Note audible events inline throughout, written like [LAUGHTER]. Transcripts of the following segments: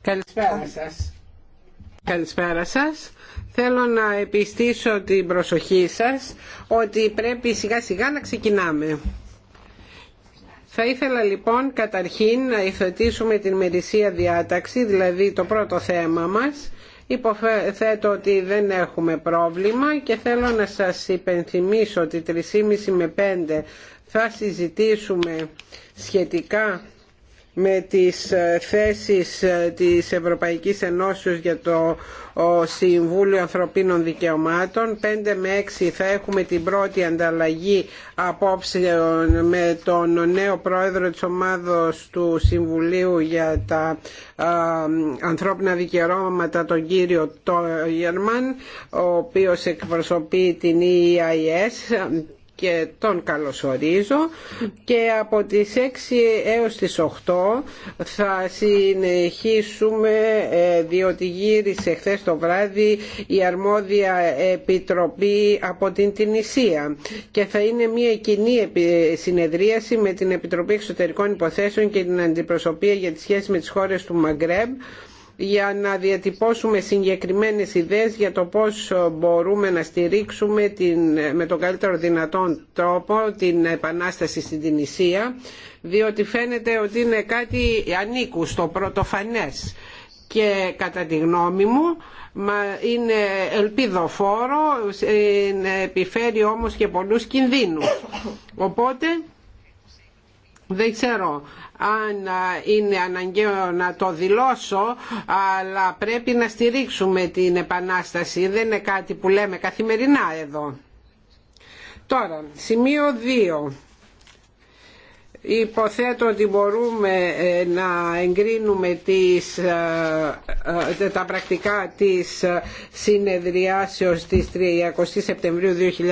Καλησπέρα σας. Καλησπέρα σας. Θέλω να επιστήσω την προσοχή σας ότι πρέπει σιγά σιγά να ξεκινάμε. Θα ήθελα λοιπόν καταρχήν να υθετήσουμε την μερισία διάταξη, δηλαδή το πρώτο θέμα μας. Υποθέτω ότι δεν έχουμε πρόβλημα και θέλω να σας υπενθυμίσω ότι 3,5 με 5 θα συζητήσουμε σχετικά με τις ε, θέσεις ε, της Ευρωπαϊκής Ενώσεως για το Συμβούλιο Ανθρωπίνων Δικαιωμάτων. 5 με 6 θα έχουμε την πρώτη ανταλλαγή απόψε με τον νέο πρόεδρο της ομάδος του Συμβουλίου για τα ανθρώπινα δικαιώματα, τον κύριο Τόγερμαν, ο οποίος εκπροσωπεί την EIS και τον καλωσορίζω και από τις 6 έως τις 8 θα συνεχίσουμε ε, διότι γύρισε χθε το βράδυ η αρμόδια επιτροπή από την Τινησία και θα είναι μια κοινή συνεδρίαση με την Επιτροπή Εξωτερικών Υποθέσεων και την Αντιπροσωπεία για τις σχέσεις με τις χώρες του Μαγκρέμ για να διατυπώσουμε συγκεκριμένες ιδέες για το πώς μπορούμε να στηρίξουμε την, με τον καλύτερο δυνατόν τρόπο την επανάσταση στην Τινησία διότι φαίνεται ότι είναι κάτι ανήκουστο, πρωτοφανές και κατά τη γνώμη μου είναι ελπιδοφόρο, επιφέρει όμως και πολλούς κινδύνους. Οπότε δεν ξέρω αν είναι αναγκαίο να το δηλώσω αλλά πρέπει να στηρίξουμε την επανάσταση δεν είναι κάτι που λέμε καθημερινά εδώ τώρα σημείο 2 Υποθέτω ότι μπορούμε ε, να εγκρίνουμε τις, ε, ε, τα πρακτικά της συνεδριάσεως της 30 Σεπτεμβρίου 2010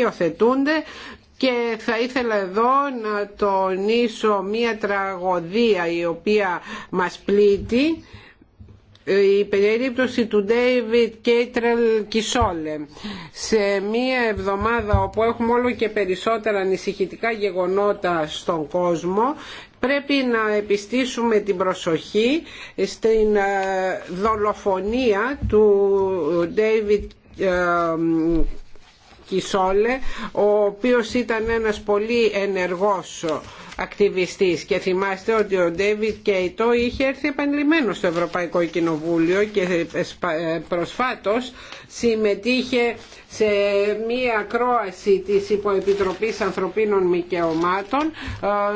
υιοθετούνται και θα ήθελα εδώ να τονίσω μία τραγωδία η οποία μας πλήττει η περίπτωση του David Κέιτρελ Κισόλε σε μία εβδομάδα όπου έχουμε όλο και περισσότερα ανησυχητικά γεγονότα στον κόσμο πρέπει να επιστήσουμε την προσοχή στην ε, δολοφονία του David ε, Κισόλε ο οποίος ήταν ένας πολύ ενεργός ακτιβιστής και θυμάστε ότι ο Ντέβιτ Κέιτο είχε έρθει επανειλημμένο στο Ευρωπαϊκό Κοινοβούλιο και ε, προσφάτως συμμετείχε σε μία κρόαση της Υποεπιτροπής Ανθρωπίνων Μικαιωμάτων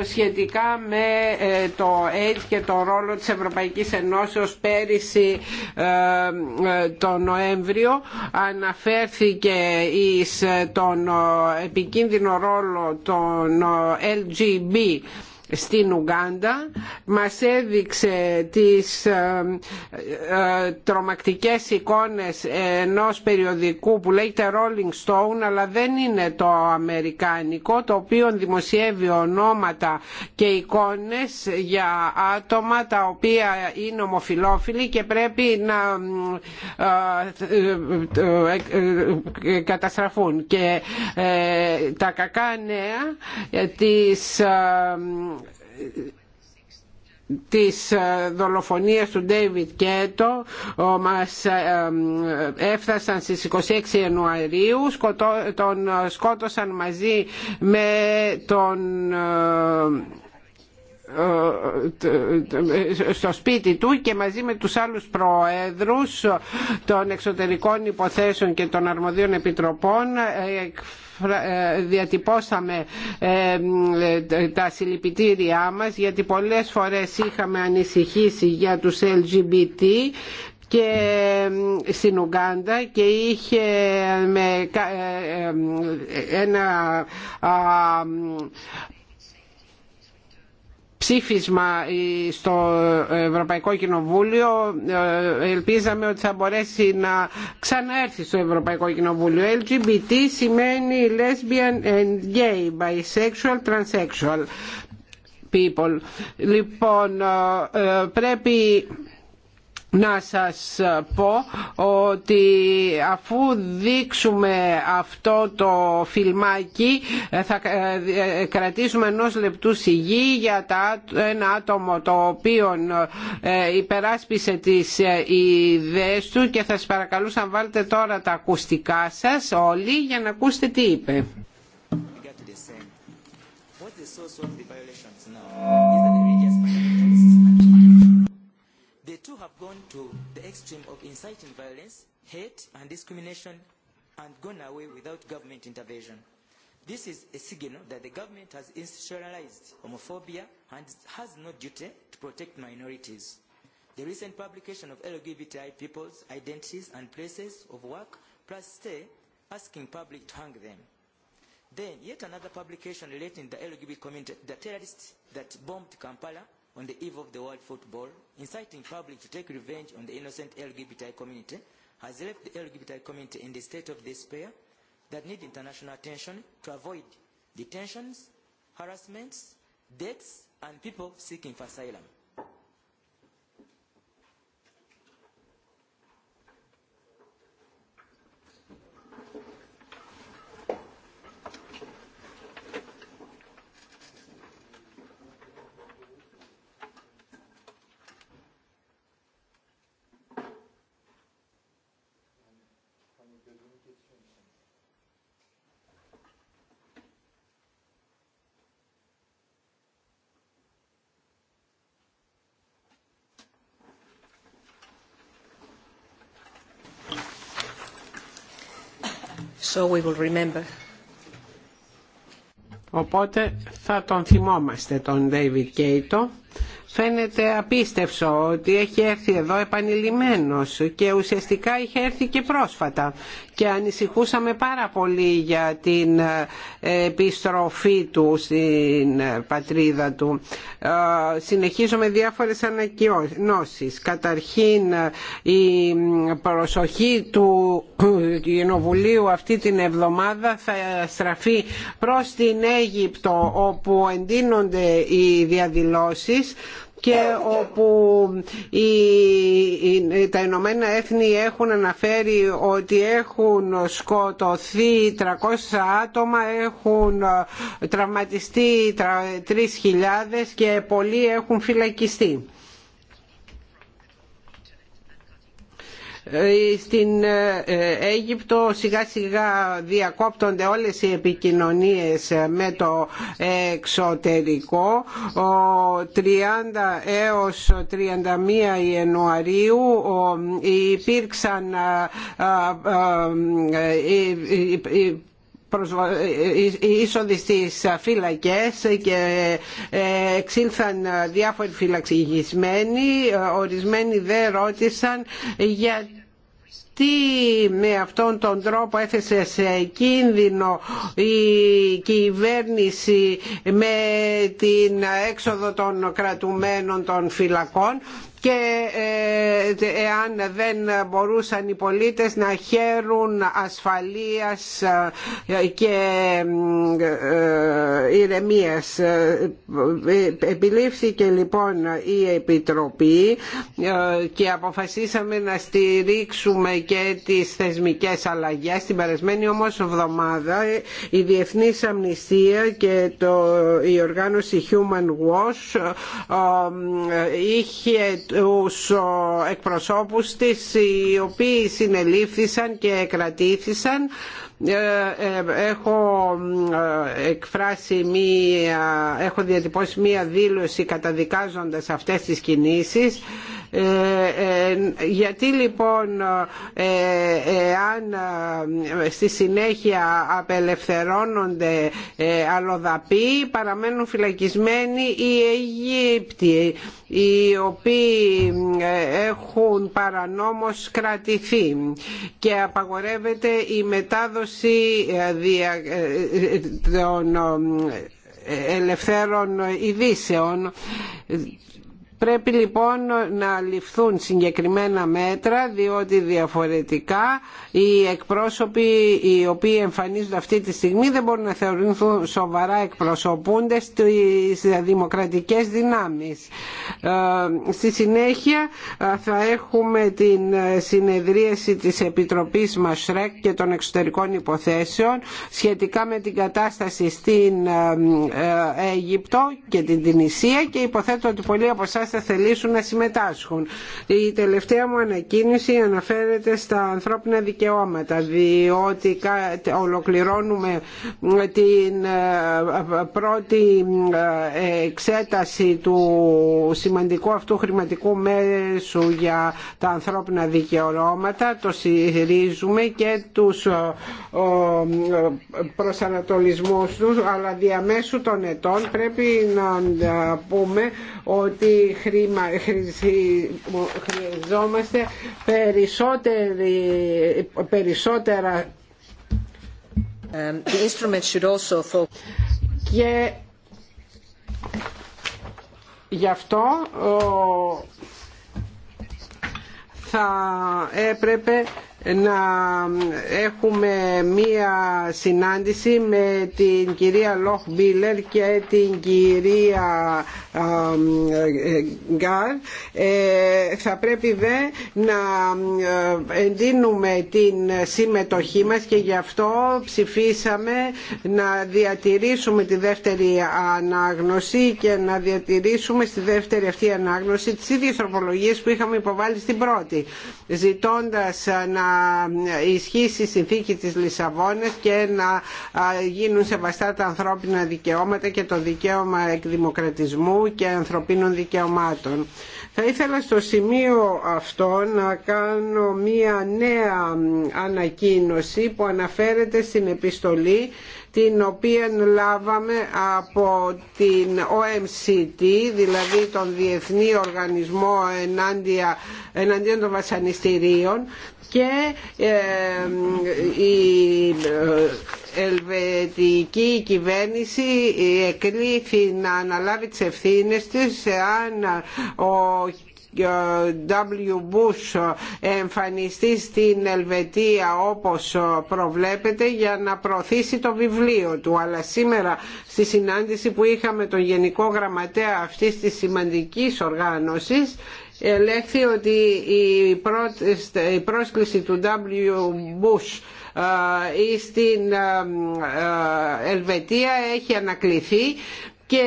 ε, σχετικά με ε, το AIDS και το ρόλο της Ευρωπαϊκής Ενώσεως πέρυσι ε, το Νοέμβριο αναφέρθηκε εις τον επικίνδυνο ρόλο των LGB στην Ουγγάντα μας έδειξε τις ε, ε, τρομακτικές εικόνες ενός περιοδικού που λέγεται Rolling Stone αλλά δεν είναι το αμερικάνικο το οποίο δημοσιεύει ονόματα και εικόνες για άτομα τα οποία είναι ομοφιλόφιλοι και πρέπει να ε, καταστραφούν και τα κακά νέα της της ε, δολοφονίας του Ντέιβιτ Κέτο μας ε, ε, έφτασαν στις 26 Ιανουαρίου τον σκότωσαν μαζί με τον στο σπίτι του και μαζί με τους άλλους προέδρους των εξωτερικών υποθέσεων και των αρμοδίων επιτροπών ε, διατυπώσαμε ε, ε, τα συλληπιτήριά μας γιατί πολλές φορές είχαμε ανησυχήσει για τους LGBT και στην Ουγκάντα και είχε με ένα ψήφισμα στο Ευρωπαϊκό Κοινοβούλιο ε, ελπίζαμε ότι θα μπορέσει να ξαναέρθει στο Ευρωπαϊκό Κοινοβούλιο. LGBT σημαίνει lesbian and gay, bisexual, transsexual people. Λοιπόν, ε, ε, πρέπει να σας πω ότι αφού δείξουμε αυτό το φιλμάκι ε, θα ε, ε, κρατήσουμε ενό λεπτού σιγή για τα, ένα άτομο το οποίο υπεράσπισε τις ιδέες του και θα σας παρακαλούσα να βάλετε τώρα τα ακουστικά σας όλοι για να ακούσετε τι είπε they too have gone to the extreme of inciting violence, hate and discrimination and gone away without government intervention. This is a signal that the government has institutionalized homophobia and has no duty to protect minorities. The recent publication of LGBTI people's identities and places of work plus stay asking public to hang them. Then yet another publication relating the LGBT community, the terrorists that bombed Kampala on the eve of the World Football, inciting public to take revenge on the innocent LGBTI community, has left the LGBTI community in the state of despair that need international attention to avoid detentions, harassments, deaths, and people seeking for asylum. Οπότε θα τον θυμόμαστε τον David Κέιτο φαίνεται απίστευτο ότι έχει έρθει εδώ επανειλημμένος και ουσιαστικά είχε έρθει και πρόσφατα και ανησυχούσαμε πάρα πολύ για την ε, επιστροφή του στην ε, πατρίδα του. Ε, Συνεχίζω με διάφορες ανακοινώσεις. Καταρχήν η προσοχή του Γενοβουλίου αυτή την εβδομάδα θα στραφεί προς την Αίγυπτο όπου εντείνονται οι διαδηλώσεις και όπου οι, τα Ηνωμένα Έθνη έχουν αναφέρει ότι έχουν σκοτωθεί 300 άτομα, έχουν τραυματιστεί 3.000 και πολλοί έχουν φυλακιστεί. Ε, στην ε, ε, Αίγυπτο σιγά σιγά διακόπτονται όλες οι επικοινωνίες με το εξωτερικό. 30 έως 31 Ιανουαρίου υπήρξαν ε, ε, ε, είσοδοι στις φύλακες και εξήλθαν διάφοροι φυλαξηγισμένοι, ορισμένοι δεν ρώτησαν για τι με αυτόν τον τρόπο έθεσε σε κίνδυνο η κυβέρνηση με την έξοδο των κρατουμένων των φυλακών και ε, εάν δεν μπορούσαν οι πολίτες να χαίρουν ασφαλείας ε, και ε, ηρεμίας. Επιλήφθηκε λοιπόν η Επιτροπή και αποφασίσαμε να στηρίξουμε και τις θεσμικές αλλαγές. Την περασμένη όμως εβδομάδα η Διεθνής Αμνηστία και το, η οργάνωση Human Watch είχε τους ε, εκπροσώπους της οι οποίοι συνελήφθησαν και κρατήθησαν ε, ε, έχω εκφράσει μία, έχω διατυπώσει μία δήλωση καταδικάζοντας αυτές τις κινήσεις ε, ε, γιατί λοιπόν ε, αν στη συνέχεια απελευθερώνονται αλλοδαποί παραμένουν φυλακισμένοι οι Αιγύπτιοι οι οποίοι έχουν παρανόμως κρατηθεί και απαγορεύεται η μετάδοση των ελευθέρων ειδήσεων Πρέπει λοιπόν να ληφθούν συγκεκριμένα μέτρα διότι διαφορετικά οι εκπρόσωποι οι οποίοι εμφανίζονται αυτή τη στιγμή δεν μπορούν να θεωρηθούν σοβαρά εκπροσωπούντες στις δημοκρατικές δυνάμεις. Ε, στη συνέχεια ε, θα έχουμε την συνεδρίαση της Επιτροπής Μασρέκ και των εξωτερικών υποθέσεων σχετικά με την κατάσταση στην ε, Αιγυπτό και την Τινησία και υποθέτω ότι πολλοί από εσάς θα θελήσουν να συμμετάσχουν. Η τελευταία μου ανακοίνηση αναφέρεται στα ανθρώπινα δικαιώματα διότι ολοκληρώνουμε ε, την ε, πρώτη ε, εξέταση του σημαντικού αυτού χρηματικού μέσου για τα ανθρώπινα δικαιώματα το συρίζουμε και τους προσανατολισμούς τους αλλά διαμέσου των ετών πρέπει να πούμε ότι χρήμα, χρειαζόμαστε περισσότερα the instrument should also focus. και γι' αυτό θα έπρεπε να έχουμε μία συνάντηση με την κυρία Λόχ Μπίλερ και την κυρία Γκάρ. Ε, θα πρέπει δε να ε, εντείνουμε την συμμετοχή μας και γι' αυτό ψηφίσαμε να διατηρήσουμε τη δεύτερη ανάγνωση και να διατηρήσουμε στη δεύτερη αυτή ανάγνωση τις ίδιες τροπολογίες που είχαμε υποβάλει στην πρώτη, ζητώντας να ισχύσει η συνθήκη της Λισαβόνας και να γίνουν σεβαστά τα ανθρώπινα δικαιώματα και το δικαίωμα εκδημοκρατισμού και ανθρωπίνων δικαιωμάτων. Θα ήθελα στο σημείο αυτό να κάνω μία νέα ανακοίνωση που αναφέρεται στην επιστολή την οποία λάβαμε από την OMCT, δηλαδή τον Διεθνή Οργανισμό ενάντια, εναντίον των βασανιστήριων και ε, η ε, ελβετική κυβέρνηση εκλήθη να αναλάβει τις ευθύνες της αν W. Bush εμφανιστεί στην Ελβετία όπως προβλέπεται για να προωθήσει το βιβλίο του. Αλλά σήμερα στη συνάντηση που είχαμε τον Γενικό Γραμματέα αυτής της σημαντικής οργάνωσης ελέγχθη ότι η πρόσκληση του W. Bush ε, στην ε, ε, Ελβετία έχει ανακληθεί και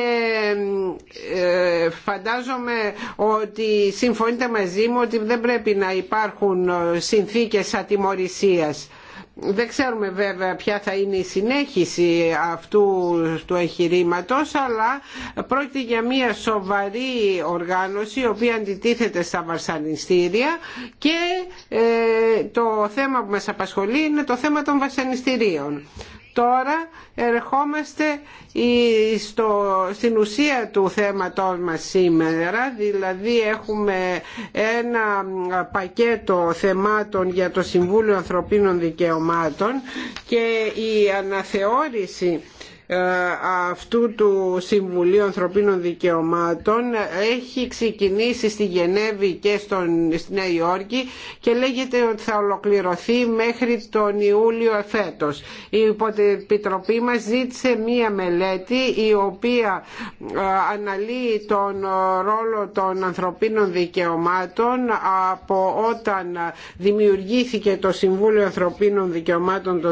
ε, φαντάζομαι ότι συμφωνείτε μαζί μου ότι δεν πρέπει να υπάρχουν ε, συνθήκες ατιμορρησίας. Δεν ξέρουμε βέβαια ποια θα είναι η συνέχιση αυτού του εγχειρήματο, αλλά πρόκειται για μια σοβαρή οργάνωση η οποία αντιτίθεται στα βασανιστήρια και ε, το θέμα που μας απασχολεί είναι το θέμα των βασανιστήριων. Τώρα ερχόμαστε στο, στην ουσία του θέματός μας σήμερα, δηλαδή έχουμε ένα πακέτο θεμάτων για το Συμβούλιο Ανθρωπίνων Δικαιωμάτων και η αναθεώρηση ε, αυτού του Συμβουλίου Ανθρωπίνων Δικαιωμάτων έχει ξεκινήσει στη Γενέβη και στον, στη Νέα Υόρκη και λέγεται ότι θα ολοκληρωθεί μέχρι τον Ιούλιο εφέτος. Η Επιτροπή μας ζήτησε μία μελέτη η οποία ε, αναλύει τον ε, ρόλο των ανθρωπίνων δικαιωμάτων από όταν δημιουργήθηκε το Συμβούλιο Ανθρωπίνων Δικαιωμάτων το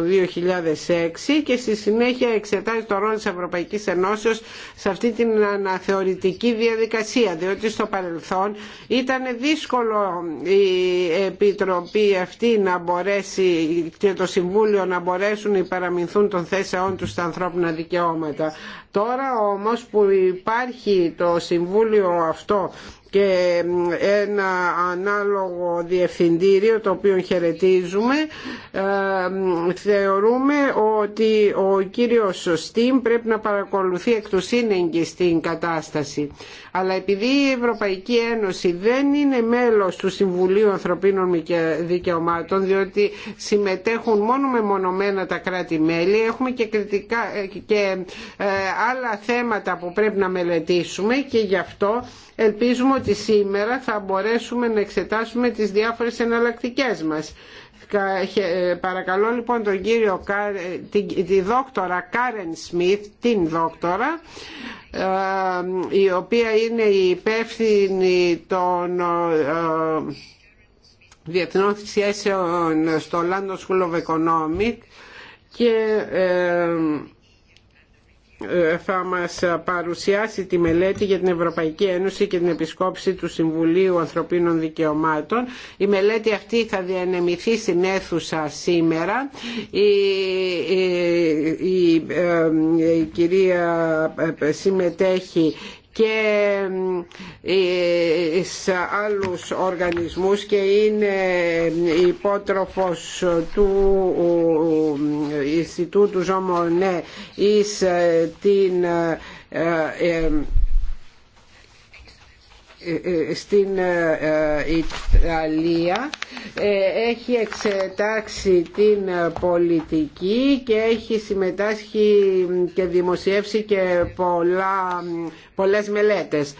2006 και στη συνέχεια εξετάζει το ρόλο της Ευρωπαϊκής Ενώσεως σε αυτή την αναθεωρητική διαδικασία διότι στο παρελθόν ήταν δύσκολο η Επιτροπή αυτή να μπορέσει και το Συμβούλιο να μπορέσουν να υπεραμεινθούν των θέσεών τους στα ανθρώπινα δικαιώματα. Τώρα όμως που υπάρχει το Συμβούλιο αυτό και ένα ανάλογο διευθυντήριο το οποίο χαιρετίζουμε ε, θεωρούμε ότι ο κύριος Στίν πρέπει να παρακολουθεί εκ του στην κατάσταση. Αλλά επειδή η Ευρωπαϊκή Ένωση δεν είναι μέλος του Συμβουλίου Ανθρωπίνων Δικαιωμάτων, διότι συμμετέχουν μόνο μεμονωμένα τα κράτη-μέλη, έχουμε και, κριτικά, ε, και ε, άλλα θέματα που πρέπει να μελετήσουμε και γι' αυτό ελπίζουμε ότι σήμερα θα μπορέσουμε να εξετάσουμε τις διάφορες εναλλακτικές μας. Ε, παρακαλώ λοιπόν τον κύριο τη δόκτορα Κάρεν Σμιθ, την δόκτορα, ε, η οποία είναι η υπεύθυνη των ε, διεθνών σχέσεων στο London School of Economics και ε, ε, θα μας παρουσιάσει τη μελέτη για την Ευρωπαϊκή Ένωση και την επισκόψη του Συμβουλίου Ανθρωπίνων Δικαιωμάτων. Η μελέτη αυτή θα διανεμηθεί στην αίθουσα σήμερα. Η, η ε, κυρία ε, συμμετέχει και ε, σε άλλους οργανισμούς και είναι υπότροφος του ε, Ινστιτούτου Ζωμονέ ναι, εις ε, την στην ε, ε, Ιταλία ε, έχει εξετάξει την πολιτική και έχει συμμετάσχει και δημοσιεύσει και πολλά, πολλές μελέτες.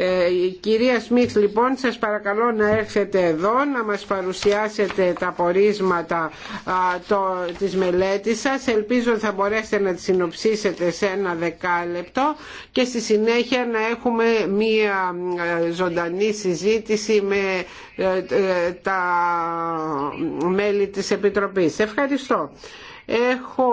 Ε, κυρία Σμίθ, λοιπόν σας παρακαλώ να έρθετε εδώ να μας παρουσιάσετε τα πορίσματα το, της μελέτης σας. Ελπίζω ότι θα μπορέσετε να τις συνοψίσετε σε ένα δεκάλεπτο και στη συνέχεια να έχουμε μία ζωντανή συζήτηση με ε, ε, τα μέλη της Επιτροπής. Ευχαριστώ. Έχω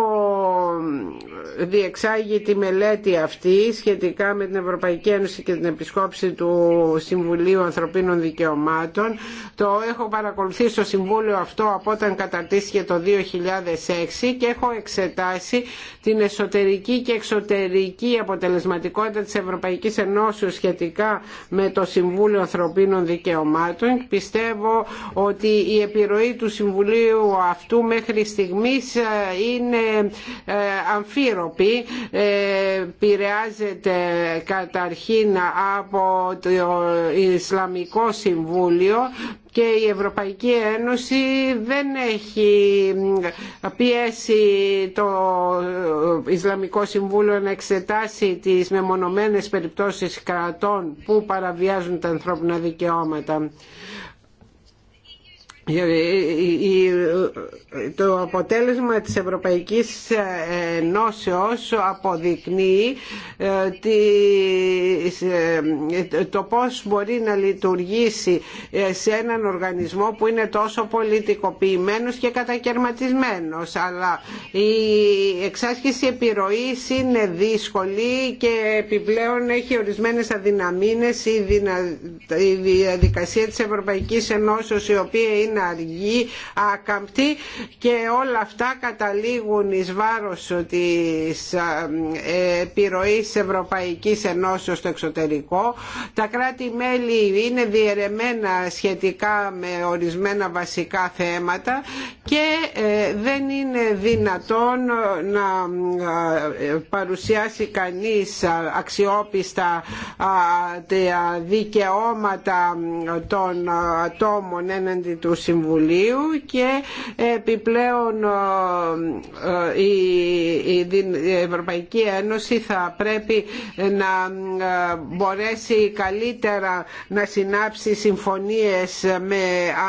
διεξάγει τη μελέτη αυτή σχετικά με την Ευρωπαϊκή Ένωση και την επισκόψη του Συμβουλίου Ανθρωπίνων Δικαιωμάτων. Το έχω παρακολουθεί στο Συμβούλιο αυτό από όταν καταρτήθηκε το 2006 και έχω εξετάσει την εσωτερική και εξωτερική αποτελεσματικότητα της Ευρωπαϊκής Ενώσεως σχετικά με το Συμβούλιο Ανθρωπίνων Δικαιωμάτων. Πιστεύω ότι η επιρροή του Συμβουλίου αυτού μέχρι στιγμής ε, είναι ε, Επιτροπή ε, πηρεάζεται καταρχήν από το Ισλαμικό Συμβούλιο και η Ευρωπαϊκή Ένωση δεν έχει πιέσει το Ισλαμικό Συμβούλιο να εξετάσει τις μεμονωμένες περιπτώσεις κρατών που παραβιάζουν τα ανθρώπινα δικαιώματα το αποτέλεσμα της Ευρωπαϊκής Ενώσεως αποδεικνύει ε, ε, το πώς μπορεί να λειτουργήσει ε, σε έναν οργανισμό που είναι τόσο πολιτικοποιημένος και κατακαιρματισμένος αλλά η εξάσκηση επιρροής είναι δύσκολη και επιπλέον έχει ορισμένες αδυναμίες η διαδικασία της Ευρωπαϊκής Ενώσεως η οποία είναι είναι αργή, άκαμπτη και όλα αυτά καταλήγουν εις βάρος της ε, επιρροής Ευρωπαϊκής Ενώσεως στο εξωτερικό. Τα κράτη-μέλη είναι διαιρεμένα σχετικά με ορισμένα βασικά θέματα και ε, δεν είναι δυνατόν να ε, παρουσιάσει κανείς αξιόπιστα τα δικαιώματα των ατόμων έναντι του Συμβουλίου και επιπλέον ε, ε, η Ευρωπαϊκή Ένωση θα πρέπει να ε, μπορέσει καλύτερα να συνάψει συμφωνίες με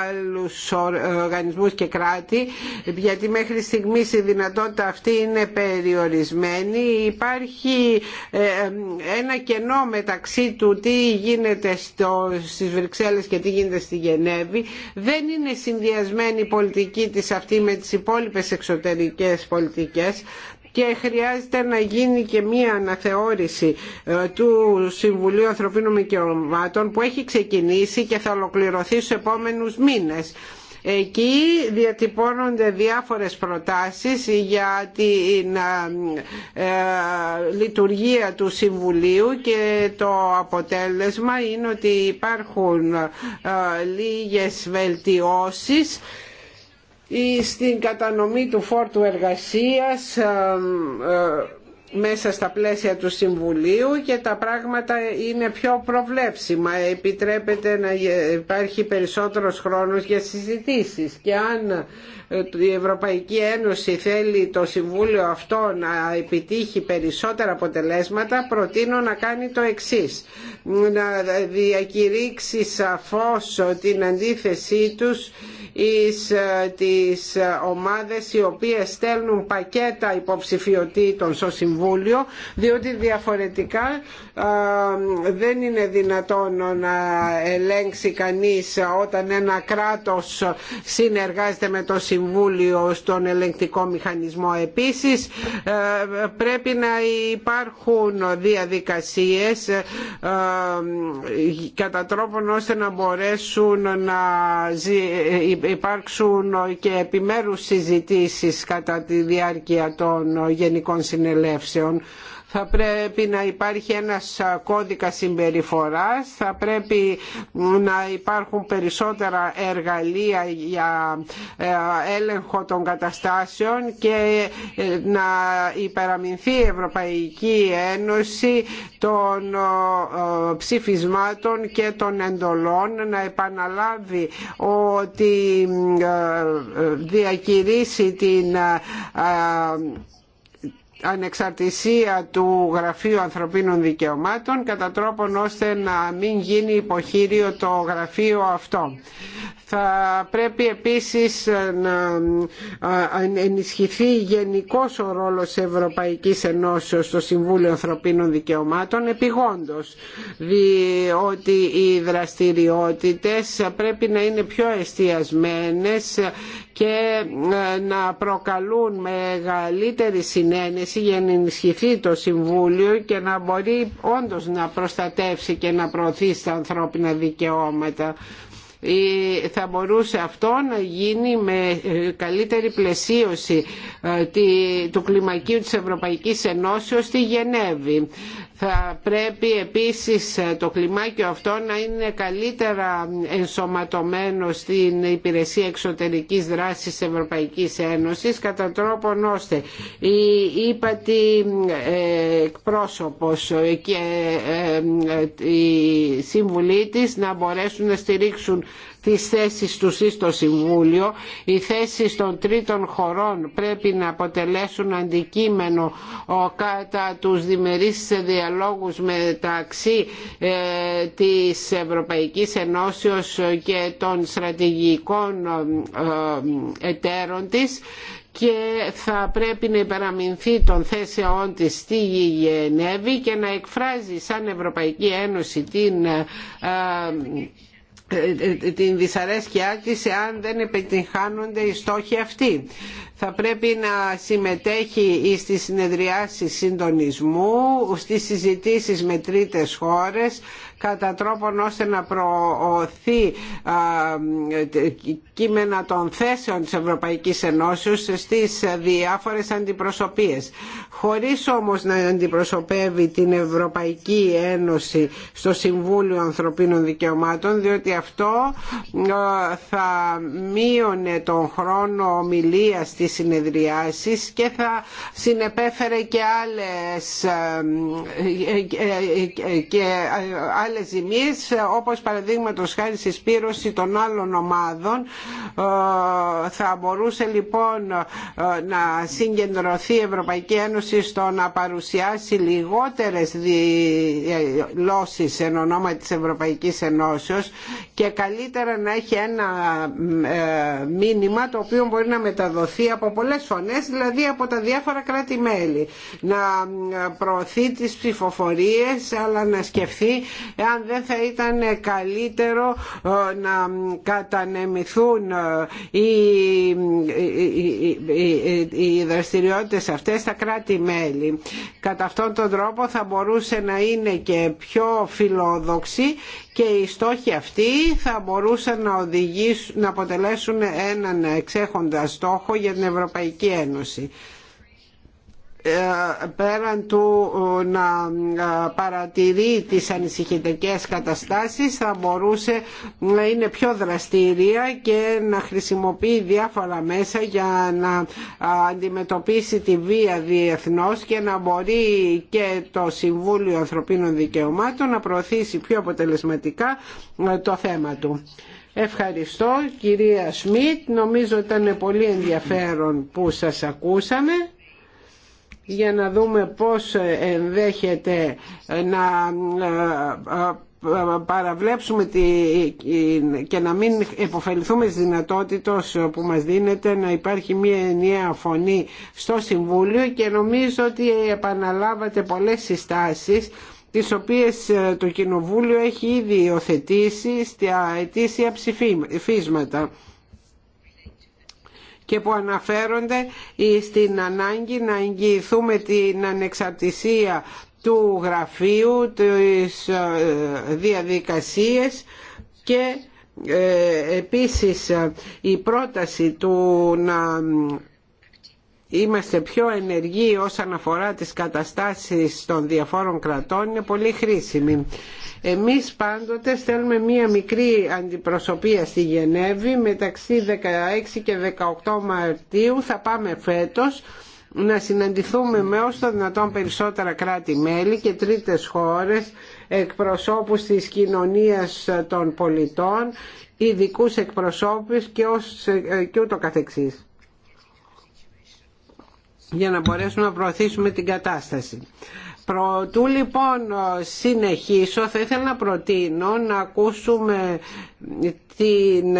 άλλους οργανισμούς και κράτη γιατί μέχρι στιγμής η δυνατότητα αυτή είναι περιορισμένη. Υπάρχει ένα κενό μεταξύ του τι γίνεται στις Βρυξέλλες και τι γίνεται στη Γενέβη. Δεν είναι είναι συνδυασμένη η πολιτική της αυτή με τις υπόλοιπες εξωτερικές πολιτικές και χρειάζεται να γίνει και μία αναθεώρηση ε, του Συμβουλίου Ανθρωπίνων Δικαιωμάτων που έχει ξεκινήσει και θα ολοκληρωθεί στους επόμενους μήνες Εκεί διατυπώνονται διάφορες προτάσεις για την ε, ε, λειτουργία του Συμβουλίου και το αποτέλεσμα είναι ότι υπάρχουν ε, λίγες βελτιώσεις στην κατανομή του φόρτου εργασίας μέσα στα πλαίσια του Συμβουλίου και τα πράγματα είναι πιο προβλέψιμα. Επιτρέπεται να υπάρχει περισσότερος χρόνος για συζητήσεις και αν ε, η Ευρωπαϊκή Ένωση θέλει το Συμβούλιο αυτό να επιτύχει περισσότερα αποτελέσματα προτείνω να κάνει το εξής να διακηρύξει σαφώς την αντίθεσή τους εις ε, τις ε, ομάδες οι οποίες στέλνουν πακέτα υποψηφιοτήτων στο Συμβούλιο διότι διαφορετικά ε, δεν είναι δυνατόν να ελέγξει κανείς όταν ένα κράτος συνεργάζεται με το Συμβούλιο στον ελεγκτικό μηχανισμό. Επίσης πρέπει να υπάρχουν διαδικασίες κατά τρόπον ώστε να μπορέσουν να υπάρξουν και επιμέρους συζητήσεις κατά τη διάρκεια των γενικών συνελεύσεων θα πρέπει να υπάρχει ένας κώδικας συμπεριφοράς, θα πρέπει να υπάρχουν περισσότερα εργαλεία για ε, έλεγχο των καταστάσεων και ε, να υπεραμεινθεί η Ευρωπαϊκή Ένωση των ε, ψηφισμάτων και των εντολών, να επαναλάβει ότι διακηρύσει την ανεξαρτησία του Γραφείου Ανθρωπίνων Δικαιωμάτων κατά τρόπον ώστε να μην γίνει υποχείριο το γραφείο αυτό. Θα πρέπει επίσης να ενισχυθεί γενικός ο ρόλος Ευρωπαϊκής Ενώσεως στο Συμβούλιο Ανθρωπίνων Δικαιωμάτων επιγόντως, διότι οι δραστηριότητες πρέπει να είναι πιο εστιασμένες και ε, να προκαλούν μεγαλύτερη συνένεση για να ενισχυθεί το Συμβούλιο και να μπορεί όντως να προστατεύσει και να προωθεί τα ανθρώπινα δικαιώματα ε, θα μπορούσε αυτό να γίνει με ε, καλύτερη πλαισίωση ε, του κλιμακίου της Ευρωπαϊκής Ενώσεως στη Γενέβη. Θα πρέπει επίσης ε, το κλιμάκιο αυτό να είναι καλύτερα ενσωματωμένο στην υπηρεσία εξωτερικής δράσης της Ευρωπαϊκής Ένωσης κατά τρόπον ώστε η ύπατη ε, εκπρόσωπος και ε, η σύμβουλή της να μπορέσουν να στηρίξουν τις θέσεις τους ή στο Συμβούλιο. Οι θέσεις των τρίτων χωρών πρέπει να αποτελέσουν αντικείμενο κατά τους διμερείς διαλόγους μεταξύ ε, της Ευρωπαϊκής Ενώσεως και των στρατηγικών ε, ε, εταίρων της και θα πρέπει να υπεραμεινθεί των θέσεών της στη Γενέβη και να εκφράζει σαν Ευρωπαϊκή Ένωση την ε, ε, ε, την δυσαρέσκειά της εάν δεν επιτυγχάνονται οι στόχοι αυτοί. Θα πρέπει να συμμετέχει στι συνεδριάσεις συντονισμού, στις συζητήσεις με τρίτες χώρες, κατά τρόπον ώστε να προωθεί κείμενα των θέσεων της Ευρωπαϊκής Ενώσεως στις διάφορες αντιπροσωπείες. Χωρίς όμως να αντιπροσωπεύει την Ευρωπαϊκή Ένωση στο Συμβούλιο Ανθρωπίνων Δικαιωμάτων διότι αυτό θα μείωνε τον χρόνο ομιλίας στις συνεδριάσεις και θα συνεπέφερε και άλλες άλλες ε, όπως παραδείγματο χάρη σπήρωση των άλλων ομάδων ε, θα μπορούσε λοιπόν ε, να συγκεντρωθεί η Ευρωπαϊκή Ένωση στο να παρουσιάσει λιγότερες δηλώσεις εν ονόμα της Ευρωπαϊκής Ενώσεως και καλύτερα να έχει ένα μήνυμα το οποίο μπορεί να μεταδοθεί από πολλές φωνές δηλαδή από τα διάφορα κράτη-μέλη να προωθεί τις ψηφοφορίες αλλά να σκεφτεί εάν δεν θα ήταν καλύτερο ε, να κατανεμηθούν ε, οι, οι, οι δραστηριότητες αυτές στα κράτη-μέλη. Κατά αυτόν τον τρόπο θα μπορούσε να είναι και πιο φιλόδοξη και οι στόχοι αυτοί θα μπορούσαν να, οδηγήσουν, να αποτελέσουν έναν εξέχοντα στόχο για την Ευρωπαϊκή Ένωση πέραν του να παρατηρεί τις ανησυχητικές καταστάσεις θα μπορούσε να είναι πιο δραστηρία και να χρησιμοποιεί διάφορα μέσα για να αντιμετωπίσει τη βία διεθνώς και να μπορεί και το Συμβούλιο Ανθρωπίνων Δικαιωμάτων να προωθήσει πιο αποτελεσματικά ε, το θέμα του. Ευχαριστώ κυρία Σμιτ, νομίζω ήταν πολύ ενδιαφέρον που σας ακούσαμε για να δούμε πώς ενδέχεται να ε, ε, παραβλέψουμε τη, και να μην υποφεληθούμε τη δυνατότητα που μας δίνεται να υπάρχει μια ενιαία φωνή στο Συμβούλιο και νομίζω ότι επαναλάβατε πολλές συστάσεις τις οποίες ε, το Κοινοβούλιο έχει ήδη υιοθετήσει στα ετήσια ψηφίσματα και που αναφέρονται στην ανάγκη να εγγυηθούμε την ανεξαρτησία του γραφείου, τις ε, διαδικασίες και ε, επίσης ε, η πρόταση του να είμαστε πιο ενεργοί όσον αφορά τις καταστάσεις των διαφόρων κρατών είναι πολύ χρήσιμη. Εμείς πάντοτε στέλνουμε μία μικρή αντιπροσωπεία στη Γενέβη μεταξύ 16 και 18 Μαρτίου θα πάμε φέτος να συναντηθούμε με όσο το δυνατόν περισσότερα κράτη-μέλη και τρίτες χώρες εκπροσώπους της κοινωνίας των πολιτών, ειδικού εκπροσώπους και, ως, και ούτω καθεξής για να μπορέσουμε να προωθήσουμε την κατάσταση. Προτού λοιπόν συνεχίσω θα ήθελα να προτείνω να ακούσουμε την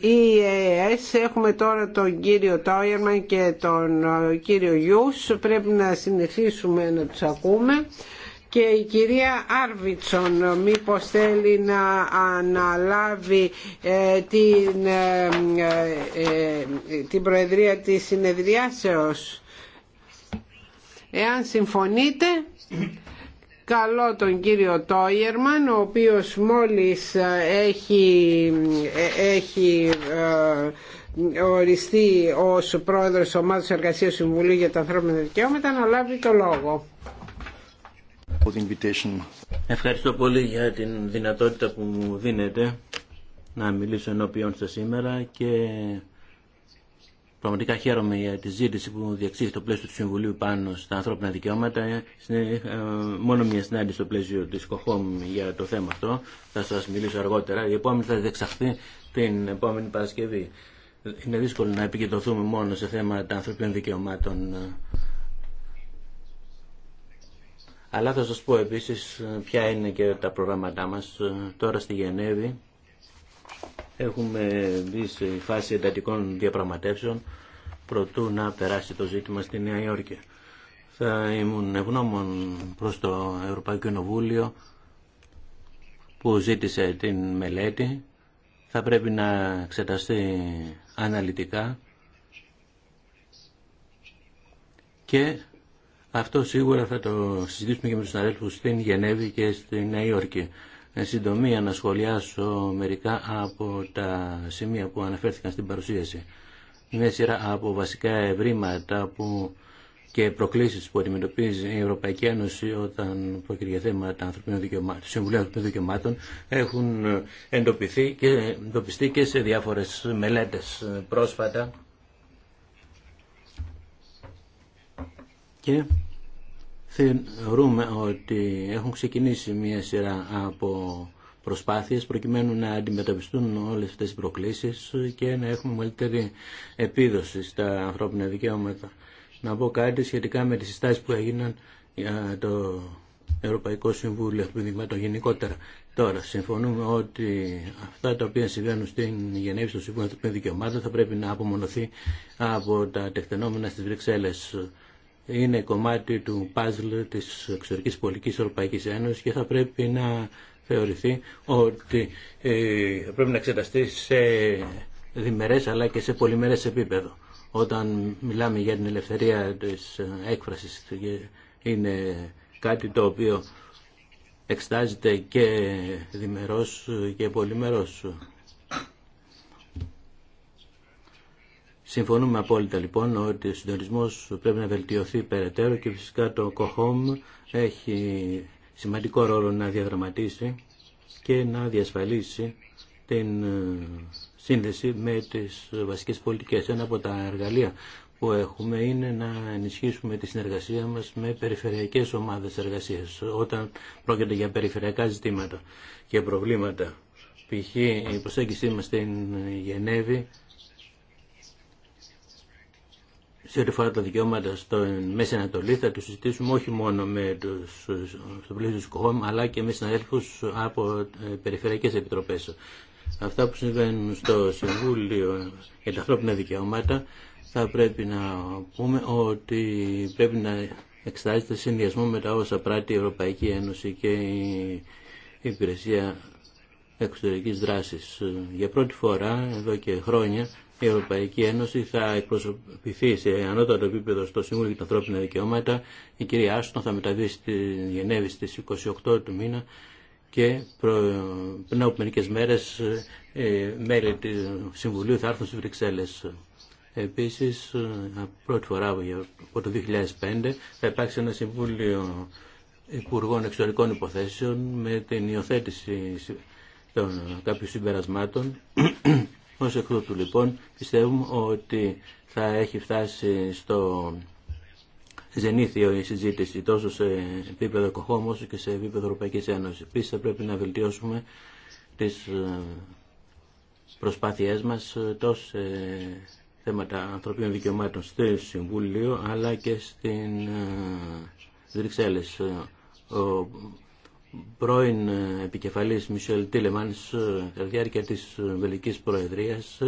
ΕΕΣ. E έχουμε τώρα τον κύριο Τόιερμαν και τον ε, κύριο Γιούς πρέπει να συνεχίσουμε να τους ακούμε και η κυρία Άρβιτσον μήπως θέλει να αναλάβει ε, την, ε, την προεδρία της συνεδριάσεως Εάν συμφωνείτε, καλό τον κύριο Τόιερμαν, ο οποίος μόλις ε, έχει, ε, έχει ε, οριστεί ως πρόεδρος της Ομάδας Εργασίας Συμβουλίου για τα Ανθρώπινα Δικαιώματα, να λάβει το λόγο. Ευχαριστώ πολύ για την δυνατότητα που μου δίνετε να μιλήσω ενώπιον σας σήμερα και Πραγματικά χαίρομαι για τη ζήτηση που διεξήχθη το πλαίσιο του Συμβουλίου πάνω στα ανθρώπινα δικαιώματα. Ε, μόνο μια συνάντηση στο πλαίσιο τη ΚΟΧΟΜ για το θέμα αυτό. Θα σα μιλήσω αργότερα. Η επόμενη θα διεξαχθεί την επόμενη Παρασκευή. Είναι δύσκολο να επικεντρωθούμε μόνο σε θέματα ανθρώπινων δικαιωμάτων. Αλλά θα σας πω επίσης ποια είναι και τα προγράμματά μας τώρα στη Γενέβη. Έχουμε μπει σε φάση εντατικών διαπραγματεύσεων προτού να περάσει το ζήτημα στη Νέα Υόρκη. Θα ήμουν ευγνώμων προς το Ευρωπαϊκό Κοινοβούλιο που ζήτησε την μελέτη. Θα πρέπει να εξεταστεί αναλυτικά και αυτό σίγουρα θα το συζητήσουμε και με τους συναδέλφους στην Γενέβη και στη Νέα Υόρκη. Ε, συντομία να σχολιάσω μερικά από τα σημεία που αναφέρθηκαν στην παρουσίαση. Μια σειρά από βασικά ευρήματα που και προκλήσεις που αντιμετωπίζει η Ευρωπαϊκή Ένωση όταν πρόκειται για θέματα ανθρωπίνων δικαιωμάτων, Συμβουλίου Ανθρωπίνων Δικαιωμάτων έχουν εντοπιστεί και, εντοπιστεί και σε διάφορες μελέτες πρόσφατα θεωρούμε ότι έχουν ξεκινήσει μια σειρά από προσπάθειες προκειμένου να αντιμετωπιστούν όλες αυτές οι προκλήσεις και να έχουμε μεγαλύτερη επίδοση στα ανθρώπινα δικαιώματα. Να πω κάτι σχετικά με τις συστάσεις που έγιναν για το Ευρωπαϊκό Συμβούλιο Επιδειγμάτων γενικότερα. Τώρα, συμφωνούμε ότι αυτά τα οποία συμβαίνουν στην Γενέβη στο Συμβούλιο Δικαιωμάτων θα πρέπει να απομονωθεί από τα τεχτενόμενα στις Βρυξέλλες είναι κομμάτι του παζλ της εξωτερικής πολιτικής Ευρωπαϊκής Ένωσης και θα πρέπει να θεωρηθεί ότι ε, πρέπει να εξεταστεί σε διμερές αλλά και σε πολυμερές επίπεδο. Όταν μιλάμε για την ελευθερία της έκφρασης ε, είναι κάτι το οποίο εξτάζεται και διμερός και πολυμερός. Συμφωνούμε απόλυτα λοιπόν ότι ο συντονισμό πρέπει να βελτιωθεί περαιτέρω και φυσικά το COHOM έχει σημαντικό ρόλο να διαδραματίσει και να διασφαλίσει την ε, σύνδεση με τις βασικές πολιτικές. Ένα από τα εργαλεία που έχουμε είναι να ενισχύσουμε τη συνεργασία μας με περιφερειακές ομάδες εργασίας όταν πρόκειται για περιφερειακά ζητήματα και προβλήματα. Π.χ. η προσέγγιση μας στην Γενέβη σε ό,τι φορά τα δικαιώματα στο Μέση Ανατολή θα το συζητήσουμε όχι μόνο με τους, στο πλαίσιο του αλλά και με συναδέλφους από ε, περιφερειακές επιτροπές. Αυτά που συμβαίνουν στο Συμβούλιο για τα ανθρώπινα δικαιώματα θα πρέπει να πούμε ότι πρέπει να εξετάζεται συνδυασμό με τα όσα πράττει η Ευρωπαϊκή Ένωση και η Υπηρεσία Εξωτερικής Δράσης. Για πρώτη φορά εδώ και χρόνια η Ευρωπαϊκή Ένωση θα εκπροσωπηθεί σε ανώτατο επίπεδο στο Συμβούλιο για τα Ανθρώπινα Δικαιώματα. Η κυρία Άστον θα μεταβεί στη Γενέβη στι 28 του μήνα και πριν από μερικέ μέρες ε, μέλη του Συμβουλίου θα έρθουν στι Βρυξέλλες. Επίσης, ε, πρώτη φορά από το 2005 θα υπάρξει ένα Συμβούλιο Υπουργών Εξωτερικών Υποθέσεων με την υιοθέτηση των κάποιων συμπερασμάτων ως εκ τούτου λοιπόν πιστεύουμε ότι θα έχει φτάσει στο ζενήθιο η συζήτηση τόσο σε επίπεδο οικοχώμου όσο και σε επίπεδο Ευρωπαϊκής Ένωσης. Επίσης θα πρέπει να βελτιώσουμε τις ε, προσπάθειές μας ε, τόσο σε θέματα ανθρωπίνων δικαιωμάτων στο Συμβούλιο αλλά και στην ε, Βρυξέλλες πρώην ε, επικεφαλής Μισελ Τίλεμανς ε, κατά τη διάρκεια της ε, Βελικής Προεδρίας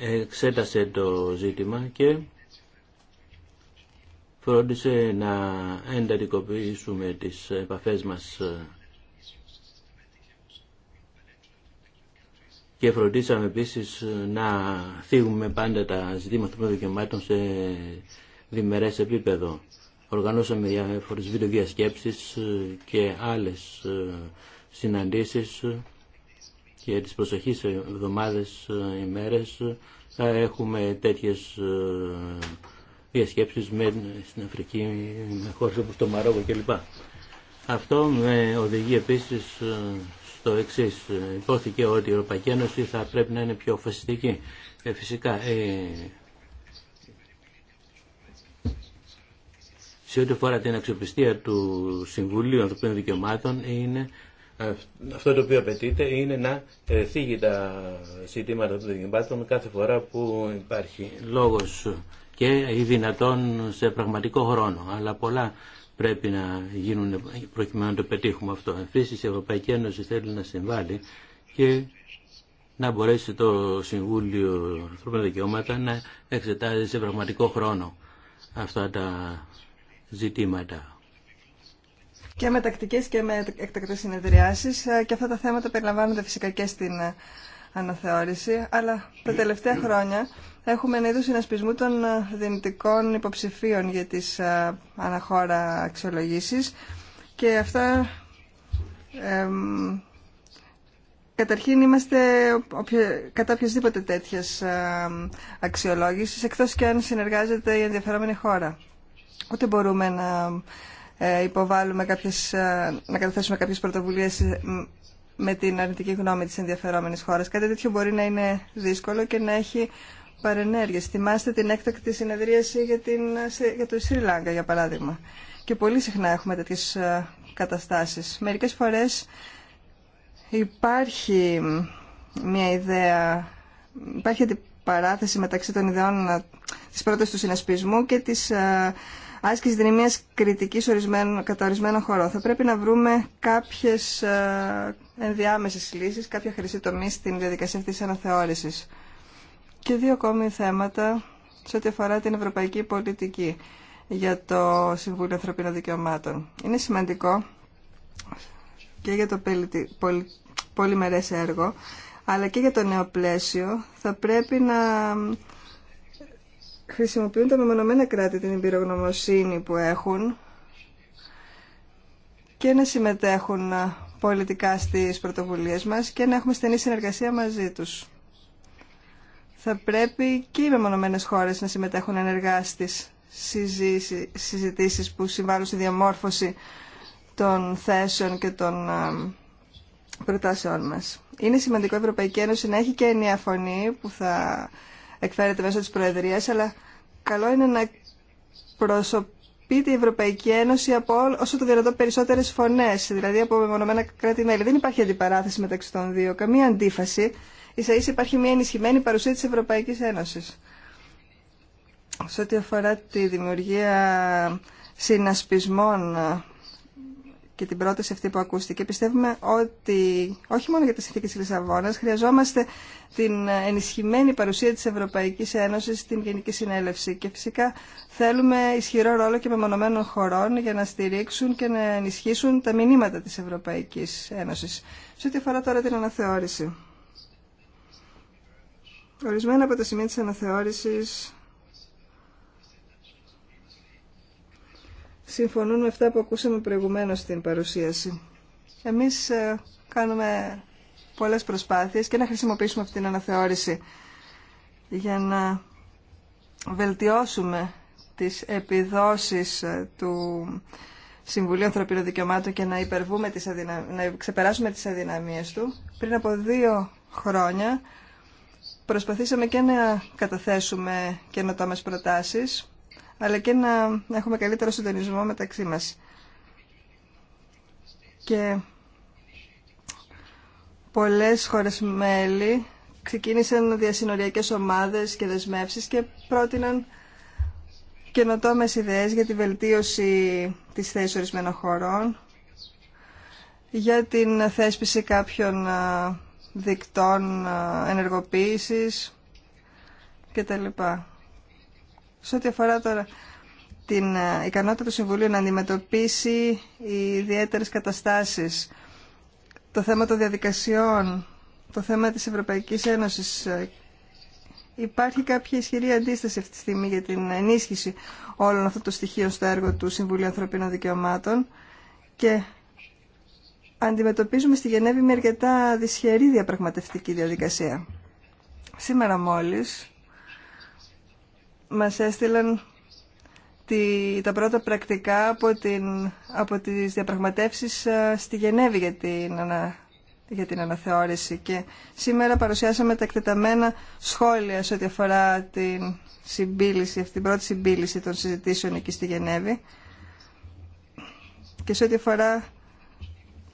εξέτασε το ζήτημα και φρόντισε να εντατικοποιήσουμε τις επαφές μας και φροντίσαμε επίσης να θίγουμε πάντα τα ζητήματα των δικαιωμάτων σε διμερές επίπεδο. Οργανώσαμε διάφορες βιντεοδιασκέψεις ε, και άλλες ε, συναντήσεις ε, και τις προσεχείς εβδομάδες, ημέρες θα έχουμε τέτοιες διασκέψεις με, στην Αφρική, με χώρες όπως το Μαρόκο κλπ. Αυτό με οδηγεί επίσης στο εξή. Υπόθηκε ότι η Ευρωπαϊκή Ένωση θα πρέπει να είναι πιο φασιστική. φυσικά σε ό,τι αφορά την αξιοπιστία του Συμβουλίου Ανθρωπίνων Δικαιωμάτων είναι ε, αυτό το οποίο απαιτείται είναι να ε, θίγει τα ζητήματα των δικαιωμάτων κάθε φορά που υπάρχει λόγος και ή δυνατόν σε πραγματικό χρόνο. Αλλά πολλά πρέπει να γίνουν προκειμένου να το πετύχουμε αυτό. Επίση η Ευρωπαϊκή Ένωση θέλει να συμβάλλει και να μπορέσει το Συμβούλιο Ανθρωπίνων Δικαιώματα να εξετάζει σε πραγματικό χρόνο αυτά τα ζητήματα. Και με τακτικές και με εκτακτέ συνεδριάσεις ε, και αυτά τα θέματα περιλαμβάνονται φυσικά και στην ε, αναθεώρηση, αλλά τα τελευταία χρόνια έχουμε ένα είδος συνασπισμού των ε, δυνητικών υποψηφίων για τις αναχώρα αξιολογήσεις και αυτά καταρχήν είμαστε κατά οποιασδήποτε τέτοια αξιολόγηση, εκτός και αν συνεργάζεται η ενδιαφερόμενη χώρα ούτε μπορούμε να ε, υποβάλουμε κάποιες, ε, να καταθέσουμε κάποιες πρωτοβουλίες ε, με την αρνητική γνώμη της ενδιαφερόμενης χώρας. Κάτι τέτοιο μπορεί να είναι δύσκολο και να έχει παρενέργειες. Θυμάστε την έκτακτη συνεδρίαση για, την, για το Σρι Λάγκα, για παράδειγμα. Και πολύ συχνά έχουμε τέτοιες καταστάσεις. Μερικές φορές υπάρχει μια ιδέα, υπάρχει αντιπαράθεση μεταξύ των ιδεών της πρώτης του συνασπισμού και της άσκηση δρυμίας κριτικής ορισμένων, κατά ορισμένο χωρό. Θα πρέπει να βρούμε κάποιες ε, ενδιάμεσες λύσεις, κάποια χρυσή τομή στην διαδικασία αυτής της αναθεώρησης. Και δύο ακόμη θέματα σε ό,τι αφορά την ευρωπαϊκή πολιτική για το Συμβούλιο Ανθρωπίνων Δικαιωμάτων. Είναι σημαντικό και για το πολυμερές έργο, αλλά και για το νέο πλαίσιο θα πρέπει να χρησιμοποιούν τα μεμονωμένα κράτη την εμπειρογνωμοσύνη που έχουν και να συμμετέχουν πολιτικά στις πρωτοβουλίες μας και να έχουμε στενή συνεργασία μαζί τους. Θα πρέπει και οι μεμονωμένες χώρες να συμμετέχουν ενεργά στις συζητήσεις που συμβάλλουν στη διαμόρφωση των θέσεων και των ε, προτάσεών μας. Είναι σημαντικό η Ευρωπαϊκή Ένωση να έχει και ενιαία φωνή που θα εκφέρεται μέσω της Προεδρίας, αλλά καλό είναι να προσωπείται η Ευρωπαϊκή Ένωση από όσο το δυνατόν περισσότερες φωνές, δηλαδή από μεμονωμένα κράτη-μέλη. Δεν υπάρχει αντιπαράθεση μεταξύ των δύο, καμία αντίφαση. σα ίσα υπάρχει μια ενισχυμένη παρουσία της Ευρωπαϊκής Ένωσης. Σε ό,τι αφορά τη δημιουργία συνασπισμών και την πρόταση αυτή που ακούστηκε. Πιστεύουμε ότι όχι μόνο για τις συνθήκες της Λισαβόνας, χρειαζόμαστε την ενισχυμένη παρουσία της Ευρωπαϊκής Ένωσης στην Γενική Συνέλευση και φυσικά θέλουμε ισχυρό ρόλο και μεμονωμένων χωρών για να στηρίξουν και να ενισχύσουν τα μηνύματα της Ευρωπαϊκής Ένωσης. Σε ό,τι αφορά τώρα την αναθεώρηση. Ορισμένα από τα σημεία της αναθεώρησης συμφωνούν με αυτά που ακούσαμε προηγουμένως στην παρουσίαση. Εμείς ε, κάνουμε πολλές προσπάθειες και να χρησιμοποιήσουμε αυτή την αναθεώρηση για να βελτιώσουμε τις επιδόσεις ε, του Συμβουλίου Ανθρωπίνων Δικαιωμάτων και να, υπερβούμε τις να ξεπεράσουμε τις αδυναμίες του. Πριν από δύο χρόνια προσπαθήσαμε και να καταθέσουμε καινοτόμες προτάσεις αλλά και να έχουμε καλύτερο συντονισμό μεταξύ μας. Και πολλές χώρες μέλη ξεκίνησαν διασυνοριακές ομάδες και δεσμεύσεις και πρότειναν καινοτόμε ιδέες για τη βελτίωση της θέσης ορισμένων χωρών, για την θέσπιση κάποιων δικτών ενεργοποίησης κτλ. Σε ό,τι αφορά τώρα την ε, ικανότητα του Συμβουλίου να αντιμετωπίσει οι ιδιαίτερες καταστάσεις, το θέμα των διαδικασιών, το θέμα της Ευρωπαϊκής Ένωσης, ε, υπάρχει κάποια ισχυρή αντίσταση αυτή τη στιγμή για την ενίσχυση όλων αυτών των στοιχείων στο έργο του Συμβουλίου Ανθρωπίνων Δικαιωμάτων και αντιμετωπίζουμε στη Γενέβη με αρκετά δυσχερή διαπραγματευτική διαδικασία. Σήμερα μόλις μας έστειλαν τη, τα πρώτα πρακτικά από, την, από τις διαπραγματεύσεις ε, στη Γενέβη για την, ανα, για την αναθεώρηση και σήμερα παρουσιάσαμε τα εκτεταμένα σχόλια σε ό,τι αφορά την συμπίληση, αυτή πρώτη συμπίληση των συζητήσεων εκεί στη Γενέβη και σε ό,τι αφορά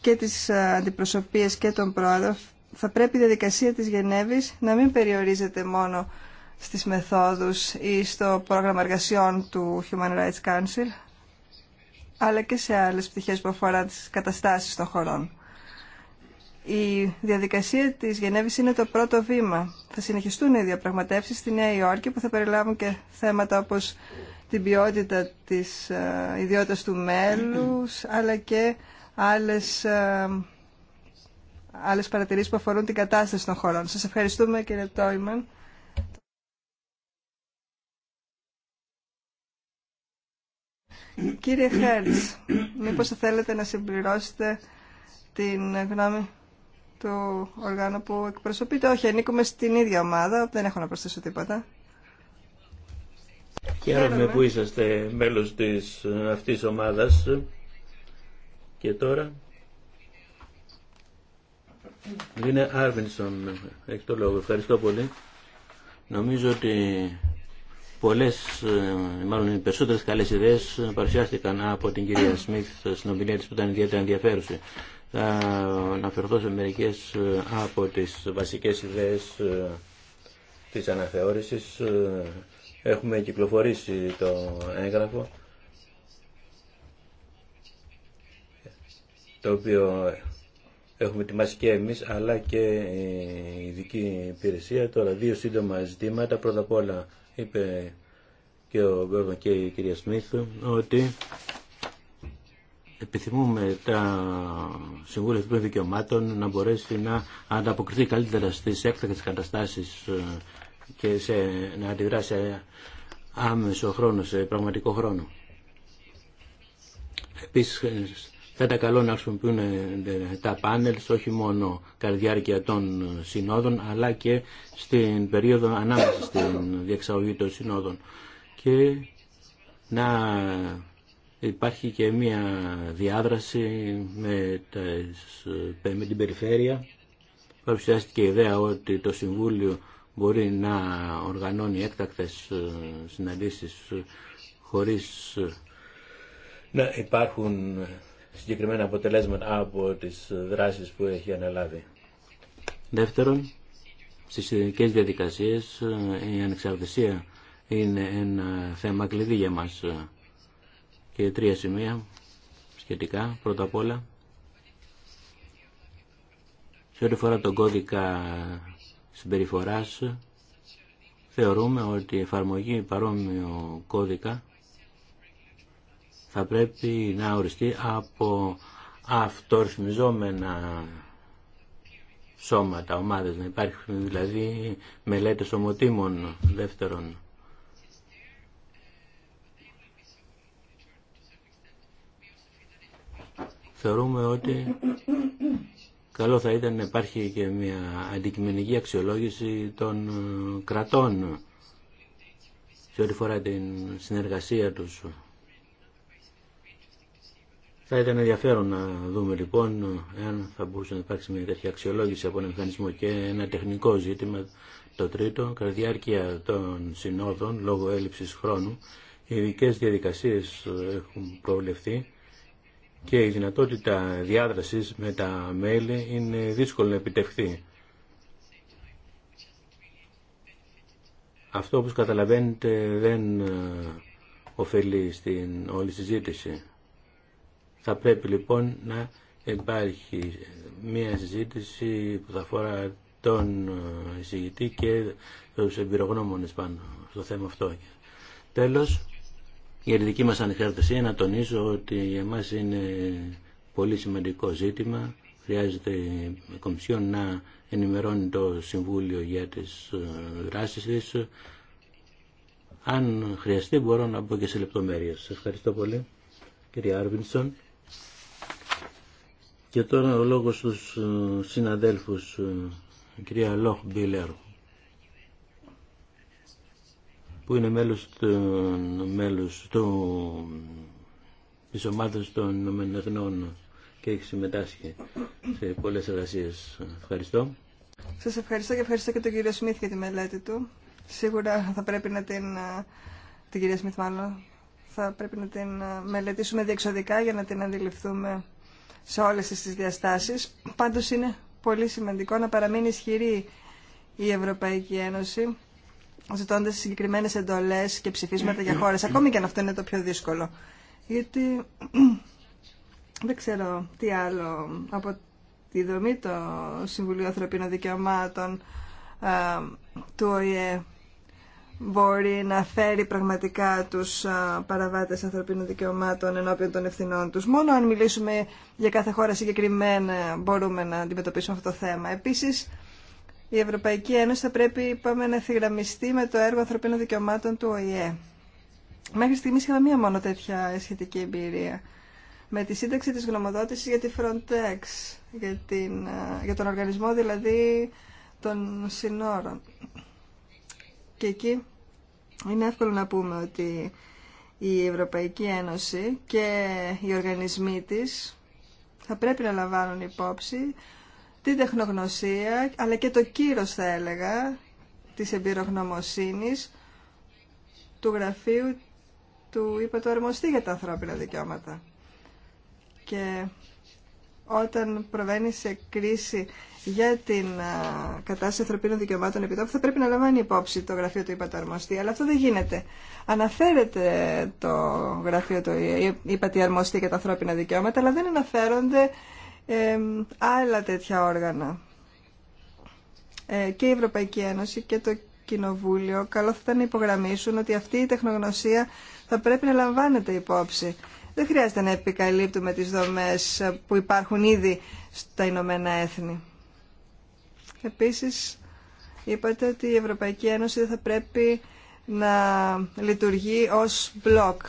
και τις ε, αντιπροσωπείες και τον πρόεδρο θα πρέπει η διαδικασία της Γενέβης να μην περιορίζεται μόνο στις μεθόδους ή στο πρόγραμμα εργασιών του Human Rights Council, αλλά και σε άλλες πτυχές που αφορά τις καταστάσεις των χωρών. Η διαδικασία της Γενέβης είναι το πρώτο βήμα. Θα συνεχιστούν οι διαπραγματεύσεις στη Νέα Υόρκη που θα περιλάβουν και θέματα όπως την ποιότητα της ε, ιδιότητας του μέλους, αλλά και άλλες, ε, άλλες παρατηρήσεις που αφορούν την κατάσταση των χωρών. Σας ευχαριστούμε κύριε Τόιμαν. Κύριε Χέρτς, μήπως θέλετε να συμπληρώσετε την γνώμη του οργάνου που εκπροσωπείτε. Όχι, ανήκουμε στην ίδια ομάδα, δεν έχω να προσθέσω τίποτα. Χαίρομαι που είσαστε μέλος της, αυτής ομάδας και τώρα είναι Άρβινσον, έχει το λόγο. Ευχαριστώ πολύ. Νομίζω ότι πολλές, ε, μάλλον οι περισσότερες καλές ιδέες παρουσιάστηκαν από την κυρία Σμιθ στην ομιλία της που ήταν ιδιαίτερα ενδιαφέρουση. Θα αναφερθώ σε μερικές ε, από τις βασικές ιδέες ε, της αναθεώρησης. Έχουμε κυκλοφορήσει το έγγραφο το οποίο έχουμε ετοιμάσει και εμείς αλλά και η ειδική υπηρεσία. Τώρα δύο σύντομα ζητήματα. Πρώτα απ' όλα είπε και, ο, και η κυρία Σμίθ ότι επιθυμούμε τα Συμβούλια των Δικαιωμάτων να μπορέσει να ανταποκριθεί καλύτερα στις έκτακτες καταστάσεις ε, και σε, να αντιδράσει σε άμεσο χρόνο, σε πραγματικό χρόνο. Θα ήταν καλό να χρησιμοποιούν ε, τα πάνελ όχι μόνο κατά των συνόδων αλλά και στην περίοδο ανάμεσα στην διεξαγωγή των συνόδων. Και να υπάρχει και μια διάδραση με, ε, με την περιφέρεια. Παρουσιάστηκε η ιδέα ότι το Συμβούλιο μπορεί να οργανώνει έκτακτες ε, συναντήσεις χωρίς να υπάρχουν συγκεκριμένα αποτελέσματα από τις δράσεις που έχει αναλάβει. Δεύτερον, στις ειδικές διαδικασίες ε, η ανεξαρτησία είναι ένα θέμα κλειδί για μας και τρία σημεία σχετικά. Πρώτα απ' όλα, σε ό,τι φορά τον κώδικα συμπεριφοράς, θεωρούμε ότι η εφαρμογή παρόμοιου κώδικα θα πρέπει να οριστεί από αυτορυθμιζόμενα σώματα, ομάδες, να υπάρχουν δηλαδή μελέτες ομοτήμων δεύτερων. Θεωρούμε ότι καλό θα ήταν να υπάρχει και μια αντικειμενική αξιολόγηση των κρατών σε ό,τι φορά την συνεργασία τους θα ήταν ενδιαφέρον να δούμε λοιπόν αν θα μπορούσε να υπάρξει μια τέτοια αξιολόγηση από ένα μηχανισμό και ένα τεχνικό ζήτημα. Το τρίτο, κατά διάρκεια των συνόδων λόγω έλλειψης χρόνου, οι ειδικέ διαδικασίες έχουν προβλεφθεί και η δυνατότητα διάδρασης με τα μέλη είναι δύσκολο να επιτευχθεί. Αυτό όπως καταλαβαίνετε δεν ε, ωφελεί στην όλη συζήτηση. Θα πρέπει λοιπόν να υπάρχει μια συζήτηση που θα αφορά τον εισηγητή και τους εμπειρογνώμονες πάνω στο θέμα αυτό. Τέλος, για τη δική μας ανεξαρτησία να τονίσω ότι για μας είναι πολύ σημαντικό ζήτημα. Χρειάζεται η Κομισιόν να ενημερώνει το Συμβούλιο για τις δράσεις της. Αν χρειαστεί μπορώ να μπω και σε λεπτομέρειες. ευχαριστώ πολύ κύριε Άρβινσον. Και τώρα ο λόγος στους ε, συναδέλφους, ε, η κυρία Λόχ Μπίλερ, που είναι μέλος, του, μέλος της ομάδας των Εθνών και έχει συμμετάσχει σε πολλές εργασίες. Ευχαριστώ. Σας ευχαριστώ και ευχαριστώ και τον κύριο Σμίθ για τη μελέτη του. Σίγουρα θα πρέπει να την, ε, την κυρία Σμίθ μάλλον, θα πρέπει να την μελετήσουμε διεξοδικά για να την αντιληφθούμε σε όλες τις διαστάσεις. Πάντως είναι πολύ σημαντικό να παραμείνει ισχυρή η Ευρωπαϊκή Ένωση ζητώντα συγκεκριμένες εντολές και ψηφίσματα για χώρες, ακόμη και αν αυτό είναι το πιο δύσκολο. Γιατί δεν ξέρω τι άλλο από τη δομή του Συμβουλίου Ανθρωπίνων Δικαιωμάτων του ΟΗΕ μπορεί να φέρει πραγματικά τους παραβάτες ανθρωπίνων δικαιωμάτων ενώπιον των ευθυνών τους. Μόνο αν μιλήσουμε για κάθε χώρα συγκεκριμένα μπορούμε να αντιμετωπίσουμε αυτό το θέμα. Επίσης, η Ευρωπαϊκή Ένωση θα πρέπει είπαμε, να θυγραμιστεί με το έργο ανθρωπίνων δικαιωμάτων του ΟΗΕ. Μέχρι στιγμής είχαμε μία μόνο τέτοια σχετική εμπειρία. Με τη σύνταξη της γνωμοδότησης για τη Frontex, για, την, για τον οργανισμό δηλαδή των συνόρων. Και εκεί είναι εύκολο να πούμε ότι η Ευρωπαϊκή Ένωση και οι οργανισμοί της θα πρέπει να λαμβάνουν υπόψη την τεχνογνωσία, αλλά και το κύρος θα έλεγα, της εμπειρογνωμοσύνης του γραφείου του είπα το αρμοστή για τα ανθρώπινα δικαιώματα. Και όταν προβαίνει σε κρίση για την κατάσταση ανθρωπίνων δικαιωμάτων επιτόπου θα πρέπει να λαμβάνει υπόψη το γραφείο του υπαταρμοστή. Αλλά αυτό δεν γίνεται. Αναφέρεται το γραφείο του Υπατοαρμοστή για τα ανθρώπινα δικαιώματα, αλλά δεν αναφέρονται ε, άλλα τέτοια όργανα. Ε, και η Ευρωπαϊκή Ένωση και το Κοινοβούλιο καλό θα ήταν να υπογραμμίσουν ότι αυτή η τεχνογνωσία θα πρέπει να λαμβάνεται υπόψη. Δεν χρειάζεται να επικαλύπτουμε τις δομές που υπάρχουν ήδη στα Ηνωμένα Έθνη. Επίσης, είπατε ότι η Ευρωπαϊκή Ένωση δεν θα πρέπει να λειτουργεί ως μπλοκ.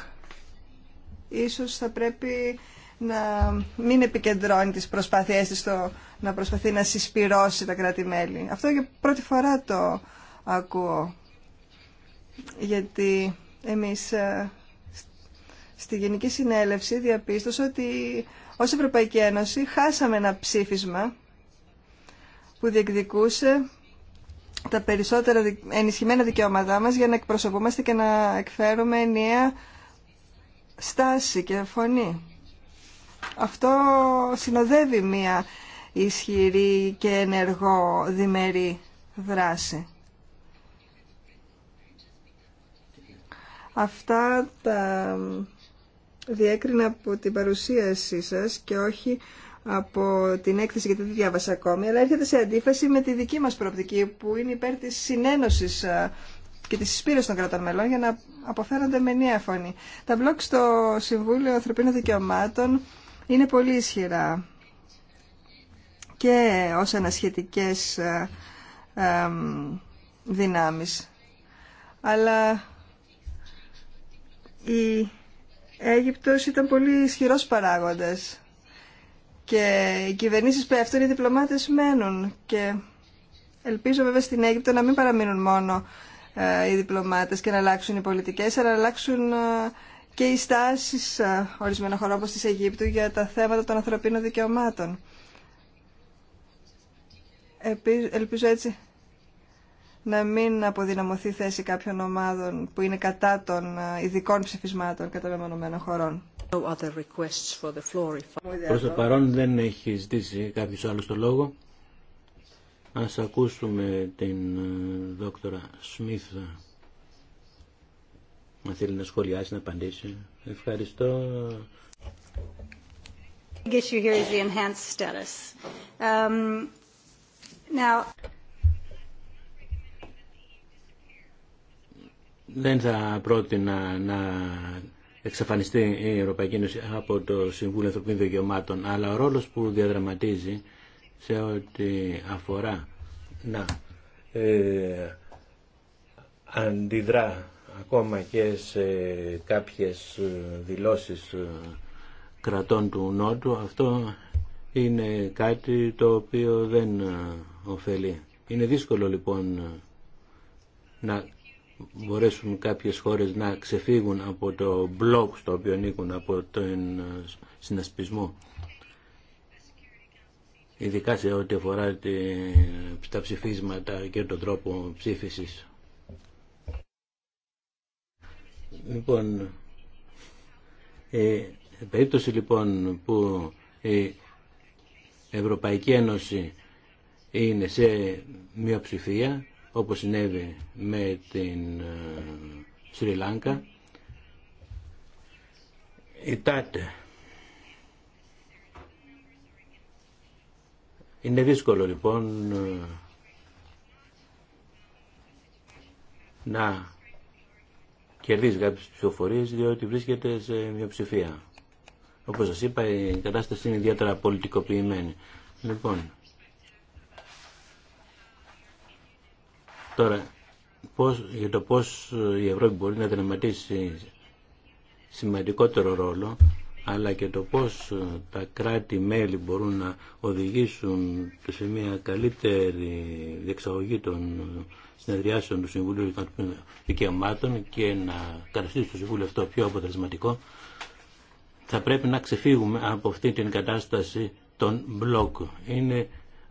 Ίσως θα πρέπει να μην επικεντρώνει τις προσπάθειές της στο να προσπαθεί να συσπυρώσει τα κράτη-μέλη. Αυτό για πρώτη φορά το ακούω. Γιατί εμείς ε, στη Γενική Συνέλευση διαπίστωσα ότι ως Ευρωπαϊκή Ένωση χάσαμε ένα ψήφισμα που διεκδικούσε τα περισσότερα ενισχυμένα δικαιώματά μας για να εκπροσωπούμαστε και να εκφέρουμε ενιαία στάση και φωνή. Αυτό συνοδεύει μία ισχυρή και ενεργό διμερή δράση. Αυτά τα διέκρινα από την παρουσίασή σας και όχι από την έκθεση γιατί δεν διάβασα ακόμη, αλλά έρχεται σε αντίφαση με τη δική μας προοπτική που είναι υπέρ της συνένωσης ε, και της συσπήρωση των κρατών μελών για να αποφέρονται με νέα φωνή. Τα μπλοκ στο Συμβούλιο Ανθρωπίνων Δικαιωμάτων είναι πολύ ισχυρά και ως ανασχετικές ε, δυνάμεις. Αλλά η Αίγυπτος ήταν πολύ ισχυρός παράγοντας και οι κυβερνήσεις πέφτουν, οι διπλωμάτε μένουν. Και ελπίζω βέβαια στην Αίγυπτο να μην παραμείνουν μόνο ε, οι διπλωμάτες και να αλλάξουν οι πολιτικές, αλλά να αλλάξουν ε, και οι στάσεις ε, ορισμένων χωρών όπω της Αιγύπτου για τα θέματα των ανθρωπίνων δικαιωμάτων. Ελπίζω έτσι να μην αποδυναμωθεί θέση κάποιων ομάδων που είναι κατά των ειδικών ψηφισμάτων κατά μεμονωμένων χωρών. Προς το παρόν δεν έχει ζητήσει κάποιος άλλος το λόγο. Ας ακούσουμε την ε, δόκτωρα Σμίθ να θέλει να σχολιάσει, να απαντήσει. Ευχαριστώ. Um, δεν θα πρότεινα να εξαφανιστεί η Ευρωπαϊκή Ένωση από το Συμβούλιο Ανθρωπίνων Δικαιωμάτων, αλλά ο ρόλος που διαδραματίζει σε ό,τι αφορά να ε, αντιδρά ακόμα και σε κάποιες δηλώσεις ε, κρατών του Νότου, αυτό είναι κάτι το οποίο δεν ε, ωφελεί. Είναι δύσκολο λοιπόν να μπορέσουν κάποιες χώρες να ξεφύγουν από το μπλοκ στο οποίο ανήκουν από τον ε, συνασπισμό ειδικά σε ό,τι αφορά τα ψηφίσματα και τον τρόπο ψήφισης. Λοιπόν, ε, περίπτωση λοιπόν που η Ευρωπαϊκή Ένωση είναι σε μειοψηφία όπως συνέβη με την ε, Σρι Λάγκα. Η ΤΑΤΕ Είναι δύσκολο λοιπόν ε, να κερδίζει κάποιες ψηφοφορίες διότι βρίσκεται σε μειοψηφία. Όπως σας είπα η κατάσταση είναι ιδιαίτερα πολιτικοποιημένη. Λοιπόν, Τώρα, για το πώς η Ευρώπη μπορεί να δραματίσει σημαντικότερο ρόλο, αλλά και το πώς τα κράτη-μέλη μπορούν να οδηγήσουν σε μια καλύτερη διεξαγωγή των συνεδριάσεων του Συμβουλίου Δικαιωμάτων και να καταστήσει το Συμβούλιο αυτό πιο αποτελεσματικό, θα πρέπει να ξεφύγουμε από αυτή την κατάσταση των μπλοκ. Είναι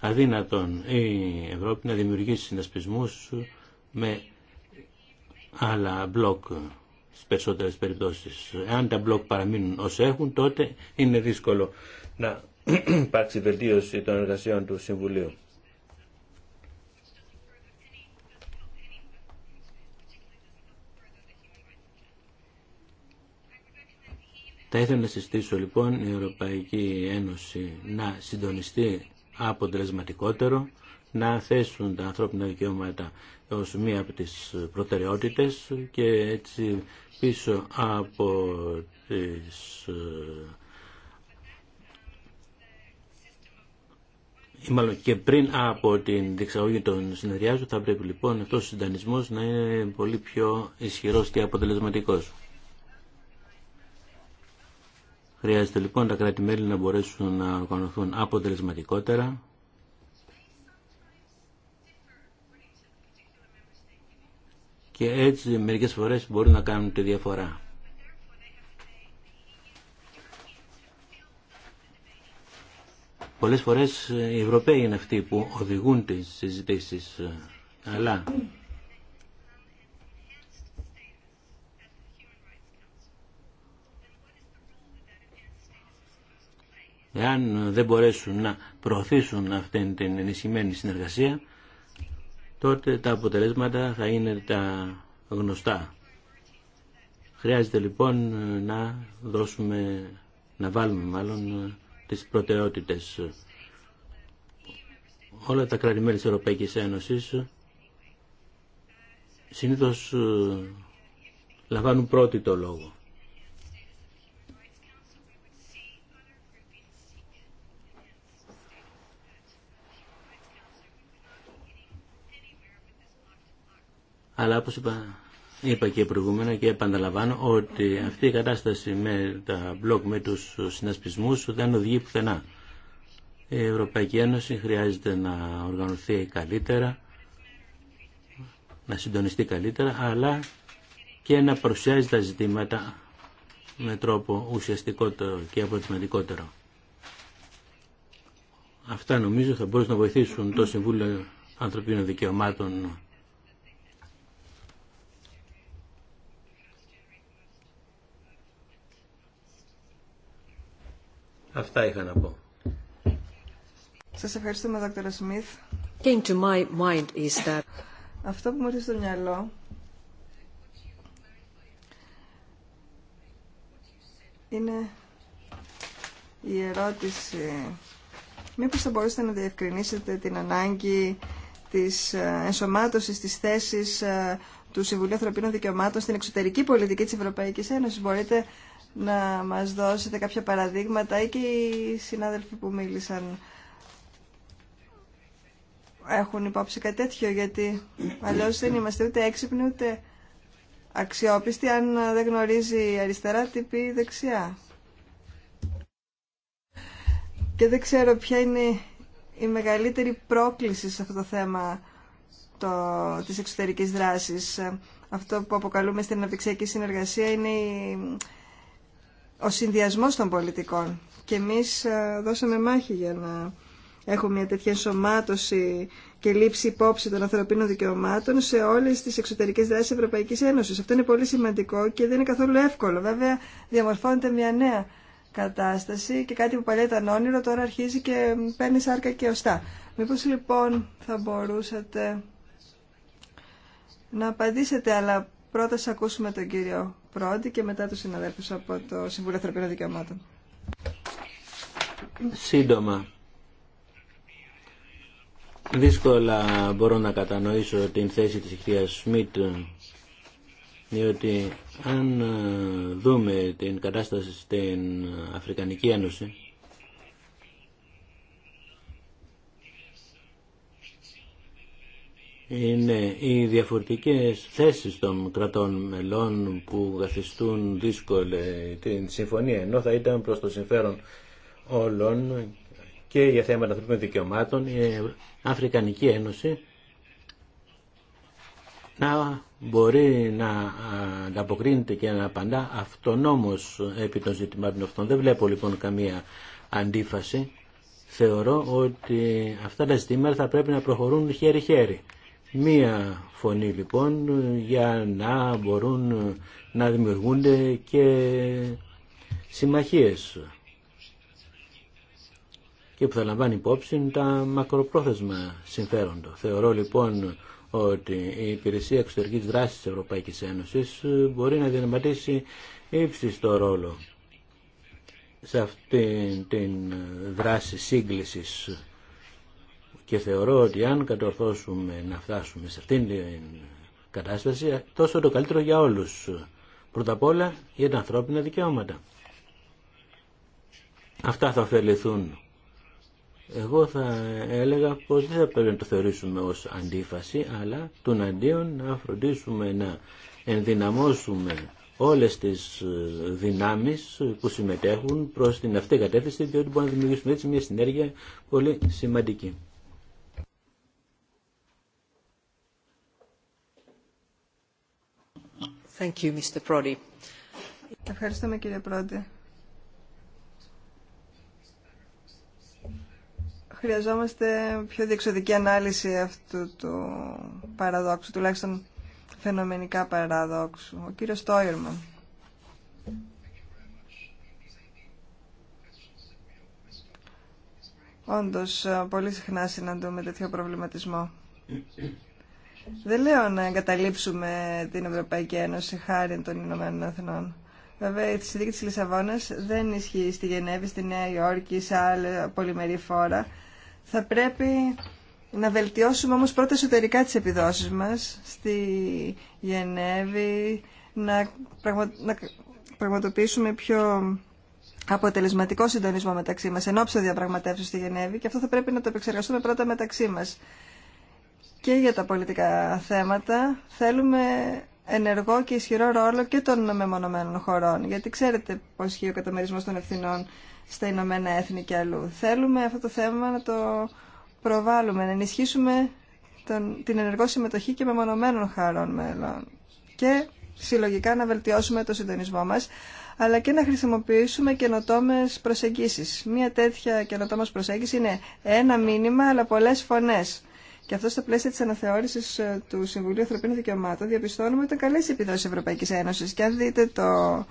αδύνατον η Ευρώπη να δημιουργήσει συνασπισμούς με άλλα μπλοκ στις περισσότερες περιπτώσεις. Εάν τα μπλοκ παραμείνουν όσο έχουν, τότε είναι δύσκολο να [CLEARS THROAT] υπάρξει βελτίωση των εργασιών του Συμβουλίου. Θα ήθελα να συστήσω λοιπόν η Ευρωπαϊκή Ένωση να συντονιστεί αποτελεσματικότερο να θέσουν τα ανθρώπινα δικαιώματα ως μία από τις προτεραιότητες και έτσι πίσω από τις ε, ή και πριν από την διεξαγωγή των συνεδριάζων θα πρέπει λοιπόν αυτός ο συντανισμός να είναι πολύ πιο ισχυρός και αποτελεσματικός. Χρειάζεται λοιπόν τα κράτη-μέλη να μπορέσουν να οργανωθούν αποτελεσματικότερα και έτσι μερικές φορές μπορούν να κάνουν τη διαφορά. Πολλές φορές οι Ευρωπαίοι είναι αυτοί που οδηγούν τις συζητήσεις, αλλά Εάν δεν μπορέσουν να προωθήσουν αυτή την ενισχυμένη συνεργασία, τότε τα αποτελέσματα θα είναι τα γνωστά. Χρειάζεται λοιπόν να δώσουμε, να βάλουμε μάλλον τις προτεραιότητες. Όλα τα κράτη-μέλη της Ευρωπαϊκής Ένωσης συνήθως ε, λαμβάνουν πρώτοι το λόγο. Αλλά όπως είπα, είπα και προηγούμενα και επαναλαμβάνω ότι αυτή η κατάσταση με τα μπλοκ, με τους συνασπισμούς δεν οδηγεί πουθενά. Η Ευρωπαϊκή Ένωση χρειάζεται να οργανωθεί καλύτερα, να συντονιστεί καλύτερα, αλλά και να παρουσιάζει τα ζητήματα με τρόπο ουσιαστικότερο και αποτελεσματικότερο. Αυτά νομίζω θα μπορούσαν να βοηθήσουν το Συμβούλιο Ανθρωπίνων Δικαιωμάτων Αυτά είχα να πω. Σας ευχαριστούμε, Δόκτωρα Σμιθ. Αυτό που μου έρθει στο μυαλό είναι η ερώτηση μήπως θα μπορούσατε να διευκρινίσετε την ανάγκη της ε, ενσωμάτωσης της θέσης ε, του Συμβουλίου Ανθρωπίνων Δικαιωμάτων στην εξωτερική πολιτική της Ευρωπαϊκής Ένωσης. Μπορείτε να μας δώσετε κάποια παραδείγματα ή και οι συνάδελφοι που μίλησαν έχουν υπόψη κάτι τέτοιο γιατί αλλιώς δεν είμαστε ούτε έξυπνοι ούτε αξιόπιστοι αν δεν γνωρίζει αριστερά τι πει δεξιά. Και δεν ξέρω ποια είναι η μεγαλύτερη πρόκληση σε αυτό το θέμα το, της εξωτερικής δράσης. Αυτό που αποκαλούμε στην αναπτυξιακή συνεργασία είναι η ο συνδυασμός των πολιτικών. Και εμείς ε, δώσαμε μάχη για να έχουμε μια τέτοια ενσωμάτωση και λήψη υπόψη των ανθρωπίνων δικαιωμάτων σε όλες τις εξωτερικές δράσεις της Ευρωπαϊκής Ένωσης. Αυτό είναι πολύ σημαντικό και δεν είναι καθόλου εύκολο. Βέβαια διαμορφώνεται μια νέα κατάσταση και κάτι που παλιά ήταν όνειρο τώρα αρχίζει και παίρνει σάρκα και οστά. Μήπως λοιπόν θα μπορούσατε να απαντήσετε αλλά Πρώτα θα ακούσουμε τον κύριο Πρόντι και μετά τους συναδέλφους από το Συμβούλιο Ανθρωπίνων Δικαιωμάτων. Σύντομα. Δύσκολα μπορώ να κατανοήσω την θέση της κύρια Σμιτ διότι αν ε, δούμε την κατάσταση στην Αφρικανική Ένωση είναι οι διαφορετικές θέσεις των κρατών μελών που καθιστούν δύσκολη την συμφωνία ενώ θα ήταν προς το συμφέρον όλων και για θέματα ανθρωπίνων δικαιωμάτων η Αφρικανική Ένωση να μπορεί να ανταποκρίνεται και να απαντά αυτονόμως επί των ζητημάτων αυτών. Δεν βλέπω λοιπόν καμία αντίφαση. Θεωρώ ότι αυτά τα ζητήματα θα πρέπει να προχωρούν χέρι-χέρι. Μία φωνή λοιπόν για να μπορούν να δημιουργούνται και συμμαχίες και που θα λαμβάνει υπόψη τα μακροπρόθεσμα συμφέροντα. Θεωρώ λοιπόν ότι η υπηρεσία εξωτερικής δράσης της Ευρωπαϊκής Ένωσης μπορεί να διαδραματίσει ύψιστο ρόλο σε αυτή την δράση σύγκλησης και θεωρώ ότι αν κατορθώσουμε να φτάσουμε σε αυτήν την κατάσταση, τόσο το καλύτερο για όλους. Πρώτα απ' όλα για τα ανθρώπινα δικαιώματα. Αυτά θα ωφεληθούν. Εγώ θα έλεγα πως δεν θα πρέπει να το θεωρήσουμε ως αντίφαση, αλλά τον αντίον να φροντίσουμε να ενδυναμώσουμε όλες τις δυνάμεις που συμμετέχουν προς την αυτή κατεύθυνση, διότι μπορούμε να δημιουργήσουμε έτσι μια συνέργεια πολύ σημαντική. Ευχαριστούμε κύριε Πρόντι. Χρειαζόμαστε πιο διεξοδική ανάλυση αυτού του παραδόξου, τουλάχιστον φαινομενικά παραδόξου. Ο κύριος Τόιρμαν. Όντως, πολύ συχνά συναντούμε τέτοιο προβληματισμό. Δεν λέω να εγκαταλείψουμε την Ευρωπαϊκή Ένωση χάρη των Ηνωμένων Εθνών. Βέβαια, η συνθήκη τη Λισαβόνα δεν ισχύει στη Γενέβη, στη Νέα Υόρκη, σε άλλη πολυμερή φόρα. Θα πρέπει να βελτιώσουμε όμω πρώτα εσωτερικά τις επιδόσεις μας στη Γενέβη, να, να πραγματοποιήσουμε πιο αποτελεσματικό συντονισμό μεταξύ μας, ενώψε διαπραγματεύσεων στη Γενέβη και αυτό θα πρέπει να το επεξεργαστούμε πρώτα μεταξύ μας και για τα πολιτικά θέματα θέλουμε ενεργό και ισχυρό ρόλο και των μεμονωμένων χωρών. Γιατί ξέρετε πώς ισχύει ο καταμερισμός των ευθυνών στα Ηνωμένα Έθνη και αλλού. Θέλουμε αυτό το θέμα να το προβάλλουμε, να ενισχύσουμε τον, την ενεργό συμμετοχή και μεμονωμένων χαρών μέλων. Και συλλογικά να βελτιώσουμε το συντονισμό μας, αλλά και να χρησιμοποιήσουμε καινοτόμε προσεγγίσεις. Μία τέτοια καινοτόμα προσέγγιση είναι ένα μήνυμα, αλλά πολλές φωνές. Και αυτό στο πλαίσιο τη αναθεώρηση ε, του Συμβουλίου Ανθρωπίνων Δικαιωμάτων διαπιστώνουμε ότι ήταν καλέ οι επιδόσει Ευρωπαϊκή Ένωση. Και αν δείτε το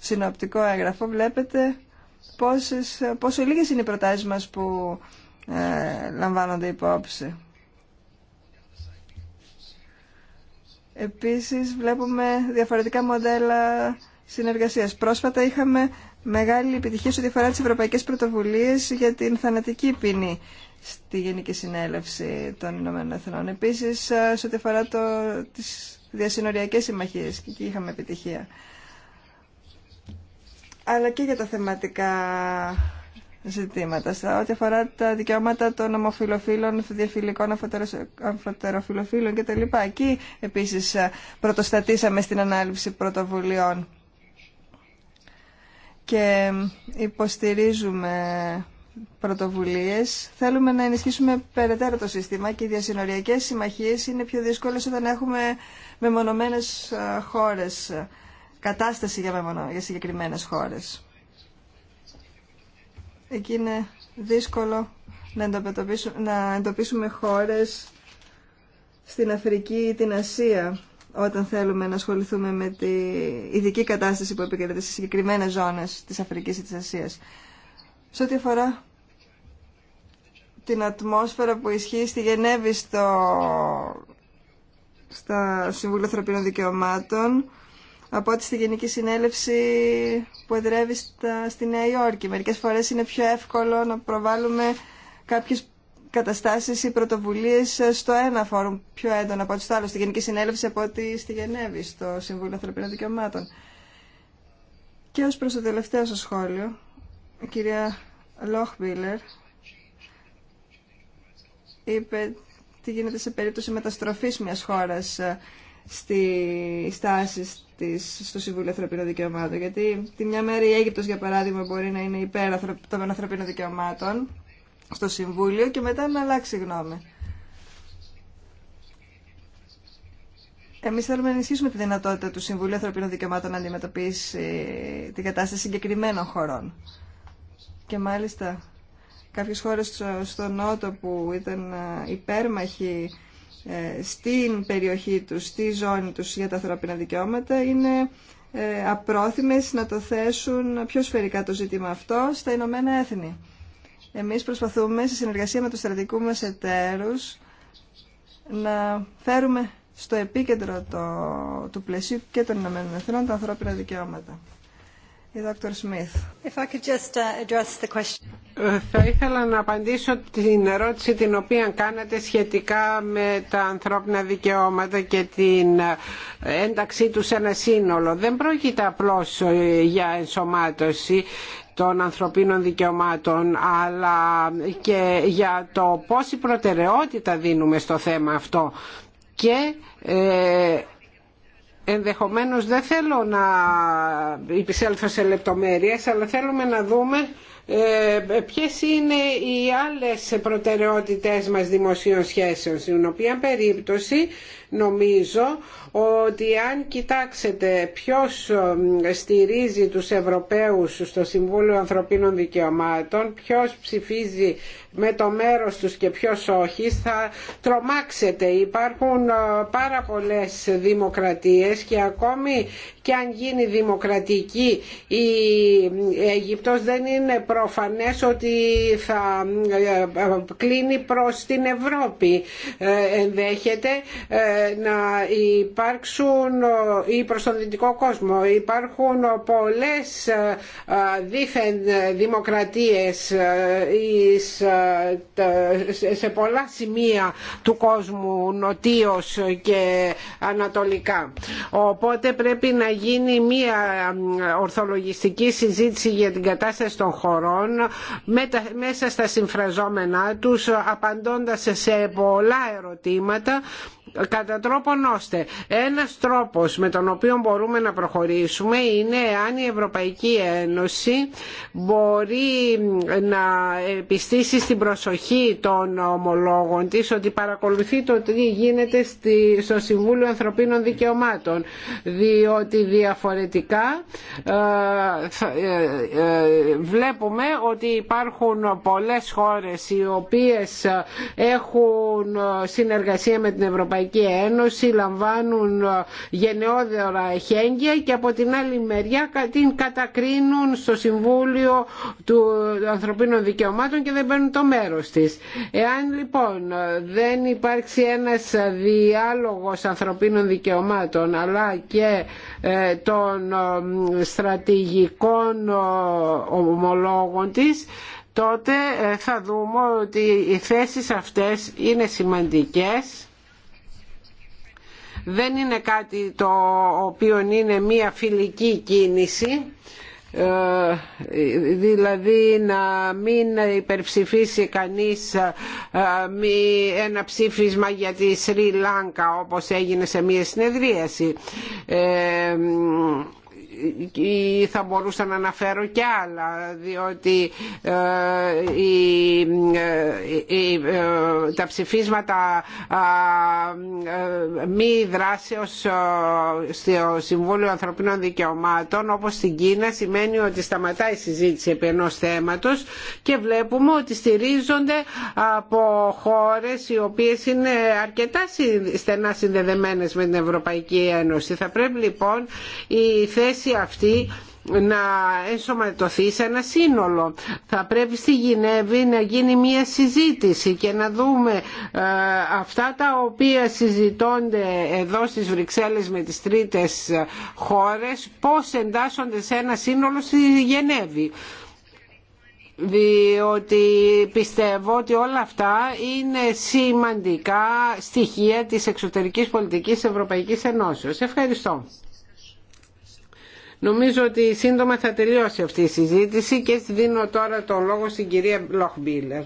συνοπτικό έγγραφο, βλέπετε πόσες, πόσο λίγε είναι οι προτάσει μα που ε, λαμβάνονται υπόψη. Επίσης βλέπουμε διαφορετικά μοντέλα συνεργασίας. Πρόσφατα είχαμε μεγάλη επιτυχία σε διαφορά της Ευρωπαϊκής ευρωπαϊκές για την θανατική ποινή στη Γενική Συνέλευση των Ηνωμένων Εθνών. Επίσης, ε, σε ό,τι αφορά το, τις διασυνοριακές συμμαχίες, και εκεί είχαμε επιτυχία. Αλλά και για τα θεματικά ζητήματα, σε ό,τι αφορά τα δικαιώματα των ομοφιλοφίλων, διαφιλικών, αφωτεροφιλοφίλων κτλ. Εκεί επίσης ε, πρωτοστατήσαμε στην ανάληψη πρωτοβουλειών και ε, υποστηρίζουμε πρωτοβουλίες. Θέλουμε να ενισχύσουμε περαιτέρω το σύστημα και οι διασυνοριακές συμμαχίες είναι πιο δύσκολες όταν έχουμε μεμονωμένες ε, χώρες, κατάσταση για, μεμονω, για συγκεκριμένες χώρες. Εκεί είναι δύσκολο να εντοπίσουμε, να εντοπίσουμε χώρες στην Αφρική ή την Ασία όταν θέλουμε να ασχοληθούμε με τη ειδική κατάσταση που επικρατεί σε συγκεκριμένες ζώνες της Αφρικής ή της Σε ό,τι αφορά την ατμόσφαιρα που ισχύει στη Γενέβη στο, στα Συμβούλια Ανθρωπίνων Δικαιωμάτων από ότι στη Γενική Συνέλευση που εδρεύει στη Νέα Υόρκη. Μερικές φορές είναι πιο εύκολο να προβάλλουμε κάποιες καταστάσεις ή πρωτοβουλίες στο ένα φόρουμ πιο έντονα από ό,τι στο άλλο, στη Γενική Συνέλευση από ό,τι στη Γενέβη, στο Συμβούλιο Ανθρωπίνων Δικαιωμάτων. Και ως προς το τελευταίο σας σχόλιο, η κυρία Λόχμπίλερ είπε τι γίνεται σε περίπτωση μεταστροφής μιας χώρας ε, στη στάση της, στο Συμβούλιο Ανθρωπίνων Δικαιωμάτων. Γιατί τη μια μέρα η Αίγυπτος, για παράδειγμα, μπορεί να είναι υπέρ των ανθρωπίνων δικαιωμάτων στο Συμβούλιο και μετά να αλλάξει γνώμη. Εμεί θέλουμε να ενισχύσουμε τη δυνατότητα του Συμβουλίου Ανθρωπίνων Δικαιωμάτων να αντιμετωπίσει την κατάσταση συγκεκριμένων χωρών. Και μάλιστα κάποιες χώρες στο Νότο που ήταν ε, υπέρμαχοι ε, στην περιοχή τους, στη ζώνη τους για τα ανθρώπινα δικαιώματα είναι ε, απρόθυμες να το θέσουν πιο σφαιρικά το ζήτημα αυτό στα Ηνωμένα Έθνη. Εμείς προσπαθούμε σε συνεργασία με τους στρατικούς μας εταίρους να φέρουμε στο επίκεντρο το, του πλαισίου και των Ηνωμένων Εθνών τα ανθρώπινα δικαιώματα. Uh, ε, θα ήθελα να απαντήσω την ερώτηση την οποία κάνατε σχετικά με τα ανθρώπινα δικαιώματα και την ε, ένταξή του σε ένα σύνολο. Δεν πρόκειται απλώς ε, για ενσωμάτωση των ανθρωπίνων δικαιωμάτων αλλά και για το πόση προτεραιότητα δίνουμε στο θέμα αυτό και ενδεχομένως δεν θέλω να υπησέλθω σε λεπτομέρειες αλλά θέλουμε να δούμε ε, ποιες είναι οι άλλες προτεραιότητες μας δημοσίων σχέσεων στην οποία περίπτωση Νομίζω ότι αν κοιτάξετε ποιος στηρίζει τους Ευρωπαίους στο Συμβούλιο Ανθρωπίνων Δικαιωμάτων, ποιος ψηφίζει με το μέρος τους και ποιος όχι, θα τρομάξετε. Υπάρχουν ε, πάρα πολλές δημοκρατίες και ακόμη και αν γίνει δημοκρατική η ε, Αιγυπτός δεν είναι προφανές ότι θα ε, κλείνει προς την Ευρώπη. ενδέχεται να υπάρξουν ή προς τον δυτικό κόσμο. Υπάρχουν πολλές ε, δίθεν δημοκρατίες ε, ε, σε πολλά σημεία του κόσμου νοτίως και ανατολικά. Οπότε πρέπει να γίνει μία ορθολογιστική συζήτηση για την κατάσταση των χωρών μέσα στα συμφραζόμενά τους απαντώντας σε πολλά ερωτήματα κατά τρόπον ώστε ένας τρόπος με τον οποίο μπορούμε να προχωρήσουμε είναι αν η Ευρωπαϊκή Ένωση μπορεί να επιστήσει στην προσοχή των ομολόγων της ότι παρακολουθεί το τι γίνεται στο Συμβούλιο Ανθρωπίνων Δικαιωμάτων διότι διαφορετικά ε, ε, ε, βλέπουμε ότι υπάρχουν πολλές χώρες οι οποίες έχουν συνεργασία με την Ευρωπαϊκή Ευρωπαϊκή Ένωση λαμβάνουν ε, γενναιόδερα χέγγια και από την άλλη μεριά την κατακρίνουν στο Συμβούλιο του Ανθρωπίνων Δικαιωμάτων και δεν παίρνουν το μέρος της. Εάν λοιπόν ε, δεν υπάρξει ένας διάλογος ανθρωπίνων δικαιωμάτων αλλά και ε, των στρατηγικών ομολόγων της τότε θα δούμε ότι οι θέσεις αυτές είναι σημαντικές δεν είναι κάτι το οποίο είναι μία φιλική κίνηση ε, δηλαδή να μην υπερψηφίσει κανείς ε, ένα ψήφισμα για τη Σρι Λάνκα όπως έγινε σε μια συνεδρίαση ε, ή ε, ε, ε, θα μπορούσα να αναφέρω και άλλα διότι τα ψηφίσματα μη δράσεως στο Συμβούλιο Ανθρωπίνων Δικαιωμάτων όπως στην Κίνα σημαίνει ότι σταματάει η συζήτηση επί ενός θέματος και βλέπουμε ότι στηρίζονται από χώρες οι οποίες είναι αρκετά στενά συνδεδεμένες με την Ευρωπαϊκή Ένωση. Θα πρέπει λοιπόν η θέση αυτή να ενσωματωθεί σε ένα σύνολο. Θα πρέπει στη Γενέβη να γίνει μια συζήτηση και να δούμε ε, αυτά τα οποία συζητώνται εδώ στις Βρυξέλλες με τις τρίτες ε, χώρες πώς εντάσσονται σε ένα σύνολο στη Γενέβη διότι πιστεύω ότι όλα αυτά είναι σημαντικά στοιχεία της εξωτερικής πολιτικής Ευρωπαϊκής Ενώσεως. Ευχαριστώ. Νομίζω ότι σύντομα θα τελειώσει αυτή η συζήτηση και δίνω τώρα το λόγο στην κυρία Λοχμπίλερ.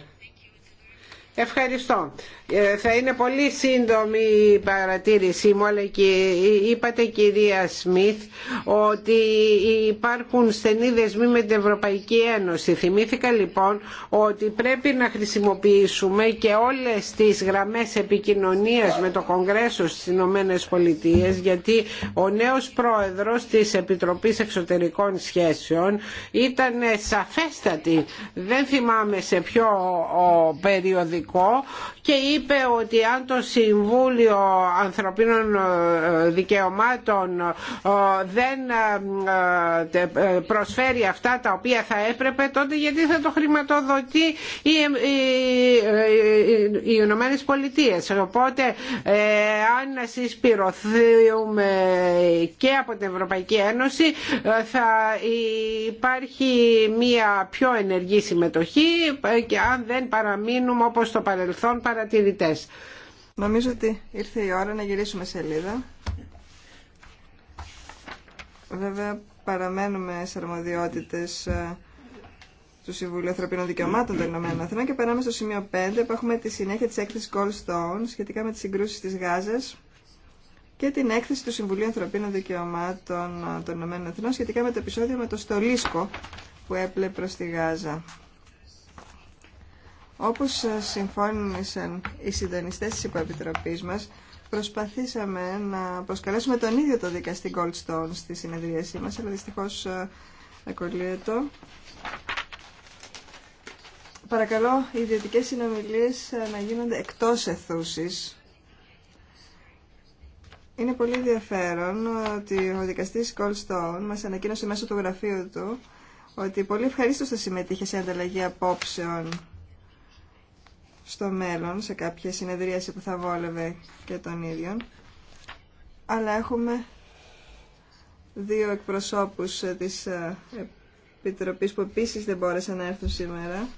Ευχαριστώ. Ε, θα είναι πολύ σύντομη η παρατήρησή μου, αλλά και είπατε κυρία Σμιθ ότι υπάρχουν στενοί δεσμοί με την Ευρωπαϊκή Ένωση. Θυμήθηκα λοιπόν ότι πρέπει να χρησιμοποιήσουμε και όλες τις γραμμές επικοινωνίας με το Κογκρέσο στις Ηνωμένε Πολιτείε, γιατί ο νέος πρόεδρος της Επιτροπής Εξωτερικών Σχέσεων ήταν σαφέστατη. Δεν θυμάμαι σε ποιο περιοδικό σημαντικό και είπε ότι αν το Συμβούλιο Ανθρωπίνων ε, Δικαιωμάτων ε, δεν ε, προσφέρει αυτά τα οποία θα έπρεπε τότε γιατί θα το χρηματοδοτεί οι Ηνωμένε Πολιτείε. Οπότε αν συσπηρωθούμε και από την Ευρωπαϊκή Ένωση θα υπάρχει μια πιο ενεργή συμμετοχή και αν δεν παραμείνουμε όπως το παρελθόν παρατηρητές. Νομίζω ότι ήρθε η ώρα να γυρίσουμε σελίδα. Βέβαια παραμένουμε σε αρμοδιότητες ε, του Συμβουλίου Ανθρωπίνων Δικαιωμάτων των Ηνωμένων Αθηνών και περάμε στο σημείο 5 που έχουμε τη συνέχεια της έκθεσης Stone σχετικά με τις συγκρούσεις της Γάζας και την έκθεση του Συμβουλίου Ανθρωπίνων Δικαιωμάτων των Ηνωμένων Αθήνων σχετικά με το επεισόδιο με το στολίσκο που έπλε προς τη Γάζα. Όπως συμφώνησαν οι συντονιστές της υποεπιτροπής μας, προσπαθήσαμε να προσκαλέσουμε τον ίδιο το δικαστή Goldstone στη συνεδρίασή μας, αλλά δυστυχώς ε, ακολύεται. Παρακαλώ, οι ιδιωτικές συνομιλίες ε, να γίνονται εκτός αιθούσης. Είναι πολύ ενδιαφέρον ότι ο δικαστής Goldstone μας ανακοίνωσε μέσω του γραφείου του ότι πολύ ευχαρίστως θα συμμετείχε σε ανταλλαγή απόψεων στο μέλλον, σε κάποια συνεδρίαση που θα βόλευε και τον ίδιον, Αλλά έχουμε δύο εκπροσώπους ε, της ε, Επιτροπής που επίσης δεν μπόρεσαν να έρθουν σήμερα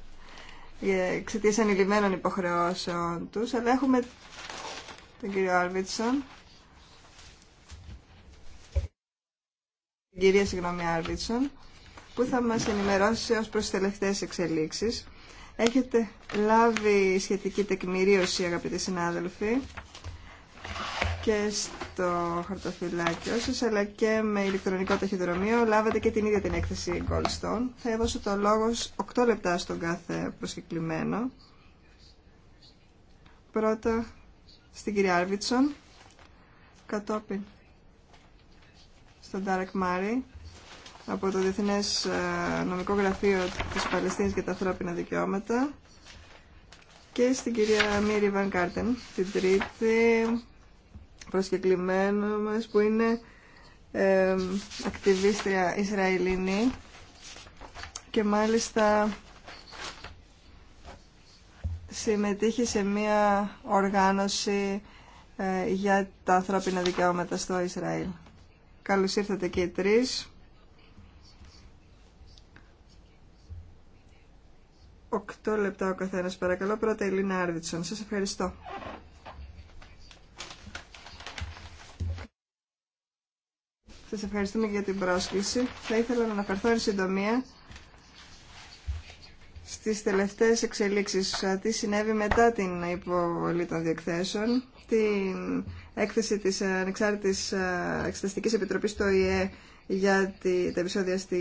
για εξαιτία ανηλυμένων υποχρεώσεων τους, αλλά έχουμε τον κύριο Άρβιτσον, την κυρία συγγνώμη Άρβιτσον, που θα μας ενημερώσει ως προς τις τελευταίες εξελίξεις Έχετε λάβει σχετική τεκμηρίωση, αγαπητοί συνάδελφοι, και στο χαρτοφυλάκιο σα αλλά και με ηλεκτρονικό ταχυδρομείο λάβατε και την ίδια την έκθεση Goldstone. Θα έδωσω το λόγο 8 λεπτά στον κάθε προσκεκλημένο. Πρώτα στην κυρία Άρβιτσον, κατόπιν στον Τάρεκ Μάρι, από το Διεθνές ε, Νομικό Γραφείο της Παλαιστίνης για τα ανθρώπινα δικαιώματα και στην κυρία Μίρι Βαν Κάρτεν, την τρίτη προσκεκλημένο μας που είναι ε, ακτιβίστρια Ισραηλινή και μάλιστα συμμετείχε σε μία οργάνωση ε, για τα ανθρώπινα δικαιώματα στο Ισραήλ. Καλώς ήρθατε και οι τρεις. Οκτώ λεπτά ο καθένας παρακαλώ. Πρώτα η Λίνα Άρβιτσον. Σας ευχαριστώ. Σας ευχαριστούμε για την πρόσκληση. Θα ήθελα να αναφερθώ εν συντομία στις τελευταίες εξελίξεις, τι συνέβη μετά την υποβολή των διεκθέσεων, την έκθεση της Ανεξάρτητης Εξεταστικής Επιτροπής του ΙΕ για τα επεισόδια στη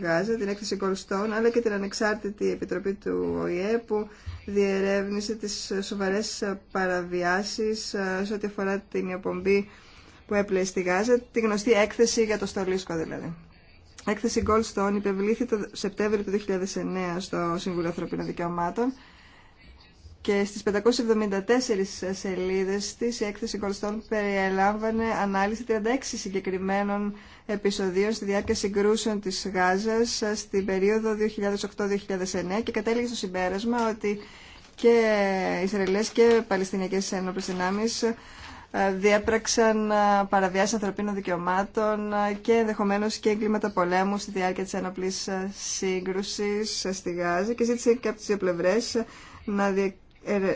Γάζα, την έκθεση Goldstone, αλλά και την ανεξάρτητη επιτροπή του ΟΗΕ που διερεύνησε τις σοβαρές παραβιάσεις ε, σε ό,τι αφορά την απομπή που έπλεε στη Γάζα, τη γνωστή έκθεση για το στολίσκο δηλαδή. Έκθεση Goldstone υπευλήθη το Σεπτέμβριο του 2009 στο Συμβούλιο Ανθρωπίνων Δικαιωμάτων και στις 574 σελίδες της η έκθεση Κολστόν περιέλαμβανε ανάλυση 36 συγκεκριμένων επεισοδίων στη διάρκεια συγκρούσεων της Γάζας στην περίοδο 2008-2009 και κατέληγε στο συμπέρασμα ότι και Ισραηλές και Παλαιστινιακές Ένωπες Δυνάμεις ε, διέπραξαν ε, παραβιάσεις ανθρωπίνων δικαιωμάτων ε, και ενδεχομένως και εγκλήματα πολέμου στη διάρκεια της ένοπλης σύγκρουσης στη Γάζα και ζήτησε και από τις δύο πλευρές να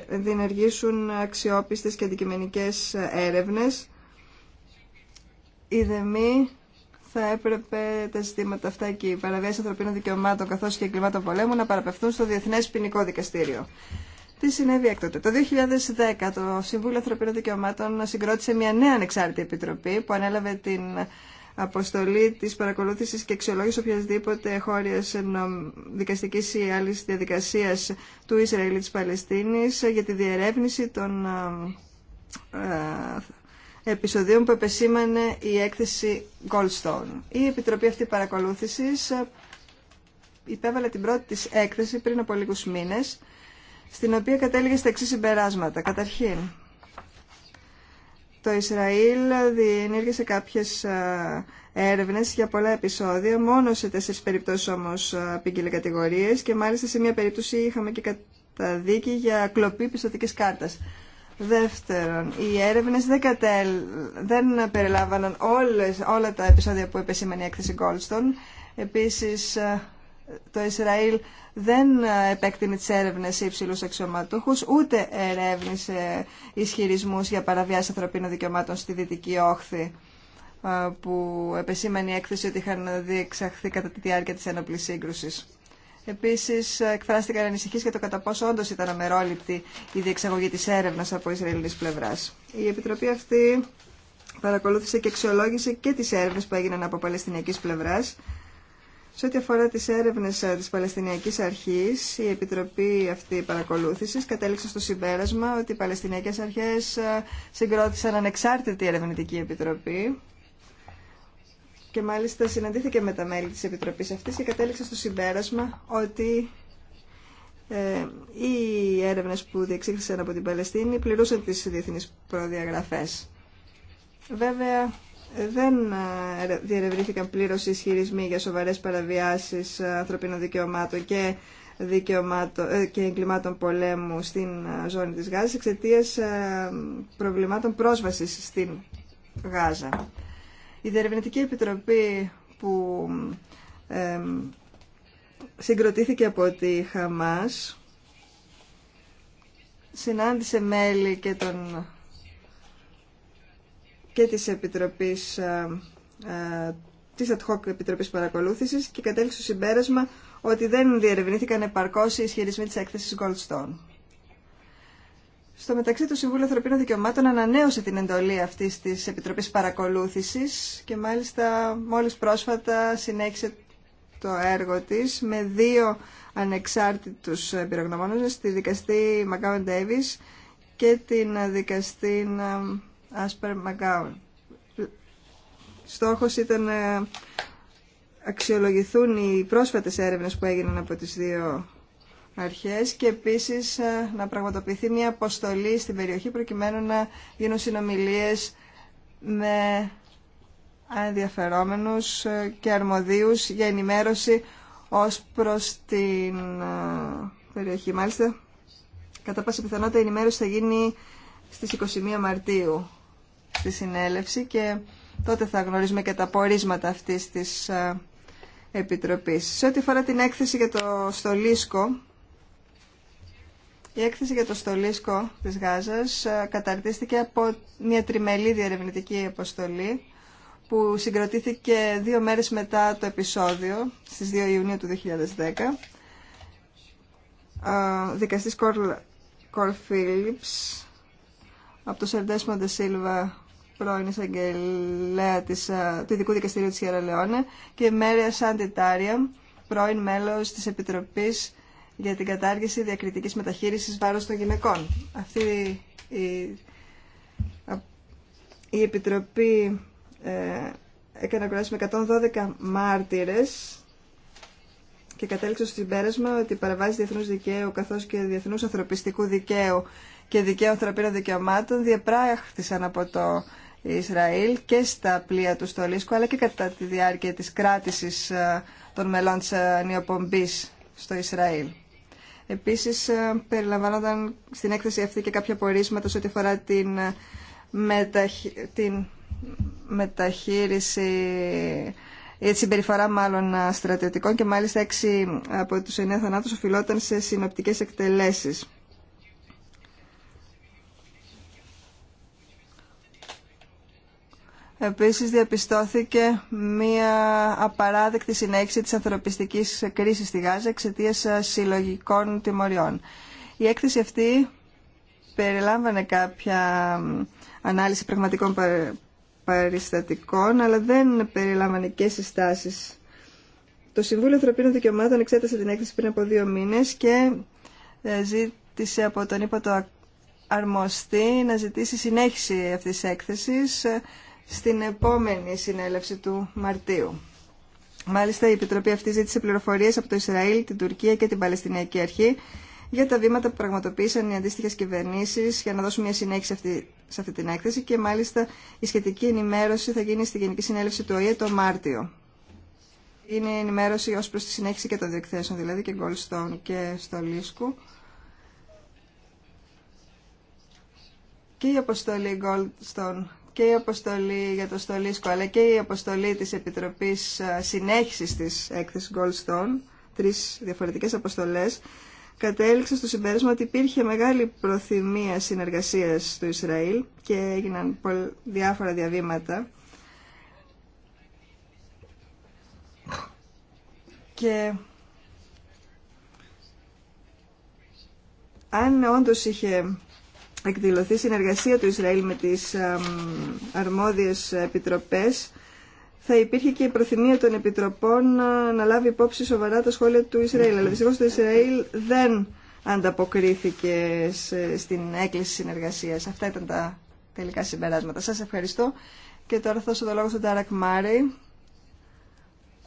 διενεργήσουν αξιόπιστες και αντικειμενικές έρευνες. Η ΔΕΜΗ θα έπρεπε τα ζητήματα αυτά και οι παραβιάσεις ανθρωπίνων δικαιωμάτων καθώς και εγκλημάτων πολέμου να παραπευθούν στο Διεθνές Ποινικό Δικαστήριο. Τι συνέβη έκτοτε. Το 2010 το Συμβούλιο Ανθρωπίνων Δικαιωμάτων συγκρότησε μια νέα ανεξάρτητη επιτροπή που ανέλαβε την αποστολή της παρακολούθησης και αξιολόγηση οποιασδήποτε χώριας δικαστική ή άλλης διαδικασίας του Ισραήλ ή της Παλαιστίνης για τη διερεύνηση των επεισοδίων που επεσήμανε η έκθεση Goldstone. Η Επιτροπή αυτή παρακολούθησης υπέβαλε την πρώτη της έκθεση πριν από λίγους μήνες, στην οποία κατέληγε στα εξή συμπεράσματα. Καταρχήν, το Ισραήλ διενήργησε κάποιες ε, έρευνες για πολλά επεισόδια, μόνο σε τέσσερις περιπτώσεις όμως ε, απήγγειλε κατηγορίες και μάλιστα σε μία περίπτωση είχαμε και καταδίκη για κλοπή πιστοτικής κάρτας. Δεύτερον, οι έρευνες δεν, κατέλ, δεν περιλάμβαναν όλες, όλα τα επεισόδια που επεσήμανε η έκθεση Goldstone. Επίσης, ε, το Ισραήλ δεν ε, επέκτηνε τις έρευνες σε υψηλούς αξιωματούχους, ούτε ερεύνησε ισχυρισμούς για παραβιάση ανθρωπίνων δικαιωμάτων στη Δυτική Όχθη ε, που επεσήμανε η έκθεση ότι είχαν διεξαχθεί κατά τη διάρκεια της ένοπλης σύγκρουσης. Επίσης, ε, εκφράστηκαν ανησυχίες για το κατά πόσο όντως ήταν αμερόληπτη η διεξαγωγή της έρευνας από Ισραηλινής πλευράς. Η Επιτροπή αυτή παρακολούθησε και αξιολόγησε και τι έρευνε που έγιναν από Παλαιστινιακής πλευράς σε ό,τι αφορά τις έρευνες ε, της Παλαιστινιακής Αρχής, η Επιτροπή αυτή παρακολούθησης κατέληξε στο συμπέρασμα ότι οι Παλαιστινιακές Αρχές ε, συγκρότησαν ανεξάρτητη ερευνητική επιτροπή και μάλιστα συναντήθηκε με τα μέλη της Επιτροπής αυτής και κατέληξε στο συμπέρασμα ότι ε, οι έρευνες που διεξήχθησαν από την Παλαιστίνη πληρούσαν τις διεθνείς προδιαγραφές. Βέβαια, δεν ε, διερευνήθηκαν πλήρω οι ισχυρισμοί για σοβαρές παραβιάσεις ε, ανθρωπίνων δικαιωμάτων και, δικαιωμάτων, ε, και εγκλημάτων πολέμου στην ζώνη της Γάζας εξαιτία προβλημάτων πρόσβασης στην Γάζα. Η Διερευνητική Επιτροπή που συγκροτήθηκε από τη Χαμάς συνάντησε μέλη και τον και της Επιτροπής ε, ε, της Ad Hoc Επιτροπής Παρακολούθησης και κατέληξε στο συμπέρασμα ότι δεν διερευνήθηκαν επαρκώς οι ισχυρισμοί της έκθεσης Goldstone. Στο μεταξύ, το Συμβούλιο Ανθρωπίνων Δικαιωμάτων ανανέωσε την εντολή αυτή τη Επιτροπή Παρακολούθηση και μάλιστα μόλι πρόσφατα συνέχισε το έργο τη με δύο ανεξάρτητου εμπειρογνωμόνε, τη δικαστή Μακαβεν Ντέβι και την δικαστή ε, Άσπερ Μαγκάουν. Στόχος ήταν να αξιολογηθούν οι πρόσφατες έρευνες που έγιναν από τις δύο αρχές και επίσης ε, να πραγματοποιηθεί μια αποστολή στην περιοχή προκειμένου να γίνουν συνομιλίες με ενδιαφερόμενους ε, και αρμοδίους για ενημέρωση ως προς την ε, περιοχή. Μάλιστα, κατά πάσα πιθανότητα η ενημέρωση θα γίνει στις 21 Μαρτίου στη συνέλευση και τότε θα γνωρίζουμε και τα πορίσματα αυτής της ε, Επιτροπής. Σε ό,τι φορά την έκθεση για το στολίσκο, η έκθεση για το στολίσκο της Γάζας ε, καταρτίστηκε από μια τριμελή διερευνητική αποστολή που συγκροτήθηκε δύο μέρες μετά το επεισόδιο, στις 2 Ιουνίου του 2010. Ε, δικαστής Κορλ Φιλίπς από το Σερντές Σίλβα πρώην εισαγγελέα της, ε, του Ειδικού Δικαστηρίου της Ιεραλεόνε και Μέρια Τάρια πρώην μέλος της Επιτροπής για την κατάργηση διακριτικής μεταχείρισης βάρος των γυναικών. Αυτή η, η Επιτροπή ε, έκανε με 112 μάρτυρες και κατέληξε στο συμπέρασμα ότι παραβάζει διεθνούς δικαίου καθώς και διεθνούς ανθρωπιστικού δικαίου και δικαίου ανθρωπίνων δικαιωμάτων διαπράχθησαν από το Ισραήλ και στα πλοία του στο Λίσκο, αλλά και κατά τη διάρκεια της κράτησης ε, των μελών της ε, νεοπομπής στο Ισραήλ. Επίσης, ε, περιλαμβάνονταν στην έκθεση αυτή και κάποια πορίσματα σε ό,τι αφορά την, μεταχείριση ή τη συμπεριφορά μάλλον στρατιωτικών και μάλιστα έξι από τους εννέα θανάτους οφειλόταν σε συνοπτικές εκτελέσεις. Επίσης διαπιστώθηκε μία απαράδεκτη συνέχιση της ανθρωπιστικής κρίσης στη Γάζα εξαιτία ε, συλλογικών τιμωριών. Η έκθεση αυτή περιλάμβανε κάποια ανάλυση πραγματικών παριστατικών, αλλά δεν περιλάμβανε και συστάσεις. Το Συμβούλιο Ανθρωπίνων Δικαιωμάτων εξέτασε την έκθεση πριν από δύο μήνες και ε, ζήτησε από τον ύπατο αρμοστή να ζητήσει συνέχιση αυτής της έκθεσης ε, στην επόμενη συνέλευση του Μαρτίου. Μάλιστα, η Επιτροπή αυτή ζήτησε πληροφορίες από το Ισραήλ, την Τουρκία και την Παλαιστινιακή Αρχή για τα βήματα που πραγματοποίησαν οι αντίστοιχε κυβερνήσει για να δώσουν μια συνέχιση σε αυτή, σε αυτή την έκθεση και μάλιστα η σχετική ενημέρωση θα γίνει στη Γενική Συνέλευση του ΟΗΕ το Μάρτιο. Είναι η ενημέρωση ω προ τη συνέχιση και των διεκθέσεων, δηλαδή και Goldstone και στο Λίσκου. Και η αποστολή Goldstone και η αποστολή για το Στολίσκο αλλά και η αποστολή της Επιτροπής Συνέχισης της έκθεσης Goldstone, τρεις διαφορετικές αποστολές, κατέληξε στο συμπέρασμα ότι υπήρχε μεγάλη προθυμία συνεργασίας του Ισραήλ και έγιναν διάφορα διαβήματα. Και αν όντως είχε εκδηλωθεί συνεργασία του Ισραήλ με τις αρμόδιες επιτροπές θα υπήρχε και η προθυμία των επιτροπών ε, να λάβει υπόψη σοβαρά τα σχόλια του Ισραήλ. Αλλά δυστυχώς το Ισραήλ δεν ανταποκρίθηκε στην έκκληση συνεργασίας. Αυτά ήταν τα τελικά συμπεράσματα. Σας ευχαριστώ και τώρα θα δώσω το λόγο στον Τάρακ Μάρεϊ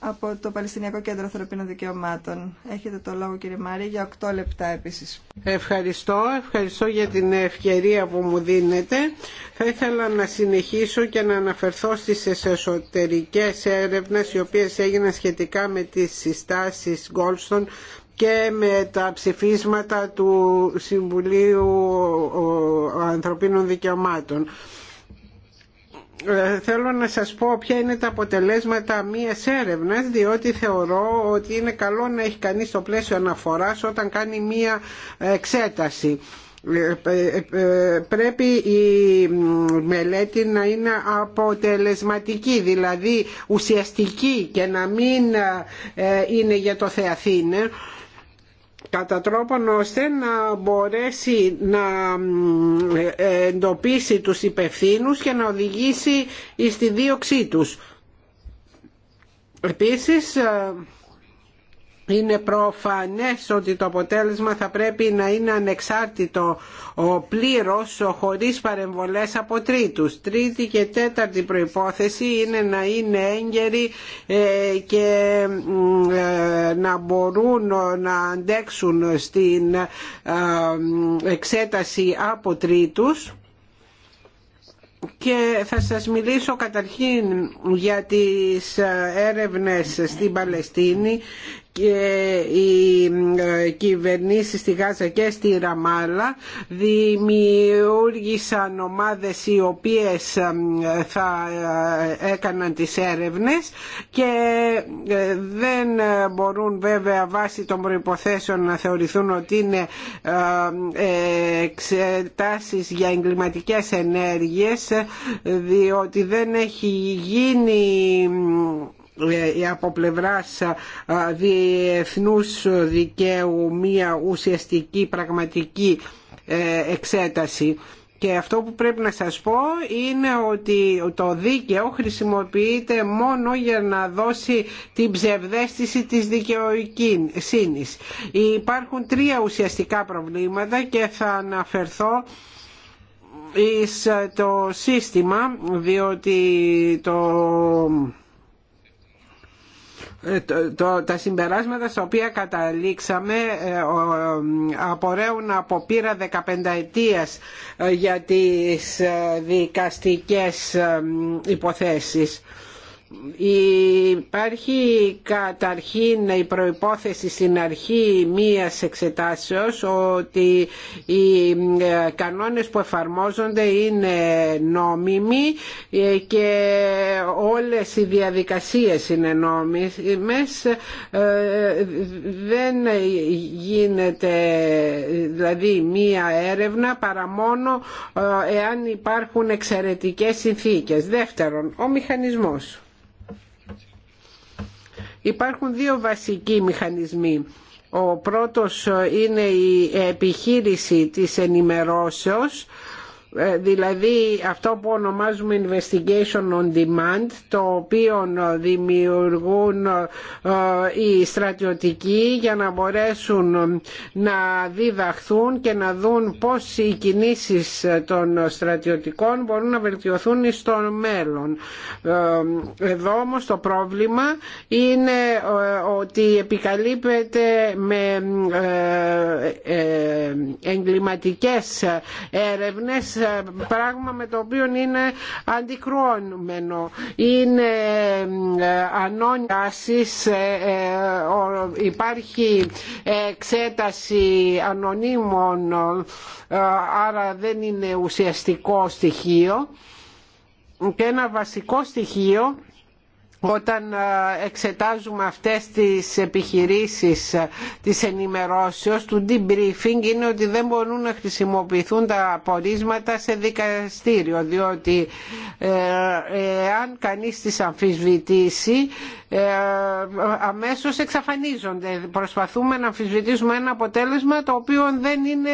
από το Παλαιστινιακό Κέντρο Ανθρωπίνων Δικαιωμάτων. Έχετε το λόγο κύριε Μάρη για 8 λεπτά επίσης. Ευχαριστώ, ευχαριστώ για την ευκαιρία που μου δίνετε. Θα ήθελα να συνεχίσω και να αναφερθώ στις εσωτερικές έρευνες οι οποίες έγιναν σχετικά με τις συστάσεις Γκόλστον και με τα ψηφίσματα του Συμβουλίου Ανθρωπίνων Δικαιωμάτων. Ε, θέλω να σας πω ποια είναι τα αποτελέσματα μίας έρευνας διότι θεωρώ ότι είναι καλό να έχει κανείς το πλαίσιο αναφοράς όταν κάνει μία εξέταση ε, ε, πρέπει η μελέτη να είναι αποτελεσματική δηλαδή ουσιαστική και να μην είναι για το Θεαθήνε κατά τρόπον ώστε να μπορέσει να ε, εντοπίσει τους υπευθύνους και να οδηγήσει στη δίωξή τους. Επίσης ε, είναι προφανές ότι το αποτέλεσμα θα πρέπει να είναι ανεξάρτητο ο πλήρως χωρίς παρεμβολές από τρίτους. Τρίτη και τέταρτη προϋπόθεση είναι να είναι έγκαιροι ε, και ε, να μπορούν ε, να αντέξουν στην εξέταση από τρίτους και θα σας μιλήσω καταρχήν για τις έρευνες στην Παλαιστίνη και οι ε, κυβερνήσεις στη Γάζα και στη Ραμάλα δημιούργησαν ομάδες οι οποίες ε, θα ε, έκαναν τις έρευνες και δεν μπορούν βέβαια βάσει των προϋποθέσεων να θεωρηθούν ότι είναι εξετάσεις για εγκληματικές ενέργειες διότι δεν έχει γίνει ε, ε, από πλευράς ε, διεθνούς δικαίου μία ουσιαστική πραγματική εξέταση. Και αυτό που πρέπει να σας πω είναι ότι το δίκαιο χρησιμοποιείται μόνο για να δώσει την ψευδέστηση της δικαιοσύνης. Υπάρχουν τρία ουσιαστικά προβλήματα και θα αναφερθώ στο το σύστημα διότι το ε, τα συμπεράσματα στα οποία καταλήξαμε ε, απορρέουν από πείρα 15 ετίας ε, για τις δικαστικές υποθέσεις. Υπάρχει καταρχήν η προϋπόθεση στην αρχή μίας εξετάσεως ότι οι ε, κανόνες που εφαρμόζονται είναι νόμιμοι ε, και όλες οι διαδικασίες είναι νόμιμες. Ε, δεν γίνεται δηλαδή μία έρευνα παρά μόνο εάν υπάρχουν εξαιρετικές συνθήκες. Δεύτερον, ο μηχανισμός. Υπάρχουν δύο βασικοί μηχανισμοί. Ο πρώτος είναι η επιχείρηση της ενημερώσεως ε, δηλαδή αυτό που ονομάζουμε investigation on demand το οποίο δημιουργούν ε, οι στρατιωτικοί για να μπορέσουν να διδαχθούν και να δουν πώς οι κινήσεις των στρατιωτικών μπορούν να βελτιωθούν στο μέλλον. Ε, εδώ όμως το πρόβλημα είναι ότι επικαλύπτεται με ε, ε, εγκληματικές έρευνες πράγμα με το οποίο είναι αντικρουόμενο. Είναι ε, ανώνυμα, υπάρχει εξέταση ανωνύμων άρα δεν είναι ουσιαστικό στοιχείο και ένα βασικό στοιχείο όταν ε, εξετάζουμε αυτές τις επιχειρήσεις ε, της ενημερώσεως του debriefing είναι ότι δεν μπορούν να χρησιμοποιηθούν τα απορίσματα σε δικαστήριο διότι αν ε, κανείς τις αμφισβητήσει αμέσως εξαφανίζονται. Προσπαθούμε να αμφισβητήσουμε ένα αποτέλεσμα το οποίο δεν είναι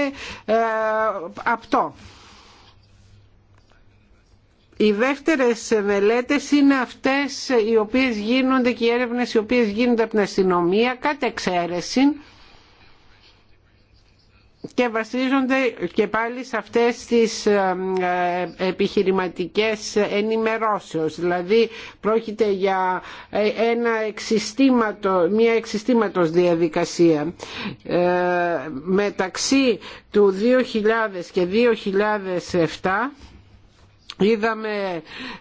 απτό. Οι δεύτερες μελέτες είναι αυτές οι οποίες γίνονται και οι έρευνες οι οποίες γίνονται από την αστυνομία κατ' εξαίρεση και βασίζονται και πάλι σε αυτές τις ε, ε, επιχειρηματικές ενημερώσεως. Δηλαδή πρόκειται για ε, ένα εξιστήματο, μια εξιστήματος διαδικασία. μεταξύ του 2000 και 2007 Είδαμε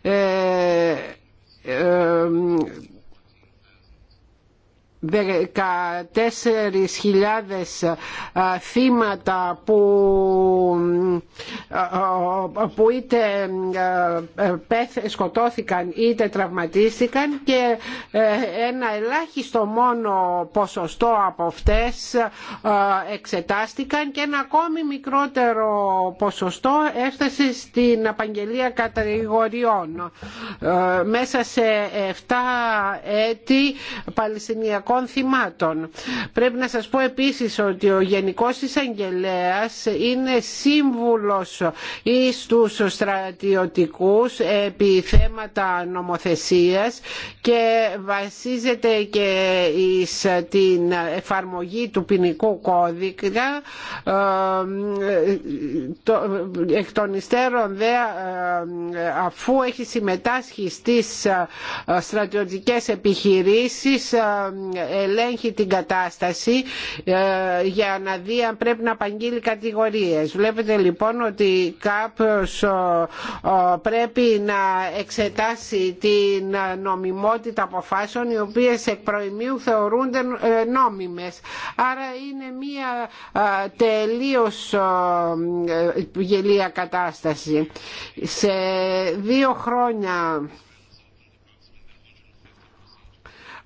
ε, ε, 14.000 ε, θύματα που, ε, που είτε ε, σκοτώθηκαν είτε τραυματίστηκαν και ένα ελάχιστο μόνο ποσοστό από αυτές εξετάστηκαν και ένα ακόμη μικρότερο ποσοστό έφτασε στην απαγγελία κατηγοριών. Μέσα σε 7 έτη Παλαιστινιακό Πρέπει να σας πω επίσης ότι ο Γενικός Εισαγγελέας είναι σύμβουλος εις τους στρατιωτικούς επί θέματα νομοθεσίας και βασίζεται και εις την εφαρμογή του ποινικού κώδικα ε, εκ των υστέρων δε ε, αφού έχει συμμετάσχει στις ε, στρατιωτικές επιχειρήσεις ελέγχει την κατάσταση ε, για να δει αν πρέπει να απαγγείλει κατηγορίες. Βλέπετε λοιπόν ότι κάποιος πρέπει να εξετάσει την νομιμότητα αποφάσεων οι οποίες εκ προημίου θεωρούνται ε, νόμιμες. Άρα είναι μία ε, τελείως γελία κατάσταση. Σε δύο χρόνια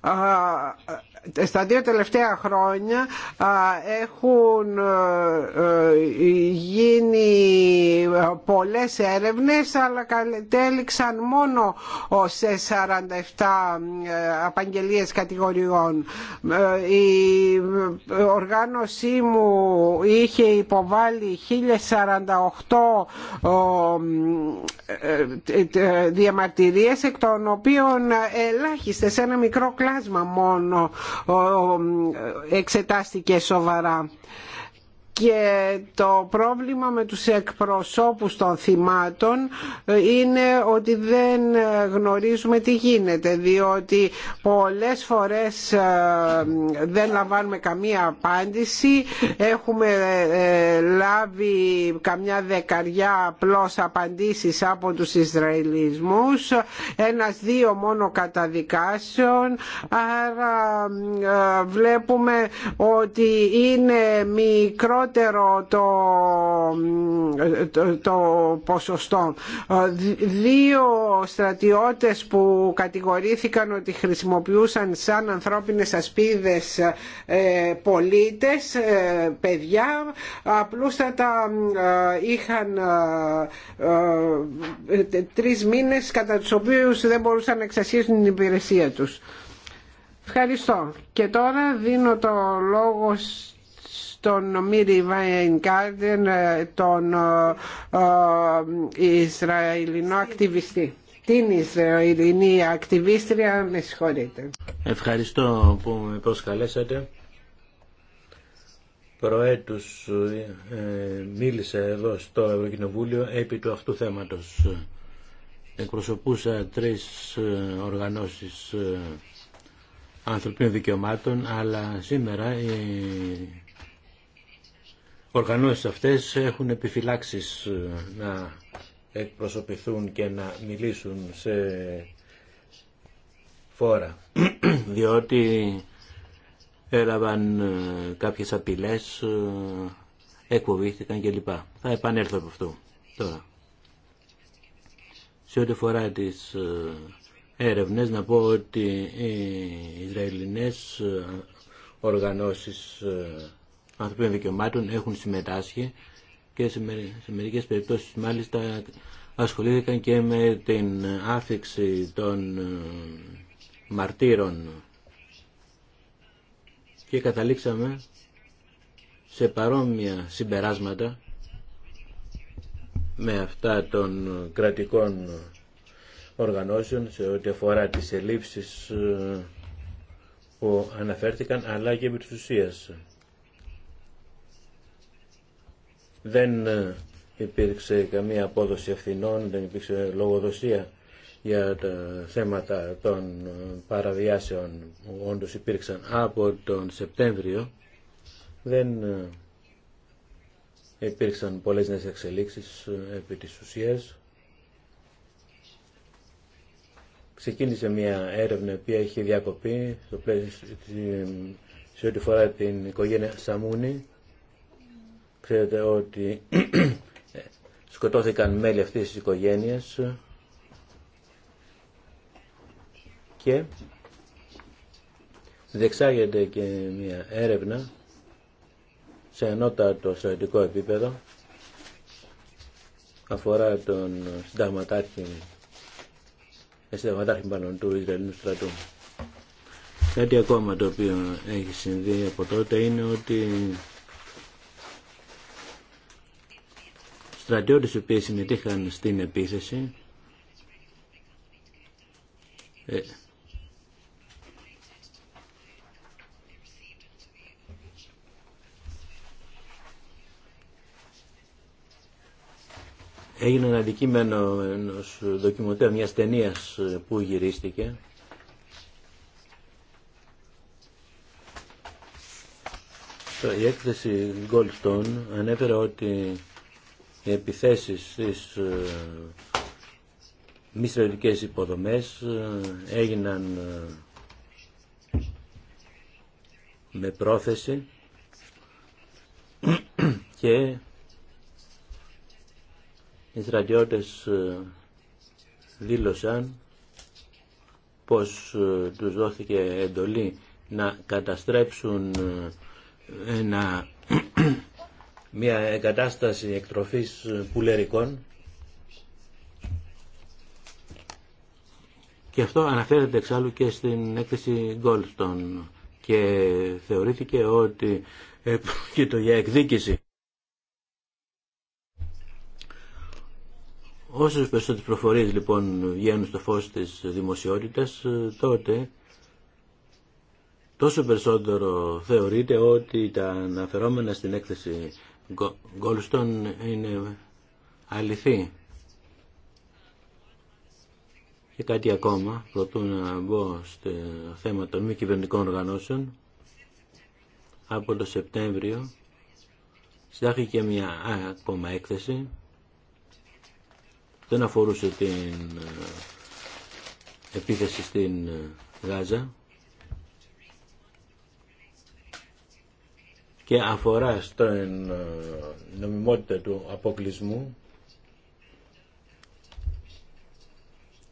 Αχ, στα δύο τελευταία χρόνια έχουν ε, ε, γίνει ε, πολλές έρευνες αλλά κατέληξαν μόνο σε 47 απαγγελίες κατηγοριών. Η οργάνωσή μου είχε υποβάλει 1048 διαμαρτυρίες εκ των οποίων ελάχιστες ένα μικρό κλάσμα μόνο εξετάστηκε σοβαρά και το πρόβλημα με τους εκπροσώπους των θυμάτων ε, είναι ότι δεν ε, γνωρίζουμε τι γίνεται διότι πολλές φορές ε, δεν λαμβάνουμε καμία απάντηση έχουμε λάβει καμιά δεκαριά απλώς απαντήσεις από τους Ισραηλισμούς ένας δύο μόνο καταδικάσεων άρα βλέπουμε ότι είναι μικρό το, το ποσοστό. Ε, δύο στρατιώτες που κατηγορήθηκαν ότι χρησιμοποιούσαν σαν ανθρώπινες ασπίδες ε, πολίτες, ε, παιδιά, απλούστατα είχαν τρεις μήνες κατά τους οποίους δεν μπορούσαν να εξασχίσουν την υπηρεσία τους. Ευχαριστώ. Και τώρα δίνω το λόγο τον Μίρι Βαϊνγκάρντεν, ε, τον ε, ε, Ισραηλινό ακτιβιστή. Την Ισραηλινή ακτιβίστρια, με συγχωρείτε. Ευχαριστώ που με προσκαλέσατε. Προέτους μίλησα εδώ στο Ευρωκοινοβούλιο επί του αυτού θέματος. Εκπροσωπούσα τρεις οργανώσεις ανθρωπίνων δικαιωμάτων, αλλά σήμερα η οργανώσεις αυτές έχουν επιφυλάξεις ε, να εκπροσωπηθούν και να μιλήσουν σε φόρα, [CLEARS THROAT] διότι έλαβαν ε, κάποιες απειλές, ε, εκποβήθηκαν κλπ. Θα επανέλθω από αυτό τώρα. Σε ό,τι φορά τις έρευνες, να πω ότι οι Ισραηλινές οργανώσεις ανθρωπίνων δικαιωμάτων έχουν συμμετάσχει και σε μερικές περιπτώσεις μάλιστα ασχολήθηκαν και με την άφηξη των ε, μαρτύρων και καταλήξαμε σε παρόμοια συμπεράσματα με αυτά των κρατικών οργανώσεων σε ό,τι αφορά τις ελλείψεις ε, που αναφέρθηκαν αλλά και επί ουσίας. δεν ε, υπήρξε καμία απόδοση ευθυνών, δεν υπήρξε λογοδοσία για τα θέματα των ε, παραβιάσεων που όντως υπήρξαν από τον Σεπτέμβριο. Δεν ε, υπήρξαν πολλές νέες εξελίξεις επί της ουσίας. Ξεκίνησε μια έρευνα που έχει είχε διακοπεί σε ό,τι φορά την οικογένεια Σαμούνη Ξέρετε ότι [CLEARS THROAT] σκοτώθηκαν μέλη αυτής της οικογένειας και δεξάγεται και μια έρευνα σε ανώτατο στρατιωτικό επίπεδο αφορά τον συνταγματάρχη ε, συνταγματάρχη πάνω του Ισραηλινού στρατού. Κάτι ακόμα το οποίο έχει συμβεί από τότε είναι ότι στρατιώτες οι οποίοι συμμετείχαν στην επίθεση ε, έγιναν αντικείμενο ενός δοκιμωτέα μιας ταινίας που γυρίστηκε η έκθεση Goldstone ανέφερε ότι οι επιθέσεις στις ε, μη στρατιωτικές υποδομές ε, έγιναν ε, με πρόθεση [CLEARS THROAT] και οι στρατιώτες δήλωσαν πως τους δόθηκε εντολή να καταστρέψουν ένα μια εγκατάσταση εκτροφής πουλερικών και αυτό αναφέρεται εξάλλου και στην έκθεση Goldstone και θεωρήθηκε ότι το για εκδίκηση. Όσες περισσότερες προφορίες λοιπόν βγαίνουν στο φως της δημοσιότητας, τότε τόσο περισσότερο θεωρείται ότι τα αναφερόμενα στην έκθεση Γκολστόν είναι αληθή. Και κάτι ακόμα, προτού να μπω στο θέμα των μη κυβερνικών οργανώσεων, από το Σεπτέμβριο συντάχθηκε μια ακόμα έκθεση. Δεν αφορούσε την ε, επίθεση στην ε, Γάζα, και αφορά στην ε, νομιμότητα του αποκλεισμού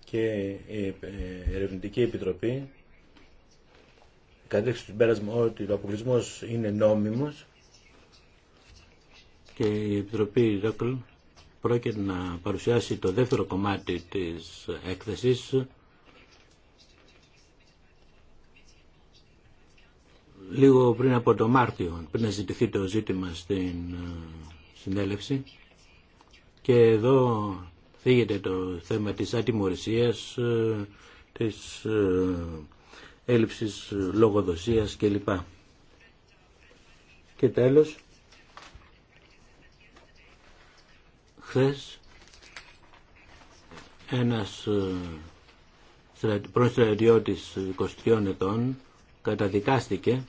και η ε, Ερευνητική Επιτροπή κατέληξε στον πέρασμα ότι ο αποκλεισμό είναι νόμιμος και η Επιτροπή Ρόκλ πρόκειται να παρουσιάσει το δεύτερο κομμάτι της έκθεσης λίγο πριν από το Μάρτιο, πριν να ζητηθεί το ζήτημα στην ε, συνέλευση. Και εδώ θίγεται το θέμα της ατιμορρησίας, ε, της ε, έλλειψης λογοδοσίας κλπ. Και τέλος, χθες ένας πρώην στρατιώτης 23 ετών καταδικάστηκε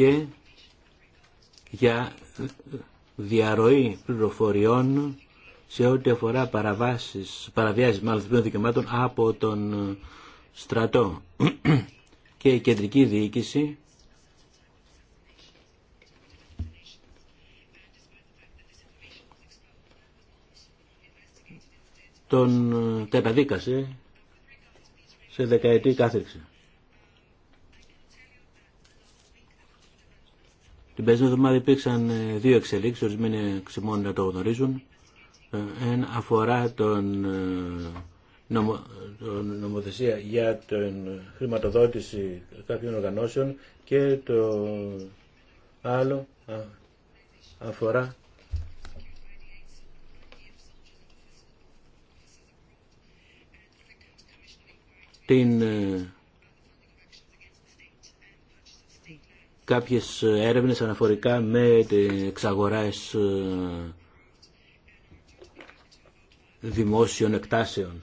και για διαρροή πληροφοριών σε ό,τι αφορά παραβάσεις, παραβιάσεις μάλλον δικαιωμάτων από τον στρατό και η κεντρική διοίκηση τον καταδίκασε σε δεκαετή κάθεξη. Την περσμένη εβδομάδα υπήρξαν ε, δύο εξελίξεις, ορισμένοι ξυμώνουν να το γνωρίζουν. Ένα ε, αφορά τον ε, νομο, νομοθεσία για την χρηματοδότηση κάποιων οργανώσεων και το άλλο αφορά την κάποιες έρευνες αναφορικά με τις εξαγοράς ε, δημόσιων εκτάσεων.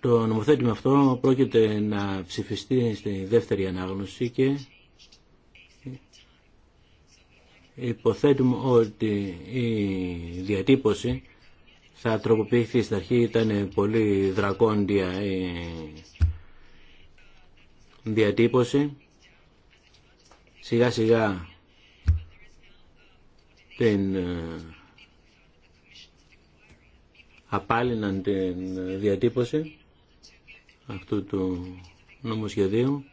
Το νομοθέτημα αυτό πρόκειται να ψηφιστεί στη δεύτερη ανάγνωση και υποθέτουμε ότι η διατύπωση θα τροποποιηθεί. Στην αρχή ήταν πολύ δρακόντια η διατύπωση σιγά σιγά την ε, απάλυναν την διατύπωση αυτού του νομοσχεδίου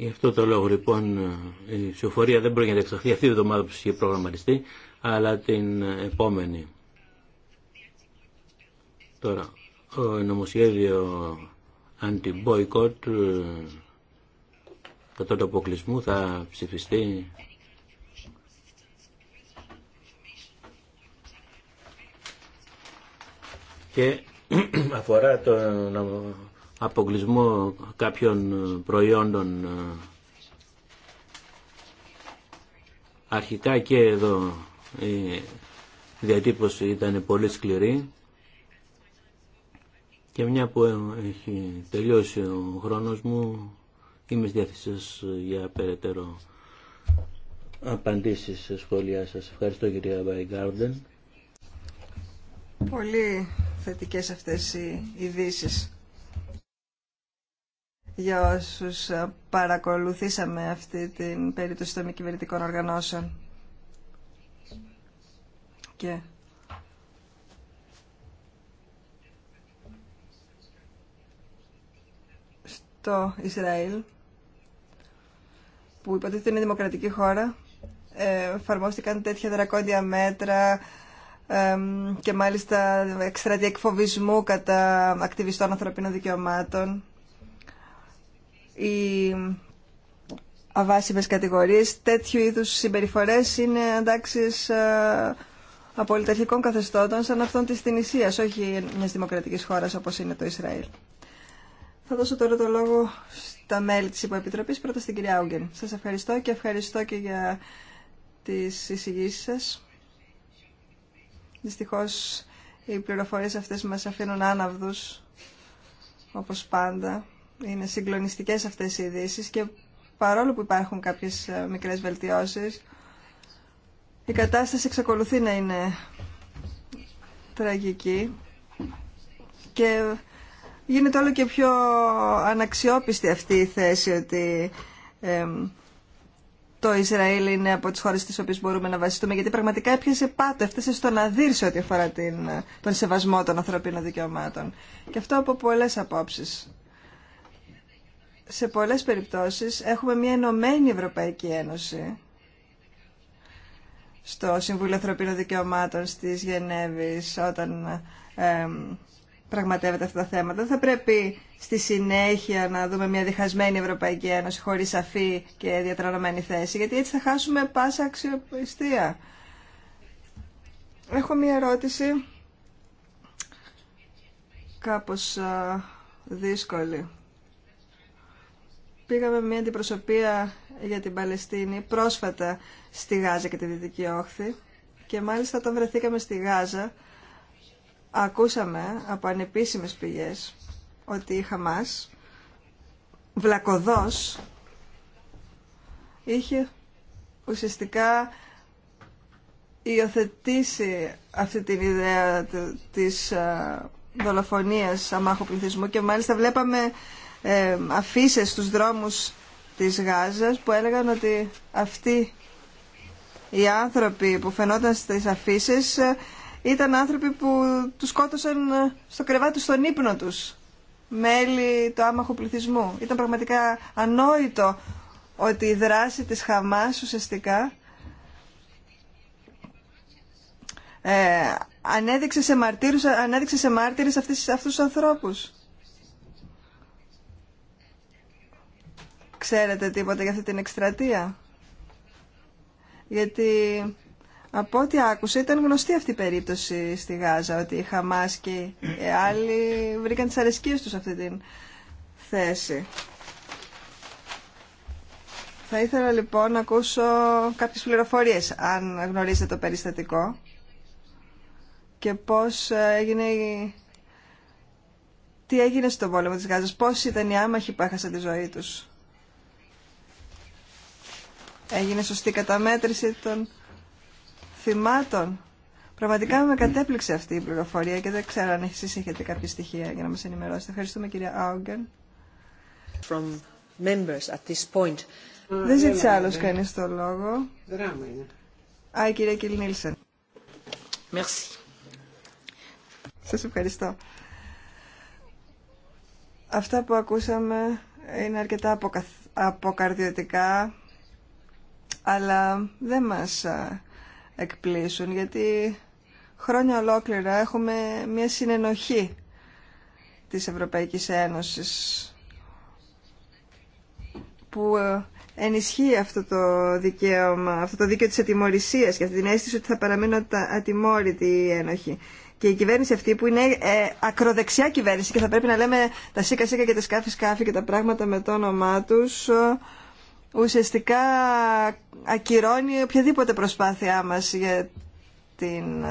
Γι' αυτό το λόγο λοιπόν η ψηφοφορία δεν πρόκειται να εξαχθεί αυτή η εβδομάδα που είχε προγραμματιστεί, αλλά την επόμενη. Τώρα, ο νομοσχέδιο αντι-boycott κατά του αποκλεισμού θα ψηφιστεί και [CLEARS THROAT] αφορά το αποκλεισμό κάποιων ε, προϊόντων ε, αρχικά και εδώ η διατύπωση ήταν πολύ σκληρή και μια που έχει τελειώσει ο χρόνος μου είμαι στη για περαιτέρω απαντήσεις σε σχόλια σας. Ευχαριστώ κυρία Βαϊγκάρντεν. Πολύ θετικές αυτές οι ειδήσει για όσους ε, παρακολουθήσαμε αυτή την περίπτωση των μη κυβερνητικών οργανώσεων. Και... Στο Ισραήλ, που υποτίθεται είναι δημοκρατική χώρα, ε, εφαρμόστηκαν τέτοια δρακόντια μέτρα και μάλιστα εκστρατεία εκφοβισμού κατά ακτιβιστών ανθρωπίνων δικαιωμάτων οι αβάσιμες κατηγορίες, τέτοιου είδους συμπεριφορές είναι αντάξεις ε, απολυταρχικών καθεστώτων σαν αυτών της Τινησίας, όχι μιας δημοκρατικής χώρας όπως είναι το Ισραήλ. Θα δώσω τώρα το λόγο στα μέλη της Υποεπιτροπής, πρώτα στην κυρία Άουγκεν. Σας ευχαριστώ και ευχαριστώ και για τις εισηγήσεις σας. Δυστυχώς οι πληροφορίες αυτές μας αφήνουν άναυδους, όπως πάντα είναι συγκλονιστικές αυτές οι ειδήσει και παρόλο που υπάρχουν κάποιες ε, μικρές βελτιώσεις, η κατάσταση εξακολουθεί να είναι τραγική και γίνεται όλο και πιο αναξιόπιστη αυτή η θέση ότι το Ισραήλ είναι από τις χώρες τις οποίες μπορούμε να βασιστούμε γιατί πραγματικά έπιασε πάτο, έφτασε στο να σε ό,τι αφορά τον σεβασμό των ανθρωπίνων δικαιωμάτων και αυτό από πολλές απόψεις σε πολλές περιπτώσεις έχουμε μια ενωμένη Ευρωπαϊκή Ένωση στο Συμβούλιο Ανθρωπίνων Δικαιωμάτων στις Γενέβης όταν πραγματεύεται αυτά τα θέματα. Δεν θα πρέπει στη συνέχεια να δούμε μια διχασμένη Ευρωπαϊκή Ένωση χωρίς σαφή και διατρανωμένη θέση, γιατί έτσι θα χάσουμε πάσα αξιοπιστία. Έχω μια ερώτηση κάπως δύσκολη πήγαμε μια αντιπροσωπεία για την Παλαιστίνη πρόσφατα στη Γάζα και τη Δυτική Όχθη και μάλιστα όταν βρεθήκαμε στη Γάζα ακούσαμε από ανεπίσημες πηγές ότι η Χαμάς βλακοδός είχε ουσιαστικά υιοθετήσει αυτή την ιδέα της ε, δολοφονίας αμάχου πληθυσμού και μάλιστα βλέπαμε ε, αφήσει στους δρόμους της Γάζας που έλεγαν ότι αυτοί οι άνθρωποι που φαινόταν στις αφήσει ε, ήταν άνθρωποι που τους σκότωσαν ε, στο κρεβάτι στον ύπνο τους μέλη του άμαχου πληθυσμού. Ήταν πραγματικά ανόητο ότι η δράση της Χαμάς ουσιαστικά ε, ανέδειξε σε μάρτυρες, ανέδειξε σε μάρτυρες αυτούς τους ανθρώπους. Ξέρετε τίποτα για αυτή την εκστρατεία. Γιατί από ό,τι άκουσα ήταν γνωστή αυτή η περίπτωση στη Γάζα, ότι οι Χαμάς και οι άλλοι βρήκαν τις αρεσκίες τους αυτή την θέση. Θα ήθελα λοιπόν να ακούσω κάποιες πληροφορίες, αν γνωρίζετε το περιστατικό και πώς έγινε τι έγινε στον πόλεμο της Γάζας, πώς ήταν οι άμαχοι που έχασαν τη ζωή τους. Έγινε σωστή καταμέτρηση των θυμάτων. Πραγματικά με κατέπληξε αυτή η πληροφορία και δεν ξέρω αν εσείς έχετε κάποια στοιχεία για να μας ενημερώσετε. Ευχαριστούμε κυρία Άουγκεν. Δεν ζήτησε άλλος κανείς το λόγο. Α, η κυρία Κιλ Νίλσεν. Σας ευχαριστώ. Αυτά που ακούσαμε είναι αρκετά αποκαρδιωτικά αλλά δεν μας εκπλήσουν γιατί χρόνια ολόκληρα έχουμε μια συνενοχή της Ευρωπαϊκής Ένωσης που ενισχύει αυτό το δικαίωμα, αυτό το δίκαιο της ατιμορρησίας και αυτή την αίσθηση ότι θα παραμείνω ατιμόρυτη ή ένοχη. Και η κυβέρνηση αυτή που είναι ε, ακροδεξιά κυβέρνηση και θα πρέπει να λέμε τα σίκα σίκα και τα σκάφη σκάφη και τα πράγματα με το όνομά τους ουσιαστικά ακυρώνει οποιαδήποτε προσπάθειά μας για την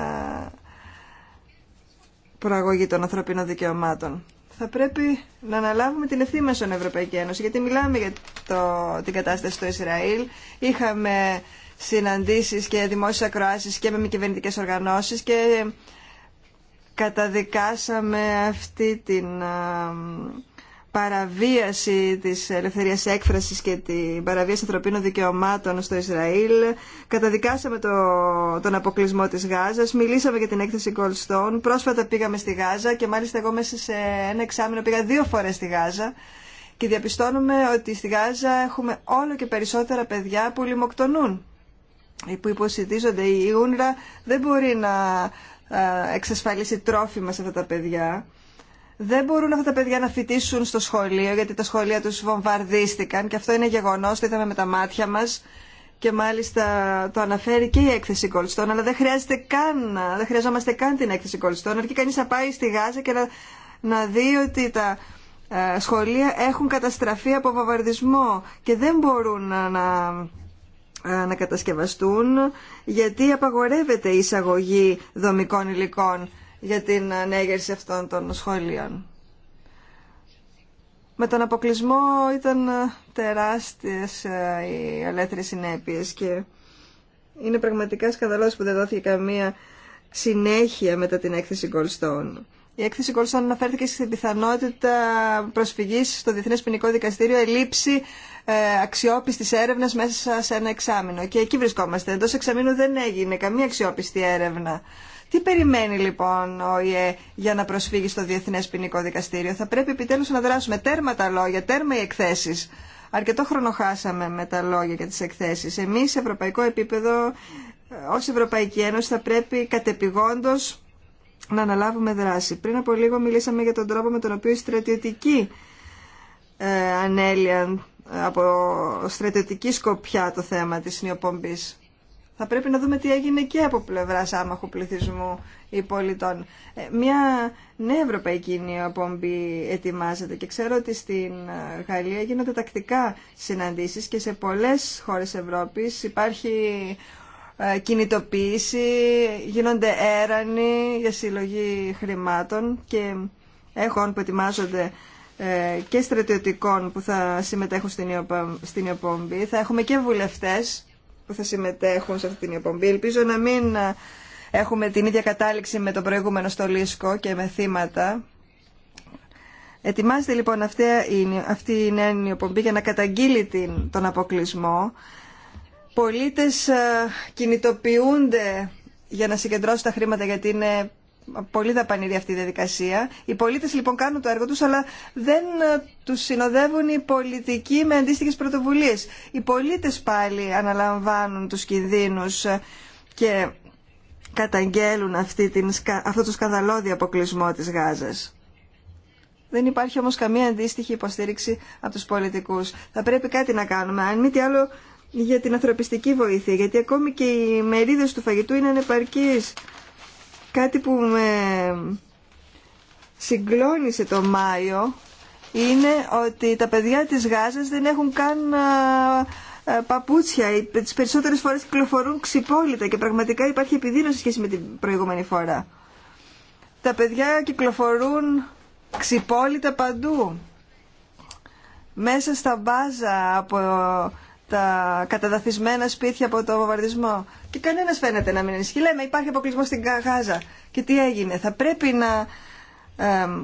προαγωγή των ανθρωπίνων δικαιωμάτων. Θα πρέπει να αναλάβουμε την ευθύνη μας στον Ευρωπαϊκή Ένωση, γιατί μιλάμε για το, την κατάσταση στο Ισραήλ. Είχαμε συναντήσεις και δημόσιες ακροάσεις και με μη κυβερνητικές οργανώσεις και καταδικάσαμε αυτή την παραβίαση της ελευθερίας έκφρασης και την παραβίαση ανθρωπίνων δικαιωμάτων στο Ισραήλ. Καταδικάσαμε το, τον αποκλεισμό της Γάζας, μιλήσαμε για την έκθεση Goldstone, πρόσφατα πήγαμε στη Γάζα και μάλιστα εγώ μέσα σε ένα εξάμεινο πήγα δύο φορές στη Γάζα και διαπιστώνουμε ότι στη Γάζα έχουμε όλο και περισσότερα παιδιά που λιμοκτονούν που υποσυντίζονται η Ούνρα δεν μπορεί να ε, εξασφαλίσει τρόφιμα σε αυτά τα παιδιά δεν μπορούν αυτά τα παιδιά να φοιτήσουν στο σχολείο γιατί τα σχολεία τους βομβαρδίστηκαν και αυτό είναι γεγονός, το είδαμε με τα μάτια μας και μάλιστα το αναφέρει και η έκθεση Κολστών. αλλά δεν, χρειάζεται καν, δεν χρειαζόμαστε καν την έκθεση Κολστών, αρκεί κανείς να πάει στη Γάζα και να, να δει ότι τα ε, σχολεία έχουν καταστραφεί από βομβαρδισμό και δεν μπορούν να, να, ε, να κατασκευαστούν γιατί απαγορεύεται η εισαγωγή δομικών υλικών για την ανέγερση αυτών των σχολείων. Με τον αποκλεισμό ήταν ε, τεράστιες ε, οι αλέθρες συνέπειες και είναι πραγματικά σκανδαλός που δεν δόθηκε καμία συνέχεια μετά την έκθεση Goldstone. Η έκθεση Goldstone αναφέρθηκε στην πιθανότητα προσφυγής στο Διεθνές Ποινικό Δικαστήριο ελήψη ε, αξιόπιστης έρευνας μέσα σε ένα εξάμεινο. Και εκεί βρισκόμαστε. Εντός εξαμήνου δεν έγινε καμία αξιόπιστη έρευνα τι περιμένει λοιπόν ο ΙΕ για να προσφύγει στο Διεθνέ Ποινικό Δικαστήριο. Θα πρέπει επιτέλου να δράσουμε τέρμα τα λόγια, τέρμα οι εκθέσει. Αρκετό χρόνο χάσαμε με τα λόγια και τι εκθέσει. Εμεί σε ευρωπαϊκό επίπεδο, ε, ω Ευρωπαϊκή Ένωση, θα πρέπει κατεπηγόντω να αναλάβουμε δράση. Πριν από λίγο μιλήσαμε για τον τρόπο με τον οποίο η στρατιωτική ε, ε από στρατιωτική σκοπιά το θέμα της νεοπομπής θα πρέπει να δούμε τι έγινε και από πλευρά άμαχου πληθυσμού ή πολιτών. Ε, μια νέα ευρωπαϊκή νεοπομπή ετοιμάζεται και ξέρω ότι στην ε, Γαλλία γίνονται τακτικά συναντήσεις και σε πολλές χώρες Ευρώπης υπάρχει ε, κινητοποίηση, γίνονται έρανοι για συλλογή χρημάτων και έχουν που ετοιμάζονται και στρατιωτικών που θα συμμετέχουν στην Ιωπομπή. Θα έχουμε και βουλευτές που θα συμμετέχουν σε αυτή την υπομπή. Ελπίζω να μην ε, έχουμε την ίδια κατάληξη με τον προηγούμενο στο Λίσκο και με θύματα. Ετοιμάζεται λοιπόν αυτή, αυτή η νέα νιοπομπή για να καταγγείλει την, τον αποκλεισμό. Πολίτες ε, κινητοποιούνται για να συγκεντρώσουν τα χρήματα γιατί είναι πολύ δαπανηρή αυτή η διαδικασία. Οι πολίτες λοιπόν κάνουν το έργο τους, αλλά δεν ε, τους συνοδεύουν οι πολιτικοί με αντίστοιχε πρωτοβουλίες. Οι πολίτες πάλι αναλαμβάνουν τους κινδύνους ε, και καταγγέλουν αυτή την, αυτό το σκανδαλώδη αποκλεισμό της Γάζας. Δεν υπάρχει όμως καμία αντίστοιχη υποστήριξη από τους πολιτικούς. Θα πρέπει κάτι να κάνουμε, αν μη τι άλλο για την ανθρωπιστική βοήθεια, γιατί ακόμη και οι μερίδες του φαγητού είναι ανεπαρκείς. Κάτι που με συγκλώνησε το Μάιο είναι ότι τα παιδιά της Γάζας δεν έχουν καν παπούτσια. Τις περισσότερες φορές κυκλοφορούν ξυπόλυτα και πραγματικά υπάρχει επιδείνωση σχέση με την προηγούμενη φορά. Τα παιδιά κυκλοφορούν ξυπόλυτα παντού. Μέσα στα μπάζα από τα καταδαθισμένα σπίτια από το βομβαρδισμό. Και κανένα φαίνεται να μην ενισχύει. Λέμε υπάρχει αποκλεισμό στην Γάζα. Και τι έγινε. Θα πρέπει να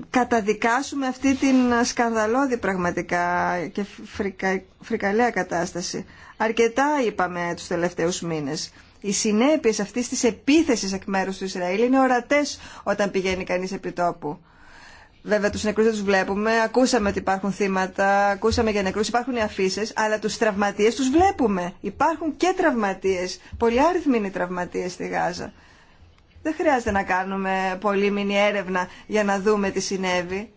καταδικάσουμε αυτή την σκανδαλώδη πραγματικά και φρικα, φρικαλέα κατάσταση. Αρκετά είπαμε τους τελευταίους μήνες. Οι συνέπειες αυτής της επίθεσης εκ μέρους του Ισραήλ είναι ορατές όταν πηγαίνει κανείς επί τόπου. Βέβαια τους νεκρούς δεν τους βλέπουμε, ακούσαμε ότι υπάρχουν θύματα, ακούσαμε για νεκρούς, υπάρχουν οι αφήσει, αλλά τους τραυματίες τους βλέπουμε. Υπάρχουν και τραυματίες, πολλοί άριθμοι είναι οι τραυματίες στη Γάζα. Δεν χρειάζεται να κάνουμε πολύ μήνυ έρευνα για να δούμε τι συνέβη.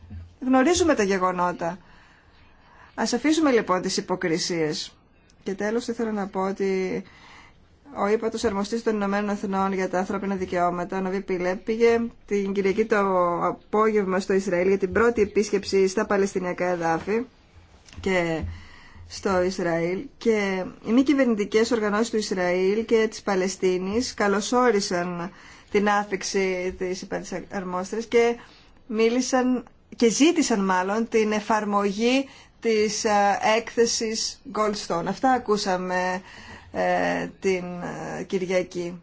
Γνωρίζουμε τα γεγονότα. Ας αφήσουμε λοιπόν τις υποκρισίες. Και τέλος θέλω να πω ότι ο ύπατος αρμοστής των Ηνωμένων Εθνών για τα ανθρώπινα δικαιώματα, ο Ναβί Πίλε, πήγε την Κυριακή το απόγευμα στο Ισραήλ για την πρώτη επίσκεψη στα Παλαιστινιακά εδάφη και στο Ισραήλ και οι μη κυβερνητικέ οργανώσεις του Ισραήλ και της Παλαιστίνης καλωσόρισαν την άφηξη της ύπατης και μίλησαν και ζήτησαν μάλλον την εφαρμογή της ε, έκθεσης Goldstone. Αυτά ακούσαμε ε, την ε, Κυριακή.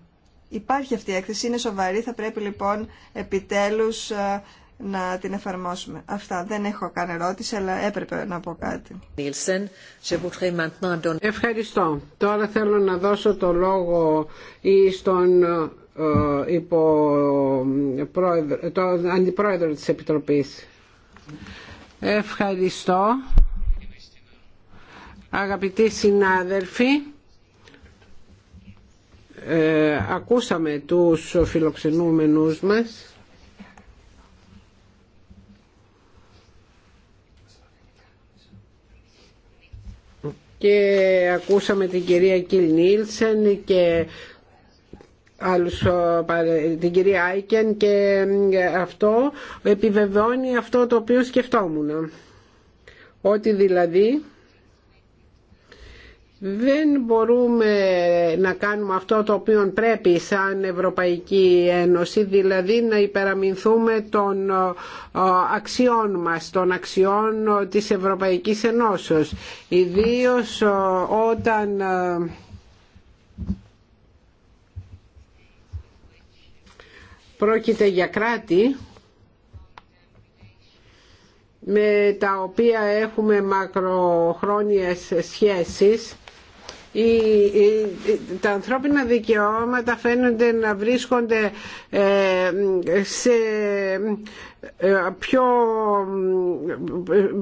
Υπάρχει αυτή η έκθεση, είναι σοβαρή, θα πρέπει λοιπόν επιτέλους ε, να την εφαρμόσουμε. Αυτά. Δεν έχω καν ερώτηση, αλλά έπρεπε να πω κάτι. Ευχαριστώ. Τώρα θέλω να δώσω το λόγο στον υπο... αντιπρόεδρο της Επιτροπής. Ευχαριστώ. Αγαπητοί συνάδελφοι, ε, ακούσαμε τους φιλοξενούμενους μας και ακούσαμε την κυρία Κιλ Νίλσεν και άλλους, ε, την κυρία Άικεν και ε, αυτό επιβεβαιώνει αυτό το οποίο σκεφτόμουν. Ότι δηλαδή δεν μπορούμε να κάνουμε αυτό το οποίο πρέπει σαν Ευρωπαϊκή Ένωση, δηλαδή να υπεραμεινθούμε των ε, αξιών μας, των αξιών ε, της Ευρωπαϊκής Ενώσεως. Ιδίως ε, όταν πρόκειται για κράτη με τα οποία έχουμε μακροχρόνιες σχέσεις τα ανθρώπινα δικαιώματα φαίνονται να βρίσκονται ε, σε ε, πιο,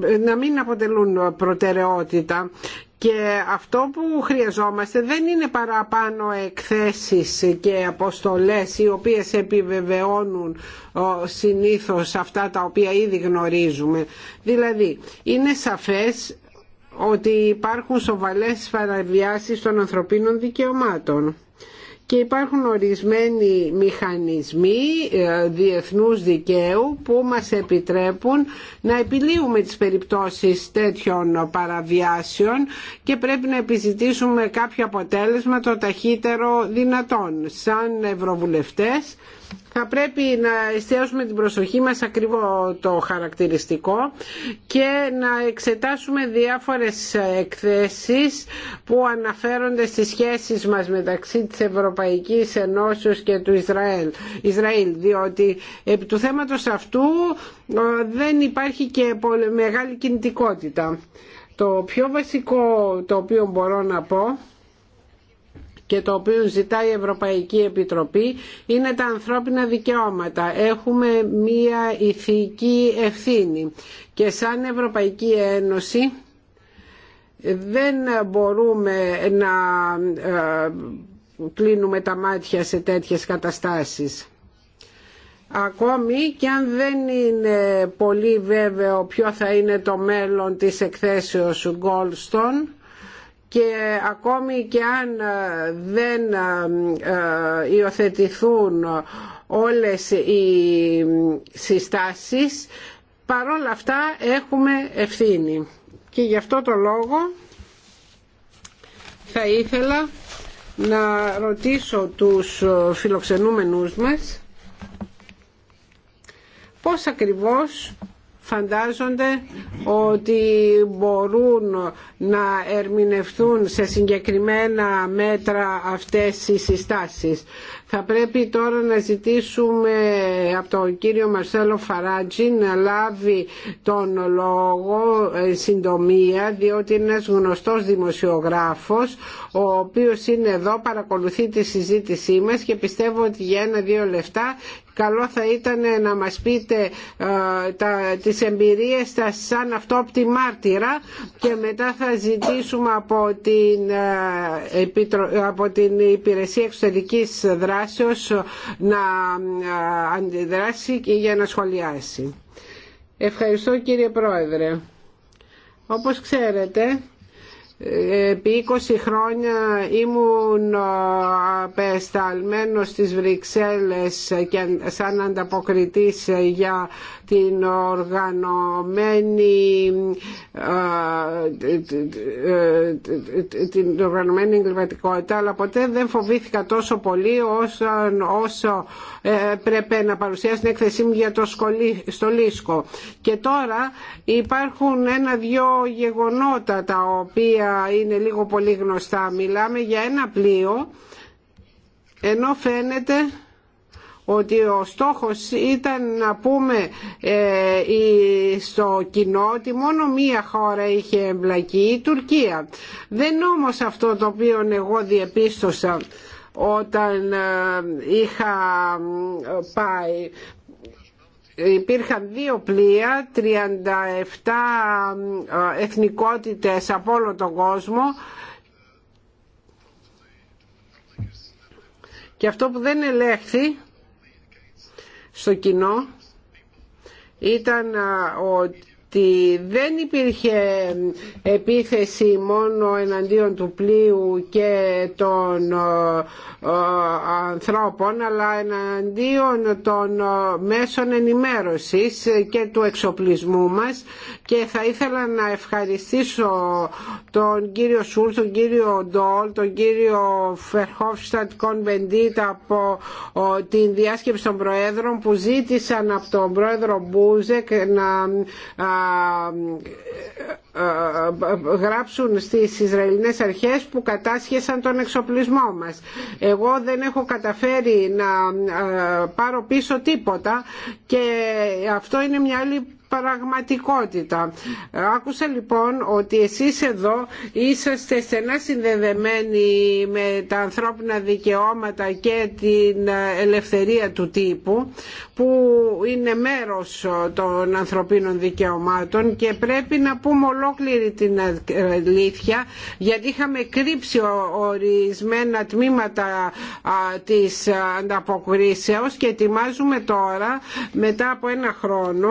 ε, να μην αποτελούν προτεραιότητα και αυτό που χρειαζόμαστε δεν είναι παραπάνω εκθέσεις και αποστολές οι οποίες επιβεβαιώνουν συνήθως αυτά τα οποία ήδη γνωρίζουμε. Δηλαδή είναι σαφές ότι υπάρχουν σοβαλές παραβιάσεις των ανθρωπίνων δικαιωμάτων και υπάρχουν ορισμένοι μηχανισμοί ε, διεθνούς δικαίου που μας επιτρέπουν να επιλύουμε τις περιπτώσεις τέτοιων παραβιάσεων και πρέπει να επιζητήσουμε κάποιο αποτέλεσμα το ταχύτερο δυνατόν. Σαν ευρωβουλευτές θα πρέπει να εστιάσουμε την προσοχή μας ακριβώ το χαρακτηριστικό και να εξετάσουμε διάφορες εκθέσεις που αναφέρονται στις σχέσεις μας μεταξύ της Ευρωπαϊκής Ενώσεως και του Ισραήλ, Ισραήλ διότι επί του θέματος αυτού ε, δεν υπάρχει και μεγάλη κινητικότητα. Το πιο βασικό το οποίο μπορώ να πω και το οποίο ζητάει η Ευρωπαϊκή Επιτροπή είναι τα ανθρώπινα δικαιώματα. Έχουμε μία ηθική ευθύνη και σαν Ευρωπαϊκή Ένωση δεν μπορούμε να ε, κλείνουμε τα μάτια σε τέτοιες καταστάσεις. Ακόμη και αν δεν είναι πολύ βέβαιο ποιο θα είναι το μέλλον της εκθέσεως Goldstone, και ακόμη και αν ε, δεν ε, ε, υιοθετηθούν όλες οι συστάσεις παρόλα αυτά έχουμε ευθύνη και γι' αυτό το λόγο θα ήθελα να ρωτήσω τους φιλοξενούμενους μας πώς ακριβώς φαντάζονται ότι μπορούν να ερμηνευθούν σε συγκεκριμένα μέτρα αυτές οι συστάσεις. Θα πρέπει τώρα να ζητήσουμε από τον κύριο Μαρσέλο Φαράτζη να λάβει τον λόγο συντομία διότι είναι ένας γνωστός δημοσιογράφος ο οποίος είναι εδώ, παρακολουθεί τη συζήτησή μας και πιστεύω ότι για ένα-δύο λεφτά Καλό θα ήταν να μας πείτε ε, τα, τις εμπειρίες σας σαν αυτόπτη μάρτυρα και μετά θα ζητήσουμε από την, ε, από την Υπηρεσία Εξωτερικής Δράσεως να ε, αντιδράσει και για να σχολιάσει. Ευχαριστώ κύριε Πρόεδρε. Όπως ξέρετε Επί 20 χρόνια ήμουν απεσταλμένος στις Βρυξέλλες και σαν ανταποκριτής για την οργανωμένη ε, την οργανωμένη εγκληματικότητα αλλά ποτέ δεν φοβήθηκα τόσο πολύ όσο, όσο ε, πρέπει να παρουσιάσει την έκθεσή για το σκολί, στο Λίσκο και τώρα υπάρχουν ένα-δυο γεγονότα τα οποία είναι λίγο πολύ γνωστά. Μιλάμε για ένα πλοίο ενώ φαίνεται ότι ο στόχος ήταν να πούμε ε, στο κοινό ότι μόνο μία χώρα είχε εμπλακεί, η Τουρκία. Δεν όμως αυτό το οποίο εγώ διεπίστωσα όταν ε, είχα πάει υπήρχαν δύο πλοία, 37 ε, εθνικότητες από όλο τον κόσμο και αυτό που δεν ελέγχθη στο κοινό ήταν ότι ε, ότι δεν υπήρχε επίθεση μόνο εναντίον του πλοίου και των ε, ε, ανθρώπων αλλά εναντίον των ε, μέσων ενημέρωσης και του εξοπλισμού μας και θα ήθελα να ευχαριστήσω τον κύριο Σούλ, τον κύριο Ντόλ, τον κύριο Φερχόφστατ Κονβεντίτ από την διάσκεψη των Προέδρων που ζήτησαν από τον Πρόεδρο Μπούζεκ να ε, ε, ε, γράψουν στις Ισραηλινές αρχές που κατάσχεσαν τον εξοπλισμό μας. Εγώ δεν έχω καταφέρει να πάρω πίσω τίποτα και αυτό είναι μια άλλη πραγματικότητα. Άκουσα λοιπόν ότι εσείς εδώ είσαστε στενά συνδεδεμένοι με τα ανθρώπινα δικαιώματα και την ελευθερία του τύπου που είναι μέρος των ανθρωπίνων δικαιωμάτων και πρέπει να πούμε ολόκληρη την αλήθεια γιατί είχαμε κρύψει ορισμένα τμήματα της ανταποκρίσεως και ετοιμάζουμε τώρα μετά από ένα χρόνο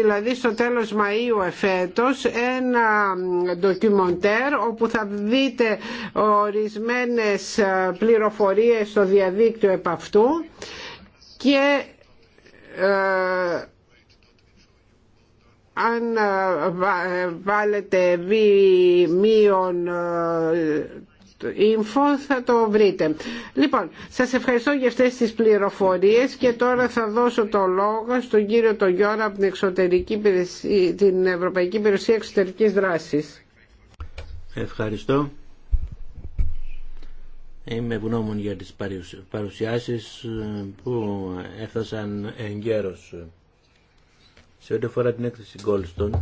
δηλαδή στο τέλος Μαΐου εφέτος ένα ντοκιμοντέρ όπου θα δείτε ορισμένες πληροφορίες στο διαδίκτυο επ' αυτού και ε, αν ε, ε, βάλετε βι info θα το βρείτε. Λοιπόν, σας ευχαριστώ για αυτές τις πληροφορίες και τώρα θα δώσω το λόγο στον κύριο Τογιώνα από την, εξωτερική την Ευρωπαϊκή Υπηρεσία Εξωτερικής Δράσης. Ευχαριστώ. Είμαι ευγνώμων για τις παρουσιάσεις ε, που έφτασαν εγκαίρως. Σε ό,τι αφορά την έκθεση Goldstone,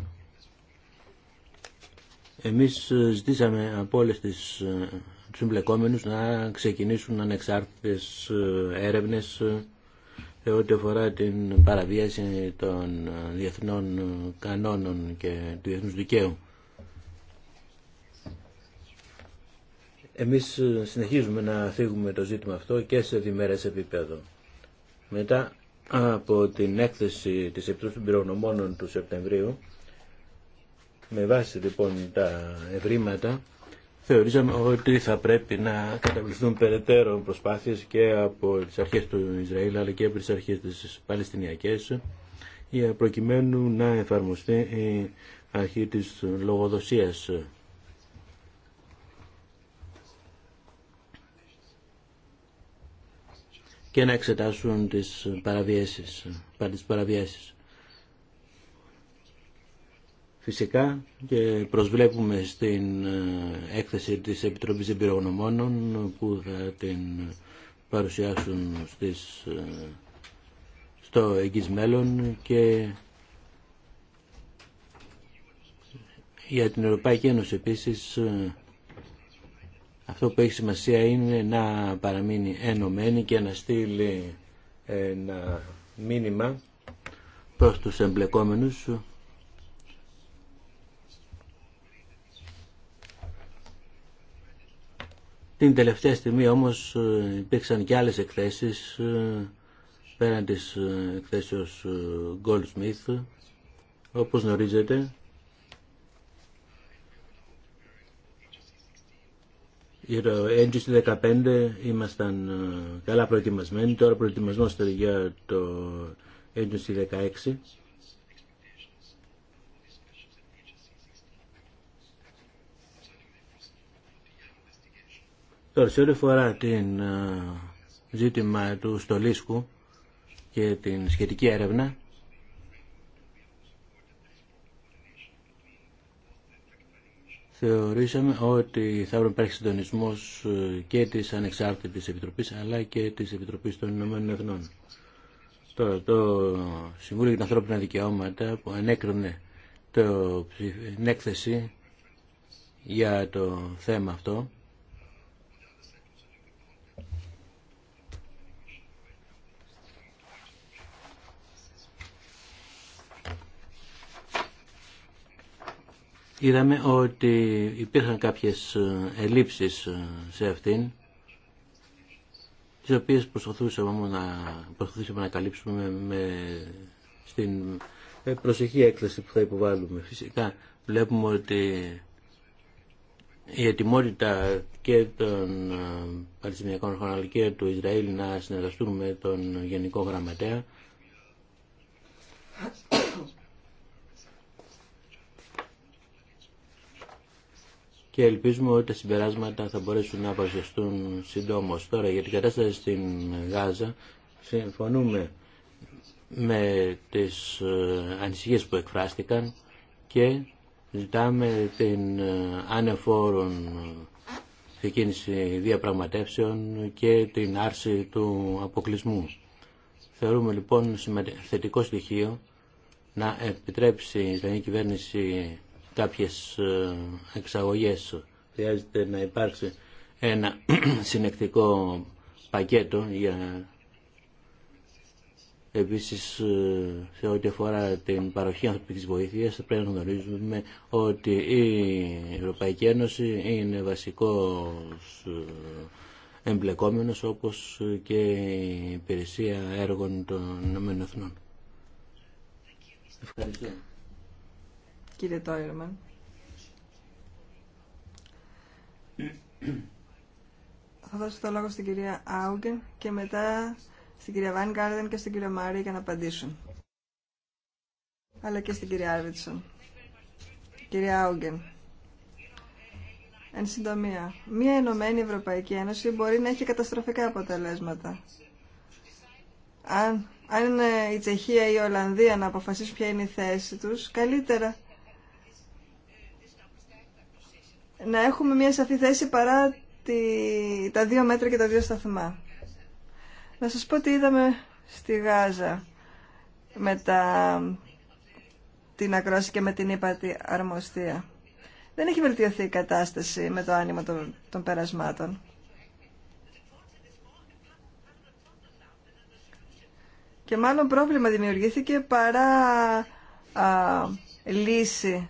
εμείς ε, ζητήσαμε από όλες τις ε, τους να ξεκινήσουν ανεξάρτητες ε, έρευνες σε ό,τι αφορά την παραβίαση των διεθνών κανόνων και του διεθνούς δικαίου. Εμείς συνεχίζουμε να θίγουμε το ζήτημα αυτό και σε διμέρες επίπεδο. Μετά από την έκθεση της Επιτροπής των Πυρογνωμόνων του Σεπτεμβρίου, με βάση λοιπόν τα ευρήματα θεωρήσαμε ότι θα πρέπει να καταβληθούν περαιτέρω προσπάθειες και από τις αρχές του Ισραήλ αλλά και από τις αρχές της Παλαιστινιακής για προκειμένου να εφαρμοστεί η αρχή της λογοδοσίας. και να εξετάσουν τις παραβιάσεις, τις παραβιάσεις. Φυσικά και προσβλέπουμε στην ε, έκθεση της Επιτροπής Εμπειρογνωμόνων που θα την παρουσιάσουν στις, ε, στο εγγύς μέλλον και για την Ευρωπαϊκή Ένωση επίσης ε, αυτό που έχει σημασία είναι να παραμείνει ενωμένη και να στείλει ένα μήνυμα προς τους εμπλεκόμενους Την τελευταία στιγμή όμως ε, υπήρξαν και άλλες εκθέσεις ε, πέραν της ε, εκθέσεως Goldsmith όπως γνωρίζετε Για το στις 15 ήμασταν καλά προετοιμασμένοι τώρα προετοιμασμόστε για το έτσι 16 Τώρα, σε φορά την ε, ζήτημα του Στολίσκου και την σχετική έρευνα, θεωρήσαμε ότι θα έπρεπε να υπάρχει συντονισμό ε, και τη Ανεξάρτητης Επιτροπής αλλά και της Επιτροπής των Ηνωμένων Εθνών. Τώρα, το Συμβούλιο για τα Ανθρώπινα Δικαιώματα που ανέκρινε την έκθεση για το θέμα αυτό είδαμε ότι υπήρχαν κάποιες ε, ελλείψεις ε, σε αυτήν τις οποίες προσπαθούσαμε να, προσπαθούσαμε να καλύψουμε με, στην προσεχή έκθεση που θα υποβάλουμε. Φυσικά βλέπουμε ότι η ετοιμότητα και των ε, Παλαιστινιακών χωρών και του Ισραήλ να συνεργαστούν με τον Γενικό Γραμματέα και ελπίζουμε ότι τα συμπεράσματα θα μπορέσουν να παρουσιαστούν συντόμως. Τώρα για την κατάσταση στην Γάζα συμφωνούμε με τις ε, ανησυχίες που εκφράστηκαν και ζητάμε την ε, ανεφόρον ξεκίνηση διαπραγματεύσεων και την άρση του αποκλεισμού. Θεωρούμε λοιπόν θετικό στοιχείο να επιτρέψει η κυβέρνηση κάποιες ε, εξαγωγές. Χρειάζεται να υπάρξει ένα [CLEARS THROAT] συνεκτικό πακέτο για Επίσης, ε, σε ό,τι αφορά την παροχή ανθρωπικής βοήθειας, πρέπει να γνωρίζουμε ότι η Ευρωπαϊκή Ένωση είναι βασικός ε, εμπλεκόμενος, όπως και η υπηρεσία έργων των ΗΕ. Ευχαριστώ κύριε Τόιρμαν. Θα δώσω το λόγο στην κυρία Άουγκεν και μετά στην κυρία Βάν Γκάρδεν και στην κυρία Μάρη για να απαντήσουν. Αλλά και στην κυρία Άρβιτσον. Κυρία Άουγκεν. Εν συντομία, μία Ενωμένη Ευρωπαϊκή Ένωση μπορεί να έχει καταστροφικά αποτελέσματα. Αν, αν είναι η Τσεχία ή η Ολλανδία να αποφασίσουν ποια είναι η θέση τους, καλύτερα να έχουμε μια σαφή θέση παρά τη, τα δύο μέτρα και τα δύο σταθμά. Να σας πω τι είδαμε στη Γάζα με τα, την ακρόαση και με την ύπατη αρμοστία. Δεν έχει βελτιωθεί η κατάσταση με το άνοιγμα των, των περασμάτων. Και μάλλον πρόβλημα δημιουργήθηκε παρά α, λύση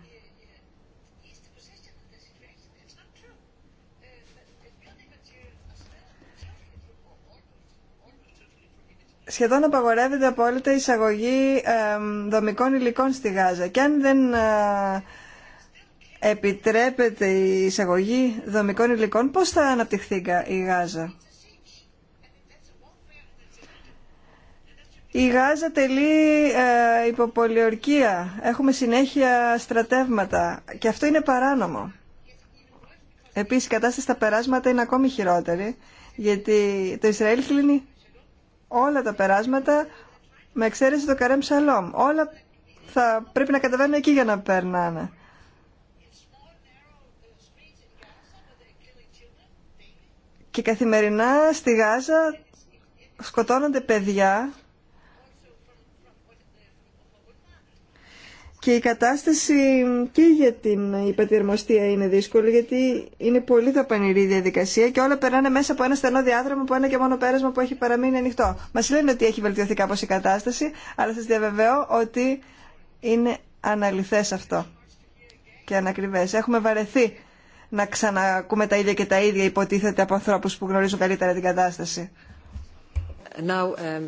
σχεδόν απαγορεύεται απόλυτα η εισαγωγή δομικών υλικών στη Γάζα. Και αν δεν ε, επιτρέπεται η εισαγωγή δομικών υλικών, πώς θα αναπτυχθεί η Γάζα. Η Γάζα τελεί ε, υποπολιορκία. Έχουμε συνέχεια στρατεύματα και αυτό είναι παράνομο. Επίσης η κατάσταση στα περάσματα είναι ακόμη χειρότερη γιατί το Ισραήλ κλείνει όλα τα περάσματα με εξαίρεση το Καρέμ Σαλόμ. Όλα θα πρέπει να καταβαίνουν εκεί για να περνάνε. Και καθημερινά στη Γάζα σκοτώνονται παιδιά Και η κατάσταση και για την υπατηρμοστία είναι δύσκολη γιατί είναι πολύ δαπανηρή η διαδικασία και όλα περνάνε μέσα από ένα στενό διάδρομο που ένα και μόνο πέρασμα που έχει παραμείνει ανοιχτό. Μα λένε ότι έχει βελτιωθεί κάπω η κατάσταση, αλλά σα διαβεβαιώ ότι είναι αναλυθέ αυτό και ανακριβέ. Έχουμε βαρεθεί να ξανακούμε τα ίδια και τα ίδια υποτίθεται από ανθρώπους που γνωρίζουν καλύτερα την κατάσταση. Now, um...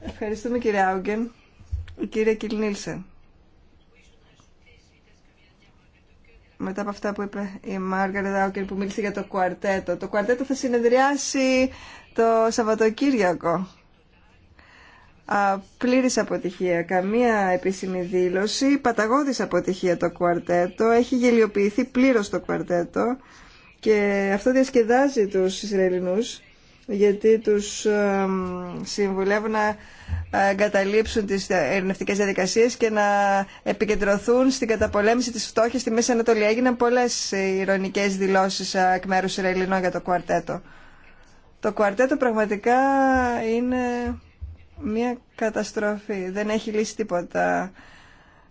Ευχαριστούμε κύριε Άουγκεν. Η κυρία μετά από αυτά που είπε η Μάργαρετ Άουκερ που μίλησε για το κουαρτέτο. Το κουαρτέτο θα συνεδριάσει το Σαββατοκύριακο. Α, πλήρης αποτυχία, καμία επίσημη δήλωση, παταγώδης αποτυχία το κουαρτέτο, έχει γελιοποιηθεί πλήρως το κουαρτέτο και αυτό διασκεδάζει τους Ισραηλινούς γιατί τους συμβουλεύουν να ε, εγκαταλείψουν τις ερευνευτικές διαδικασίες και να επικεντρωθούν στην καταπολέμηση της φτώχειας στη Μέση Ανατολή. Έγιναν πολλές ηρωνικές δηλώσεις ε, εκ μέρους Ιραηλινών για το κουαρτέτο. Το κουαρτέτο πραγματικά είναι μια καταστροφή. Δεν έχει λύσει τίποτα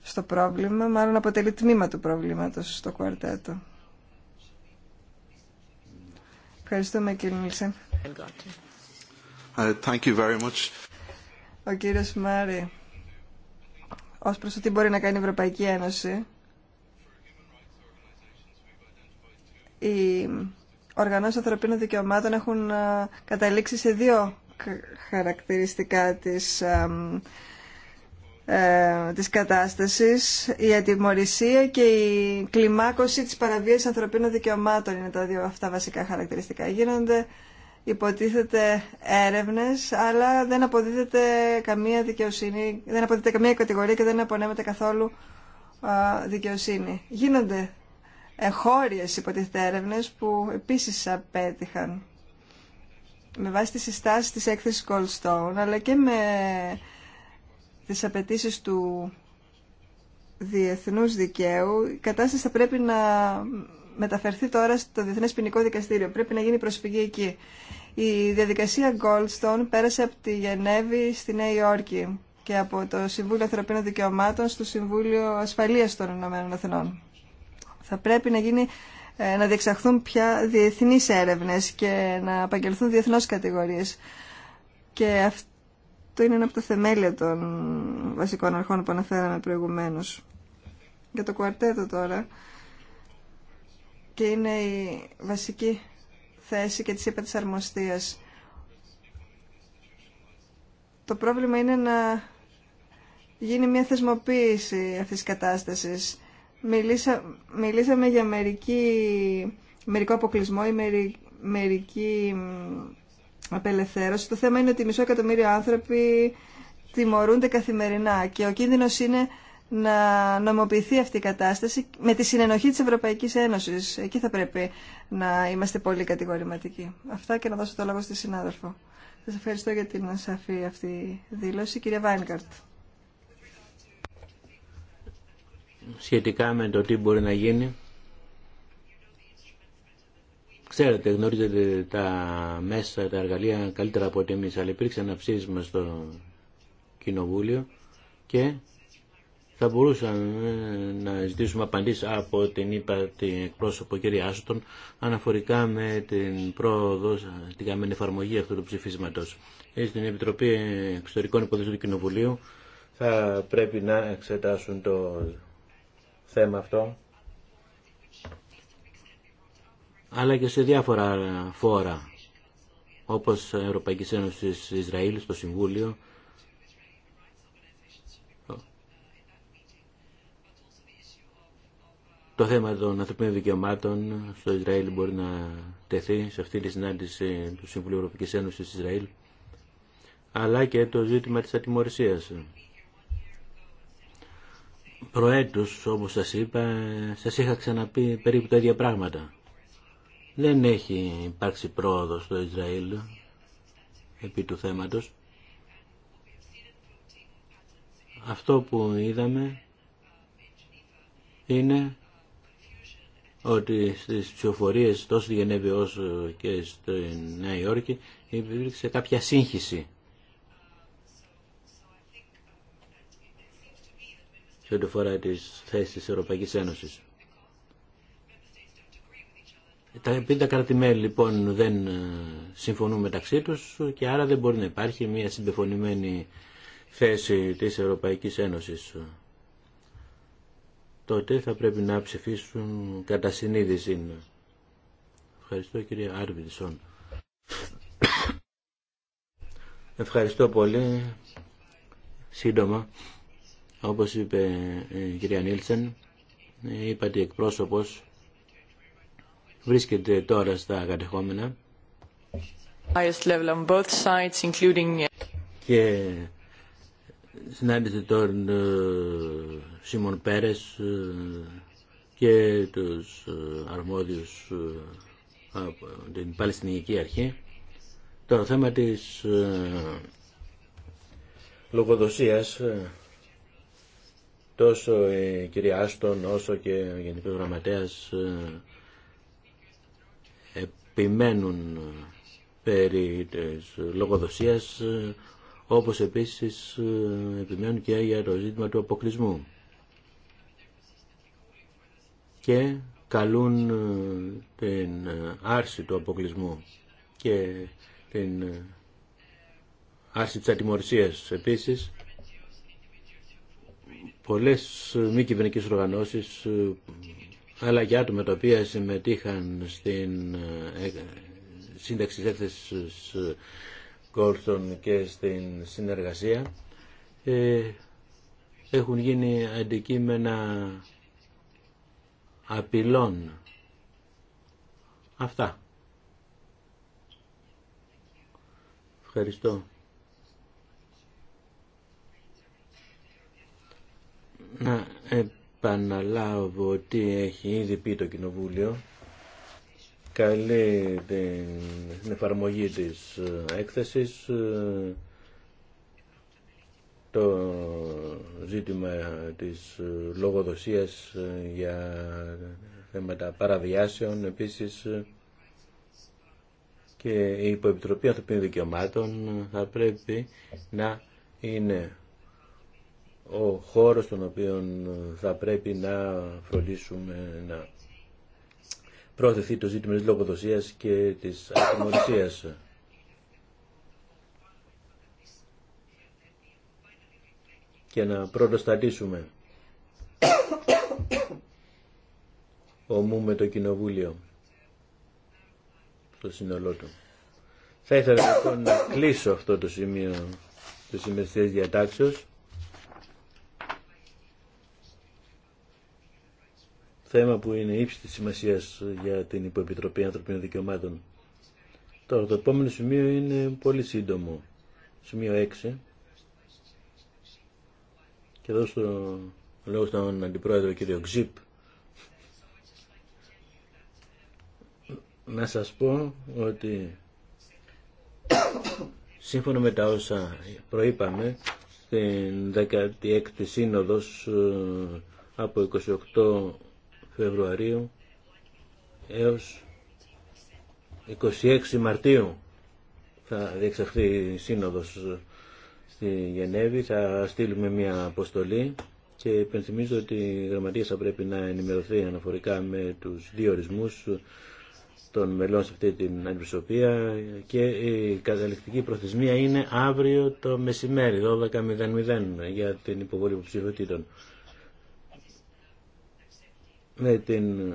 στο πρόβλημα, μάλλον αποτελεί τμήμα του προβλήματος στο κουαρτέτο. Ευχαριστούμε κύριε Νίλσεν. Ε, Ο κύριος Μάρη, ως προς το τι μπορεί να κάνει η Ευρωπαϊκή Ένωση, οι οργανώσεις ανθρωπίνων δικαιωμάτων έχουν ε, καταλήξει σε δύο χαρακτηριστικά της ε, ε, της κατάστασης, η ατιμορρησία και η κλιμάκωση της παραβίασης ανθρωπίνων δικαιωμάτων είναι τα δύο αυτά βασικά χαρακτηριστικά. Γίνονται υποτίθεται έρευνες, αλλά δεν αποδίδεται καμία δικαιοσύνη, δεν αποδίδεται καμία κατηγορία και δεν απονέμεται καθόλου δικαιοσύνη. Γίνονται εχώριες υποτίθεται έρευνες που επίσης απέτυχαν με βάση τις συστάσεις της έκθεσης Goldstone, αλλά και με τις απαιτήσει του διεθνούς δικαίου, η κατάσταση θα πρέπει να μεταφερθεί τώρα στο Διεθνές Ποινικό Δικαστήριο. Πρέπει να γίνει προσφυγή εκεί. Η διαδικασία Goldstone πέρασε από τη Γενέβη στη Νέα Υόρκη και από το Συμβούλιο Ανθρωπίνων Δικαιωμάτων στο Συμβούλιο Ασφαλείας των Ηνωμένων Εθνών. Θα πρέπει να γίνει ε, να διεξαχθούν πια διεθνείς έρευνες και να απαγγελθούν διεθνώς κατηγορίες. Και αυτό είναι ένα από τα θεμέλια των βασικών αρχών που αναφέραμε προηγουμένως. Για το κουαρτέτο τώρα και είναι η βασική θέση και της είπα της αρμοστίας. Το πρόβλημα είναι να γίνει μια θεσμοποίηση αυτής της κατάστασης. Μιλήσα, μιλήσαμε για μερική, μερικό αποκλεισμό ή μερική απελευθέρωση. Το θέμα είναι ότι μισό εκατομμύριο άνθρωποι τιμωρούνται καθημερινά και ο κίνδυνος είναι να νομοποιηθεί αυτή η κατάσταση με τη συνενοχή της Ευρωπαϊκής Ένωσης. Εκεί θα πρέπει να είμαστε πολύ κατηγορηματικοί. Αυτά και να δώσω το λόγο στη συνάδελφο. Σας ευχαριστώ για την σαφή αυτή δήλωση. Κύριε Βάινκαρτ. Σχετικά με το τι μπορεί να γίνει Ξέρετε, γνωρίζετε τα μέσα, τα εργαλεία καλύτερα από ότι εμείς, αλλά υπήρξε ένα ψήφισμα στο Κοινοβούλιο και θα μπορούσαμε να ζητήσουμε απαντήσεις από την είπα την εκπρόσωπο κυρία Άστον αναφορικά με την πρόοδο, την την εφαρμογή αυτού του ψηφίσματος. Στην Επιτροπή Εξωτερικών Υποθέσεων του Κοινοβουλίου θα πρέπει να εξετάσουν το θέμα αυτό αλλά και σε διάφορα φόρα όπως Ευρωπαϊκή Ένωση Ισραήλ στο Συμβούλιο το θέμα των ανθρωπίνων δικαιωμάτων στο Ισραήλ μπορεί να τεθεί σε αυτή τη συνάντηση του Συμβουλίου Ευρωπαϊκής Ένωσης Ισραήλ αλλά και το ζήτημα της ατιμορρησίας. Προέτους, όπως σας είπα, σας είχα ξαναπεί περίπου τα ίδια πράγματα. Δεν έχει υπάρξει πρόοδος στο Ισραήλ επί του θέματος. Αυτό που είδαμε είναι ότι στις ψηφοφορίες τόσο στη Γενέβη όσο και στη Νέα Υόρκη υπήρξε κάποια σύγχυση. σε ό,τι αφορά τις θέσεις της Ευρωπαϊκής Ένωσης. Τα 50 κρατη λοιπόν δεν ε, συμφωνούν μεταξύ τους και άρα δεν μπορεί να υπάρχει μια συμπεφωνημένη θέση της Ευρωπαϊκής Ένωσης. Τότε θα πρέπει να ψηφίσουν κατά συνείδηση. Ευχαριστώ κύριε Άρβινσον. Ευχαριστώ πολύ. Σύντομα, όπως είπε ε, η κυρία Νίλσεν, ότι εκπρόσωπος βρίσκεται τώρα στα κατεχόμενα. Uh, και συνάντησε τον ε, Σίμων Πέρες ε, και τους ε, αρμόδιους από την Παλαιστινική Αρχή. Το θέμα της λογοδοσίας τόσο η κυρία Άστον όσο και ο Γενικός Γραμματέας επιμένουν ε, περί της λογοδοσίας ε, όπως επίσης ε, επιμένουν και για το ζήτημα του αποκλεισμού και καλούν την άρση του αποκλεισμού και την άρση της ατιμορρησίας επίσης πολλές μη κυβερνικές οργανώσεις αλλά και άτομα τα οποία συμμετείχαν στην ε, σύνταξη του ε, κόρθων και στην συνεργασία ε, έχουν γίνει αντικείμενα απειλών. Αυτά. Ευχαριστώ. Να επαναλάβω ότι έχει ήδη πει το Κοινοβούλιο. Καλεί την εφαρμογή της ε, έκθεσης ε, το ζήτημα της ε, λογοδοσίας για θέματα παραβιάσεων επίσης και η Υποεπιτροπή Ανθρωπίνων Δικαιωμάτων θα πρέπει να είναι ο χώρος τον οποίο θα πρέπει να φροντίσουμε να προωθηθεί το ζήτημα της λογοδοσίας και της ατιμορρησίας. και να πρωτοστατήσουμε ομού με το κοινοβούλιο στο σύνολό του. Θα ήθελα λοιπόν να κλείσω αυτό το σημείο της διατάξεως θέμα που είναι ύψη τη σημασίας για την Υποεπιτροπή Ανθρωπίνων Δικαιωμάτων. Τώρα το επόμενο σημείο είναι πολύ σύντομο. Σημείο 6. Και εδώ στο λόγο στον Αντιπρόεδρο κύριο Ξύπ. Να σας πω ότι σύμφωνα με τα όσα προείπαμε στην 16η Σύνοδος ε, από 28 Φεβρουαρίου έως 26 Μαρτίου θα διεξαχθεί η σύνοδος στη Γενέβη, θα στείλουμε μια αποστολή και υπενθυμίζω ότι η Γραμματεία θα πρέπει να ενημερωθεί αναφορικά με τους δύο ορισμούς των μελών σε αυτή την αντιπροσωπεία και η καταληκτική προθεσμία είναι αύριο το μεσημέρι 12.00 για την υποβολή υποψηφιότητων με την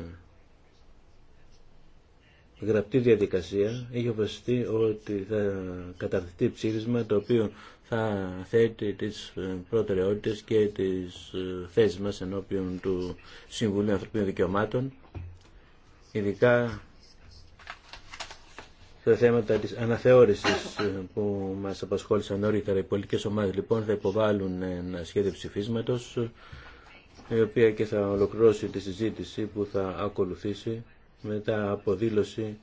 γραπτή διαδικασία είχε αποφασιστεί ότι θα καταρθεί ψήφισμα το οποίο θα θέτει τις ε, προτεραιότητες και τις ε, θέσεις μας ενώπιον του Συμβουλίου Ανθρωπίνων Δικαιωμάτων ειδικά τα θέματα της αναθεώρησης ε, που μας απασχόλησαν νωρίτερα. Οι πολιτικές ομάδες λοιπόν θα υποβάλουν ένα σχέδιο ψηφίσματος η οποία και θα ολοκληρώσει τη συζήτηση που θα ακολουθήσει μετά από δήλωση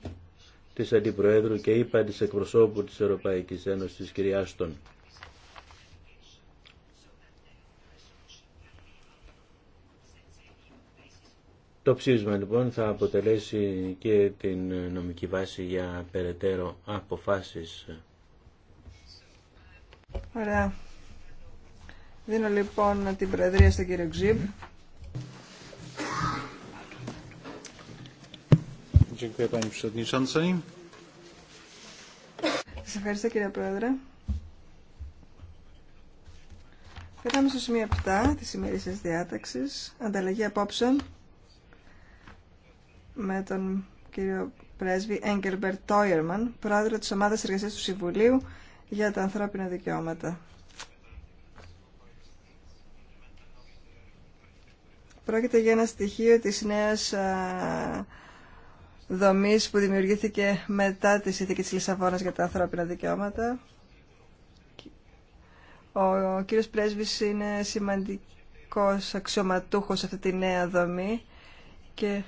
της Αντιπροέδρου και είπα της εκπροσώπου της Ευρωπαϊκής Ένωσης κυρία Άστον. Το ψήφισμα λοιπόν θα αποτελέσει και την νομική βάση για περαιτέρω αποφάσεις. Ωραία. Δίνω λοιπόν την Προεδρία στον κύριο Ξύμπ. Σας ευχαριστώ κύριε Πρόεδρε. Περνάμε στο σημείο 7 της ημερήσιας διάταξης, ανταλλαγή απόψεων με τον κύριο πρέσβη Έγκελμπερ Τόιερμαν, πρόεδρο της Ομάδας Εργασίας του Συμβουλίου για τα Ανθρώπινα Δικαιώματα. Πρόκειται για ένα στοιχείο της νέας δομής που δημιουργήθηκε μετά τη συνθήκη της Λισαβόνας για τα ανθρώπινα δικαιώματα. Ο κύριος Πρέσβης είναι σημαντικός αξιωματούχος σε αυτή τη νέα δομή και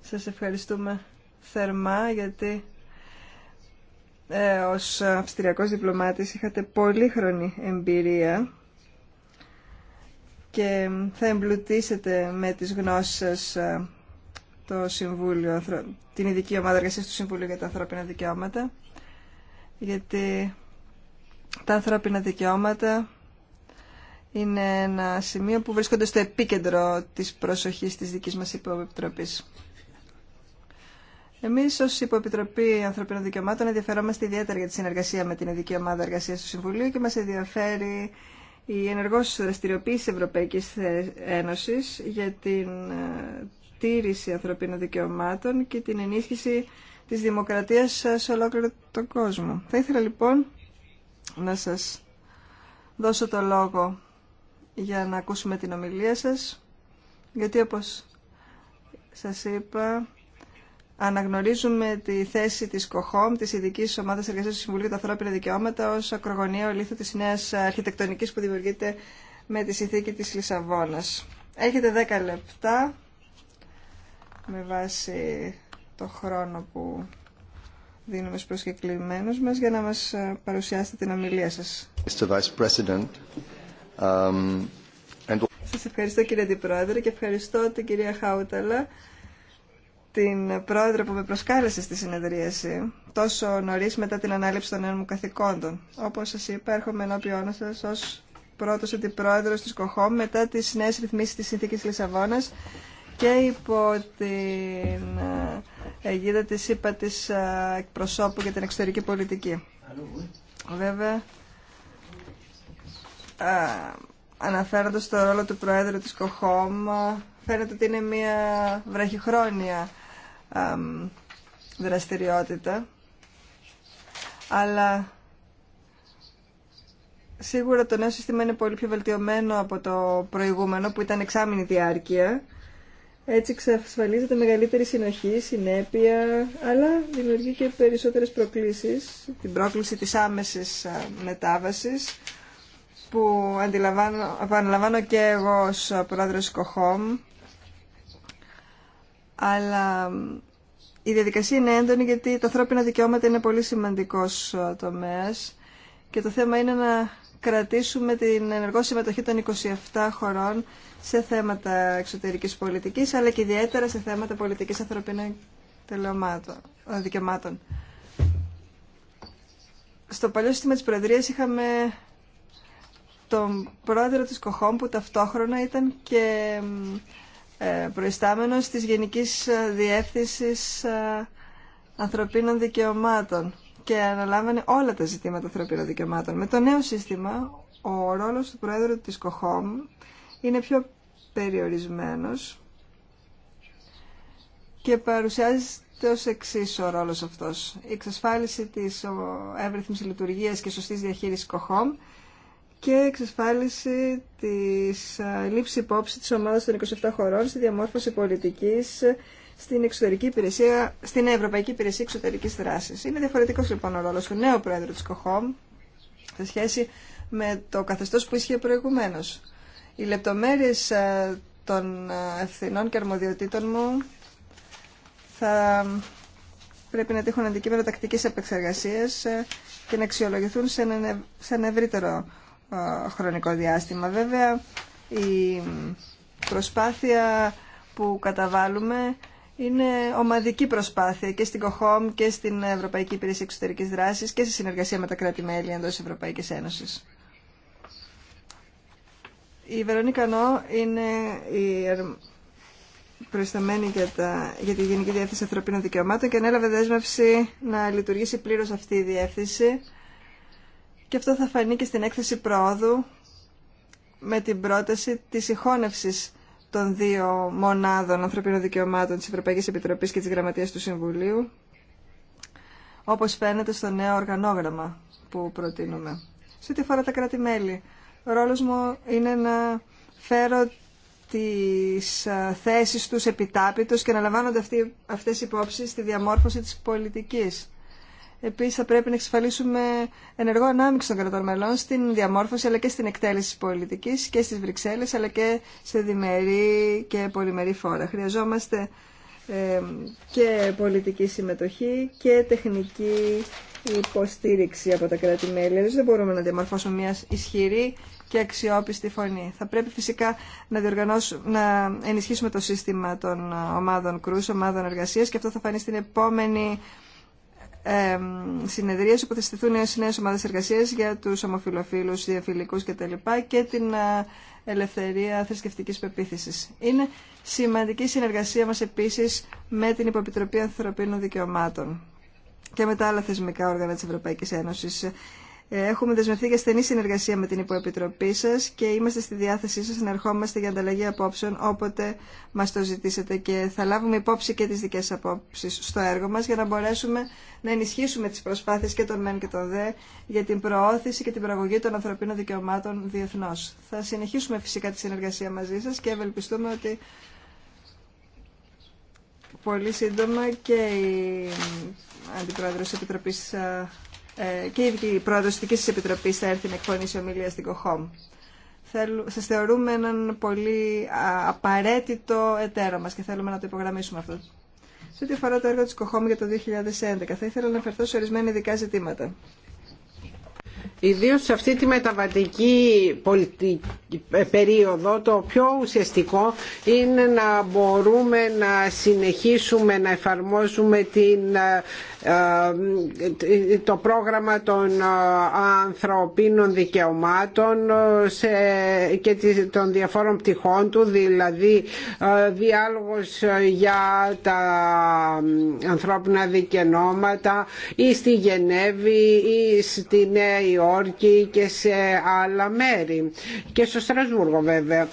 σας ευχαριστούμε θερμά γιατί ε, ως αυστριακός διπλωμάτης είχατε πολύχρονη εμπειρία και θα εμπλουτίσετε με τις γνώσεις σας ε, το Συμβούλιο, την Ειδική Ομάδα Εργασίας του Συμβουλίου για τα Ανθρώπινα Δικαιώματα γιατί τα ανθρώπινα δικαιώματα είναι ένα σημείο που βρίσκονται στο επίκεντρο της προσοχής της δικής μας υποεπιτροπής. Εμείς ως Υποεπιτροπή Ανθρωπίνων Δικαιωμάτων ενδιαφερόμαστε ιδιαίτερα για τη συνεργασία με την Ειδική Ομάδα Εργασίας του Συμβουλίου και μας ενδιαφέρει η ενεργός δραστηριοποίηση Ευρωπαϊκής Ένωσης για την ε, τήρηση ανθρωπίνων δικαιωμάτων και την ενίσχυση της δημοκρατίας σε ολόκληρο τον κόσμο. Θα ήθελα λοιπόν να σας δώσω το λόγο για να ακούσουμε την ομιλία σας, γιατί όπως σας είπα αναγνωρίζουμε τη θέση της ΚΟΧΟΜ, της ειδική Ομάδας Εργασίας του Συμβουλίου για τα Ανθρώπινα Δικαιώματα, ως ακρογωνία ολίθου της νέας αρχιτεκτονικής που δημιουργείται με τη συνθήκη της Λισαβόνας. Έχετε 10 λεπτά με βάση το χρόνο που δίνουμε στους προσκεκλημένους μας για να μας ε, παρουσιάσετε την ομιλία σας. Um, σας ευχαριστώ κύριε Αντιπρόεδρε και ευχαριστώ την κυρία Χάουταλα την πρόεδρο που με προσκάλεσε στη συνεδρίαση τόσο νωρί μετά την ανάληψη των νέων μου καθηκόντων. Όπω σα είπα, έρχομαι ενώπιον σα ω πρώτο αντιπρόεδρο τη ΚΟΧΟΜ μετά τι νέε ρυθμίσει τη συνθήκη Λισαβόνα και υπό την ε, αιγίδα τη ΥΠΑ τη ε, εκπροσώπου για την εξωτερική πολιτική. Βέβαια, ε, αναφέροντα το ρόλο του Προέδρου της ΚΟΧΟΜ, φαίνεται ότι είναι μια βραχυχρόνια δραστηριότητα. Αλλά σίγουρα το νέο σύστημα είναι πολύ πιο βελτιωμένο από το προηγούμενο που ήταν εξάμεινη διάρκεια. Έτσι εξασφαλίζεται μεγαλύτερη συνοχή, συνέπεια, αλλά δημιουργεί και περισσότερες προκλήσεις. Την πρόκληση της άμεσης ε, μετάβασης που αντιλαμβάνω, και εγώ ως πρόεδρος Κοχόμ αλλά η διαδικασία είναι έντονη γιατί τα ανθρώπινα δικαιώματα είναι πολύ σημαντικός ε, τομέας και το θέμα είναι να κρατήσουμε την ενεργό συμμετοχή των 27 χωρών σε θέματα εξωτερικής πολιτικής αλλά και ιδιαίτερα σε θέματα πολιτικής ανθρωπίνων ε, δικαιωμάτων. Στο παλιό σύστημα της Προεδρίας είχαμε τον πρόεδρο της Κοχόμ που ταυτόχρονα ήταν και ε, προϊστάμενος της Γενικής Διεύθυνσης ε, Ανθρωπίνων Δικαιωμάτων και αναλάμβανε όλα τα ζητήματα ανθρωπίνων δικαιωμάτων. Με το νέο σύστημα, ο ρόλος του Πρόεδρου της ΚΟΧΟΜ είναι πιο περιορισμένος και παρουσιάζεται ως εξής ο ρόλος αυτός. Η εξασφάλιση της εύρυθμης λειτουργίας και σωστής διαχείρισης ΚΟΧΟΜ και εξασφάλιση της λήψη υπόψη της ομάδας των 27 χωρών στη διαμόρφωση πολιτικής στην, εξωτερική στην Ευρωπαϊκή Υπηρεσία εξωτερική δράση. Είναι διαφορετικός λοιπόν ο ρόλο του νέου πρόεδρου της ΚΟΧΟΜ σε σχέση με το καθεστώς που ίσχυε προηγουμένω. Οι λεπτομέρειε των ευθυνών και αρμοδιοτήτων μου θα πρέπει να τύχουν αντικείμενο τακτική επεξεργασία ε, και να αξιολογηθούν σε ένα ευρύτερο χρονικό διάστημα. Βέβαια, η προσπάθεια που καταβάλουμε είναι ομαδική προσπάθεια και στην ΚΟΧΟΜ και στην Ευρωπαϊκή Υπηρεσία Εξωτερικής Δράσης και σε συνεργασία με τα κράτη-μέλη εντός Ευρωπαϊκής Ένωσης. Η Βερονίκα Νό είναι η προϊσταμένη για, για τη Γενική Διεύθυνση Ανθρωπίνων Δικαιωμάτων και ανέλαβε δέσμευση να λειτουργήσει πλήρως αυτή η διεύθυνση και αυτό θα φανεί και στην έκθεση πρόοδου με την πρόταση της συγχώνευσης των δύο μονάδων ανθρωπίνων δικαιωμάτων της Ευρωπαϊκής Επιτροπής και της Γραμματείας του Συμβουλίου, όπως φαίνεται στο νέο οργανόγραμμα που προτείνουμε. Σε ό,τι αφορά τα κράτη-μέλη, ο ρόλος μου είναι να φέρω τις ε, θέσεις τους επιτάπητος και να λαμβάνονται αυτές οι υπόψεις στη διαμόρφωση της πολιτικής. Επίσης θα πρέπει να εξασφαλίσουμε ενεργό ανάμειξη των κρατών μελών στην διαμόρφωση αλλά και στην εκτέλεση της πολιτικής και στις Βρυξέλλες αλλά και σε διμερή και πολυμερή φόρα. Χρειαζόμαστε και πολιτική συμμετοχή και τεχνική υποστήριξη από τα κράτη-μέλη. Δεν μπορούμε να διαμορφώσουμε μια ισχυρή και αξιόπιστη φωνή. Θα πρέπει φυσικά να, να ενισχύσουμε το σύστημα των ομάδων κρούς, ομάδων εργασίας και αυτό θα φανεί στην επόμενη ε, συνεδρίες όπου θα στηθούν νέες ομάδες εργασίας για τους ομοφιλοφίλους, διαφιλικούς κτλ. και την ε, ελευθερία θρησκευτικής πεποίθησης. Είναι σημαντική συνεργασία μας επίσης με την Υποπιτροπή Ανθρωπίνων Δικαιωμάτων και με τα άλλα θεσμικά όργανα της Ευρωπαϊκής Ένωσης ε, έχουμε δεσμευτεί για στενή συνεργασία με την υποεπιτροπή σα και είμαστε στη διάθεσή σα να ερχόμαστε για ανταλλαγή απόψεων όποτε μα το ζητήσετε και θα λάβουμε υπόψη και τι δικέ απόψει στο έργο μα για να μπορέσουμε να ενισχύσουμε τι προσπάθειε και των ΜΕΝ και των ΔΕ για την προώθηση και την προαγωγή των ανθρωπίνων δικαιωμάτων διεθνώ. Θα συνεχίσουμε φυσικά τη συνεργασία μαζί σα και ευελπιστούμε ότι πολύ σύντομα και η Αντιπρόεδρο τη Επιτροπή ε, και η ίδια η πρόεδρος της Επιτροπής θα έρθει να εκφωνήσει ομιλία στην ΚΟΧΟΜ. Σα θεωρούμε έναν πολύ απαραίτητο εταίρο μας και θέλουμε να το υπογραμμίσουμε αυτό. Σε ό,τι αφορά το έργο της ΚΟΧΟΜ για το 2011, θα ήθελα να αναφερθώ σε ορισμένα ειδικά ζητήματα. Ιδίως σε αυτή τη μεταβατική πολιτική ε, περίοδο το πιο ουσιαστικό είναι να μπορούμε να συνεχίσουμε να εφαρμόζουμε την ε, ε, το πρόγραμμα των ε, ανθρωπίνων δικαιωμάτων ε, σε, και των διαφόρων πτυχών του, δηλαδή διάλογος για τα ανθρώπινα δικαιώματα ή στη Γενέβη ή στη Νέα Υόρκη και σε άλλα μέρη και στο Στρασβούργο βέβαια.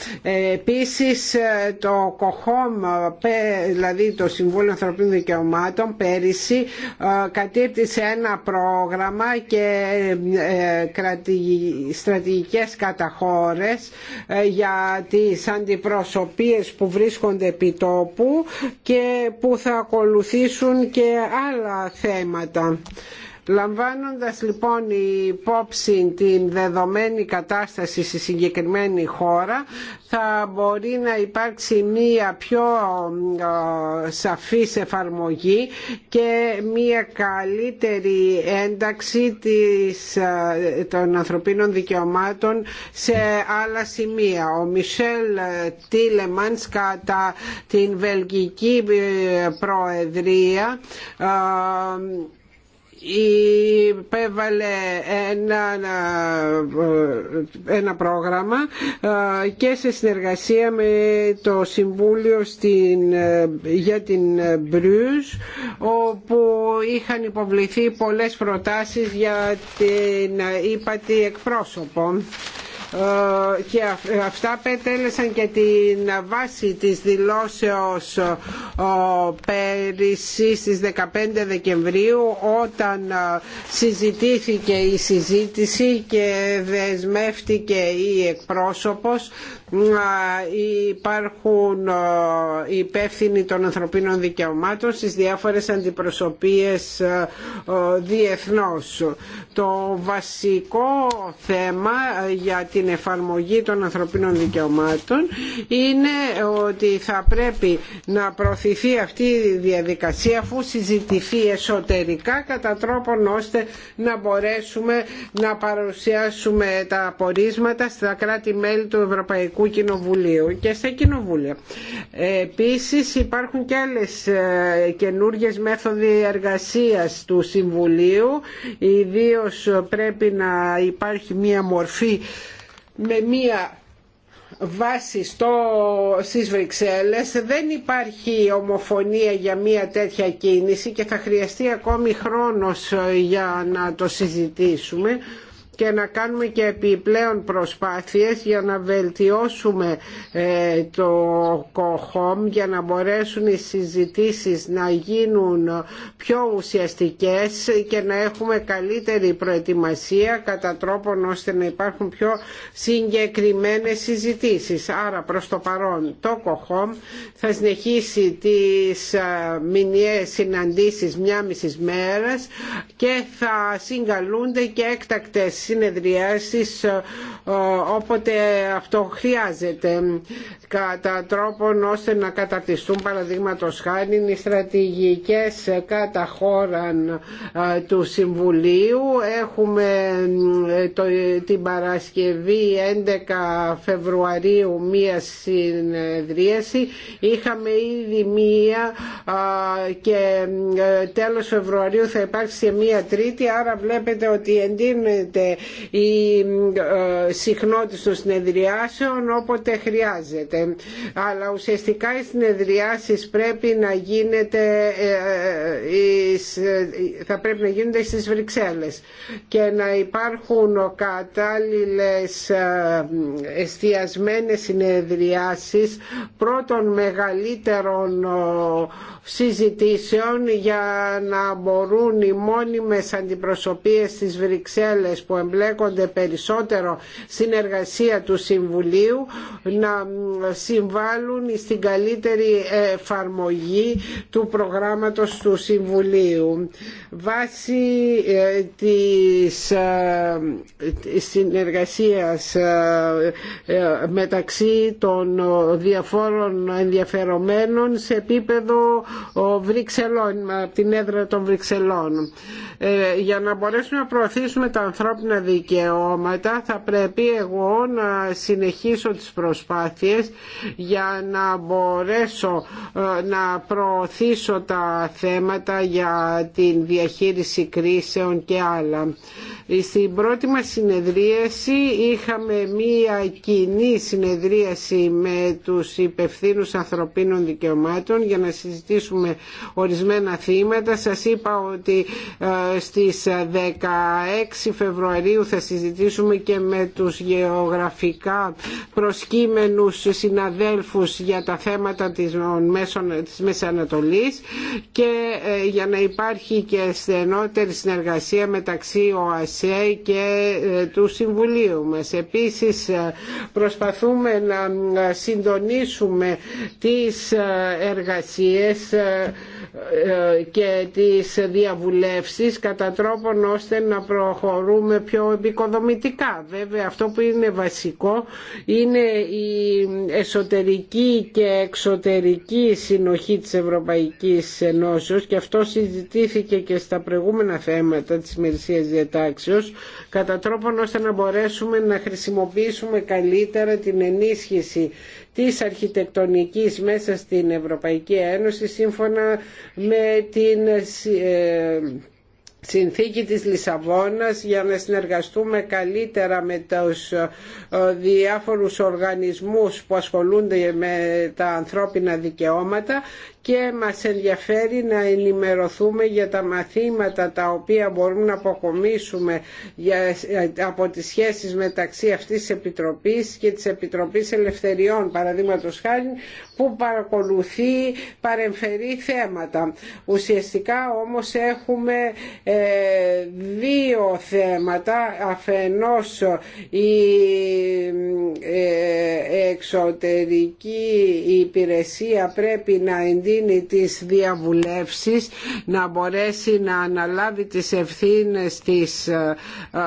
Επίσης το ΚΟΧΟΜ, δηλαδή το Συμβούλιο Ανθρωπίνων Δικαιωμάτων πέρυσι ε, κατήρτισε ένα πρόγραμμα και ε, στρατηγικές καταχώρες ε, για τις αντιπροσωπείες που βρίσκονται επί τόπου και που θα ακολουθήσουν και άλλα θέματα. Λαμβάνοντας λοιπόν υπόψη την δεδομένη κατάσταση στη συγκεκριμένη χώρα θα μπορεί να υπάρξει μία πιο σαφής εφαρμογή και μία καλύτερη ένταξη της, ε, των ανθρωπίνων δικαιωμάτων σε άλλα σημεία. Ο Μισελ Τίλεμανς κατά την Βελγική ε, Προεδρία ε, υπέβαλε ένα, πρόγραμμα ε, και σε συνεργασία με το Συμβούλιο ε, για την Μπρουζ ε, όπου είχαν υποβληθεί πολλές προτάσεις για την ύπατη εκπρόσωπο. Ε, και ε, αυτά πετέλεσαν και την βάση της δηλώσεως ε, πέρυσι στις 15 Δεκεμβρίου όταν συζητήθηκε η συζήτηση και δεσμεύτηκε η εκπρόσωπος υπάρχουν ε, υπεύθυνοι των ανθρωπίνων δικαιωμάτων στις διάφορες αντιπροσωπείες ε, ε, διεθνώς. Το βασικό θέμα για την εφαρμογή των ανθρωπίνων δικαιωμάτων είναι ότι θα πρέπει να προωθηθεί αυτή η διαδικασία αφού συζητηθεί εσωτερικά κατά τρόπον ώστε να μπορέσουμε να παρουσιάσουμε τα απορίσματα στα κράτη-μέλη του Ευρωπαϊκού Ευρωπαϊκού Κοινοβουλίου και στα κοινοβούλια. Επίσης υπάρχουν και άλλες ε, καινούργιες μέθοδοι εργασίας του Συμβουλίου, ιδίω πρέπει να υπάρχει μία μορφή με μία βάση στο, στις δεν υπάρχει ομοφωνία για μια τέτοια κίνηση και θα χρειαστεί ακόμη χρόνος ε, για να το συζητήσουμε και να κάνουμε και επιπλέον προσπάθειες για να βελτιώσουμε ε, το κοχόμ για να μπορέσουν οι συζητήσεις να γίνουν πιο ουσιαστικές και να έχουμε καλύτερη προετοιμασία κατά τρόπον ώστε να υπάρχουν πιο συγκεκριμένες συζητήσεις. Άρα προς το παρόν το κοχόμ θα συνεχίσει τις ε, μηνιαίες συναντήσεις μια μισή μέρας και θα συγκαλούνται και έκτακτες συνεδριάσεις ε, ε, όποτε αυτό χρειάζεται κατά τρόπον ώστε να καταρτιστούν παραδείγματο χάρη οι στρατηγικές κατά χώραν ε, του Συμβουλίου έχουμε το, την Παρασκευή 11 Φεβρουαρίου μία συνεδρίαση είχαμε ήδη μία και τέλος Φεβρουαρίου θα υπάρξει μία τρίτη άρα βλέπετε ότι εντείνεται η ε, συχνότητα των συνεδριάσεων όποτε χρειάζεται. Αλλά ουσιαστικά οι συνεδριάσεις πρέπει να γίνεται, ε, ε, θα πρέπει να γίνονται στις Βρυξέλλες και να υπάρχουν κατάλληλες εστιασμένες συνεδριάσεις πρώτων μεγαλύτερων συζητήσεων για να μπορούν οι μόνιμες αντιπροσωπείες στις Βρυξέλλες που εμπλέκονται περισσότερο στην εργασία του Συμβουλίου να συμβάλλουν στην καλύτερη εφαρμογή του προγράμματος του Συμβουλίου. Βάσει ε, ε, της συνεργασίας ε, μεταξύ των διαφόρων ενδιαφερομένων σε επίπεδο Βρυξελών, από την έδρα των Βρυξελών. Ε, για να μπορέσουμε να προωθήσουμε τα ανθρώπινα δικαιώματα θα πρέπει εγώ να συνεχίσω τις προσπάθειες για να μπορέσω ε, να προωθήσω τα θέματα για την διαχείριση κρίσεων και άλλα. Στην πρώτη μας συνεδρίαση είχαμε μία κοινή συνεδρίαση με τους υπευθύνους ανθρωπίνων δικαιωμάτων για να συζητήσουμε συζητήσουμε ορισμένα θύματα. Σας είπα ότι ε, στις 16 ε, Φεβρουαρίου θα συζητήσουμε και με τους γεωγραφικά προσκύμενους συναδέλφους για τα θέματα της, Μέσων, της Μέσης Ανατολής και ε, για να υπάρχει και στενότερη συνεργασία μεταξύ ΟΑΣΕ και του Συμβουλίου μας. Επίσης προσπαθούμε να συντονίσουμε τις εργασίες ε, ε, και τις διαβουλεύσεις κατά τρόπον ώστε να προχωρούμε πιο επικοδομητικά. Βέβαια αυτό που είναι βασικό είναι η εσωτερική και εξωτερική συνοχή της Ευρωπαϊκής Ενώσεως και αυτό συζητήθηκε και στα προηγούμενα θέματα της Μερσίας Διατάξεως κατά τρόπον ώστε να μπορέσουμε να χρησιμοποιήσουμε καλύτερα την ενίσχυση της αρχιτεκτονικής μέσα στην Ευρωπαϊκή Ένωση σύμφωνα με την ε, συνθήκη της Λισαβόνας για να συνεργαστούμε καλύτερα με τους ε, διάφορους οργανισμούς που ασχολούνται με τα ανθρώπινα δικαιώματα και μας ενδιαφέρει να ενημερωθούμε για τα μαθήματα τα οποία μπορούμε να αποκομίσουμε από τις σχέσεις μεταξύ αυτής της Επιτροπής και της Επιτροπής Ελευθεριών παραδείγματος χάρη που παρακολουθεί παρεμφερή θέματα. Ουσιαστικά όμως έχουμε ε, δύο θέματα αφενός η ε, εξωτερική υπηρεσία πρέπει να εντύπωσε Τη της να μπορέσει να αναλάβει τις ευθύνες της ε, ε,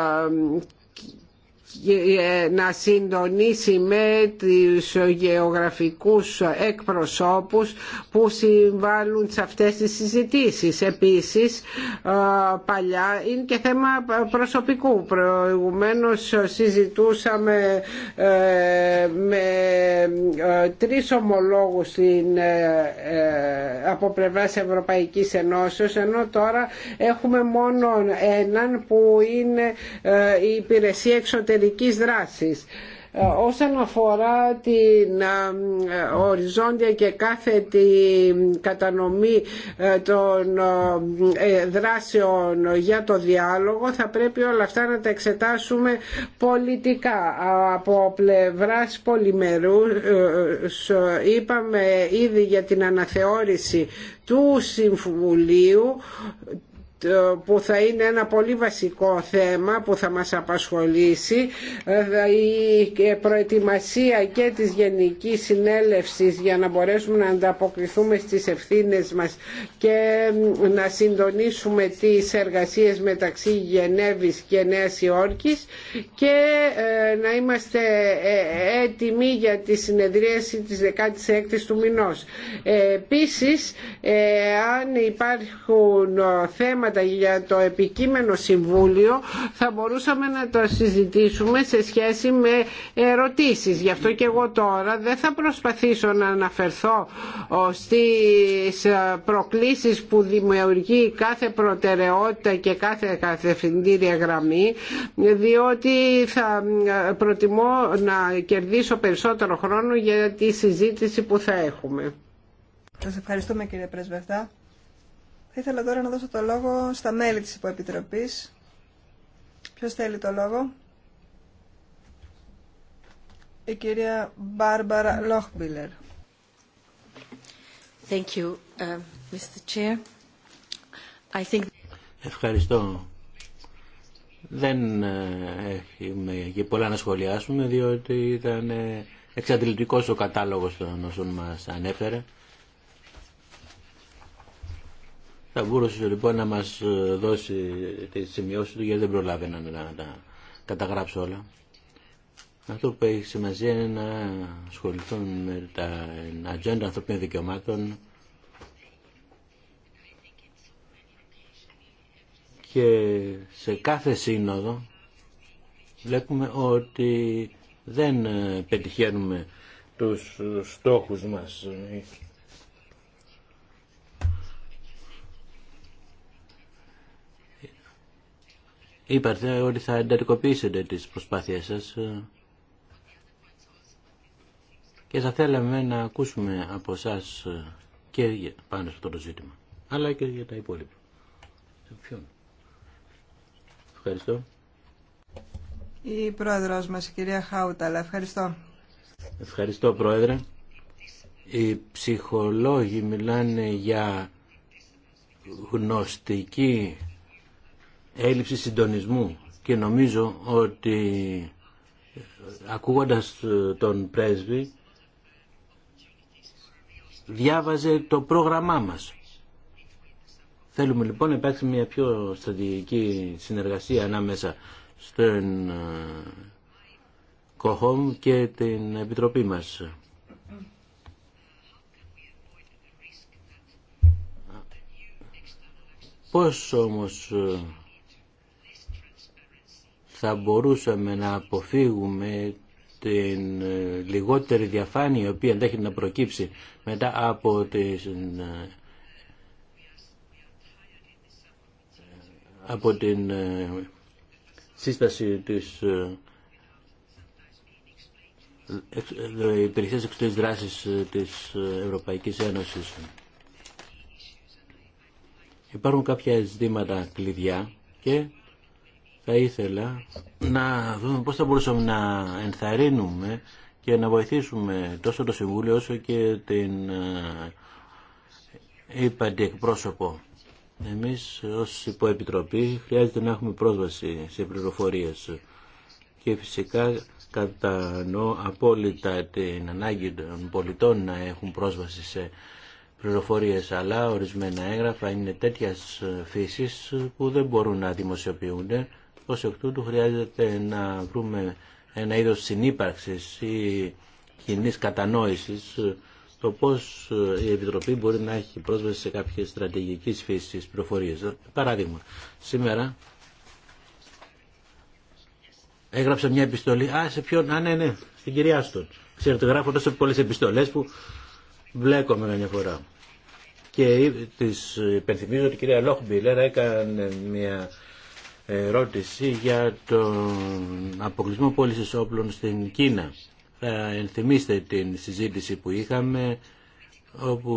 ε, να συντονίσει με τους γεωγραφικούς εκπροσώπους που συμβάλλουν σε αυτές τις συζητήσεις. Επίσης, ε, παλιά είναι και θέμα προσωπικού. Προηγουμένως συζητούσαμε ε, με τρεις ομολόγους από πλευράς Ευρωπαϊκής Ενώσεως, ενώ τώρα έχουμε μόνο έναν που είναι η υπηρεσία εξωτερικής εξωτερικής δράσης. Ε, όσον αφορά την ε, οριζόντια και κάθε τη κατανομή ε, των δράσεων για το διάλογο θα πρέπει όλα αυτά να τα εξετάσουμε πολιτικά. Από πλευράς πολυμερού είπαμε ήδη για την αναθεώρηση του Συμβουλίου που θα είναι ένα πολύ βασικό θέμα που θα μας απασχολήσει ε, η προετοιμασία και της Γενικής Συνέλευσης για να μπορέσουμε να ανταποκριθούμε στις ευθύνες μας και να συντονίσουμε τις εργασίες μεταξύ Γενέβης και Νέας Υόρκης και ε, να είμαστε ε, έτοιμοι για τη συνεδρίαση της 16ης του μηνός. Επίσης, αν υπάρχουν θέματα για το επικείμενο συμβούλιο θα μπορούσαμε να το συζητήσουμε σε σχέση με ερωτήσεις. Γι' αυτό και εγώ τώρα δεν θα προσπαθήσω να αναφερθώ στις ε, προκλήσεις που δημιουργεί κάθε προτεραιότητα και κάθε καθευθυντήρια γραμμή διότι θα ε, προτιμώ να κερδίσω περισσότερο χρόνο για τη συζήτηση που θα έχουμε. Σας ευχαριστούμε κύριε Πρεσβευτά. Θα ήθελα τώρα να δώσω το λόγο στα μέλη της υποεπιτροπής. Ποιος θέλει το λόγο? Η κυρία Μπάρμπαρα Λόχμπιλερ. Thank you, uh, Mr. Chair. I think... Ευχαριστώ. Δεν ε, έχουμε και πολλά να σχολιάσουμε διότι ήταν ε, εξαντλητικός ο κατάλογος των όσων μας ανέφερε. Θα μπορούσε λοιπόν να μας ε, δώσει τη σημειώση του γιατί δεν προλάβαινα να τα καταγράψω όλα. Αυτό που έχει σημασία είναι να ασχοληθούν με τα ατζέντα ανθρωπίνων δικαιωμάτων και σε κάθε σύνοδο βλέπουμε ότι δεν ε, πετυχαίνουμε τους στόχους μας Είπατε ότι θα εντατικοποιήσετε τις προσπάθειές σας ε, και θα θέλαμε να ακούσουμε από εσά ε, και πάνω σε αυτό το ζήτημα, αλλά και για τα υπόλοιπα. Ευχαριστώ. Η πρόεδρος μας, η κυρία Χάουταλα, ευχαριστώ. Ευχαριστώ, πρόεδρε. Οι ψυχολόγοι μιλάνε για γνωστική έλλειψη συντονισμού και νομίζω ότι ακούγοντας ε, τον πρέσβη διάβαζε το πρόγραμμά μας. Θέλουμε λοιπόν να υπάρξει μια πιο στρατηγική συνεργασία ανάμεσα στον ε, ΚΟΧΟΜ και την Επιτροπή μας. Πώς όμως ε, θα μπορούσαμε να αποφύγουμε την ε, λιγότερη διαφάνεια η οποία ενδέχεται να προκύψει μετά από τις ε, από την ε, σύσταση της υπηρεσίας εξωτερικής δράσης της Ευρωπαϊκής Ένωσης. Υπάρχουν κάποια ζητήματα κλειδιά και θα ήθελα να δούμε πώς θα μπορούσαμε να ενθαρρύνουμε και να βοηθήσουμε τόσο το Συμβούλιο όσο και την ύπαντη ε, εκπρόσωπο. Εμείς ως υποεπιτροπή χρειάζεται να έχουμε πρόσβαση σε πληροφορίες και φυσικά κατανοώ απόλυτα την ανάγκη των πολιτών να έχουν πρόσβαση σε πληροφορίες αλλά ορισμένα έγγραφα είναι τέτοιας φύσης που δεν μπορούν να δημοσιοποιούνται ως εκ τούτου χρειάζεται να βρούμε ένα είδος συνύπαρξης ή κοινή κατανόησης το πώς η Επιτροπή μπορεί να έχει πρόσβαση σε κάποιες στρατηγικές φύσεις πληροφορίες. Παράδειγμα, σήμερα έγραψε μια επιστολή, α, σε ποιον, α, ναι, ναι, στην κυρία Άστον. Ξέρετε, γράφω τόσο πολλές επιστολές που μπλέκομαι μια φορά. Και τη υπενθυμίζω ότι η κυρία Λόχμπιλερ έκανε μια ερώτηση για τον αποκλεισμό πώληση όπλων στην Κίνα. Θα ενθυμίστε την συζήτηση που είχαμε όπου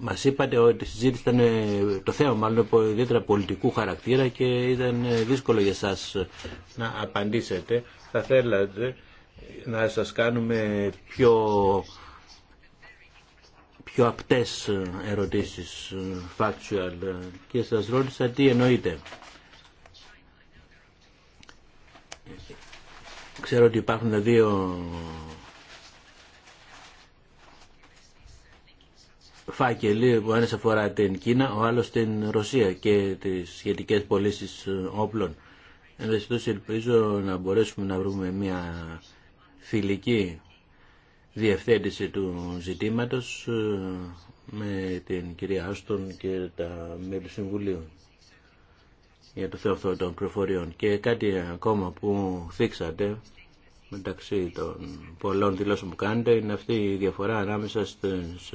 μας είπατε ότι η συζήτηση ήταν το θέμα μάλλον ιδιαίτερα πολιτικού χαρακτήρα και ήταν δύσκολο για σας να απαντήσετε. Θα θέλατε να σας κάνουμε πιο, πιο απτές ερωτήσεις factual και σας ρώτησα τι εννοείτε. Ξέρω ότι υπάρχουν δύο φάκελοι που ένας αφορά την Κίνα, ο άλλος την Ρωσία και τις σχετικές πωλήσει όπλων. ελπίζω να μπορέσουμε να βρούμε μια φιλική διευθέτηση του ζητήματος ε, με την κυρία Άστον και τα μέλη του Συμβουλίου για το θέμα αυτό των πληροφοριών. Και κάτι ακόμα που θίξατε μεταξύ των πολλών δηλώσεων που κάνετε είναι αυτή η διαφορά ανάμεσα στις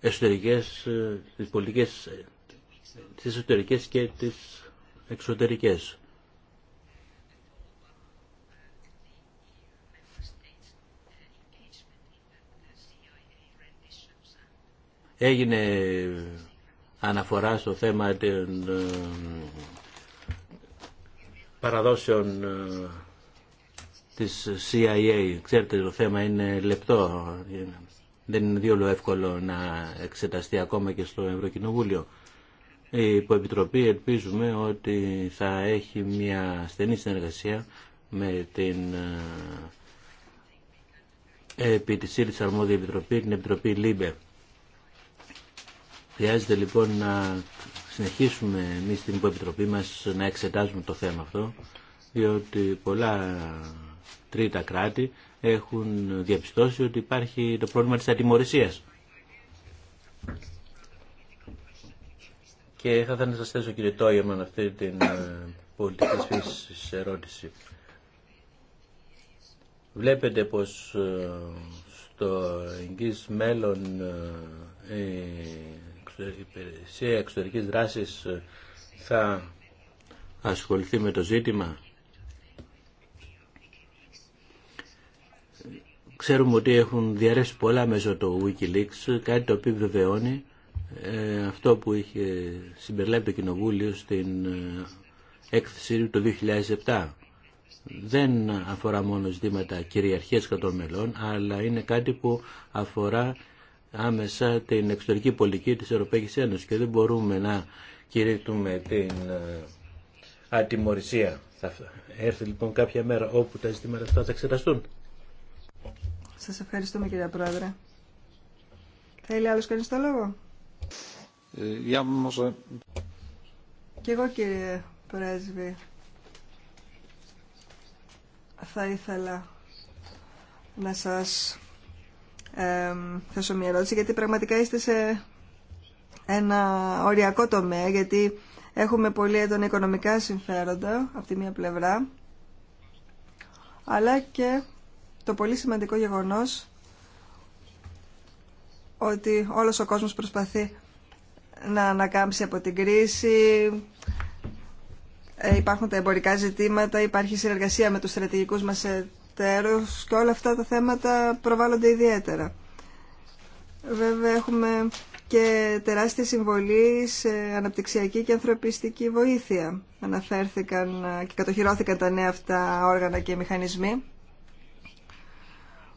εσωτερικές, τις πολιτικές, τις εσωτερικές και τις εξωτερικές. Έγινε αναφορά στο θέμα των ε, παραδόσεων ε, της CIA. Ξέρετε το θέμα είναι λεπτό, δεν είναι διόλου εύκολο να εξεταστεί ακόμα και στο Ευρωκοινοβούλιο. Η Υποεπιτροπή ελπίζουμε ότι θα έχει μια στενή συνεργασία με την ε, επί της Αρμόδια Επιτροπή, την Επιτροπή ΛΥΜΠΕ. Χρειάζεται λοιπόν να συνεχίσουμε εμεί στην υποεπιτροπή μας να εξετάζουμε το θέμα αυτό, διότι πολλά τρίτα κράτη έχουν διαπιστώσει ότι υπάρχει το πρόβλημα της ατιμορρησίας. Και θα ήθελα να σας θέσω κύριε Τόγεμαν αυτή την ε, πολιτική φύση ερώτηση. Βλέπετε πως ε, στο εγγύς μέλλον ε, υπηρεσία εξωτερικής δράσης ε, θα ασχοληθεί με το ζήτημα. Ξέρουμε ότι έχουν διαρρεύσει πολλά μέσω του Wikileaks, κάτι το οποίο βεβαιώνει ε, αυτό που είχε συμπεριλάβει το Κοινοβούλιο στην ε, έκθεση του 2007. Δεν αφορά μόνο ζητήματα κυριαρχίας κατών μελών, αλλά είναι κάτι που αφορά άμεσα την εξωτερική πολιτική της Ευρωπαϊκής Ένωσης και δεν μπορούμε να κηρύττουμε την ε, ατιμορρησία. Θα έρθει λοιπόν κάποια μέρα όπου τα ζητήματα αυτά θα εξεταστούν. Σας ευχαριστούμε κύριε Πρόεδρε. Θέλει άλλος κανείς το λόγο. Ε, ε. Κι εγώ κύριε Πρέσβη θα ήθελα να σας ε, θέσω μια ερώτηση, γιατί πραγματικά είστε σε ένα οριακό τομέα, γιατί έχουμε πολύ έντονα οικονομικά συμφέροντα από τη μία πλευρά, αλλά και το πολύ σημαντικό γεγονός ότι όλος ο κόσμος προσπαθεί να ανακάμψει από την κρίση, ε, υπάρχουν τα εμπορικά ζητήματα, υπάρχει συνεργασία με τους στρατηγικούς μας τέρος και όλα αυτά τα θέματα προβάλλονται ιδιαίτερα. Βέβαια έχουμε και τεράστια συμβολή σε αναπτυξιακή και ανθρωπιστική βοήθεια. Αναφέρθηκαν και κατοχυρώθηκαν τα νέα αυτά όργανα και μηχανισμοί.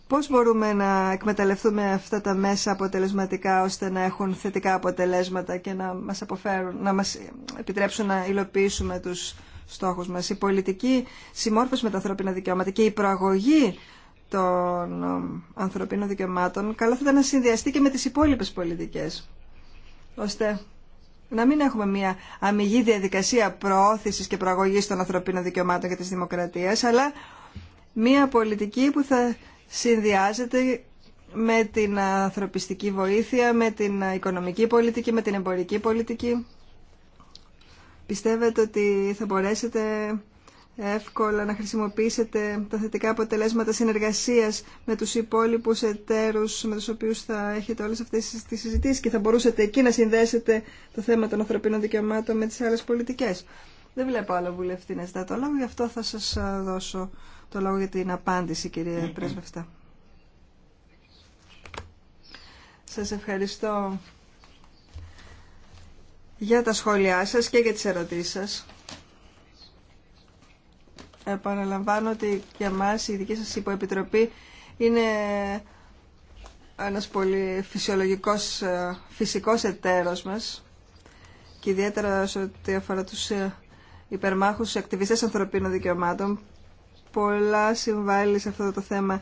Πώς μπορούμε να εκμεταλλευτούμε αυτά τα μέσα αποτελεσματικά ώστε να έχουν θετικά αποτελέσματα και να μας, αποφέρουν, να μας επιτρέψουν να υλοποιήσουμε τους στόχο μας. Η πολιτική συμμόρφωση με τα ανθρώπινα δικαιώματα και η προαγωγή των ε, ανθρωπίνων δικαιωμάτων καλό θα ήταν να συνδυαστεί και με τι υπόλοιπε πολιτικέ. ώστε να μην έχουμε μια αμυγή διαδικασία προώθηση και προαγωγή των ανθρωπίνων δικαιωμάτων και τη δημοκρατία, αλλά μια πολιτική που θα συνδυάζεται με την ανθρωπιστική βοήθεια, με την οικονομική πολιτική, με την εμπορική πολιτική. Πιστεύετε ότι θα μπορέσετε εύκολα να χρησιμοποιήσετε τα θετικά αποτελέσματα συνεργασίας με τους υπόλοιπους εταίρους με τους οποίους θα έχετε όλες αυτές τις συζητήσεις και θα μπορούσατε εκεί να συνδέσετε το θέμα των ανθρωπίνων δικαιωμάτων με τις άλλες πολιτικές. Δεν βλέπω άλλο βουλευτή να ζητά το λόγο, γι' αυτό θα σας ε, δώσω το λόγο για την απάντηση, κυρία Πρέσβευτα. Σας ευχαριστώ για τα σχόλιά σας και για τις ερωτήσεις σας. Επαναλαμβάνω ότι για μας η δική σας υποεπιτροπή είναι ένας πολύ φυσιολογικός, ε, φυσικός εταίρος μας και ιδιαίτερα σε ό,τι αφορά τους ε, υπερμάχους ακτιβιστές ανθρωπίνων δικαιωμάτων. Πολλά συμβάλλει σε αυτό το θέμα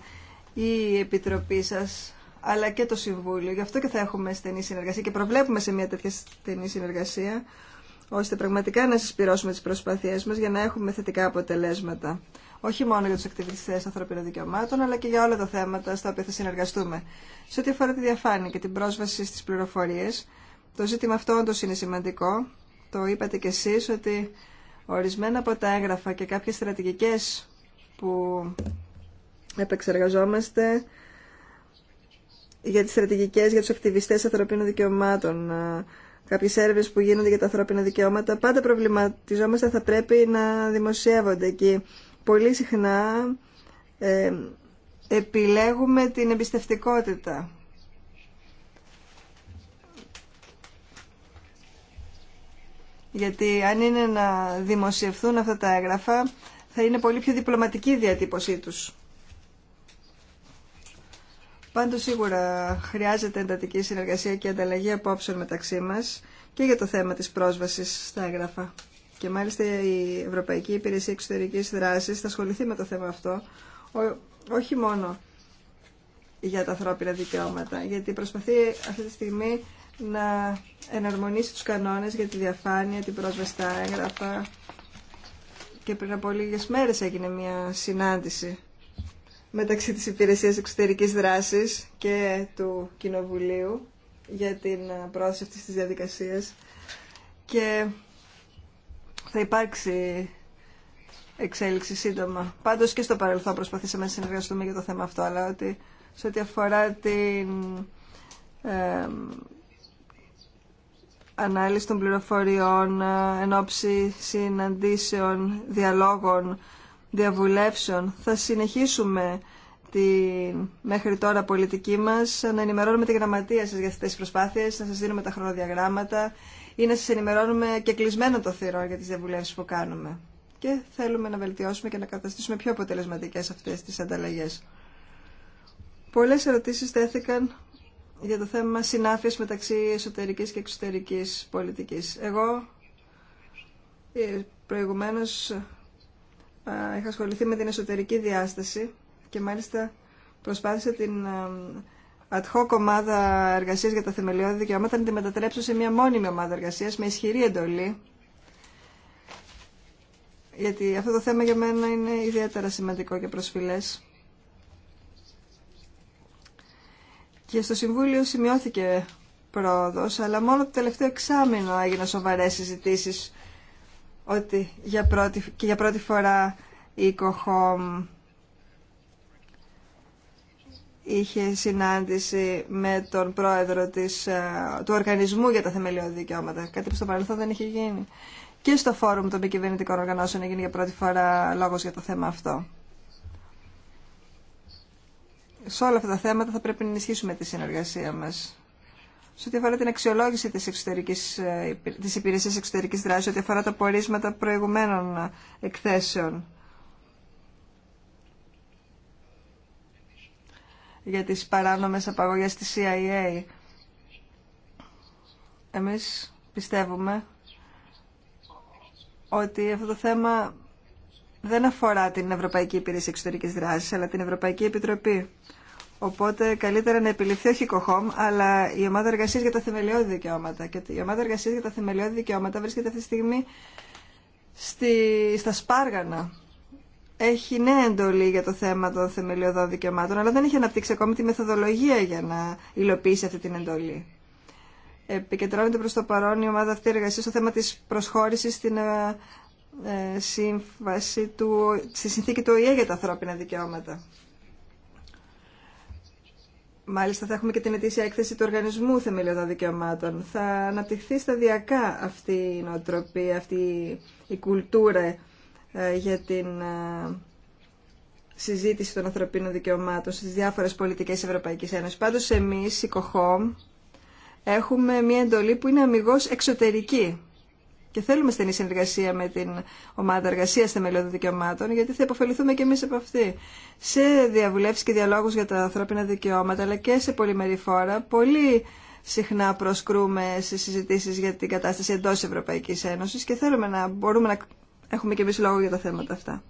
η Επιτροπή σας αλλά και το Συμβούλιο. Γι' αυτό και θα έχουμε στενή συνεργασία και προβλέπουμε σε μια τέτοια στενή συνεργασία, ώστε πραγματικά να συσπυρώσουμε τι προσπάθειές μα για να έχουμε θετικά αποτελέσματα. Όχι μόνο για του ακτιβιστέ ανθρωπίνων δικαιωμάτων, αλλά και για όλα τα θέματα στα οποία θα συνεργαστούμε. Σε ό,τι αφορά τη διαφάνεια και την πρόσβαση στι πληροφορίε, το ζήτημα αυτό όντω είναι σημαντικό. Το είπατε κι εσεί ότι ορισμένα από τα έγγραφα και κάποιε στρατηγικέ που επεξεργαζόμαστε για τις στρατηγικές, για τους ακτιβιστές ανθρωπίνων δικαιωμάτων, κάποιες έρευνες που γίνονται για τα ανθρώπινα δικαιώματα, πάντα προβληματιζόμαστε θα πρέπει να δημοσιεύονται και πολύ συχνά ε, επιλέγουμε την εμπιστευτικότητα. Γιατί αν είναι να δημοσιευθούν αυτά τα έγγραφα, θα είναι πολύ πιο διπλωματική η διατύπωσή τους. Πάντως σίγουρα χρειάζεται εντατική συνεργασία και ανταλλαγή απόψεων μεταξύ μας και για το θέμα της πρόσβασης στα έγγραφα. Και μάλιστα η Ευρωπαϊκή Υπηρεσία Εξωτερικής Δράσης θα ασχοληθεί με το θέμα αυτό, όχι μόνο για τα ανθρώπινα δικαιώματα, γιατί προσπαθεί αυτή τη στιγμή να εναρμονίσει τους κανόνες για τη διαφάνεια, την πρόσβαση στα έγγραφα και πριν από λίγες μέρες έγινε μια συνάντηση μεταξύ της Υπηρεσίας Εξωτερικής Δράσης και του Κοινοβουλίου για την ε, πρόθεση αυτής της διαδικασίας και θα υπάρξει εξέλιξη σύντομα. Πάντως και στο παρελθόν προσπαθήσαμε να συνεργαστούμε για το θέμα αυτό, αλλά ότι σε ό,τι αφορά την ανάλυση των πληροφοριών, ε, εν ώψη συναντήσεων, διαλόγων διαβουλεύσεων θα συνεχίσουμε τη μέχρι τώρα πολιτική μας, να ενημερώνουμε τη γραμματεία σας για αυτές τις προσπάθειες, να σας δίνουμε τα χρονοδιαγράμματα ή να σας ενημερώνουμε και κλεισμένο το θηρό για τις διαβουλεύσεις που κάνουμε. Και θέλουμε να βελτιώσουμε και να καταστήσουμε πιο αποτελεσματικές αυτές τις ανταλλαγές. Πολλές ερωτήσεις τέθηκαν για το θέμα συνάφειας μεταξύ εσωτερικής και εξωτερικής πολιτικής. Εγώ ε, προηγουμένως είχα ασχοληθεί με την εσωτερική διάσταση και μάλιστα προσπάθησα την ε, ad hoc ομάδα εργασία για τα θεμελιώδη δικαιώματα να τη μετατρέψω σε μια μόνιμη ομάδα εργασία με ισχυρή εντολή. Γιατί αυτό το θέμα για μένα είναι ιδιαίτερα σημαντικό και προσφυλέ. Και στο Συμβούλιο σημειώθηκε πρόοδο, αλλά μόνο το τελευταίο εξάμεινο έγιναν σοβαρέ συζητήσει ότι για πρώτη, και για πρώτη φορά η Κοχόμ είχε συνάντηση με τον πρόεδρο της, ε, του Οργανισμού για τα Θεμελιώδη Δικαιώματα, κάτι που στο παρελθόν δεν είχε γίνει. Και στο φόρουμ των μη κυβερνητικών οργανώσεων έγινε για πρώτη φορά λόγος για το θέμα αυτό. Σε όλα αυτά τα θέματα θα πρέπει να ενισχύσουμε τη συνεργασία μας σε ό,τι αφορά την αξιολόγηση της, εξωτερικής, ε, της υπηρεσίας εξωτερικής δράσης, ό,τι αφορά τα πορίσματα προηγουμένων ε, εκθέσεων. για τις παράνομες απαγωγές της CIA. Εμείς πιστεύουμε ότι αυτό το θέμα δεν αφορά την Ευρωπαϊκή Υπηρεσία Εξωτερικής Δράσης, αλλά την Ευρωπαϊκή Επιτροπή. Οπότε καλύτερα να επιληφθεί όχι η ΚΟΧΟΜ, αλλά η ομάδα εργασία για τα θεμελιώδη δικαιώματα. Και η ομάδα εργασία για τα θεμελιώδη δικαιώματα βρίσκεται αυτή τη στιγμή στη, στα Σπάργανα. Έχει νέα εντολή για το θέμα των θεμελιωδών δικαιωμάτων, αλλά δεν έχει αναπτύξει ακόμη τη μεθοδολογία για να υλοποιήσει αυτή την εντολή. Επικεντρώνεται προ το παρόν η ομάδα αυτή εργασία στο θέμα τη προσχώρηση στην ε, ε, σύμφαση του, στη συνθήκη του ΟΗΕ για τα ανθρώπινα δικαιώματα. Μάλιστα θα έχουμε και την ετήσια έκθεση του Οργανισμού Θεμελιωδών Δικαιωμάτων. Θα αναπτυχθεί σταδιακά αυτή η νοοτροπία, αυτή η κουλτούρα ε, για την ε, συζήτηση των ανθρωπίνων δικαιωμάτων στις διάφορες πολιτικές Ευρωπαϊκής Ένωσης. Πάντως εμείς, η ΚΟΧΟΜ, έχουμε μια εντολή που είναι αμυγός εξωτερική και θέλουμε στενή συνεργασία με την ομάδα εργασία θεμελιώδων δικαιωμάτων, γιατί θα υποφεληθούμε και εμεί από αυτή. Σε διαβουλεύσει και διαλόγου για τα ανθρώπινα δικαιώματα, αλλά και σε πολυμερή φόρα, πολύ συχνά προσκρούμε σε συζητήσει για την κατάσταση εντό Ευρωπαϊκή Ένωση και θέλουμε να μπορούμε να έχουμε και εμεί λόγο για τα θέματα αυτά.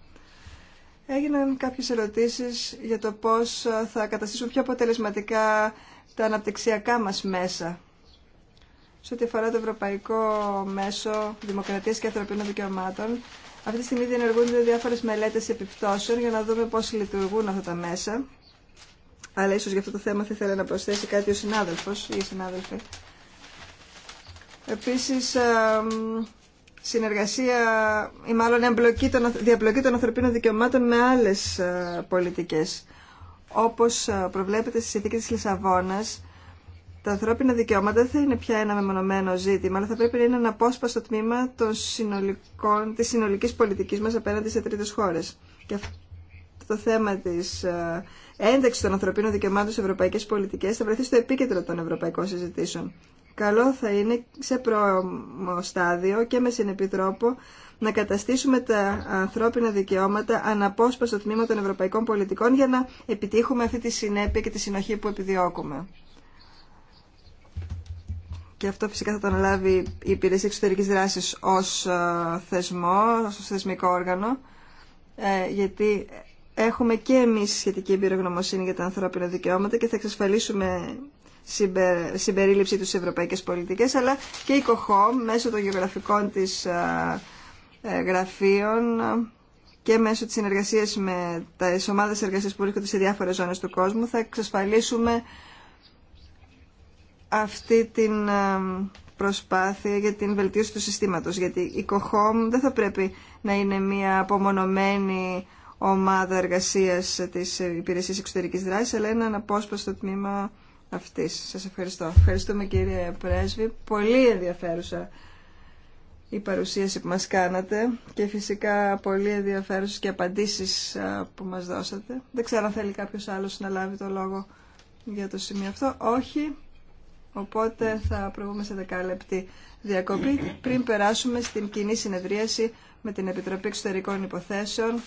Έγιναν κάποιες ερωτήσεις για το πώς θα καταστήσουν πιο αποτελεσματικά τα αναπτυξιακά μας μέσα σε ό,τι αφορά το Ευρωπαϊκό Μέσο Δημοκρατίας και Ανθρωπίνων Δικαιωμάτων. Αυτή τη στιγμή διενεργούνται διάφορες μελέτες επιπτώσεων για να δούμε πώς λειτουργούν αυτά τα μέσα. Αλλά ίσως για αυτό το θέμα θα ήθελα να προσθέσει κάτι ο συνάδελφος ή η συνάδελφοι. Επίσης, συνεργασία ή μάλλον διαπλοκή των ανθρωπίνων δικαιωμάτων με άλλες ε, πολιτικές. Όπως ε, προβλέπεται στη συνθήκη της Λισαβόνας, τα ανθρώπινα δικαιώματα δεν θα είναι πια ένα μεμονωμένο ζήτημα, αλλά θα πρέπει να είναι ένα απόσπαστο τμήμα τη συνολική πολιτική μα απέναντι σε τρίτε χώρε. Και αυτό το θέμα τη ε, ένταξη των ανθρωπίνων δικαιωμάτων σε ευρωπαϊκέ πολιτικέ θα βρεθεί στο επίκεντρο των ευρωπαϊκών συζητήσεων. Καλό θα είναι σε πρώμο στάδιο και με συνεπή τρόπο να καταστήσουμε τα ανθρώπινα δικαιώματα αναπόσπαστο τμήμα των ευρωπαϊκών πολιτικών για να επιτύχουμε αυτή τη συνέπεια και τη συνοχή που επιδιώκουμε και αυτό φυσικά θα το αναλάβει η Υπηρεσία Εξωτερικής Δράσης ως ε, θεσμό, ως θεσμικό όργανο, ε, γιατί έχουμε και εμείς σχετική εμπειρογνωμοσύνη για τα ανθρώπινα δικαιώματα και θα εξασφαλίσουμε συμπερίληψη τους σε ευρωπαϊκές πολιτικές, αλλά και η ΚΟΧΟΜ μέσω των γεωγραφικών της ε, γραφείων και μέσω της συνεργασίας με τις ομάδες εργασίας που βρίσκονται σε διάφορες ζώνες του κόσμου θα εξασφαλίσουμε αυτή την ε, προσπάθεια για την βελτίωση του συστήματος, γιατί η COHOM δεν θα πρέπει να είναι μια απομονωμένη ομάδα εργασίας της Υπηρεσίας Εξωτερικής Δράσης, αλλά είναι ένα απόσπαστο τμήμα αυτής. Σας ευχαριστώ. Ευχαριστούμε κύριε Πρέσβη. Πολύ ενδιαφέρουσα η παρουσίαση που μας κάνατε και φυσικά πολύ ενδιαφέρουσες και απαντήσεις ε, που μας δώσατε. Δεν ξέρω αν θέλει κάποιος άλλος να λάβει το λόγο για το σημείο αυτό. Όχι. Οπότε θα προβούμε σε δεκάλεπτη διακοπή πριν περάσουμε στην κοινή συνεδρίαση με την Επιτροπή Εξωτερικών Υποθέσεων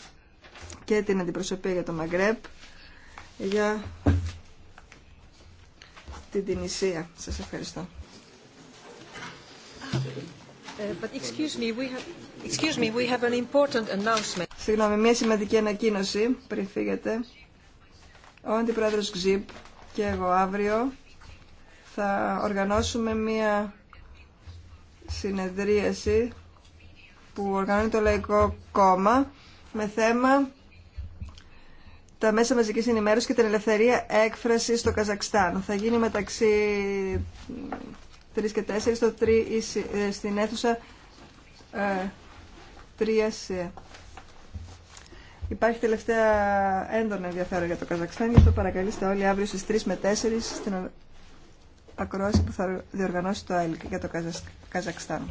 και την Αντιπροσωπεία για το Μαγκρέπ για την Τινησία. Σας ευχαριστώ. Ε, Συγγνώμη, μια σημαντική ανακοίνωση πριν φύγετε. Ο Αντιπρόεδρος Ξύπ και εγώ αύριο θα οργανώσουμε μία συνεδρίαση που οργανώνει το Λαϊκό Κόμμα με θέμα τα μέσα μαζικής ενημέρωσης και την ελευθερία έκφραση στο Καζακστάν. Θα γίνει μεταξύ 3 και 4 στο 3, στην αίθουσα σε. Υπάρχει τελευταία έντονα ενδιαφέρον για το Καζακστάν, γι' αυτό παρακαλείστε όλοι αύριο στις 3 με 4 στην ακρόαση που θα διοργανώσει το ΕΛΚ για το Καζακστάν.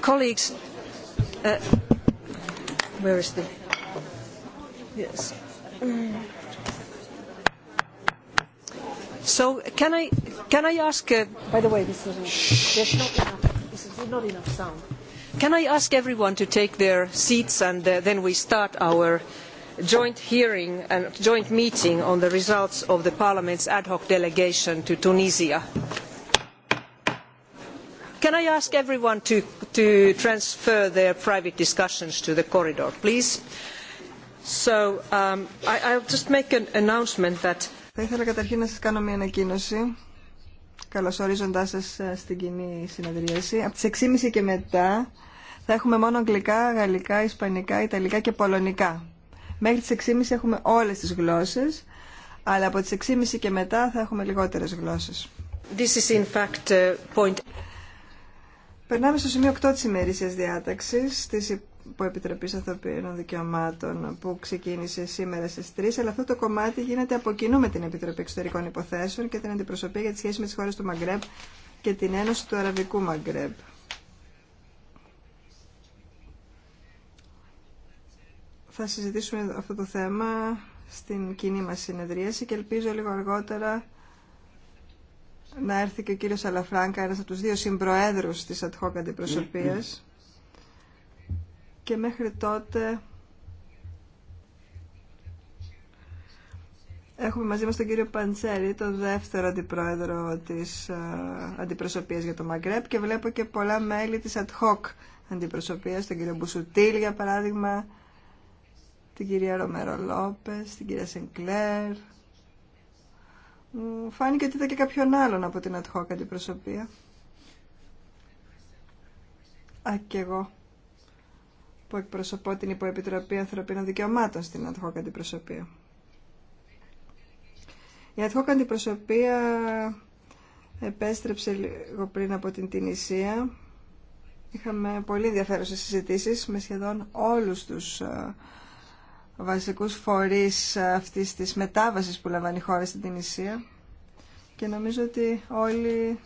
colleagues where is the yes so can i Can I ask, by the way, this is not enough. sound. Can I ask everyone to take their seats and then we start our joint hearing and joint meeting on the results of the Parliament's ad hoc delegation to Tunisia. Can I ask everyone to transfer their private discussions to the corridor, please? So, I'll just make an announcement that. Καλωσορίζοντα σας ε, στην κοινή συνεδρίαση. Από τις 6.30 και μετά θα έχουμε μόνο αγγλικά, γαλλικά, ισπανικά, ιταλικά και πολωνικά. Μέχρι τις 6.30 έχουμε όλες τις γλώσσες, αλλά από τις 6.30 και μετά θα έχουμε λιγότερες γλώσσες. Περνάμε στο σημείο 8 της ημερήσιας διάταξης, που Επιτροπής Ανθρωπίνων Δικαιωμάτων που ξεκίνησε σήμερα στις 3, αλλά αυτό το κομμάτι γίνεται από κοινού με την Επιτροπή Εξωτερικών Υποθέσεων και την Αντιπροσωπεία για τη σχέση με τις χώρες του Μαγκρέμπ και την Ένωση του Αραβικού Μαγκρέπ. Θα συζητήσουμε αυτό το θέμα στην κοινή μας συνεδρίαση και ελπίζω λίγο αργότερα να έρθει και ο κύριος Αλαφράγκα, ένας από τους δύο συμπροέδρους της Αντιπροσωπείας και μέχρι τότε έχουμε μαζί μας τον κύριο Παντσέρη, τον δεύτερο αντιπρόεδρο της ε, αντιπροσωπείας για το Μαγκρέπ και βλέπω και πολλά μέλη της ad hoc αντιπροσωπείας, τον κύριο Μπουσουτήλ για παράδειγμα, την κυρία Ρομέρο Λόπες, την κυρία Σενκλέρ. φάνηκε ότι ήταν και κάποιον άλλον από την ad hoc αντιπροσωπεία. Α, και εγώ που εκπροσωπώ την Υποεπιτροπή Ανθρωπίνων Δικαιωμάτων στην Αντχόκ Αντιπροσωπεία. Η Αντχόκ Αντιπροσωπεία επέστρεψε λίγο πριν από την Τινησία. Είχαμε πολύ ενδιαφέρουσες συζητήσεις με σχεδόν όλους τους ε, βασικούς φορείς ε, αυτής της μετάβασης που λαμβάνει η χώρα στην Τινησία και νομίζω ότι όλοι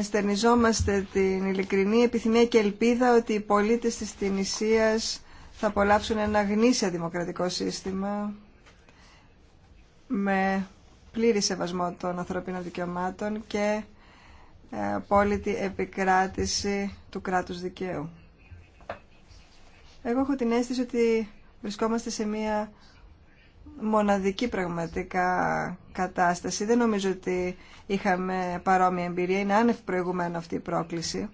εστερνιζόμαστε την ειλικρινή επιθυμία και ελπίδα ότι οι πολίτες της Τινησίας θα απολαύσουν ένα γνήσια δημοκρατικό σύστημα με πλήρη σεβασμό των ανθρωπίνων δικαιωμάτων και ε, απόλυτη επικράτηση του κράτους δικαίου. Εγώ έχω την αίσθηση ότι βρισκόμαστε σε μια μοναδική πραγματικά κατάσταση. Δεν νομίζω ότι είχαμε παρόμοια εμπειρία. Είναι άνευ προηγουμένου αυτή η πρόκληση.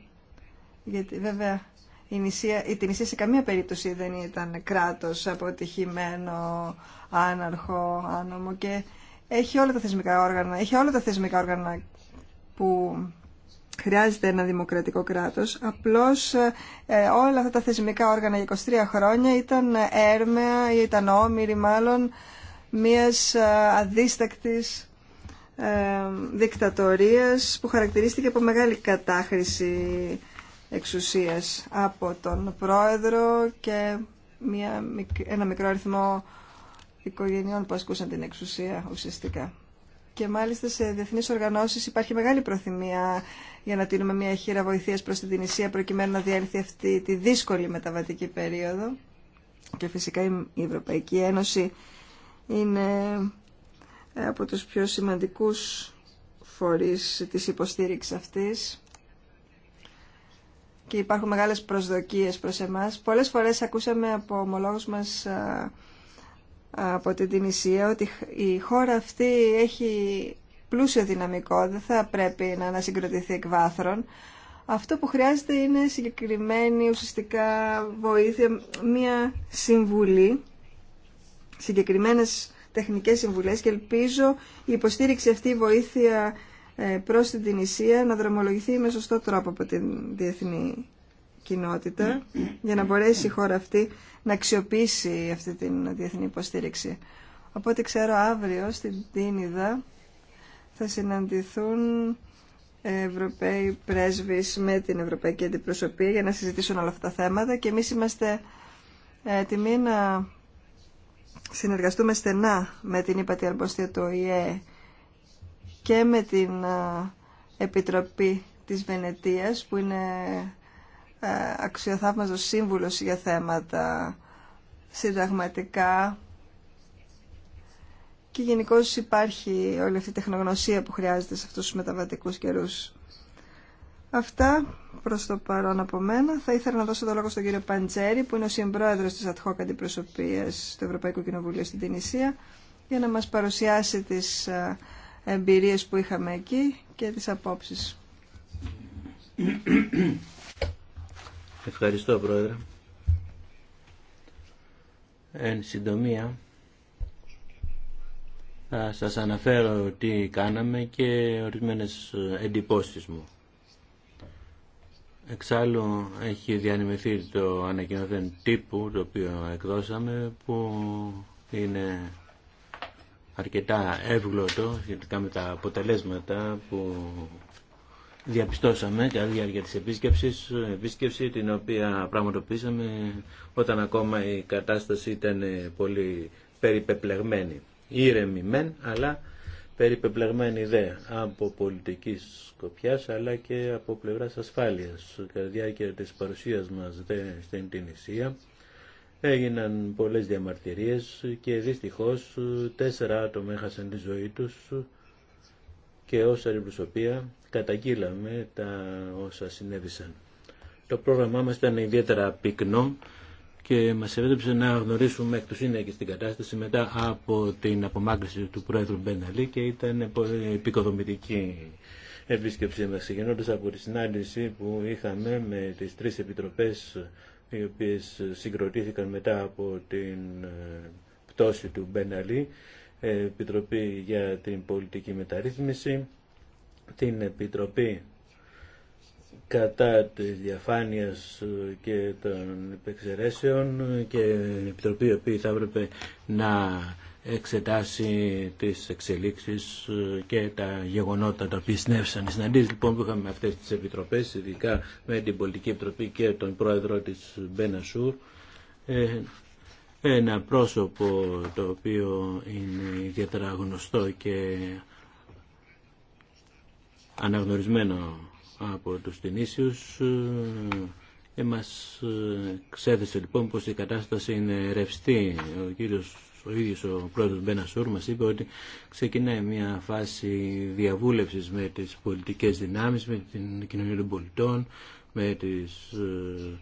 Γιατί βέβαια η, νησία, η Τινησία σε καμία περίπτωση δεν ήταν κράτος αποτυχημένο, άναρχο, άνομο και έχει όλα τα θεσμικά όργανα, έχει όλα τα θεσμικά όργανα που χρειάζεται ένα δημοκρατικό κράτος. Απλώς ε, ε, όλα αυτά τα θεσμικά όργανα για 23 χρόνια ήταν έρμεα ή ήταν όμοιροι μάλλον μιας ε, αδίστακτης δικτατορίας που χαρακτηρίστηκε από μεγάλη κατάχρηση εξουσίας από τον πρόεδρο και μια, ένα μικρό αριθμό οικογενειών που ασκούσαν την εξουσία ουσιαστικά. Και μάλιστα σε διεθνείς οργανώσεις υπάρχει μεγάλη προθυμία για να τίνουμε μια χείρα βοηθεία προς την Τινησία προκειμένου να διέλθει αυτή τη δύσκολη μεταβατική περίοδο. Και φυσικά η Ευρωπαϊκή Ένωση είναι ε, από τους πιο σημαντικούς φορείς της υποστήριξης αυτής και υπάρχουν μεγάλες προσδοκίες προς εμάς. Πολλές φορές ακούσαμε από ομολόγους μας ε, από την Τινησία ότι η χώρα αυτή έχει πλούσιο δυναμικό, δεν θα πρέπει να ανασυγκροτηθεί εκ βάθρων. Αυτό που χρειάζεται είναι συγκεκριμένη ουσιαστικά βοήθεια, μια συμβουλή, συγκεκριμένες τεχνικές συμβουλές και ελπίζω η υποστήριξη αυτή η βοήθεια ε, προς την Τινησία να δρομολογηθεί με σωστό τρόπο από την διεθνή κοινότητα για να μπορέσει η χώρα αυτή να αξιοποιήσει αυτή την διεθνή υποστήριξη. Οπότε ξέρω αύριο στην Τίνιδα θα συναντηθούν Ευρωπαίοι πρέσβεις με την Ευρωπαϊκή Αντιπροσωπεία για να συζητήσουν όλα αυτά τα θέματα και εμείς είμαστε έτοιμοι να συνεργαστούμε στενά με την ΥΠΑΤΗ Αρμοστία του ΟΗΕ και με την Επιτροπή της Βενετίας που είναι αξιοθαύμαστος σύμβουλος για θέματα συνταγματικά και γενικώ υπάρχει όλη αυτή η τεχνογνωσία που χρειάζεται σε αυτούς τους μεταβατικούς καιρούς. Αυτά προς το παρόν από μένα. Θα ήθελα να δώσω το λόγο στον κύριο Παντζέρη, που είναι ο συμπρόεδρος της Ατχόκ Αντιπροσωπείας του Ευρωπαϊκού Κοινοβουλίου στην Τινησία, για να μας παρουσιάσει τις ε, εμπειρίες που είχαμε εκεί και τις απόψεις. Ευχαριστώ, Πρόεδρε. Εν συντομία, θα σας αναφέρω τι κάναμε και ορισμένες εντυπώσεις μου. Εξάλλου έχει διανυμηθεί το ανακοινωθέν τύπου το οποίο εκδώσαμε που είναι αρκετά εύγλωτο σχετικά με τα αποτελέσματα που διαπιστώσαμε κατά τη διάρκεια της επίσκεψης, επίσκεψη την οποία πραγματοποιήσαμε όταν ακόμα η κατάσταση ήταν πολύ περιπεπλεγμένη ήρεμη μεν, αλλά περιπεπλεγμένη, δε από πολιτική σκοπιά αλλά και από πλευρά ασφάλεια. Κατά τη διάρκεια τη παρουσία μα στην Τινησία έγιναν πολλέ διαμαρτυρίε και δυστυχώ τέσσερα άτομα έχασαν τη ζωή του και όσα αντιπροσωπεία καταγγείλαμε τα όσα συνέβησαν. Το πρόγραμμά μας ήταν ιδιαίτερα πυκνό και μα επέτρεψε να γνωρίσουμε εκ του σύνεγγυς την κατάσταση μετά από την απομάκρυνση του πρόεδρου Μπέναλή και ήταν επικοδομητική επίσκεψή μας ξεκινώντας από τη συνάντηση που είχαμε με τι τρει επιτροπέ οι οποίε συγκροτήθηκαν μετά από την ε, πτώση του Μπέναλή ε, Επιτροπή για την Πολιτική Μεταρρύθμιση την Επιτροπή κατά της διαφάνειας και των επεξαιρέσεων και η Επιτροπή η οποία θα έπρεπε να εξετάσει τις εξελίξεις και τα γεγονότα τα οποία συνέβησαν. Οι λοιπόν που είχαμε αυτές τις επιτροπές, ειδικά με την Πολιτική Επιτροπή και τον πρόεδρο της Μπένα ε, ένα πρόσωπο το οποίο είναι ιδιαίτερα γνωστό και αναγνωρισμένο από τους Τινήσιους. Ε, μας ε, ξέθεσε λοιπόν πως η κατάσταση είναι ρευστή. Ο κύριος ο ίδιος ο πρόεδρος Μπένα Σούρ μας είπε ότι ξεκινάει μια φάση διαβούλευσης με τις πολιτικές δυνάμεις, με την κοινωνία των πολιτών, με, τις, ε,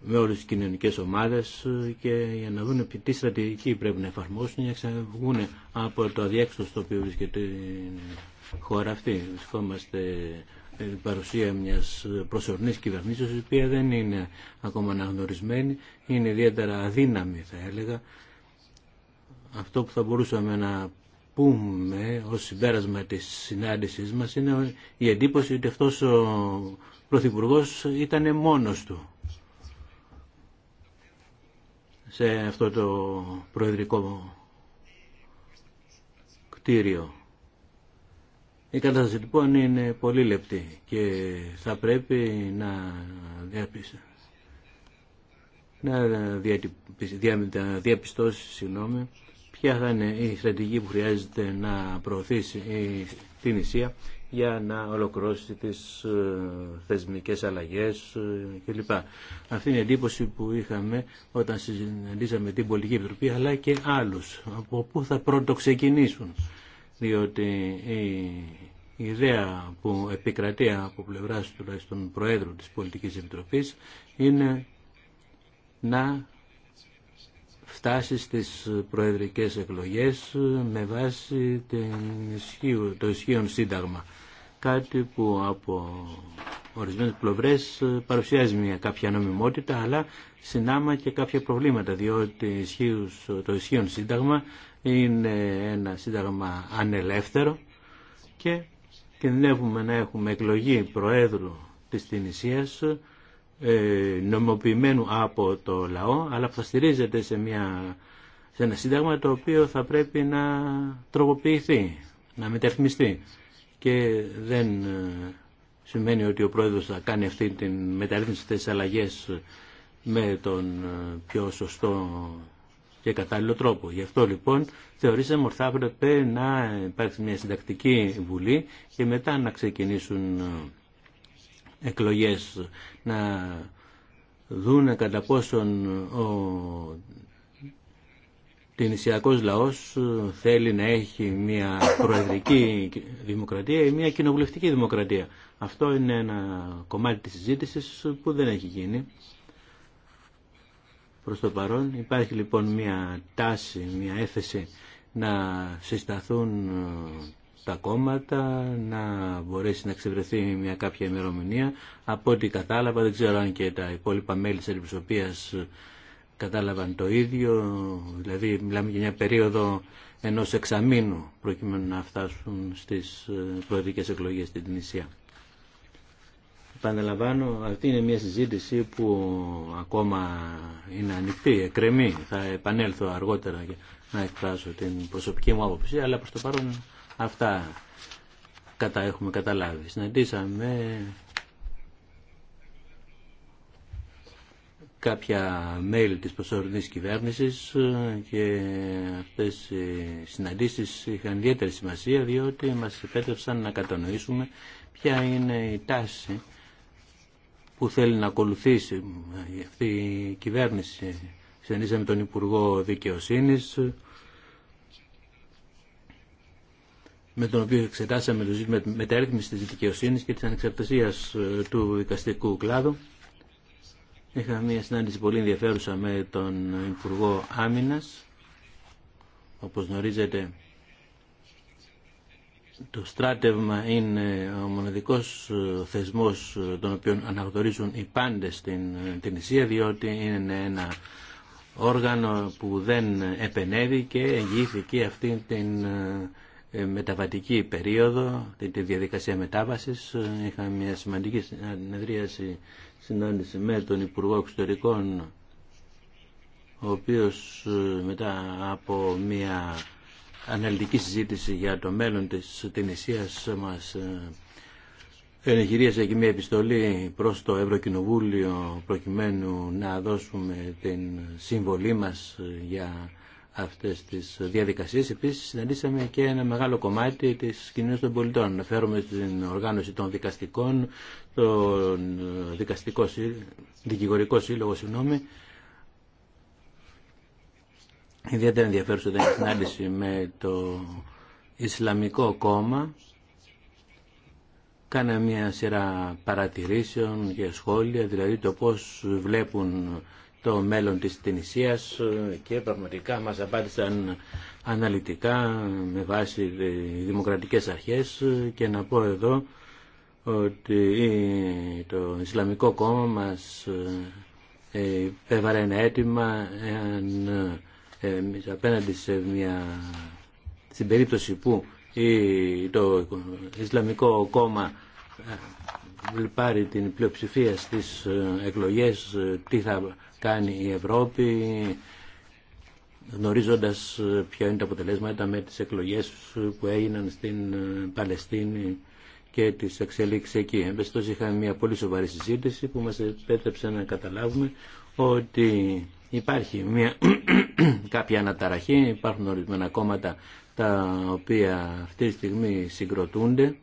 με όλες τις κοινωνικές ομάδες ε, και για να δουν τι στρατηγική πρέπει να εφαρμόσουν για να βγουν από το αδιέξοδο στο οποίο βρίσκεται η χώρα αυτή. Βρισκόμαστε ε, παρουσία μιας προσωρινής κυβερνήσεως η οποία δεν είναι ακόμα αναγνωρισμένη είναι ιδιαίτερα αδύναμη θα έλεγα αυτό που θα μπορούσαμε να πούμε ως συμπέρασμα της συνάντησής μας είναι η εντύπωση ότι αυτός ο Πρωθυπουργός ήταν μόνος του σε αυτό το προεδρικό κτίριο η κατάσταση λοιπόν είναι πολύ λεπτή και θα πρέπει να, να διαπιστώσει συγγνώμη, ποια θα είναι η στρατηγική που χρειάζεται να προωθήσει την Ισία για να ολοκληρώσει τις ε, θεσμικές αλλαγές ε, κλπ. Αυτή είναι η εντύπωση που είχαμε όταν συζητήσαμε την Πολιτική Επιτροπή αλλά και άλλους από πού θα πρώτο ξεκινήσουν διότι η ιδέα που επικρατεί από πλευράς τουλάχιστον Προέδρου της Πολιτικής Επιτροπής είναι να φτάσει στις προεδρικές εκλογές με βάση το ισχύον σύνταγμα. Κάτι που από ορισμένες πλευρές παρουσιάζει μια κάποια νομιμότητα αλλά συνάμα και κάποια προβλήματα διότι το ισχύον σύνταγμα είναι ένα σύνταγμα ανελεύθερο και κινδυνεύουμε να έχουμε εκλογή Προέδρου της Τινησίας ε, νομοποιημένου από το λαό αλλά που θα στηρίζεται σε, μια, σε ένα σύνταγμα το οποίο θα πρέπει να τροποποιηθεί, να μεταρρυθμιστεί και δεν ε, σημαίνει ότι ο Πρόεδρος θα κάνει αυτή την μεταρρύθμιση της αλλαγές με τον ε, πιο σωστό και κατάλληλο τρόπο. Γι' αυτό λοιπόν θεωρήσαμε ότι θα έπρεπε να υπάρξει μια συντακτική βουλή και μετά να ξεκινήσουν ε, εκλογές να δουν κατά πόσον ο τυνησιακός λαός θέλει να έχει μια προεδρική δημοκρατία ή μια κοινοβουλευτική δημοκρατία. Αυτό είναι ένα κομμάτι της συζήτησης που δεν έχει γίνει προς το παρόν. Υπάρχει λοιπόν μια τάση, μια έθεση να συσταθούν ε, τα κόμματα, να μπορέσει να ξεβρεθεί μια κάποια ημερομηνία. Από ό,τι κατάλαβα, δεν ξέρω αν και τα υπόλοιπα μέλη της αντιπροσωπείας ε, κατάλαβαν το ίδιο, δηλαδή μιλάμε για μια περίοδο ενός εξαμήνου προκειμένου να φτάσουν στις ε, προεδρικές εκλογές στην Τινησία. Επαναλαμβάνω, αυτή είναι μια συζήτηση που ακόμα είναι ανοιχτή, εκκρεμή. Θα επανέλθω αργότερα για να εκφράσω την προσωπική μου άποψη, αλλά προς το παρόν αυτά κατά έχουμε καταλάβει. Συναντήσαμε κάποια μέλη της προσωρινής κυβέρνησης ε, και αυτές οι συναντήσεις είχαν ιδιαίτερη σημασία διότι μας επέτρεψαν να κατανοήσουμε ποια είναι η τάση που θέλει να ακολουθήσει ε, αυτή η κυβέρνηση. με τον Υπουργό Δικαιοσύνης, με τον οποίο εξετάσαμε το ζήτημα έρθμιση της δικαιοσύνης και της ανεξαρτησίας ε, του δικαστικού κλάδου. Είχαμε μια συνάντηση πολύ ενδιαφέρουσα με τον Υπουργό Άμυνας. Όπως γνωρίζετε, το στράτευμα είναι ο μοναδικός ε, θεσμός ε, τον οποίο αναγνωρίζουν οι πάντες στην ε, την Ισία διότι είναι ένα όργανο που δεν επενέβη και εγγυήθηκε αυτή την μεταβατική περίοδο, τη διαδικασία μετάβασης. Είχαμε μια σημαντική συνεδρίαση συνάντηση με τον Υπουργό Εξωτερικών ο οποίος μετά από μια αναλυτική συζήτηση για το μέλλον της Τινησίας μας ε, ενεχειρίασε και μια επιστολή προς το Ευρωκοινοβούλιο προκειμένου να δώσουμε την συμβολή μας για αυτές τις διαδικασίες. Επίσης συναντήσαμε και ένα μεγάλο κομμάτι της κοινωνίας των πολιτών. Αναφέρομαι στην οργάνωση των δικαστικών, τον ε, δικαστικό, δικηγορικό σύλλογο, συγγνώμη, ιδιαίτερα ενδιαφέρουσα ήταν συνάντηση με το Ισλαμικό κόμμα. Κάνα μια σειρά παρατηρήσεων και σχόλια, δηλαδή το πώς βλέπουν το μέλλον της Τινησίας και πραγματικά μας απάντησαν αναλυτικά με βάση δημοκρατικές αρχές και να πω εδώ ότι το Ισλαμικό κόμμα μας ε, ε, έβαλε ένα αίτημα εάν ε, απέναντι σε μια στην περίπτωση που το Ισλαμικό κόμμα ε, πάρει την πλειοψηφία στις ε, εκλογές τι θα κάνει η Ευρώπη γνωρίζοντας ποια είναι τα αποτελέσματα με τις εκλογές που έγιναν στην Παλαιστίνη και τις εξελίξεις εκεί. Εμπεστώς είχαμε μια πολύ σοβαρή συζήτηση που μας επέτρεψε να καταλάβουμε ότι Υπάρχει μια [CLEARS THROAT] κάποια αναταραχή, υπάρχουν ορισμένα κόμματα τα οποία αυτή τη στιγμή συγκροτούνται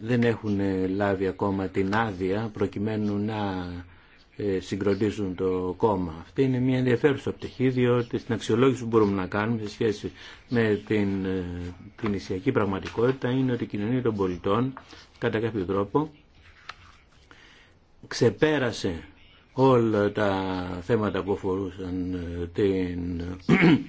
δεν έχουν ε, λάβει ακόμα την άδεια προκειμένου να ε, συγκροτήσουν το κόμμα. Αυτή είναι μια ενδιαφέρουσα πτυχή διότι στην αξιολόγηση που μπορούμε να κάνουμε σε σχέση με την ισιακή ε, πραγματικότητα είναι ότι η κοινωνία των πολιτών κατά κάποιο τρόπο ξεπέρασε όλα τα θέματα που αφορούσαν ε, την, [CLEARS THROAT]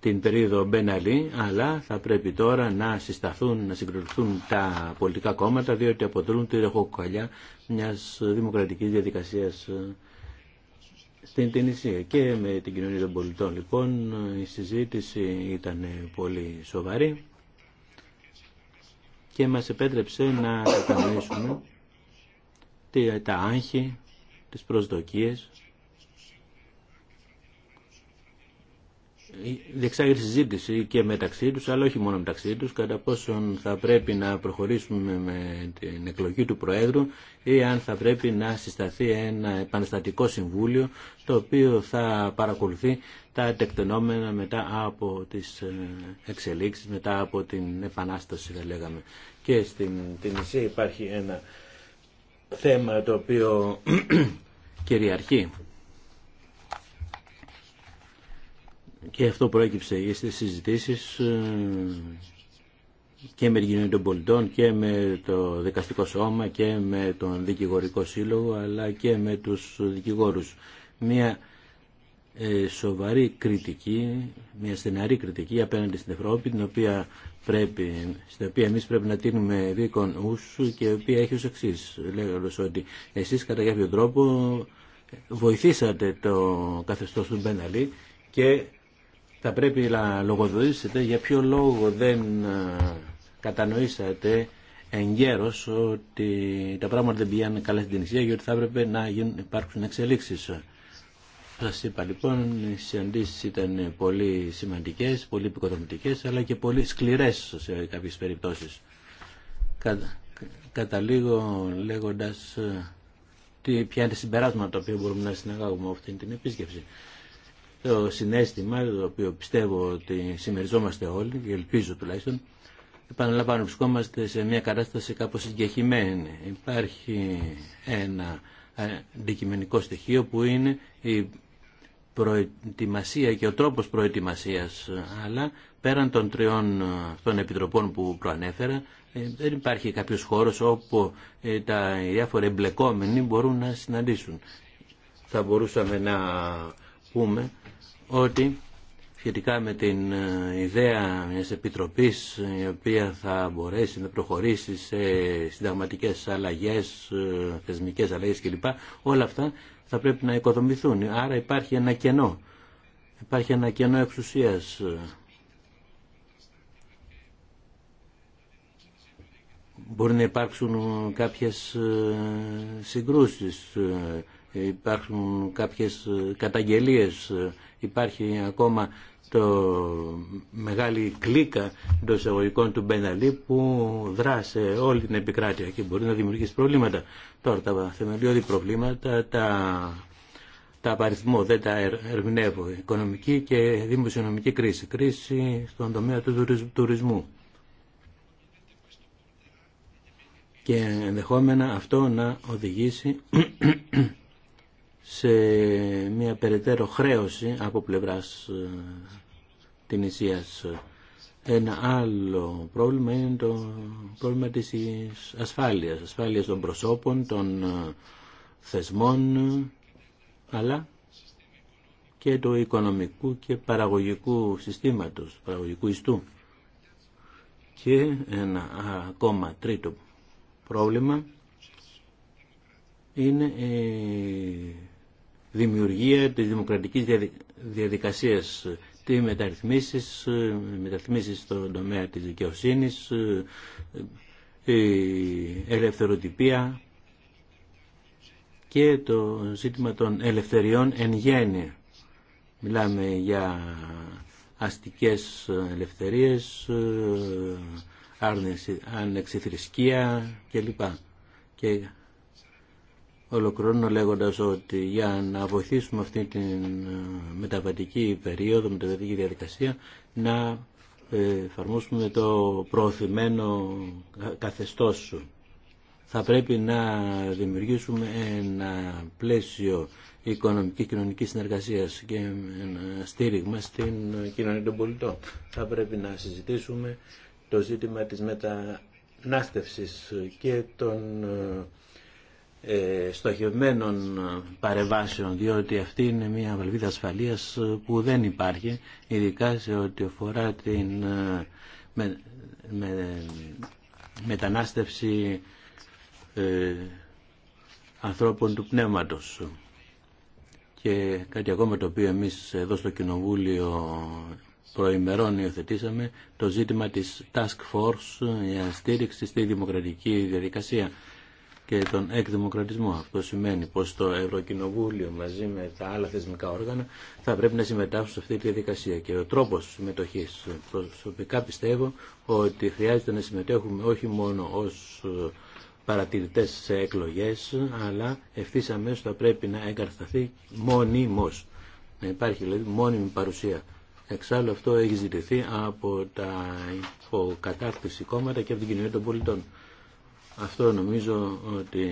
την περίοδο Μπέναλη, αλλά θα πρέπει τώρα να συσταθούν, να συγκροτηθούν τα πολιτικά κόμματα, διότι αποτελούν τη ρεχοκοκαλιά μιας δημοκρατικής διαδικασίας ε, στην Τινησία και με την κοινωνία των πολιτών. Λοιπόν, η συζήτηση ήταν πολύ σοβαρή και μας επέτρεψε να κατανοήσουμε τα άγχη, τις προσδοκίες. Διεξάγεται συζήτηση και μεταξύ τους, αλλά όχι μόνο μεταξύ τους, κατά πόσον θα πρέπει να προχωρήσουμε με την εκλογή του Προέδρου ή αν θα πρέπει να συσταθεί ένα επαναστατικό συμβούλιο το οποίο θα παρακολουθεί τα τεκτενόμενα μετά από τις ε, εξελίξεις, μετά από την επανάσταση θα λέγαμε. Και στην Τινησία υπάρχει ένα θέμα το οποίο [CLEARS THROAT] κυριαρχεί και αυτό προέκυψε στις συζητήσεις ε, και με την κοινωνία των πολιτών και με το δικαστικό σώμα και με τον δικηγορικό σύλλογο αλλά και με τους δικηγόρους. Μια ε, σοβαρή κριτική, μια στεναρή κριτική απέναντι στην Ευρώπη, την οποία πρέπει, στην οποία εμείς πρέπει να τίνουμε δίκον ούσου και η οποία έχει ως εξής, λέγοντας ότι εσείς κατά κάποιο τρόπο βοηθήσατε το καθεστώς του Μπέναλη και θα πρέπει να λογοδοτήσετε για ποιο λόγο δεν ε, κατανοήσατε εγκαίρως ότι τα πράγματα δεν πηγαίνουν καλά στην και γιατί θα έπρεπε να υπάρξουν εξελίξεις. Σα είπα λοιπόν, οι συναντήσει ήταν πολύ σημαντικέ, πολύ επικοδομητικέ, αλλά και πολύ σκληρέ σε κάποιες περιπτώσεις. Κατα, καταλήγω λέγοντα ε, ποια είναι τα συμπεράσματα τα οποία μπορούμε να συναγάγουμε από αυτή την επίσκεψη. Το συνέστημα, το οποίο πιστεύω ότι συμμεριζόμαστε όλοι, και ελπίζω τουλάχιστον, επαναλαμβάνω, βρισκόμαστε σε μια κατάσταση κάπως συγκεχημένη. Υπάρχει ένα ε, αντικειμενικό στοιχείο που είναι η προετοιμασία και ο τρόπος προετοιμασίας, αλλά πέραν των τριών των επιτροπών που προανέφερα, ε, δεν υπάρχει κάποιος χώρος όπου ε, τα διάφορα εμπλεκόμενοι μπορούν να συναντήσουν. Θα μπορούσαμε να πούμε ότι σχετικά με την ε, ιδέα μιας επιτροπής η οποία θα μπορέσει να προχωρήσει σε συνταγματικές αλλαγές, θεσμικές αλλαγές κλπ. Όλα αυτά θα πρέπει να οικοδομηθούν. Άρα υπάρχει ένα κενό. Υπάρχει ένα κενό εξουσίας. Μπορεί να υπάρξουν κάποιες ε, συγκρούσεις, ε, υπάρχουν κάποιες ε, καταγγελίες, υπάρχει ακόμα το μεγάλη κλίκα των εισαγωγικών του Μπέναλή που δράσε όλη την επικράτεια και μπορεί να δημιουργήσει προβλήματα. Τώρα τα θεμελιώδη προβλήματα τα, τα απαριθμώ, δεν τα ερμηνεύω. Οικονομική και δημοσιονομική κρίση. Κρίση στον τομέα του τουρισμού. Και ενδεχόμενα αυτό να οδηγήσει σε μια περαιτέρω χρέωση από πλευράς ε, την Ισίας. Ένα άλλο πρόβλημα είναι το πρόβλημα της ασφάλειας, ασφάλειας των προσώπων, των ε, θεσμών, αλλά και του οικονομικού και παραγωγικού συστήματος, παραγωγικού ιστού. Και ένα ακόμα τρίτο πρόβλημα είναι δημιουργία της δημοκρατικής διαδικασίας, τι μεταρρυθμίσεις, ε, μεταρρυθμίσεις στον τομέα της δικαιοσύνης, ε, ε, η ελευθεροτυπία και το ζήτημα των ελευθεριών εν γέννη. Μιλάμε για αστικές ελευθερίες, άρνηση, θρησκεία κλπ. Και Ολοκληρώνω λέγοντας ότι για να βοηθήσουμε αυτή την ε, μεταβατική περίοδο, μεταβατική διαδικασία, να ε, εφαρμόσουμε το προωθημένο καθεστώς. Θα πρέπει να δημιουργήσουμε ένα πλαίσιο οικονομική και κοινωνική συνεργασία και ένα στήριγμα στην κοινωνία των πολιτών. Θα πρέπει να συζητήσουμε το ζήτημα της μετανάστευσης και των ε, ε, στοχευμένων ε, παρεμβάσεων διότι αυτή είναι μια βαλβίδα ασφαλείας ε, που δεν υπάρχει ειδικά σε ό,τι αφορά την με, μετανάστευση ανθρώπων του πνεύματος και κάτι ακόμα το οποίο εμείς εδώ στο Κοινοβούλιο προημερών υιοθετήσαμε το ζήτημα της Task Force για στήριξη στη δημοκρατική διαδικασία και τον εκδημοκρατισμό. Αυτό σημαίνει πως το Ευρωκοινοβούλιο μαζί με τα άλλα θεσμικά όργανα θα πρέπει να συμμετάσχουν σε αυτή τη διαδικασία. Και ο τρόπος συμμετοχής προσωπικά πιστεύω ότι χρειάζεται να συμμετέχουμε όχι μόνο ως ε, παρατηρητές σε εκλογές, αλλά ευθύ αμέσω θα πρέπει να εγκατασταθεί μόνιμος. Να υπάρχει δηλαδή μόνιμη παρουσία. Εξάλλου αυτό έχει ζητηθεί από τα υποκατάρτιση κόμματα και από την κοινωνία των πολιτών. Αυτό νομίζω ότι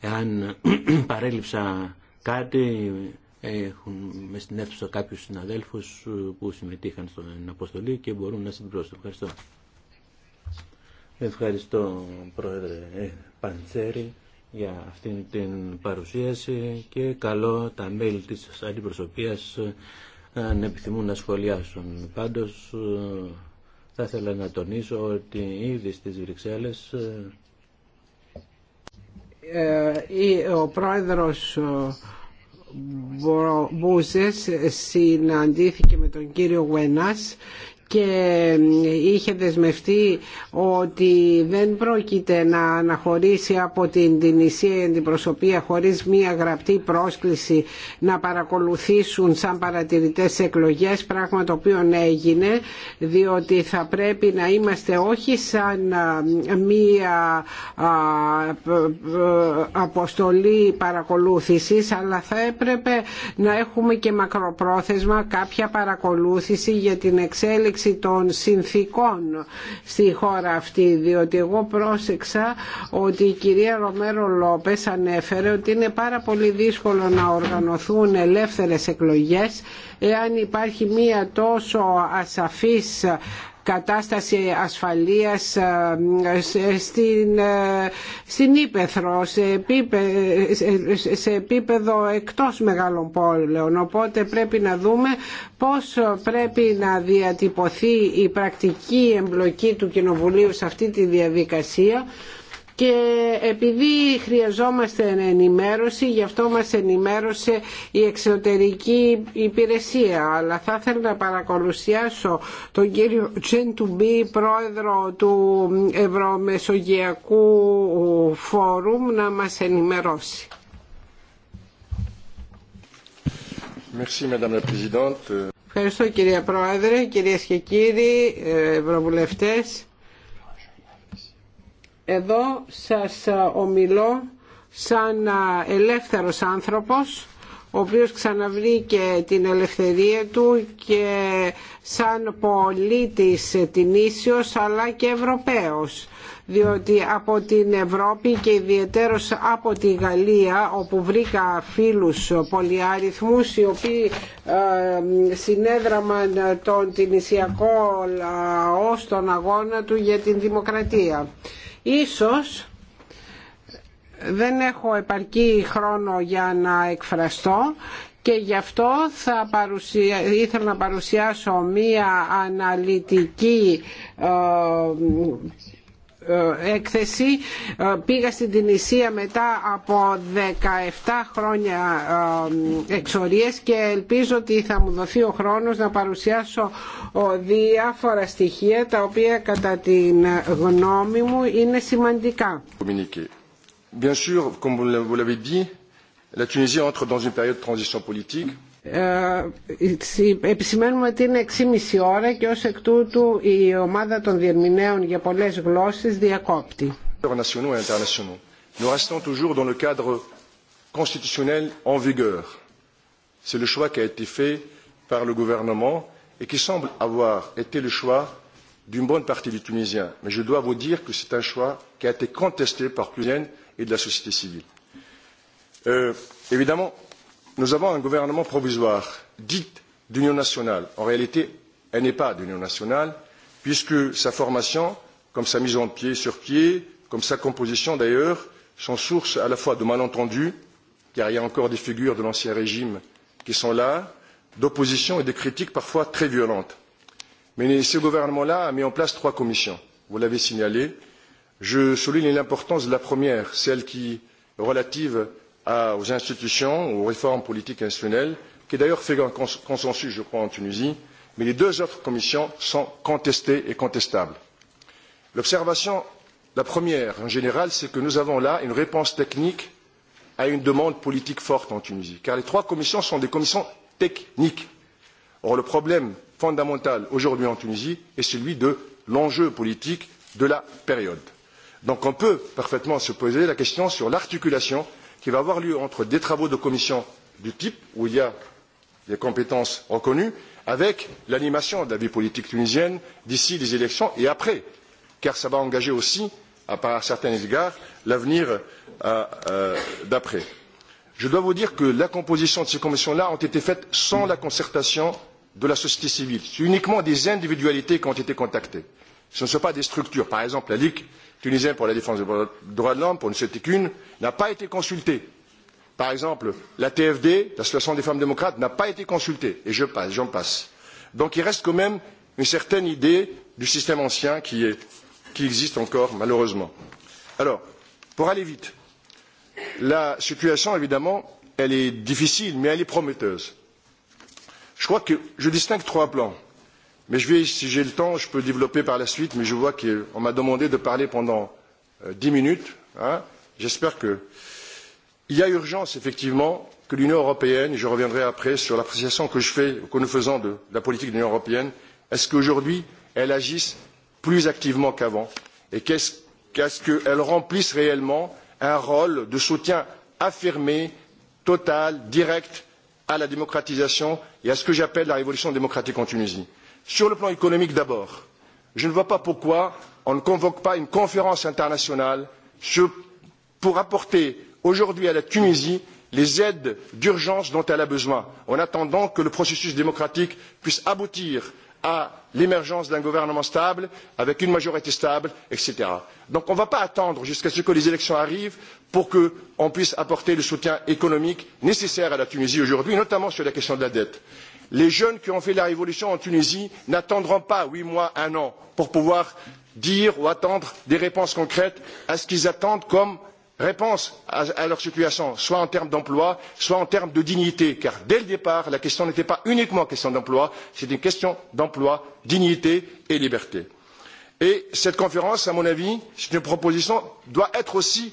εάν [CLEARS THROAT] παρέλειψα κάτι έχουν με στην αίθουσα κάποιους συναδέλφους που συμμετείχαν στην αποστολή και μπορούν να συμπληρώσουν. Ευχαριστώ. Ευχαριστώ Πρόεδρε Παντσέρη για αυτήν την παρουσίαση και καλό τα μέλη της αντιπροσωπείας αν επιθυμούν να σχολιάσουν. Πάντως ε, θα ήθελα να τονίσω ότι ήδη στις Βρυξέλλες ε, ε, ο πρόεδρος Μπούζες συναντήθηκε με τον κύριο Γουένας και είχε δεσμευτεί ότι δεν πρόκειται να αναχωρήσει από την νησία η αντιπροσωπεία χωρίς μία γραπτή πρόσκληση να παρακολουθήσουν σαν παρατηρητές εκλογές πράγμα το οποίο έγινε διότι θα πρέπει να είμαστε όχι σαν μία αποστολή παρακολούθησης αλλά θα έπρεπε να έχουμε και μακροπρόθεσμα κάποια παρακολούθηση για την εξέλιξη των συνθήκων στη χώρα αυτή διότι εγώ πρόσεξα ότι η κυρία Ρομέρο Λόπες ανέφερε ότι είναι πάρα πολύ δύσκολο να οργανωθούν ελεύθερες εκλογές εάν υπάρχει μία τόσο ασαφής κατάσταση ασφαλείας ε, στην, ε, στην Ήπεθρο, σε, σε επίπεδο εκτός μεγάλων πόλεων. Οπότε πρέπει να δούμε πώς πρέπει να διατυπωθεί η πρακτική εμπλοκή του Κοινοβουλίου σε αυτή τη διαδικασία και επειδή χρειαζόμαστε ενημέρωση γι' αυτό μας ενημέρωσε η εξωτερική υπηρεσία αλλά θα ήθελα να παρακολουσιάσω τον κύριο Τσεντουμπή πρόεδρο του Ευρωμεσογειακού Φόρουμ να μας ενημερώσει. Merci, Madame la Présidente. Ευχαριστώ κυρία Πρόεδρε, κυρίες και κύριοι ευρωβουλευτές. Εδώ σας ε, ομιλώ σαν ε, ελεύθερος άνθρωπος ο οποίος ξαναβρήκε την ελευθερία του και σαν πολίτης την Ίσιος αλλά και Ευρωπαίος διότι από την Ευρώπη και ιδιαιτέρως από τη Γαλλία όπου βρήκα φίλους πολυάριθμους οι οποίοι ε, συνέδραμαν τον τινησιακό λαό στον αγώνα του για την δημοκρατία. Ίσως δεν έχω επαρκή χρόνο για να εκφραστώ και γι' αυτό θα ήθελα να παρουσιάσω μία αναλυτική ε, ε, έκθεση ε, πήγα στην Τινησία μετά από 17 χρόνια ε, εξορίες και ελπίζω ότι θα μου δοθεί ο χρόνος να παρουσιάσω διάφορα στοιχεία τα οποία κατά την γνώμη μου είναι σημαντικά. Bien sûr, comme vous l'avez dit, la Tunisie entre dans une période de transition politique επισημαίνουμε ότι είναι 6,5 ώρα και ως εκ τούτου η ομάδα των διερμηνέων για πολλές γλώσσες διακόπτει. Nous restons toujours dans le cadre constitutionnel en vigueur. C'est le choix qui a été fait par le gouvernement et qui semble avoir été le choix d'une bonne partie des Tunisiens. Mais je dois vous dire que c'est un choix qui a été contesté par plusieurs et de la société civile. Évidemment, nous avons un gouvernement provisoire, dit d'union nationale. En réalité, elle n'est pas d'union nationale, puisque sa formation, comme sa mise en pied sur pied, comme sa composition d'ailleurs, sont source à la fois de malentendus, car il y a encore des figures de l'ancien régime qui sont là, d'opposition et de critiques parfois très violentes. Mais ce gouvernement-là a mis en place trois commissions. Vous l'avez signalé. Je souligne l'importance de la première, celle qui est relative aux institutions, aux réformes politiques institutionnelles, qui d'ailleurs fait un consensus, je crois, en Tunisie, mais les deux autres commissions sont contestées et contestables. L'observation, la première en général, c'est que nous avons là une réponse technique à une demande politique forte en Tunisie, car les trois commissions sont des commissions techniques. Or, le problème fondamental aujourd'hui en Tunisie est celui de l'enjeu politique de la période. Donc on peut parfaitement se poser la question sur l'articulation qui va avoir lieu entre des travaux de commission du type où il y a des compétences reconnues avec l'animation de la vie politique tunisienne d'ici les élections et après car cela va engager aussi à certains égards l'avenir d'après. je dois vous dire que la composition de ces commissions là ont été faite sans la concertation de la société civile. ce sont uniquement des individualités qui ont été contactées. Ce ne sont pas des structures. Par exemple, la Ligue tunisienne pour la défense des droits de l'homme, pour ne citer qu'une, n'a pas été consultée. Par exemple, la TFD, l'association des femmes démocrates, n'a pas été consultée. Et je passe, j'en passe. Donc il reste quand même une certaine idée du système ancien qui existe encore, malheureusement. Alors, pour aller vite, la situation, évidemment, elle est difficile, mais elle est prometteuse. Je crois que je distingue trois plans Mais je vais, si j'ai le temps, je peux développer par la suite, mais je vois qu'on m'a demandé de parler pendant dix minutes. J'espère que. Il y a urgence, effectivement, que l'Union européenne, et je reviendrai après sur l'appréciation que je fais, que nous faisons de la politique de l'Union européenne, est-ce qu'aujourd'hui, elle agisse plus activement qu'avant Et qu'est-ce qu'elle remplisse réellement un rôle de soutien affirmé, total, direct à la démocratisation et à ce que j'appelle la révolution démocratique en Tunisie Sur le plan économique d'abord, je ne vois pas pourquoi on ne convoque pas une conférence internationale pour apporter aujourd'hui à la Tunisie les aides d'urgence dont elle a besoin, en attendant que le processus démocratique puisse aboutir à l'émergence d'un gouvernement stable, avec une majorité stable, etc. Donc on ne va pas attendre jusqu'à ce que les élections arrivent pour qu'on puisse apporter le soutien économique nécessaire à la Tunisie aujourd'hui, notamment sur la question de la dette les jeunes qui ont fait la révolution en tunisie n'attendront pas huit mois un an pour pouvoir dire ou attendre des réponses concrètes à ce qu'ils attendent comme réponse à leur situation soit en termes d'emploi soit en termes de dignité car dès le départ la question n'était pas uniquement question d'emploi c'est une question d'emploi dignité et liberté. et cette conférence à mon avis c'est une proposition doit être aussi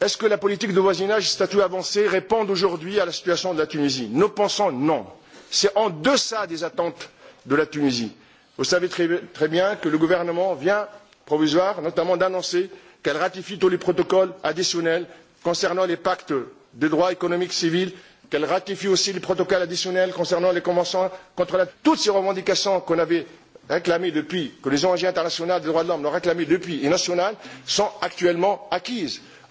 est ce que la politique de voisinage statut avancé répond aujourd'hui à la situation de la tunisie? nous pensons non. c'est en deçà des attentes de la tunisie. vous savez très bien que le gouvernement vient provisoire notamment d'annoncer qu'elle ratifie tous les protocoles additionnels concernant les pactes de droits économiques civils, qu'elle ratifie aussi les protocoles additionnels concernant les conventions contre la toutes ces revendications qu'on avait réclamées depuis que les ong internationales des droits de l'homme l'ont réclamées depuis et nationales sont actuellement acquises.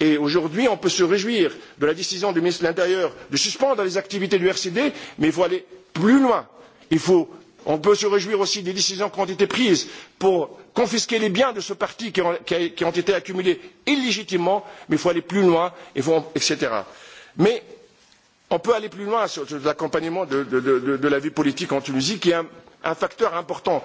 et aujourd'hui on peut se réjouir de la décision du ministre de l'intérieur de suspendre les activités du rcd mais il faut aller plus loin. on peut se réjouir aussi des décisions qui ont été prises pour confisquer les biens de ce parti qui ont été accumulés illégitimement mais il faut aller plus loin etc. mais on peut aller plus loin sur l'accompagnement de la vie politique en tunisie qui est un facteur important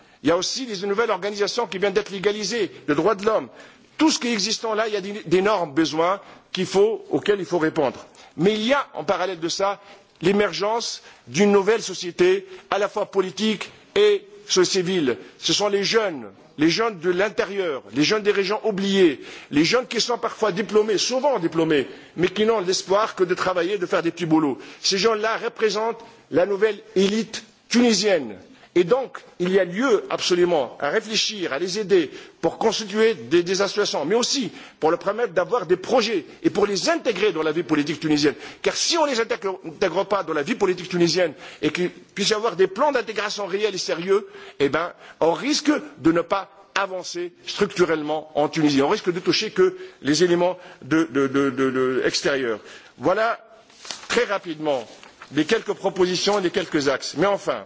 Il y a aussi une nouvelle organisation qui vient d'être légalisée, le droit de l'homme. Tout ce qui est existant là, il y a d'énormes besoins auxquels il faut répondre. Mais il y a, en parallèle de cela, l'émergence d'une nouvelle société, à la fois politique et civile. Ce sont les jeunes, les jeunes de l'intérieur, les jeunes des régions oubliées, les jeunes qui sont parfois diplômés, souvent diplômés, mais qui n'ont l'espoir que de travailler, de faire des petits boulots. Ces gens-là représentent la nouvelle élite tunisienne Et donc, il y a lieu absolument à réfléchir, à les aider pour constituer des associations, mais aussi pour leur permettre d'avoir des projets et pour les intégrer dans la vie politique tunisienne. Car si on ne les intègre pas dans la vie politique tunisienne et qu'il puisse y avoir des plans d'intégration réels et sérieux, on risque de ne pas avancer structurellement en Tunisie. On risque de toucher que les éléments extérieurs. Voilà très rapidement les quelques propositions et les quelques axes. Mais enfin,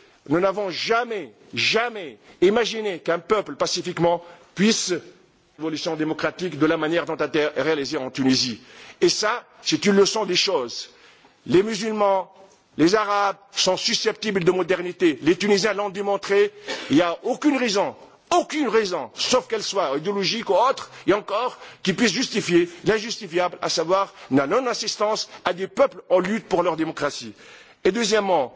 Nous n'avons jamais, jamais imaginé qu'un peuple pacifiquement puisse l'évolution démocratique de la manière dont elle été réalisée en Tunisie. Et ça, c'est une leçon des choses. Les musulmans, les arabes sont susceptibles de modernité. Les Tunisiens l'ont démontré. Il n'y a aucune raison, aucune raison, sauf qu'elle soit idéologique ou autre, et encore, qui puisse justifier l'injustifiable, à savoir la non-assistance à des peuples en lutte pour leur démocratie. Et deuxièmement,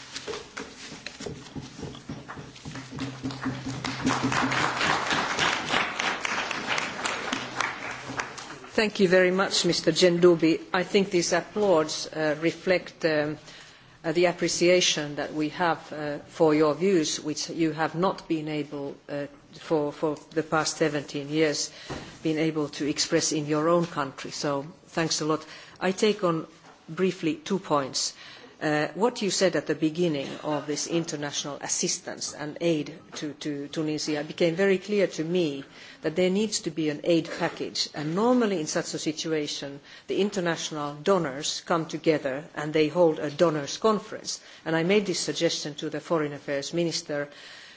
Thank you very much, Mr. Gendoubi. I think these applauds reflect the appreciation that we have for your views, which you have not been able for the past 17 years been able to express in your own country. So thanks a lot. I take on briefly two points. What you said at the beginning of this international assistance and aid to Tunisia became very clear to me that there needs to be an aid package and normally in such a situation the international donors come together and they hold a donors conference and i made this suggestion to the foreign affairs minister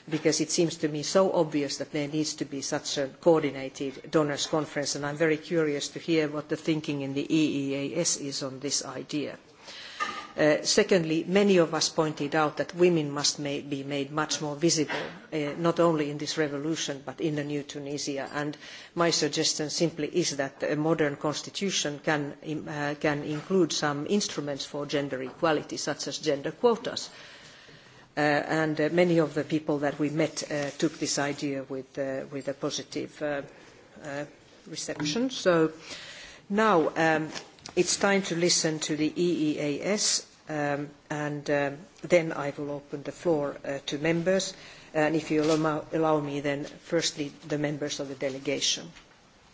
because it seems to me so obvious that there needs to be such a coordinated donors conference and i'm very curious to hear what the thinking in the eeas is on this idea secondly many of us pointed out that women must be made much more visible not only in this revolution but in the new tunisia and my suggestion simply is that a modern constitution can include some instruments for gender equality such as gender quotas and many of the people that we met took this idea with a positive reception so now It's time to listen to the EEAS and then I will open the floor to members. And if you allow me, then firstly the members of the delegation.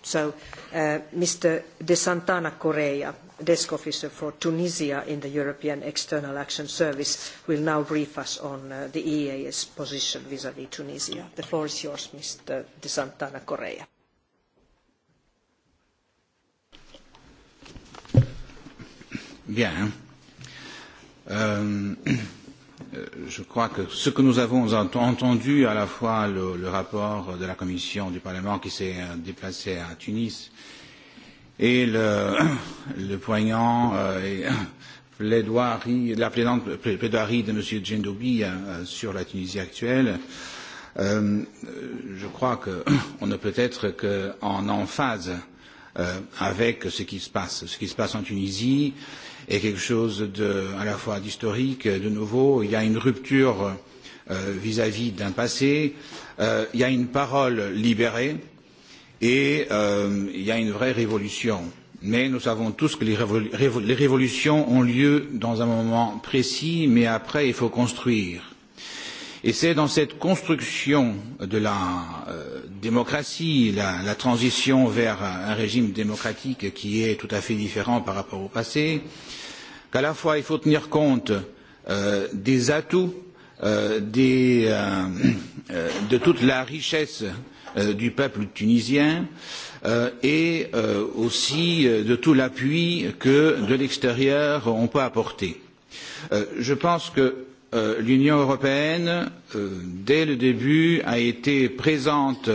So, Mr. De Santana Correa, desk officer for Tunisia in the European External Action Service, will now brief us on the EEAS position vis-à-vis Tunisia. The floor is yours, Mr. De Santana Correa. Bien. Je crois que ce que nous avons entendu, à la fois le rapport de la Commission du Parlement qui s'est déplacé à Tunis et le poignant plaidoirie, la plaidoirie de M. Djendoubi sur la Tunisie actuelle, je crois qu'on ne peut être qu'en emphase avec ce qui se passe. Ce qui se passe en Tunisie est quelque chose de, à la fois d'historique, de nouveau. Il y a une rupture vis-à-vis d'un passé. Il y a une parole libérée et il y a une vraie révolution. Mais nous savons tous que les révolutions ont lieu dans un moment précis, mais après, il faut construire. Et c'est dans cette construction de la démocratie, la transition vers un régime démocratique qui est tout à fait différent par rapport au passé, qu'à la fois il faut tenir compte des atouts de toute la richesse du peuple tunisien et aussi de tout l'appui que de l'extérieur on peut apporter. Je pense que l'Union européenne, dès le début, a été présente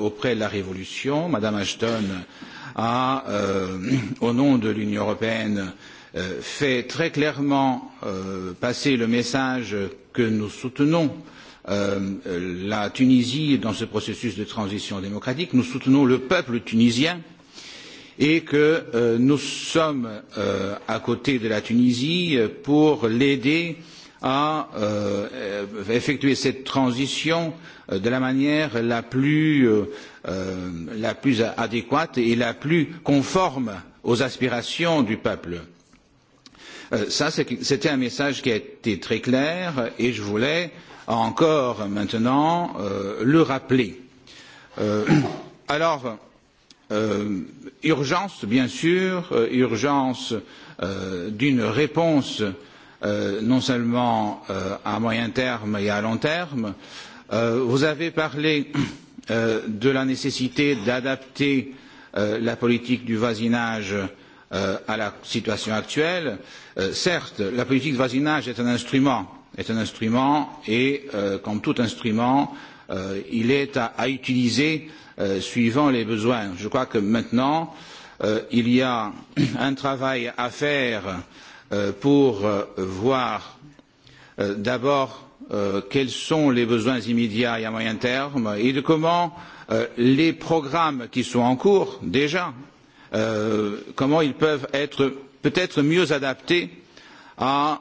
auprès de la Révolution. Madame Ashton a, au nom de l'Union européenne, fait très clairement passer le message que nous soutenons la Tunisie dans ce processus de transition démocratique, nous soutenons le peuple tunisien et que nous sommes à côté de la Tunisie pour l'aider à effectuer cette transition de la manière la plus adéquate et la plus conforme aux aspirations du peuple C'était un message qui a été très clair et je voulais encore maintenant le rappeler. Alors, urgence bien sûr, urgence d'une réponse non seulement à moyen terme et à long terme. Vous avez parlé de la nécessité d'adapter la politique du voisinage à la situation actuelle. Certes, la politique de voisinage est un instrument, est un instrument et, comme tout instrument, il est à utiliser suivant les besoins. Je crois que maintenant, il y a un travail à faire pour voir d'abord quels sont les besoins immédiats et à moyen terme et de comment les programmes qui sont en cours déjà comment ils peuvent être peut être mieux adaptés à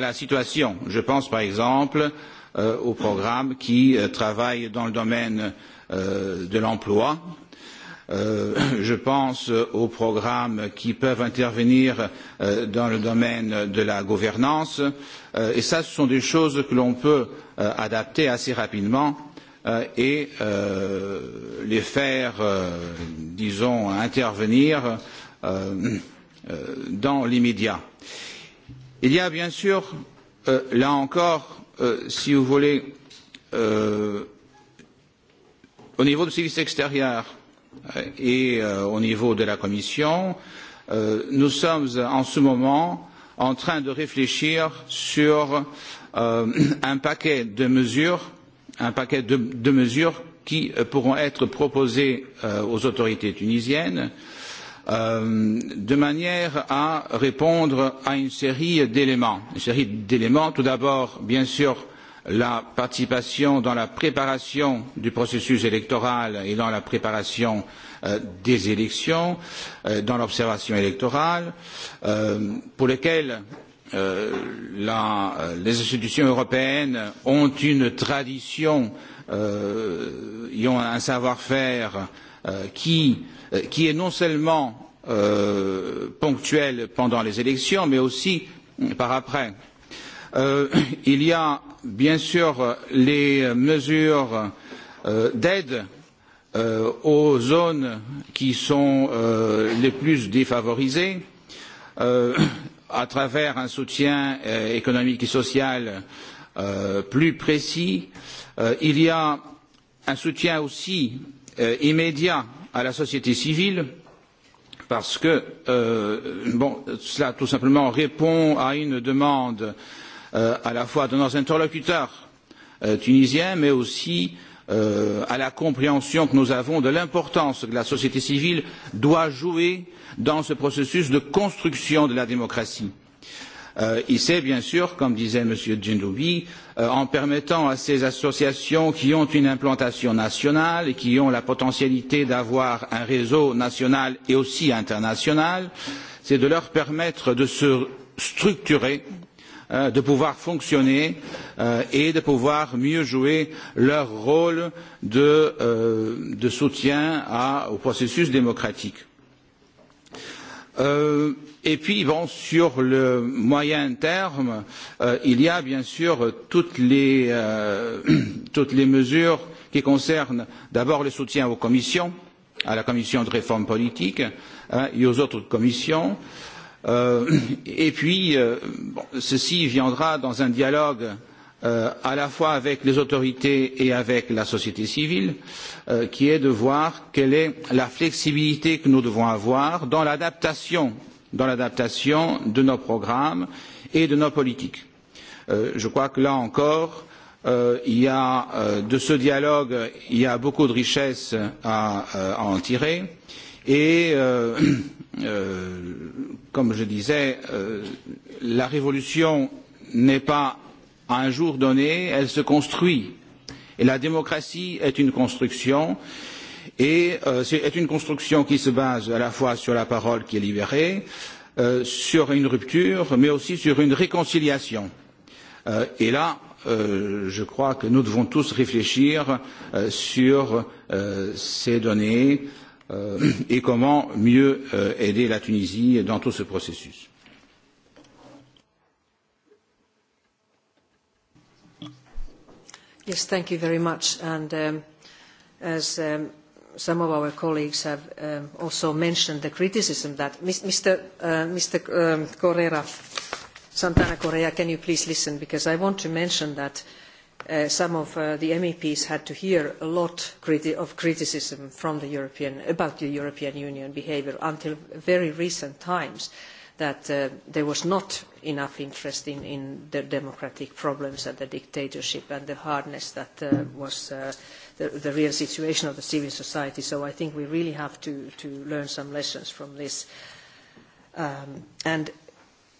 la situation. Je pense par exemple aux programmes qui travaillent dans le domaine de l'emploi. Je pense aux programmes qui peuvent intervenir dans le domaine de la gouvernance. Et ce sont des choses que l'on peut adapter assez rapidement et les faire, disons, intervenir dans l'immédiat. Il y a bien sûr, là encore, si vous voulez, au niveau du service extérieur et au niveau de la Commission, nous sommes en ce moment en train de réfléchir sur un paquet de mesures un paquet de mesures qui pourront être proposées aux autorités tunisiennes de manière à répondre à une série d'éléments. Une série d'éléments, tout d'abord, bien sûr, la participation dans la préparation du processus électoral et dans la préparation des élections, dans l'observation électorale, pour lesquelles les institutions européennes ont une tradition ils ont un savoir faire qui est non seulement ponctuel pendant les élections mais aussi par après. il y a bien sûr les mesures d'aide aux zones qui sont les plus défavorisées à travers un soutien économique et social plus précis. Il y a un soutien aussi immédiat à la société civile parce que cela tout simplement répond à une demande à la fois de nos interlocuteurs tunisiens mais aussi à la compréhension que nous avons de l'importance que la société civile doit jouer dans ce processus de construction de la démocratie. Il c'est bien sûr, comme disait M. Djendoubi, en permettant à ces associations qui ont une implantation nationale et qui ont la potentialité d'avoir un réseau national et aussi international, c'est de leur permettre de se structurer de pouvoir fonctionner et de pouvoir mieux jouer leur rôle de soutien au processus démocratique. Et puis, sur le moyen terme, il y a bien sûr toutes les mesures qui concernent d'abord le soutien aux commissions, à la commission de réforme politique et aux autres commissions Et puis, ceci viendra dans un dialogue à la fois avec les autorités et avec la société civile, qui est de voir quelle est la flexibilité que nous devons avoir dans l'adaptation de nos programmes et de nos politiques. Je crois que là encore, il y a de ce dialogue, il y a beaucoup de richesses à en tirer et comme je disais, la révolution n'est pas à un jour donné, elle se construit. Et la démocratie est une construction, et c'est une construction qui se base à la fois sur la parole qui est libérée, sur une rupture, mais aussi sur une réconciliation. Et là, je crois que nous devons tous réfléchir sur ces données et comment mieux aider la Tunisie dans tout ce processus. Yes, thank you very much. And as some of our colleagues have also mentioned, the criticism that Mr. Mr. Correa, Santana Correa, can you please listen? Because I want to mention that some of the meps had to hear a lot of criticism from about the european union behaviour until very recent times that there was not enough interest in the democratic problems and the dictatorship and the hardness that was the real situation of the civil society. So I think we really have to learn some lessons from this. And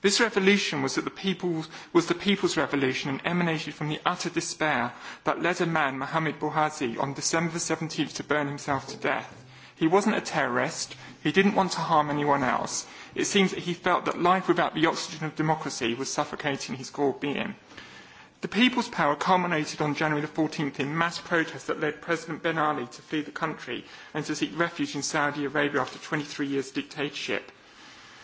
This revolution was the people's revolution and emanated from the utter despair that led a man, Mohammed Bouhazi, on December 17th to burn himself to death. He wasn't a terrorist. He didn't want to harm anyone else. It seems that he felt that life without the oxygen of democracy was suffocating his core being. The people's power culminated on January 14 th in mass protests that led President Ben Ali to flee the country and to seek refuge in Saudi Arabia after 23 years' dictatorship.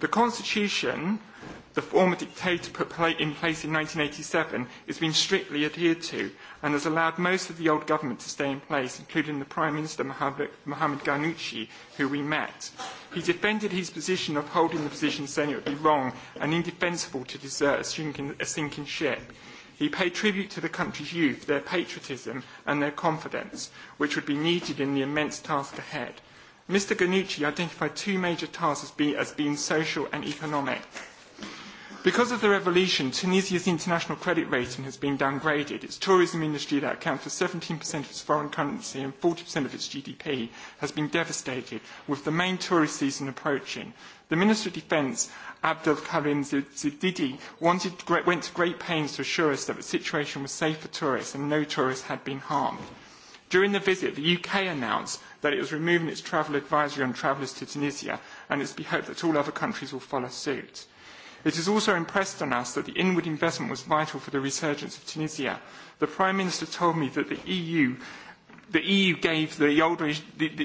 The Constitution, the former dictator put in place in 1987, has been strictly adhered to and has allowed most of the old government to stay in place, including the Prime Minister Mohamed Ghanouchi, who we met. He defended his position of holding the position, saying it would be wrong and indefensible to desert a sinking ship. He paid tribute to the country's youth, their patriotism and their confidence, which would be needed in the immense task ahead. Mr. Gannucci identified two major tasks as being social and economic. Because of the revolution, Tunisia's international credit rating has been downgraded. Its tourism industry, that accounts for 17% of its foreign currency and 40% of its GDP, has been devastated, with the main tourist season approaching. The Minister of Defence, Abdel Karim Zididi, went to great pains to assure us that the situation was safe for tourists and no tourists had been harmed. During the visit, the UK announced that it was removing its travel advisory on travellers to Tunisia, and it's to be hoped that all other countries will follow suit. It is also impressed on us that the inward investment was vital for the resurgence of Tunisia. The Prime Minister told me that the EU the EU gave the old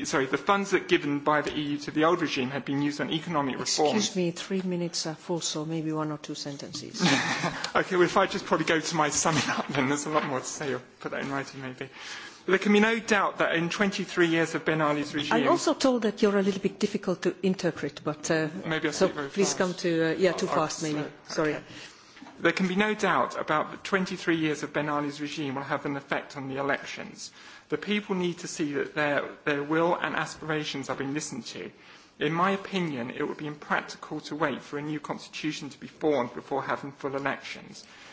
sorry, the funds that given by the EU to the old regime had been used on economic reform. Excuse me, three minutes are full, so maybe one or two sentences. okay, well, if I just probably go to my summing up, then there's a lot more to say. I'll put that in writing, maybe. There can be no doubt that in 23 years of Ben Ali's regime... I'm also told that you're a little bit difficult to interpret, but... Maybe So please come to... Yeah, too fast, maybe. Sorry. There can be no doubt about that 23 years of Ben Ali's regime will have an effect on the elections. The people need to see that their will and aspirations are being listened to. In my opinion, it would be impractical to wait for a new constitution to be formed before having full elections.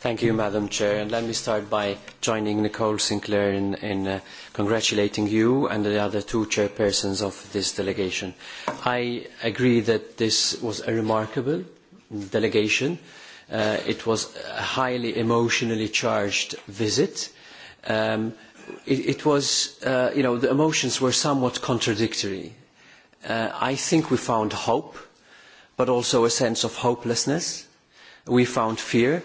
Thank you, Madam Chair, and let me start by joining Nicole Sinclair in in congratulating you and the other two chairpersons of this delegation. I agree that this was a remarkable delegation. It was a highly emotionally charged visit. It was, you know, the emotions were somewhat contradictory. I think we found hope, but also a sense of hopelessness. We found fear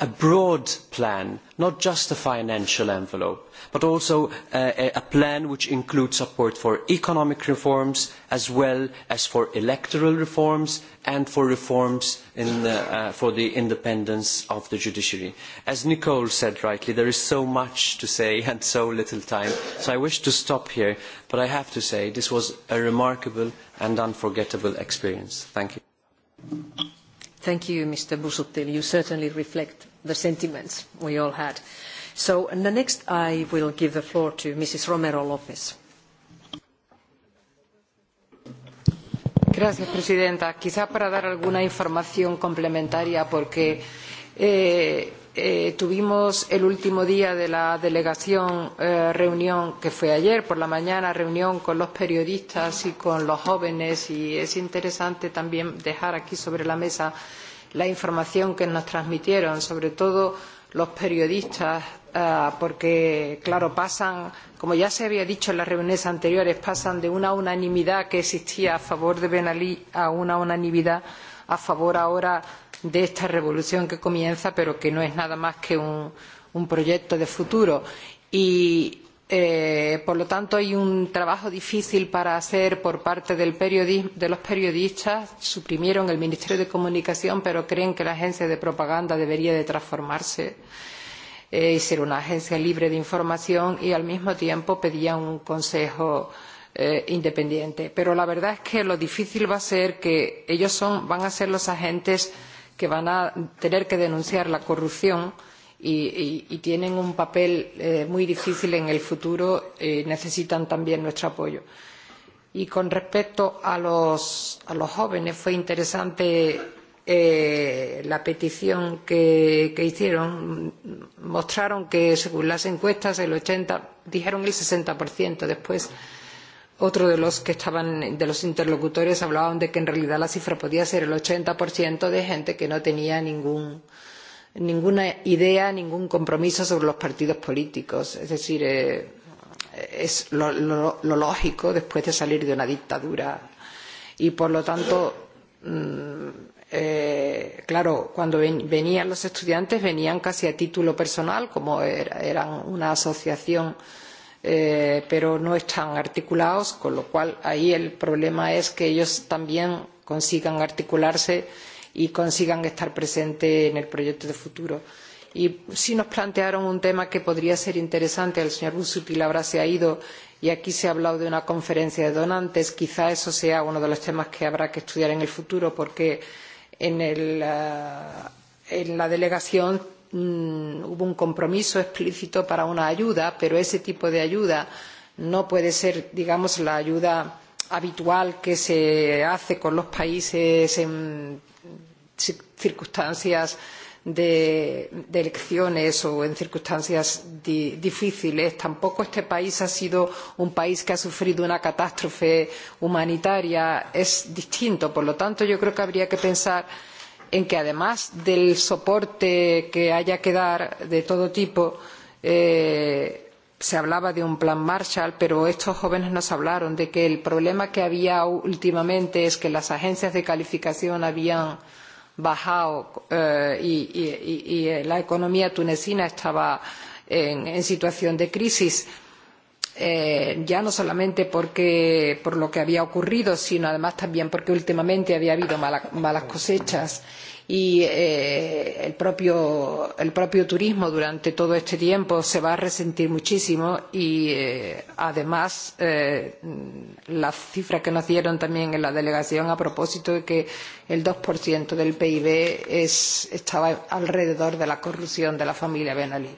a broad plan, not just a financial envelope, but also a plan which includes support for economic reforms as well as for electoral reforms and for reforms for the independence of the judiciary. As Nicole said rightly, there is so much to say and so little time, so I wish to stop here, but I have to say this was a remarkable and unforgettable experience. Thank you. Thank you, Mr. Busuttil. You certainly reflect the sentiments we all had. So next I will give the floor to Mrs. Romero Lopez. Gracias, Presidenta. Quizá para dar alguna información complementaria, porque Tuvimos el último día de la delegación reunión, que fue ayer por la mañana, reunión con los periodistas y con los jóvenes y es interesante también dejar aquí sobre la mesa la información que nos transmitieron, sobre todo los periodistas, porque, claro, pasan, como ya se había dicho en las reuniones anteriores, pasan de una unanimidad que existía a favor de Ben Ali a una unanimidad a favor ahora de esta revolución que comienza, pero que no es nada más que un proyecto de futuro. Y, por lo tanto, hay un trabajo difícil para hacer por parte de los periodistas. Suprimieron el Ministerio de Comunicación, pero creen que la agencia de propaganda debería de transformarse y ser una agencia libre de información y, al mismo tiempo, pedían un consejo independiente. Pero la verdad es que lo difícil va a ser que ellos van a ser los agentes que van a tener que denunciar la corrupción y tienen un papel muy difícil en el futuro y necesitan también nuestro apoyo. Y con respecto a los jóvenes, fue interesante la petición que hicieron. Mostraron que, según las encuestas, el 80, dijeron el 60%. Después otro de los que estaban de los interlocutores hablaban de que en realidad la cifra podía ser el 80% de gente que no tenía ningún ninguna idea, ningún compromiso sobre los partidos políticos. Es decir, es lo lógico después de salir de una dictadura. Y por lo tanto, claro, cuando venían los estudiantes venían casi a título personal, como eran una asociación pero no están articulados, con lo cual ahí el problema es que ellos también consigan articularse y consigan estar presentes en el proyecto de futuro. Y sí nos plantearon un tema que podría ser interesante, el señor Busutil ahora se ha ido y aquí se ha hablado de una conferencia de donantes, quizá eso sea uno de los temas que habrá que estudiar en el futuro porque en la delegación hubo un compromiso explícito para una ayuda, pero ese tipo de ayuda no puede ser, digamos, la ayuda habitual que se hace con los países en circunstancias de elecciones o en circunstancias difíciles. Tampoco este país ha sido un país que ha sufrido una catástrofe humanitaria. Es distinto. Por lo tanto, yo creo que habría que pensar en que además del soporte que haya que dar de todo tipo se hablaba de un plan marshall pero estos jóvenes nos hablaron de que el problema que había últimamente es que las agencias de calificación habían bajado y la economía tunecina estaba en situación de crisis ya no solamente por lo que había ocurrido sino además también porque últimamente había habido malas cosechas y el propio turismo durante todo este tiempo se va a resentir muchísimo y además la cifra que nos dieron también en la delegación a propósito de que el 2% del PIB estaba alrededor de la corrupción de la familia Benalí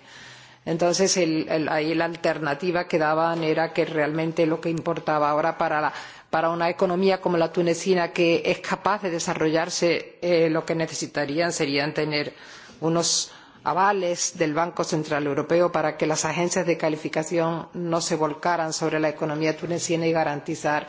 Entonces, ahí la alternativa que daban era que realmente lo que importaba ahora para una economía como la tunecina, que es capaz de desarrollarse, lo que necesitarían sería tener unos avales del Banco Central Europeo para que las agencias de calificación no se volcaran sobre la economía tunecina y garantizar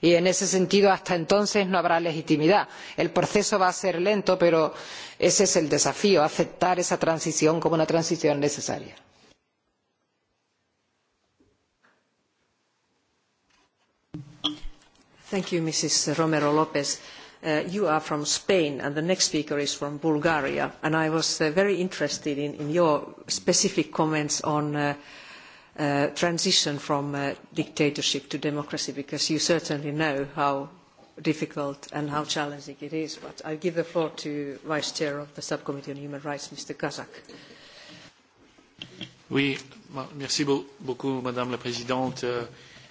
y en ese sentido hasta entonces no habrá legitimidad. el proceso va a ser lento pero ese es el desafío aceptar esa transición como una transición necesaria. Thank you, Romero Lopez. You are from Spain and the next speaker is from Bulgaria. And I was very interested in your specific comments on transition from dictatorship to democracy, because you certainly know how difficult and how challenging it is. But I give the floor to Vice Chair of the Subcommittee on Human Rights, Mr. Kazak. Oui, merci beaucoup, Madame la Présidente.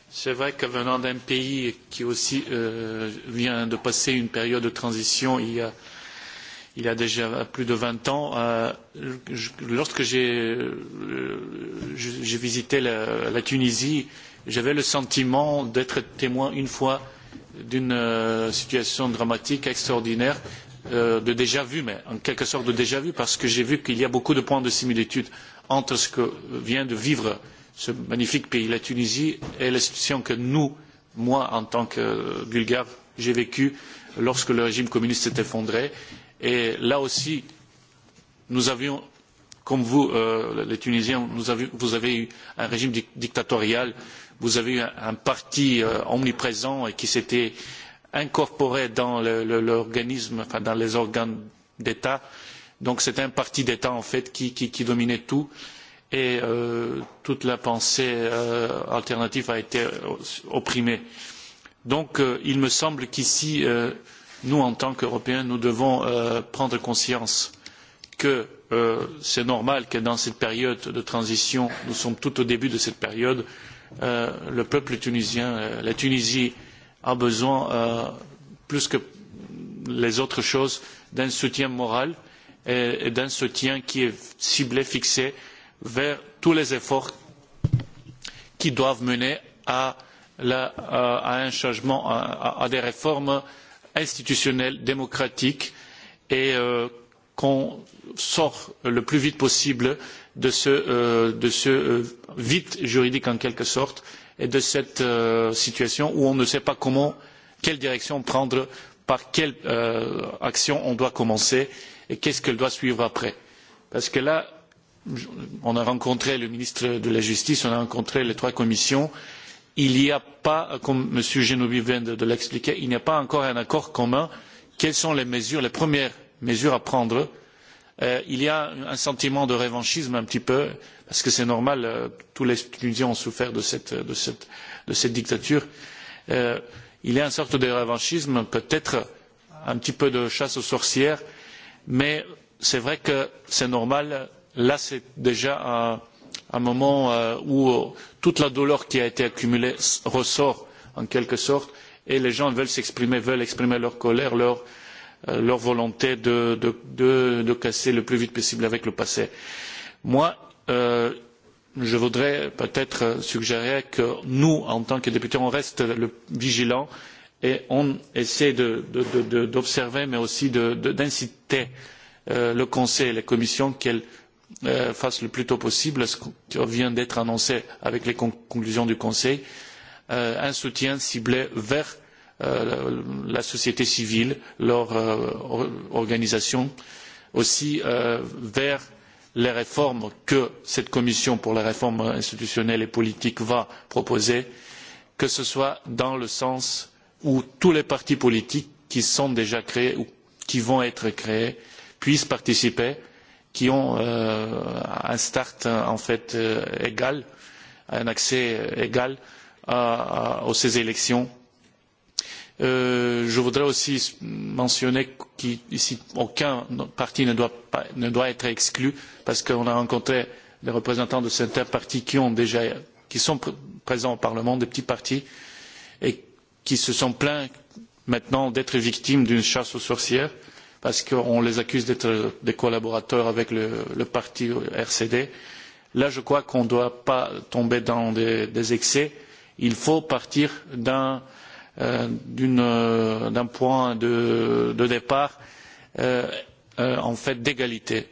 C'est vrai que venant d'un pays qui aussi vient de passer une période de transition, il y a il y a déjà plus de 20 ans, lorsque j'ai visité la Tunisie, j'avais le sentiment d'être témoin une fois d'une situation dramatique, extraordinaire, de déjà vu, mais en quelque sorte de déjà vu, parce que j'ai vu qu'il y a beaucoup de points de similitude entre ce que vient de vivre ce magnifique pays, la Tunisie, et la situation que nous, moi, en tant que Bulgare, j'ai vécue lorsque le régime communiste s'est effondré Et là aussi, nous avions, comme vous, les Tunisiens, vous avez eu un régime dictatorial, vous avez eu un parti omniprésent et qui s'était incorporé dans l'organisme, enfin dans les organes d'État. Donc c'était un parti d'État en fait qui dominait tout et toute la pensée alternative a été opprimée. Donc il me semble qu'ici nous, en tant qu'Européens, nous devons prendre conscience que c'est normal que dans cette période de transition, nous sommes tout au début de cette période, le peuple tunisien, la Tunisie a besoin, plus que les autres choses, d'un soutien moral et d'un soutien qui est ciblé, fixé vers tous les efforts qui doivent mener à un changement, à des réformes institutionnel, démocratique et qu'on sort le plus vite possible de ce vide juridique en quelque sorte et de cette situation où on ne sait pas comment, quelle direction prendre, par quelle action on doit commencer et qu'est-ce qu'elle doit suivre après. Parce que là, on a rencontré le ministre de la Justice, on a rencontré les trois commissions il n'y a pas, comme M. Genovi vient de l'expliquer, il n'y a pas encore un accord commun. Quelles sont les mesures, les premières mesures à prendre Il y a un sentiment de revanchisme un petit peu, parce que c'est normal, tous les Tunisiens ont souffert de cette dictature. Il y a une sorte de revanchisme, peut-être un petit peu de chasse aux sorcières, mais c'est vrai que c'est normal. Là, c'est déjà un moment où toute la douleur qui a été accumulée ressort en quelque sorte et les gens veulent s'exprimer, veulent exprimer leur colère, leur volonté de casser le plus vite possible avec le passé. Moi, je voudrais peut-être suggérer que nous, en tant que députés, on reste vigilants et on essaie d'observer mais aussi d'inciter le Conseil et la Commission qu'elles fasse le plus tôt possible ce qui vient d'être annoncé avec les conclusions du Conseil, un soutien ciblé vers la société civile, leur organisation, aussi vers les réformes que cette Commission pour les réformes institutionnelles et politiques va proposer, que ce soit dans le sens où tous les partis politiques qui sont déjà créés ou qui vont être créés puissent participer qui ont un start en fait égal, un accès égal à ces élections. Je voudrais aussi mentionner qu'ici aucun parti ne doit être exclu parce qu'on a rencontré des représentants de certains partis qui ont déjà qui sont présents au Parlement, des petits partis, et qui se sont plaints maintenant d'être victimes d'une chasse aux sorcières parce qu'on les accuse d'être des collaborateurs avec le parti RCD. Là, je crois qu'on ne doit pas tomber dans des excès. Il faut partir d'un point de départ en fait d'égalité,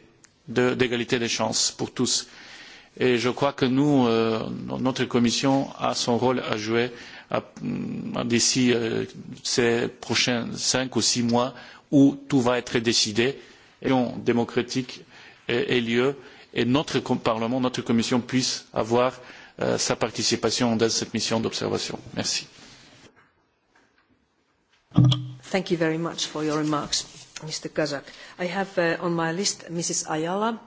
d'égalité des chances pour tous. Et je crois que nous, notre commission a son rôle à jouer d'ici ces prochains cinq ou six mois où tout va être décidé et on démocratique ait lieu et notre Parlement, notre Commission puisse avoir sa participation dans cette mission d'observation. Merci. Thank you very much for your remarks, Mr. Kazak. I have on my list Mrs. Ayala,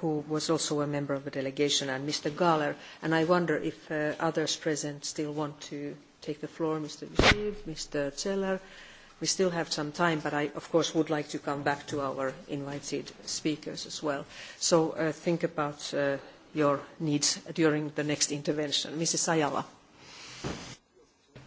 who was also a member of the delegation, and Mr. Gahler. And I wonder if others present still want to take the floor, Mr. Mr. Zeller We still have some time, but I, of course, would like to come back to our invited speakers as well. So think about your needs during the next intervention. Mrs. Ayala.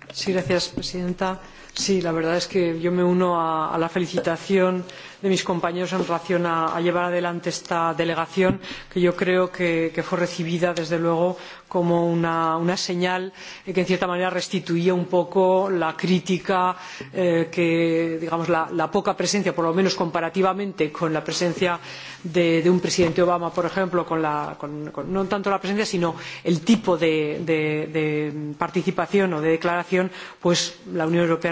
Presidenta. Sí, la verdad es que yo me uno a la felicitación de mis compañeros en relación a llevar adelante esta delegación que yo creo que fue recibida desde luego como una señal que en cierta manera restituía un poco la crítica que digamos la poca presencia por lo menos comparativamente con la presencia de un presidente obama por ejemplo con no tanto la presencia sino el tipo de participación o de declaración pues la unión europea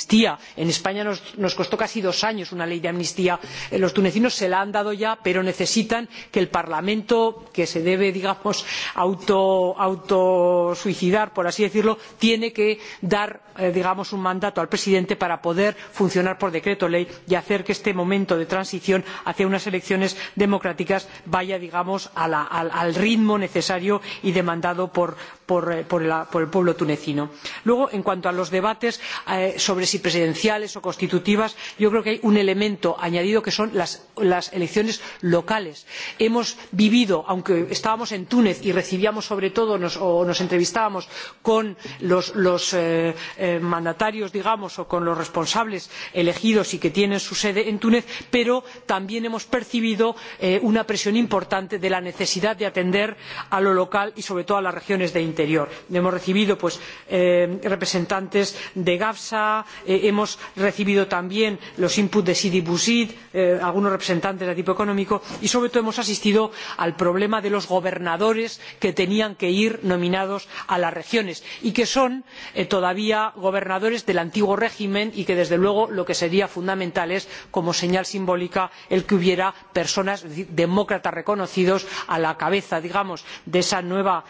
amnistía en españa nos costó casi dos años una ley de amnistía los tunecinos se la han dado ya pero necesitan que el parlamento que se debe digamos autosuicidar por así decirlo tiene que dar digamos un mandato al presidente para poder funcionar por decreto ley y hacer que este momento de transición hacia unas elecciones democráticas vaya digamos al ritmo necesario y demandado por el pueblo tunecino. luego en cuanto a los debates sobre si presidenciales o constitutivas yo creo que hay un elemento añadido que son las elecciones locales. hemos vivido aunque estábamos en túnez y recibíamos sobre todo o nos entrevistábamos con los mandatarios digamos o con los responsables elegidos y que tienen su sede en túnez pero también hemos percibido una presión importante de la necesidad de atender a lo local y sobre todo a las regiones de interior. hemos recibido representantes de gafsa hemos recibido también los inputs de sidi bouzid algunos representantes de tipo económico y sobre todo hemos asistido al problema de los gobernadores que tenían que ir nominados a las regiones y que son todavía gobernadores del antiguo régimen y que desde luego lo que sería fundamental es como señal simbólica el que hubiera personas demócratas reconocidos a la cabeza digamos de esa nueva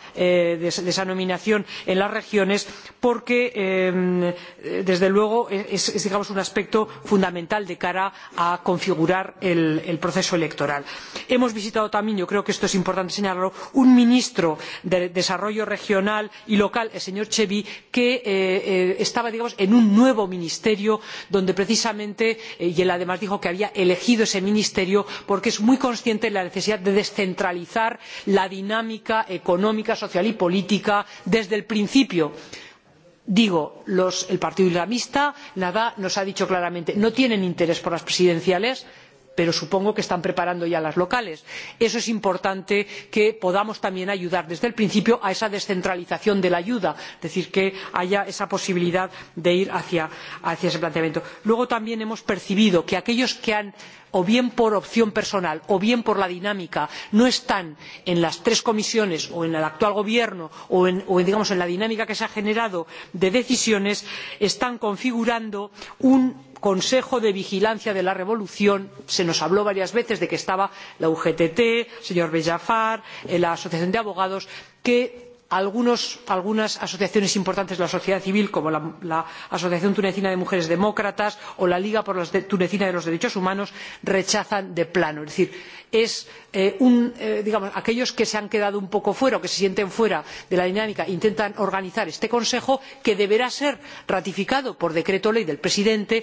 nominación en las regiones porque desde luego es digamos un aspecto fundamental de cara a configurar el proceso electoral. hemos visitado también yo creo que esto es importante señalarlo un ministro de desarrollo regional y local el señor Chevi, que estaba digamos en un nuevo ministerio donde precisamente y él además dijo que había elegido ese ministerio porque es muy consciente de la necesidad de descentralizar la dinámica económica social y política desde el principio digo el partido islamista nada nos ha dicho claramente no tienen interés por las presidenciales; pero supongo que están preparando ya las locales. eso es importante que podamos también ayudar desde el principio a esa descentralización de la ayuda es decir que haya esa posibilidad de ir hacia ese planteamiento. luego también hemos percibido que aquellos que han o bien por opción personal o bien por la dinámica no están en las tres comisiones o en el actual gobierno o digamos en la dinámica que se ha generado de decisiones están configurando un consejo de vigilancia de la revolución se nos habló varias veces de que estaba la ugt el señor bellafar la asociación de abogados que algunas asociaciones importantes de la sociedad civil como la asociación tunecina de mujeres demócratas o la liga por tunecina de los derechos humanos rechazan de plano es decir aquellos que se han quedado un poco fuera o que se sienten fuera de la dinámica intentan organizar este consejo que deberá ser ratificado por decreto ley del presidente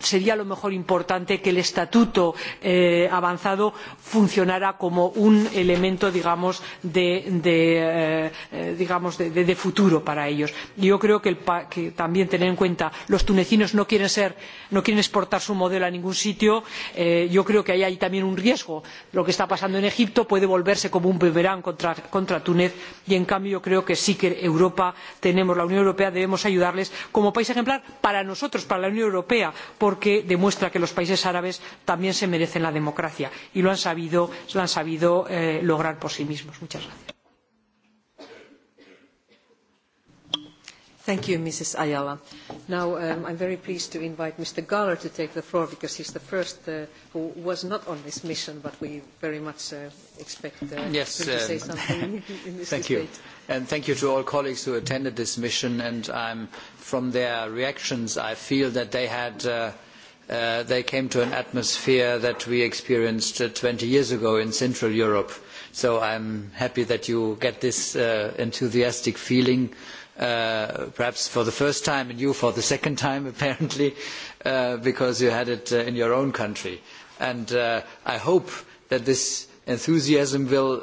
sería a lo mejor importante que el estatuto avanzado funcionara como un elemento digamos de futuro para ellos. yo creo que también tener en cuenta los tunecinos no quieren exportar su modelo a ningún sitio yo creo que hay ahí también un riesgo lo que está pasando en egipto puede volverse como un beberán contra túnez y en cambio yo creo que sí que europa tenemos la unión europea debemos ayudarles como país ejemplar para nosotros para la unión europea porque demuestra que los países árabes también se merecen la democracia y lo han sabido lo han sabido lograr por sí mismos. muchas gracias. Thank you, Mrs. Ayala. Now, I'm very pleased to invite Mr. Gahler to take the floor because he's the first who was not on this mission, but we very much expect him to say something in this debate and thank you to all colleagues who attended this mission. And from their reactions, I feel that they had, they came to an atmosphere that we experienced 20 years ago in Central Europe. So I'm happy that you get this enthusiastic feeling, perhaps for the first time and you for the second time, apparently, because you had it in your own country. And I hope that this enthusiasm will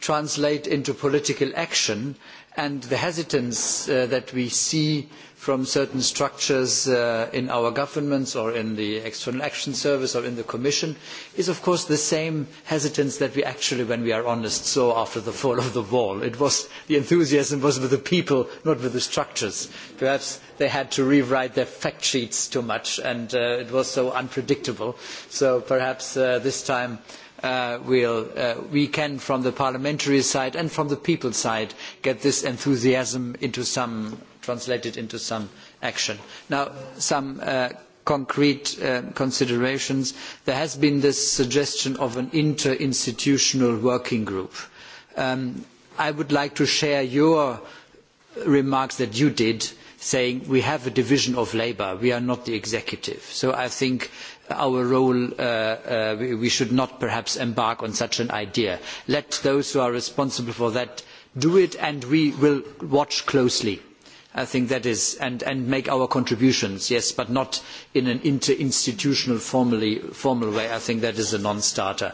translate into political action and the hesitance that we see from certain structures in our governments or in the external action service or in the commission is of course the same hesitance that we actually when we are honest saw after the fall of the wall. the enthusiasm was with the people not with the structures. perhaps they had to rewrite their fact sheets too much and it was so unpredictable so perhaps this time we can from the parliamentary side and from the people side get this enthusiasm into some translated into some action. now some concrete considerations there has been this suggestion of an interinstitutional working group. i would like to share your remarks that you did saying we have a division of labour we are not the executive so i think our role we should not perhaps embark on such an idea. let those who are responsible for that do it and we will watch closely i think that is and make our contributions yes but not in an interinstitutional formal way i think that is a non starter.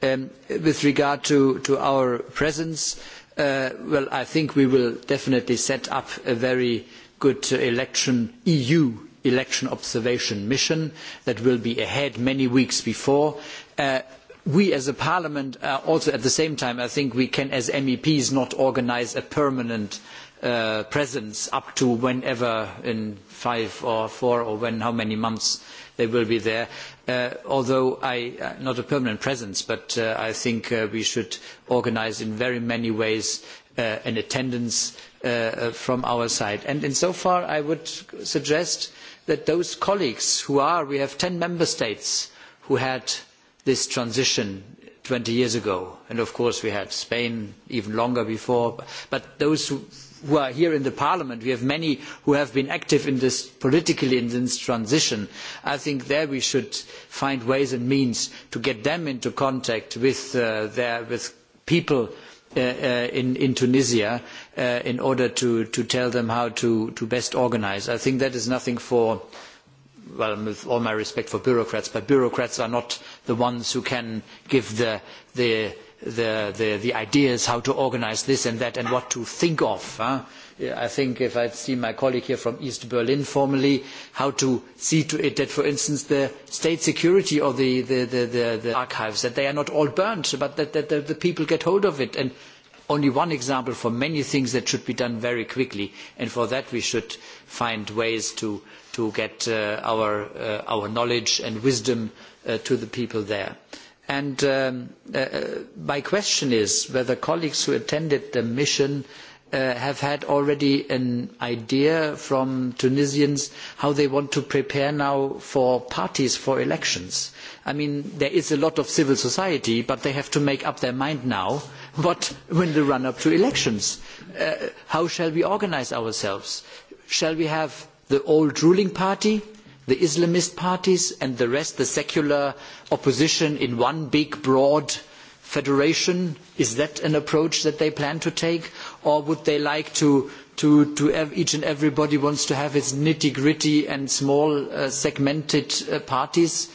with regard to our presence well i think we will definitely set up a very good election eu election observation mission that will be ahead many weeks before. We as a parliament also at the same time I think we can as MEPs not organise a permanent presence up to whenever in five or four or when how many months they will be there. Although I not a permanent presence, but I think we should organise in very many ways an attendance from our side. And in so far I would suggest that those colleagues who are, we have 10 member states who had this transition 20 years ago, and of course we had Spain even longer before, but those who are here in the Parliament, we have many who have been active in this politically in this transition. I think there we should find ways and means to get them into contact with people in Tunisia in order to tell them how to best organise. I think that is nothing for, well, with all my respect for bureaucrats, but bureaucrats are not the ones who can give the ideas how to organise this and that and what to think of. I think if I see my colleague here from East Berlin formally, how to see to it that, for instance, the state security or the archives, that they are not all burnt, but that the people get hold of it and only one example for many things that should be done very quickly and for that we should find ways to get our knowledge and wisdom to the people there. my question is whether colleagues who attended the mission have had already an idea from tunisians how they want to prepare now for parties for elections. i mean there is a lot of civil society but they have to make up their mind now what when the run up to elections how shall we organise ourselves shall we have the old ruling party the islamist parties and the rest the secular opposition in one big broad federation is that an approach that they plan to take or would they like to have each and everybody wants to have its nitty gritty and small segmented parties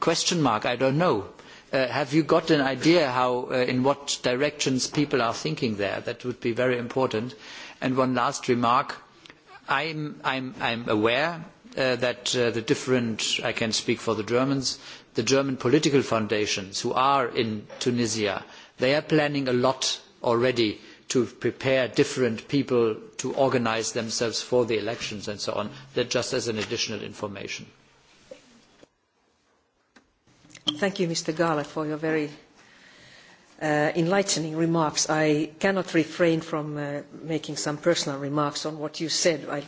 question mark i don't know Have you got an idea how, in what directions people are thinking there? That would be very important. And one last remark. I am aware that the different, I can speak for the Germans, the German political foundations who are in Tunisia, they are planning a lot already to prepare different people to organise themselves for the elections and so on. That just as an additional information. Thank you, Mr. Gahler, for your very enlightening remarks. I cannot refrain from making some personal remarks on what you said. I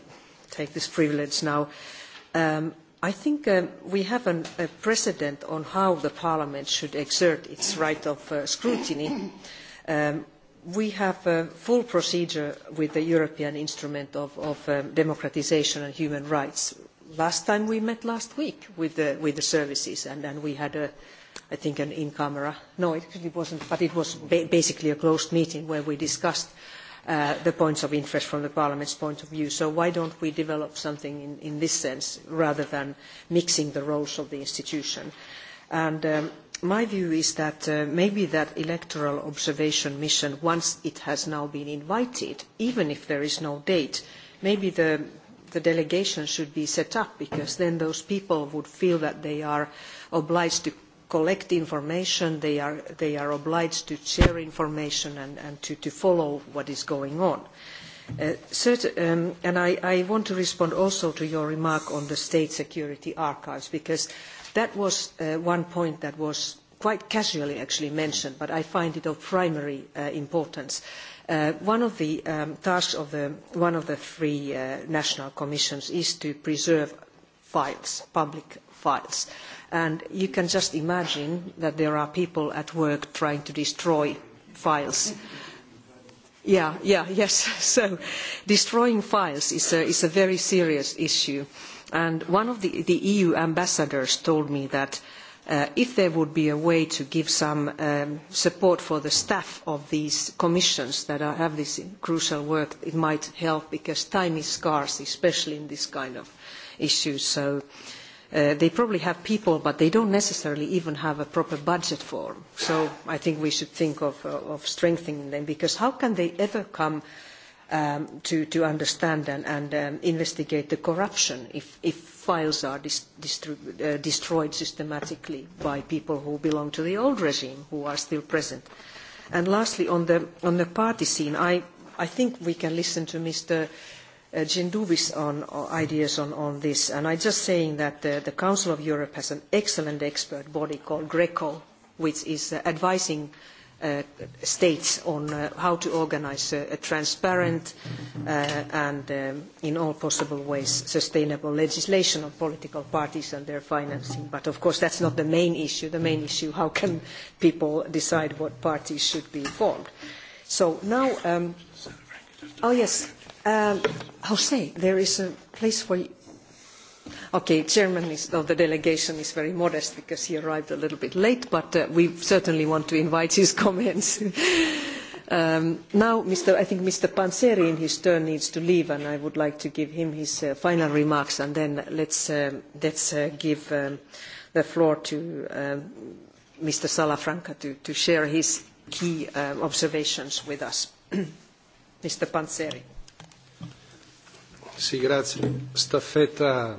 take this privilege now. I think we have a precedent on how the Parliament should exert its right of scrutiny. We have a full procedure with the European Instrument of Democratisation and Human Rights last time we met last week with the services and then we had, I think, an in-camera, no, it wasn't, but it was basically a closed meeting where we discussed the points of interest from the Parliament's point of view. So why don't we develop something in this sense rather than mixing the roles of the institution? And my view is that maybe that electoral observation mission, once it has now been invited, even if there is no date, maybe the the delegation should be set up because then those people would feel that they are obliged to collect information, they are obliged to share information and to follow what is going on. And I want to respond also to your remark on the state security archives because that was one point that was quite casually actually mentioned but I find it of primary importance One of the tasks of one of the three national commissions is to preserve files, public files. And you can just imagine that there are people at work trying to destroy files. Yeah, yeah, yes. So destroying files is a very serious issue. And one of the EU ambassadors told me that if there would be a way to give some support for the staff of these commissions that have this crucial work, it might help because time is scarce, especially in this kind of issues. So they probably have people, but they don't necessarily even have a proper budget for them. So I think we should think of strengthening them because how can they ever come to understand and investigate the corruption if files are destroyed systematically by people who belong to the old regime who are still present. And lastly, on the party scene, I think we can listen to Mr. Jinduvis on ideas on this. And I'm just saying that the Council of Europe has an excellent expert body called GRECO, which is advising states on how to organise a transparent and in all possible ways sustainable legislation on political parties and their financing. But of course that's not the main issue. The main issue how can people decide what parties should be formed. So now, oh yes, Jose, there is a place for you. Okay, chairman of the delegation is very modest because he arrived a little bit late, but we certainly want to invite his comments. Now, I think Mr. Panzeri in his turn needs to leave, and I would like to give him his final remarks, and then let's let's give the floor to Mr. Salafranca to share his key observations with us. Mr. Panzeri. Sì, grazie. Staffetta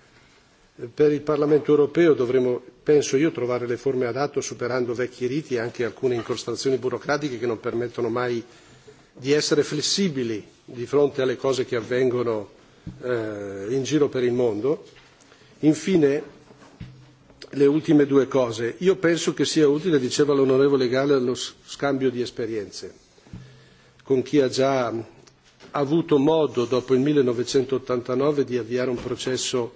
per il Parlamento europeo dovremo, penso io, trovare le forme adatto superando vecchi riti e anche alcune incrostazioni burocratiche che non permettono mai di essere flessibili di fronte alle cose che avvengono in giro per il mondo. Infine, le ultime due cose. Io penso che sia utile, diceva l'onorevole Gale, lo scambio di esperienze con chi ha già avuto modo, dopo il 1989, di avviare un processo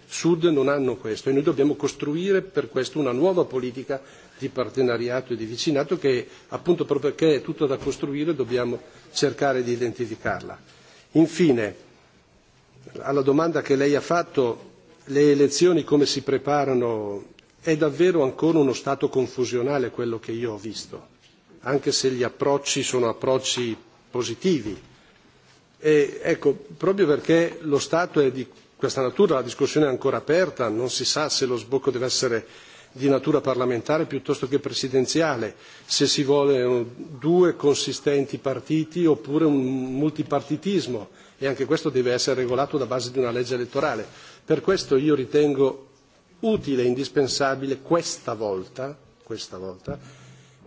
Sud non hanno questo e noi dobbiamo costruire per questo una nuova politica di partenariato e di vicinato che appunto proprio perché è tutto da costruire dobbiamo cercare di identificarla. Infine, alla domanda che lei ha fatto, le elezioni come si preparano? È davvero ancora uno stato confusionale quello che io ho visto, anche se gli approcci sono approcci positivi. Ecco, proprio perché lo Stato è di questa natura la discussione è ancora aperta non si sa se lo sbocco deve essere di natura parlamentare piuttosto che presidenziale se si vogliono due consistenti partiti oppure un multipartitismo e anche questo deve essere regolato da base di una legge elettorale. per questo io ritengo utile e indispensabile questa volta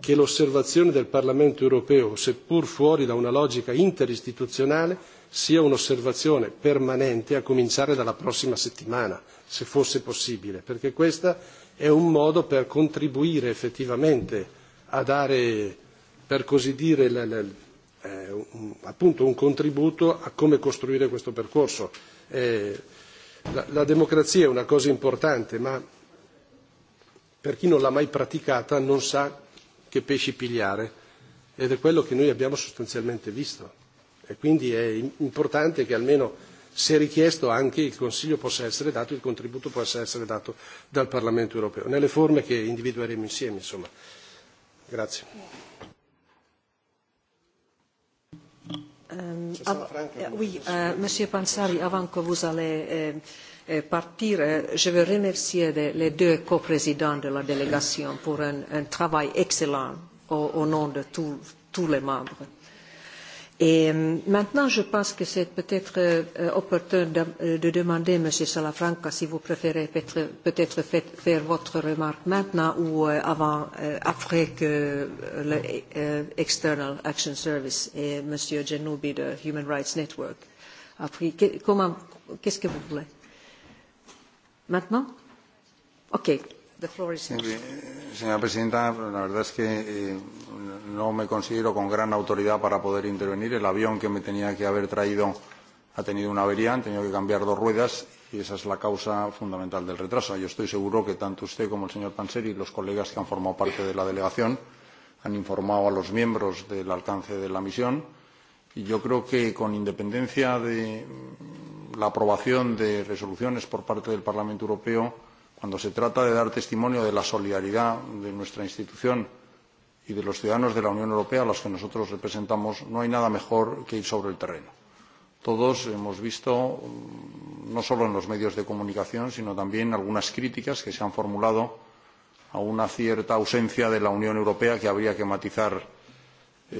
che l'osservazione del parlamento europeo seppur fuori da una logica interistituzionale sia un'osservazione permanente a cominciare dalla prossima settimana se fosse possibile perché questo è un modo per contribuire effettivamente a dare per così dire appunto un contributo a come costruire questo percorso. La democrazia è una cosa importante ma per chi non l'ha mai praticata non sa che pesci pigliare ed è quello che noi abbiamo sostanzialmente visto E quindi è importante che almeno se richiesto anche il Consiglio possa essere dato, il contributo possa essere dato dal Parlamento europeo, nelle forme che individueremo insieme. Insomma. Grazie. Oui, Monsieur Pansari, avant que vous allez partir, je veux remercier les deux coprésidents de la délégation pour un travail excellent au nom de tous les membres Et maintenant, je pense que c'est peut-être opportun de demander, Monsieur Salafranca, si vous préférez peut-être faire votre remarque maintenant ou après que l'External Action Service et Monsieur Genoubi de Human Rights Network a pris. Qu'est-ce que vous voulez Maintenant Ok. Señora presidenta, la verdad es que no me considero con gran autoridad para poder intervenir. El avión que me tenía que haber traído ha tenido una avería, han tenido que cambiar dos ruedas y esa es la causa fundamental del retraso. Yo estoy seguro que tanto usted como el señor Panseri y los colegas que han formado parte de la delegación han informado a los miembros del alcance de la misión y yo creo que con independencia de la aprobación de resoluciones por parte del Parlamento Europeo cuando se trata de dar testimonio de la solidaridad de nuestra institución y de los ciudadanos de la Unión Europea a los que nosotros representamos, no hay nada mejor que ir sobre el terreno. Todos hemos visto, no solo en los medios de comunicación, sino también algunas críticas que se han formulado a una cierta ausencia de la Unión Europea que habría que matizar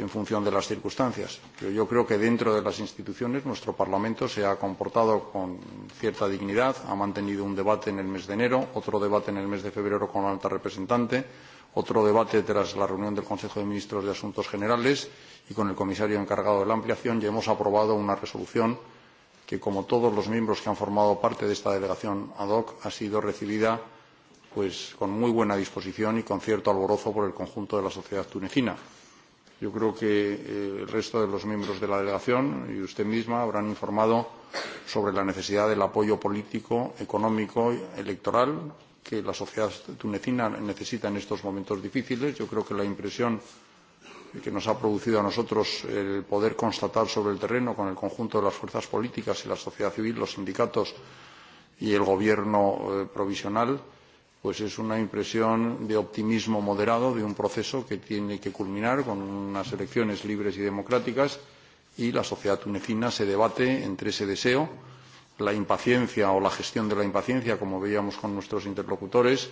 en función de las circunstancias. Pero Yo creo que dentro de las instituciones nuestro Parlamento se ha comportado con cierta dignidad, ha mantenido un debate en el mes de enero, otro debate en el mes de febrero con la alta representante, otro debate tras la reunión del Consejo de Ministros de Asuntos Generales y con el comisario encargado de la ampliación y hemos aprobado una resolución que, como todos los miembros que han formado parte de esta delegación ad hoc, ha sido recibida con muy buena disposición y con cierto alborozo por el conjunto de la sociedad tunecina Yo creo que el resto de los miembros de la delegación y usted misma habrán informado sobre la necesidad del apoyo político, económico, y electoral que la sociedad tunecina necesita en estos momentos difíciles. Yo creo que la impresión que nos ha producido a nosotros el poder constatar sobre el terreno con el conjunto de las fuerzas políticas y la sociedad civil, los sindicatos y el gobierno provisional pues es una impresión de optimismo moderado de un proceso que tiene que culminar con unas elecciones libres y democráticas y la sociedad tunecina se debate entre ese deseo, la impaciencia o la gestión de la impaciencia, como veíamos con nuestros interlocutores,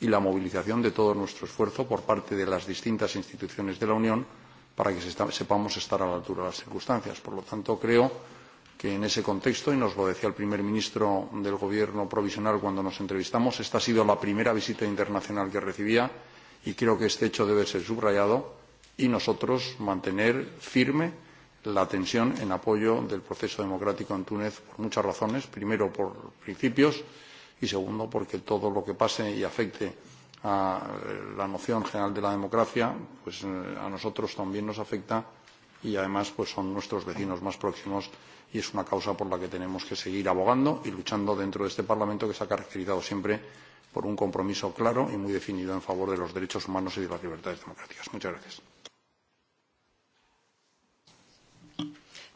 y la movilización de todo nuestro esfuerzo por parte de las distintas instituciones de la Unión para que sepamos estar a la altura de las circunstancias. Por lo tanto, creo que en ese contexto, y nos lo decía el primer ministro del Gobierno provisional cuando nos entrevistamos, esta ha sido la primera visita internacional que recibía y creo que este hecho debe ser subrayado y nosotros mantener firme la tensión en apoyo del proceso democrático en Túnez por muchas razones. Primero, por principios y segundo, porque todo lo que pase y afecte a la noción general de la democracia, pues a nosotros también nos afecta y además pues son nuestros vecinos más próximos y es una causa por la que tenemos que seguir abogando y luchando dentro de este Parlamento que se ha caracterizado siempre por un compromiso claro y muy definido en favor de los derechos humanos y de las libertades democráticas. Muchas gracias.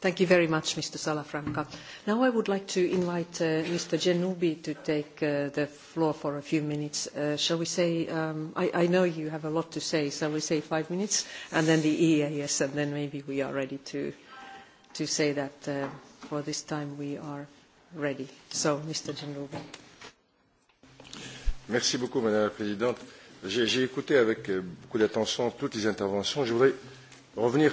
Thank you very much, Mr. Salafranca. Now I would like to invite Mr. Genubi to take the floor for a few minutes. Shall we say, I know you have a lot to say, so we say five minutes, and then the EAS, and then maybe we are ready to to say that for this time we are ready. So, Mr. Genubi. Merci beaucoup, Madame la Présidente. J'ai écouté avec beaucoup d'attention toutes les interventions. Je voudrais revenir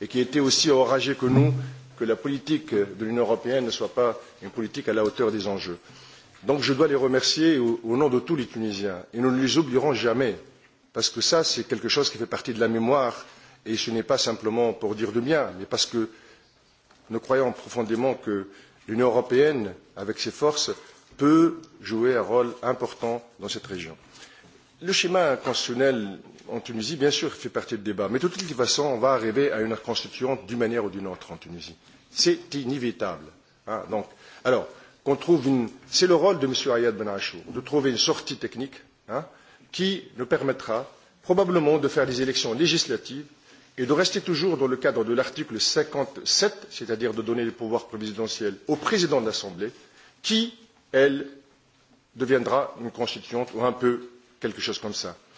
et qui était aussi enragés que nous que la politique de l'Union européenne ne soit pas une politique à la hauteur des enjeux. Donc je dois les remercier au nom de tous les Tunisiens et nous ne les oublierons jamais parce que ça c'est quelque chose qui fait partie de la mémoire et ce n'est pas simplement pour dire du bien mais parce que nous croyons profondément que l'Union européenne, avec ses forces, peut jouer un rôle important dans cette région. Le schéma constitutionnel en Tunisie, bien sûr, fait partie du débat. Mais de toute façon, on va arriver à une constituante d'une manière ou d'une autre en Tunisie. C'est inévitable. alors, qu'on trouve une... C'est le rôle de M. Ayad Ben Achour de trouver une sortie technique qui nous permettra probablement de faire des élections législatives et de rester toujours dans le cadre de l'article 57, c'est-à-dire de donner les pouvoirs présidentiels au président de l'Assemblée, qui, elle, deviendra une constituante ou un peu quelque chose comme ça.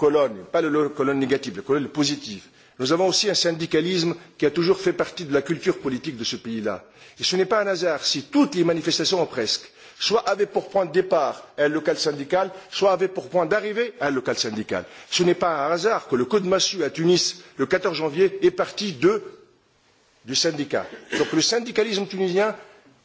Colonne, pas la colonne négative, la colonne positive. Nous avons aussi un syndicalisme qui a toujours fait partie de la culture politique de ce pays-là. Et ce n'est pas un hasard si toutes les manifestations, presque, soit avaient pour point de départ un local syndical, soit avaient pour point d'arrivée un local syndical. Ce n'est pas un hasard que le coup de massue à Tunis, le 14 janvier, est parti du syndicat. Donc le syndicalisme tunisien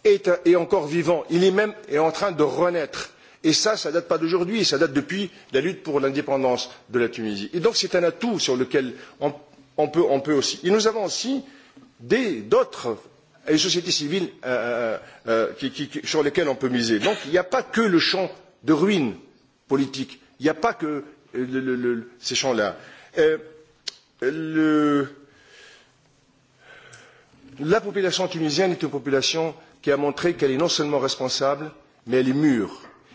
est encore vivant. Il est même est en train de renaître Et ça, ça ne date pas d'aujourd'hui, ça date depuis la lutte pour l'indépendance de la Tunisie. Et donc c'est un atout sur lequel on peut aussi. nous avons aussi d'autres sociétés civiles sur lesquelles on peut miser. Donc il n'y a pas que le champ de ruines politiques, il n'y a pas que ces champs-là. La population tunisienne est une population qui a montré qu'elle est non seulement responsable, mais elle est mûre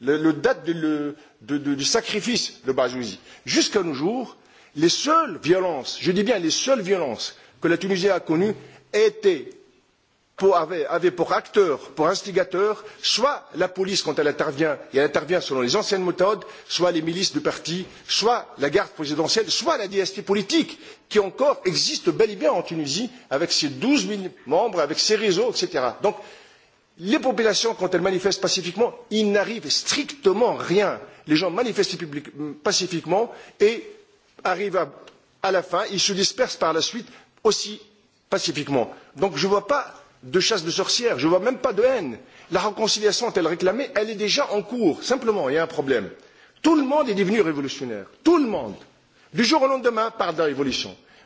le date du sacrifice de Bajouzi. Jusqu'à nos jours, les seules violences, je dis bien les seules violences que la Tunisie a connues étaient pour acteur, pour instigateur, soit la police quand elle intervient, et elle intervient selon les anciennes méthodes, soit les milices de parti, soit la garde présidentielle, soit la dynastie politique, qui encore existe bel et bien en Tunisie, avec ses 12 000 membres, avec ses réseaux, etc. Donc, les populations, quand elles manifestent pacifiquement, il n'arrive strictement rien. Les gens manifestent pacifiquement et arrivent à la fin, ils se dispersent par la suite aussi pacifiquement. Donc je ne vois pas de chasse de sorcières, je ne vois même pas de haine. La réconciliation telle réclamée, elle est déjà en cours. Simplement, il y a un problème. Tout le monde est devenu révolutionnaire. Tout le monde. Du jour au lendemain, par la révolution.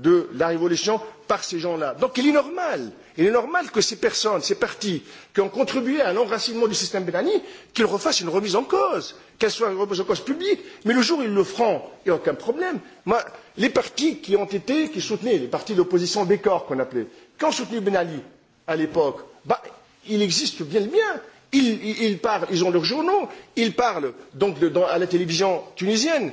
de la révolution par ces gens là. donc il est normal il est normal que ces personnes ces partis qui ont contribué à l'enracinement du système benani qu'ils refassent une remise en cause qu'elle soit une remise en cause publique mais le jour où ils le feront il n'y a aucun problème. les partis qui ont été qui soutenaient les partis d'opposition bécor qu'on appelait qui ont soutenu ben ali à l'époque il existe bien le bien ils parlent ils ont leurs journaux ils parlent donc à la télévision tunisienne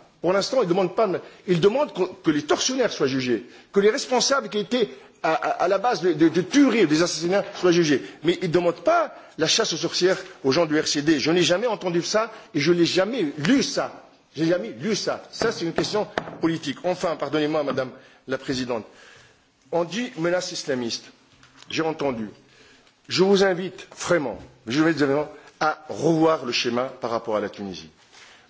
Pour l'instant, ils ne demandent pas. Ils demandent que les tortionnaires soient jugés, que les responsables qui étaient à la base de tueries ou des assassinats soient jugés. Mais ils ne demandent pas la chasse aux sorcières aux gens du RCD. Je n'ai jamais entendu ça et je n'ai jamais lu ça. Je n'ai jamais lu ça. Ça, c'est une question politique. Enfin, pardonnez-moi, Madame la Présidente. On dit menace islamiste. J'ai entendu. Je vous invite vraiment, je vais vraiment, à revoir le schéma par rapport à la Tunisie.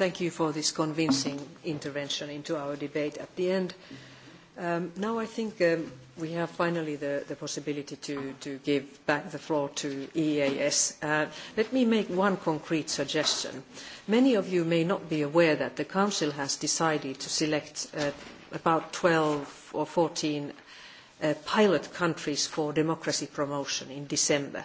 Thank you for this convincing intervention into our debate at the end. Now I think we have finally the possibility to give back the floor to EAS. Let me make one concrete suggestion. Many of you may not be aware that the Council has decided to select about 12 or 14 pilot countries for democracy promotion in December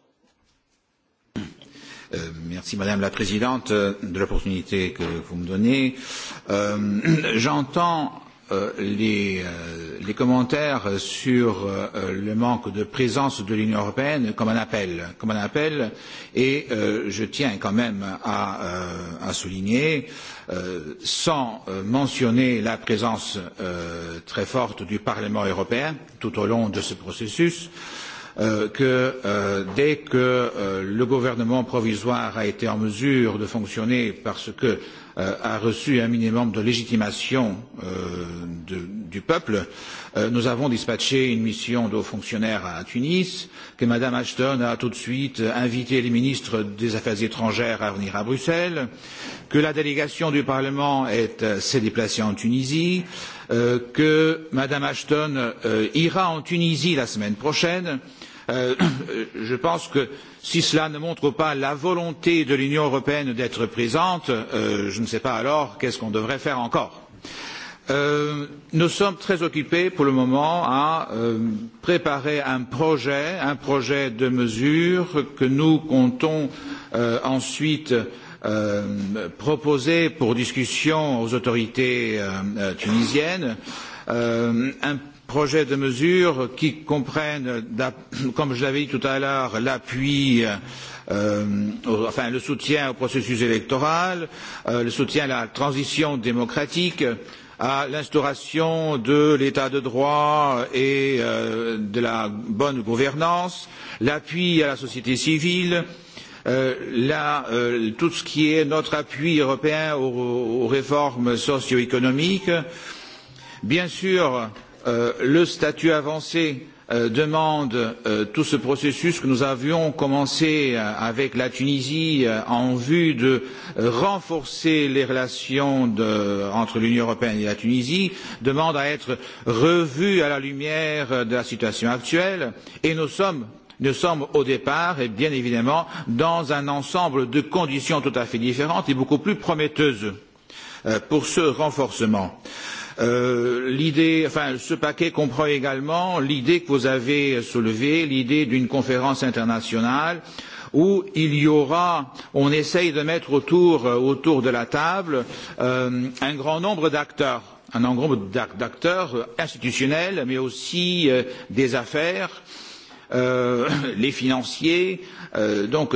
Merci Madame la Présidente de l'opportunité que vous me donnez. J'entends les commentaires sur le manque de présence de l'Union européenne comme un appel et je tiens quand même à souligner, sans mentionner la présence très forte du Parlement européen tout au long de ce processus, que dès que le gouvernement provisoire a été en mesure de fonctionner parce que a reçu un minimum de légitimation du peuple. Nous avons dispatché une mission de hauts fonctionnaires à Tunis, que Mme Ashton a tout de suite invité les ministres des Affaires étrangères à venir à Bruxelles, que la délégation du Parlement s'est déplacée en Tunisie, que Mme Ashton ira en Tunisie la semaine prochaine je pense que si cela ne montre pas la volonté de l'union européenne d'être présente je ne sais pas alors qu'est ce qu'on devrait faire encore. nous sommes très occupés pour le moment à préparer un projet un projet de mesures que nous comptons ensuite proposer pour discussion aux autorités tunisiennes projet de mesures qui comprennent, comme je l'avais dit tout à l'heure, l'appui, enfin le soutien au processus électoral, le soutien à la transition démocratique, à l'instauration de l'état de droit et de la bonne gouvernance, l'appui à la société civile, tout ce qui est notre appui européen aux réformes socio-économiques. Bien sûr, le statut avancé demande tout ce processus que nous avions commencé avec la Tunisie en vue de renforcer les relations entre l'Union européenne et la Tunisie demande à être revu à la lumière de la situation actuelle et nous sommes nous sommes au départ et bien évidemment dans un ensemble de conditions tout à fait différentes et beaucoup plus prometteuses pour ce renforcement ce paquet comprend également l'idée que vous avez soulevée, l'idée d'une conférence internationale où il y aura, on essaye de mettre autour de la table un grand nombre d'acteurs un nombre d'acteurs institutionnels, mais aussi des affaires, les financiers, donc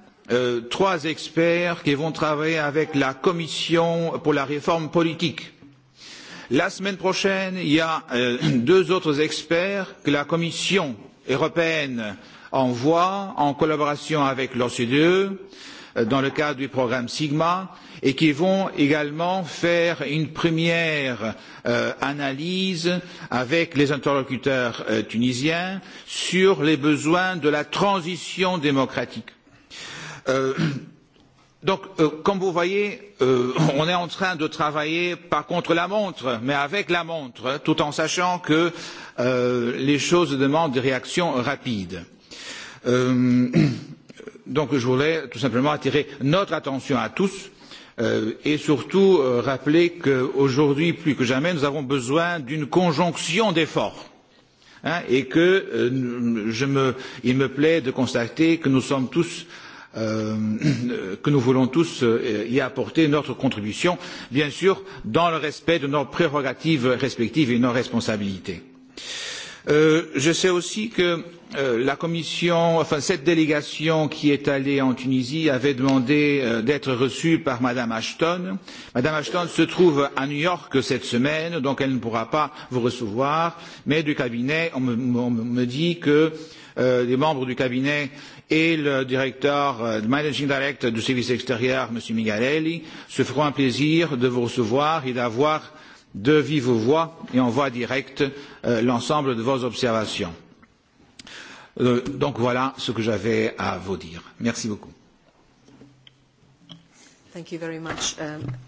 trois experts qui vont travailler avec la commission pour la réforme politique. La semaine prochaine, il y a deux autres experts que la Commission européenne envoie en collaboration avec l'OCDE dans le cadre du programme Sigma et qui vont également faire une première analyse avec les interlocuteurs tunisiens sur les besoins de la transition démocratique Donc, comme vous voyez, on est en train de travailler pas contre la montre, mais avec la montre, tout en sachant que les choses demandent des réactions rapides. je voulais tout simplement attirer notre attention à tous et surtout rappeler qu'aujourd'hui, plus que jamais, nous avons besoin d'une conjonction d'efforts et qu'il me plaît de constater que nous sommes tous que nous voulons tous y apporter notre contribution, bien sûr dans le respect de nos prérogatives respectives et de nos responsabilités. Je sais aussi que la commission, enfin cette délégation qui est allée en Tunisie avait demandé d'être reçue par Madame Ashton. Madame Ashton se trouve à New York cette semaine, donc elle ne pourra pas vous recevoir, mais du cabinet, on me dit que les membres du cabinet et le directeur, le managing director du service extérieur, M. Migarelli, se feront un plaisir de vous recevoir et d'avoir de vive voix et en voix directe l'ensemble de vos observations. Donc voilà ce que j'avais à vous dire. Merci beaucoup. Thank you very much.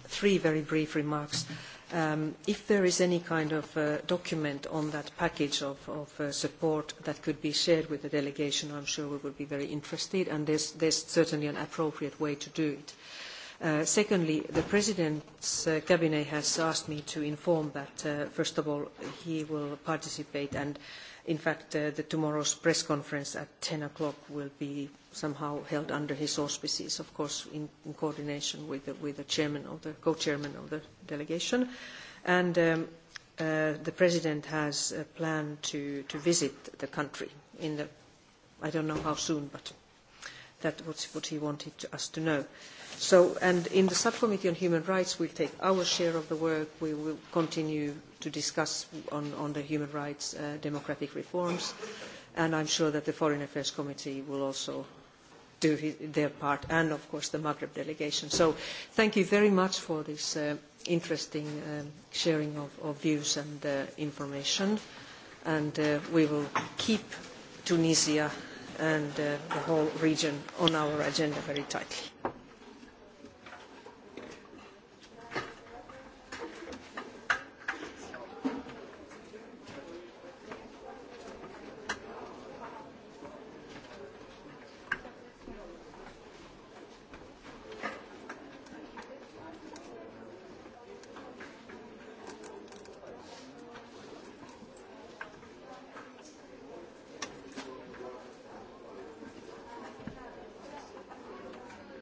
Three very brief remarks if there is any kind of document on that package of support that could be shared with the delegation, I'm sure we would be very interested, and is certainly an appropriate way to do it. Secondly, the President's Cabinet has asked me to inform that, first of all, he will participate and In fact, the tomorrow's press conference at 10 o'clock will be somehow held under his auspices, of course, in coordination with the chairman of the co-chairman of the delegation. And the president has a plan to visit the country in the, I don't know how soon, but that was what he wanted us to know. So, and in the subcommittee on human rights, we'll take our share of the work. We will continue to discuss on the human rights democratic reforms and I'm sure that the Foreign Affairs Committee will also do their part and of course the Maghreb delegation. So thank you very much for this interesting sharing of views and information and we will keep Tunisia and the whole region on our agenda very tightly.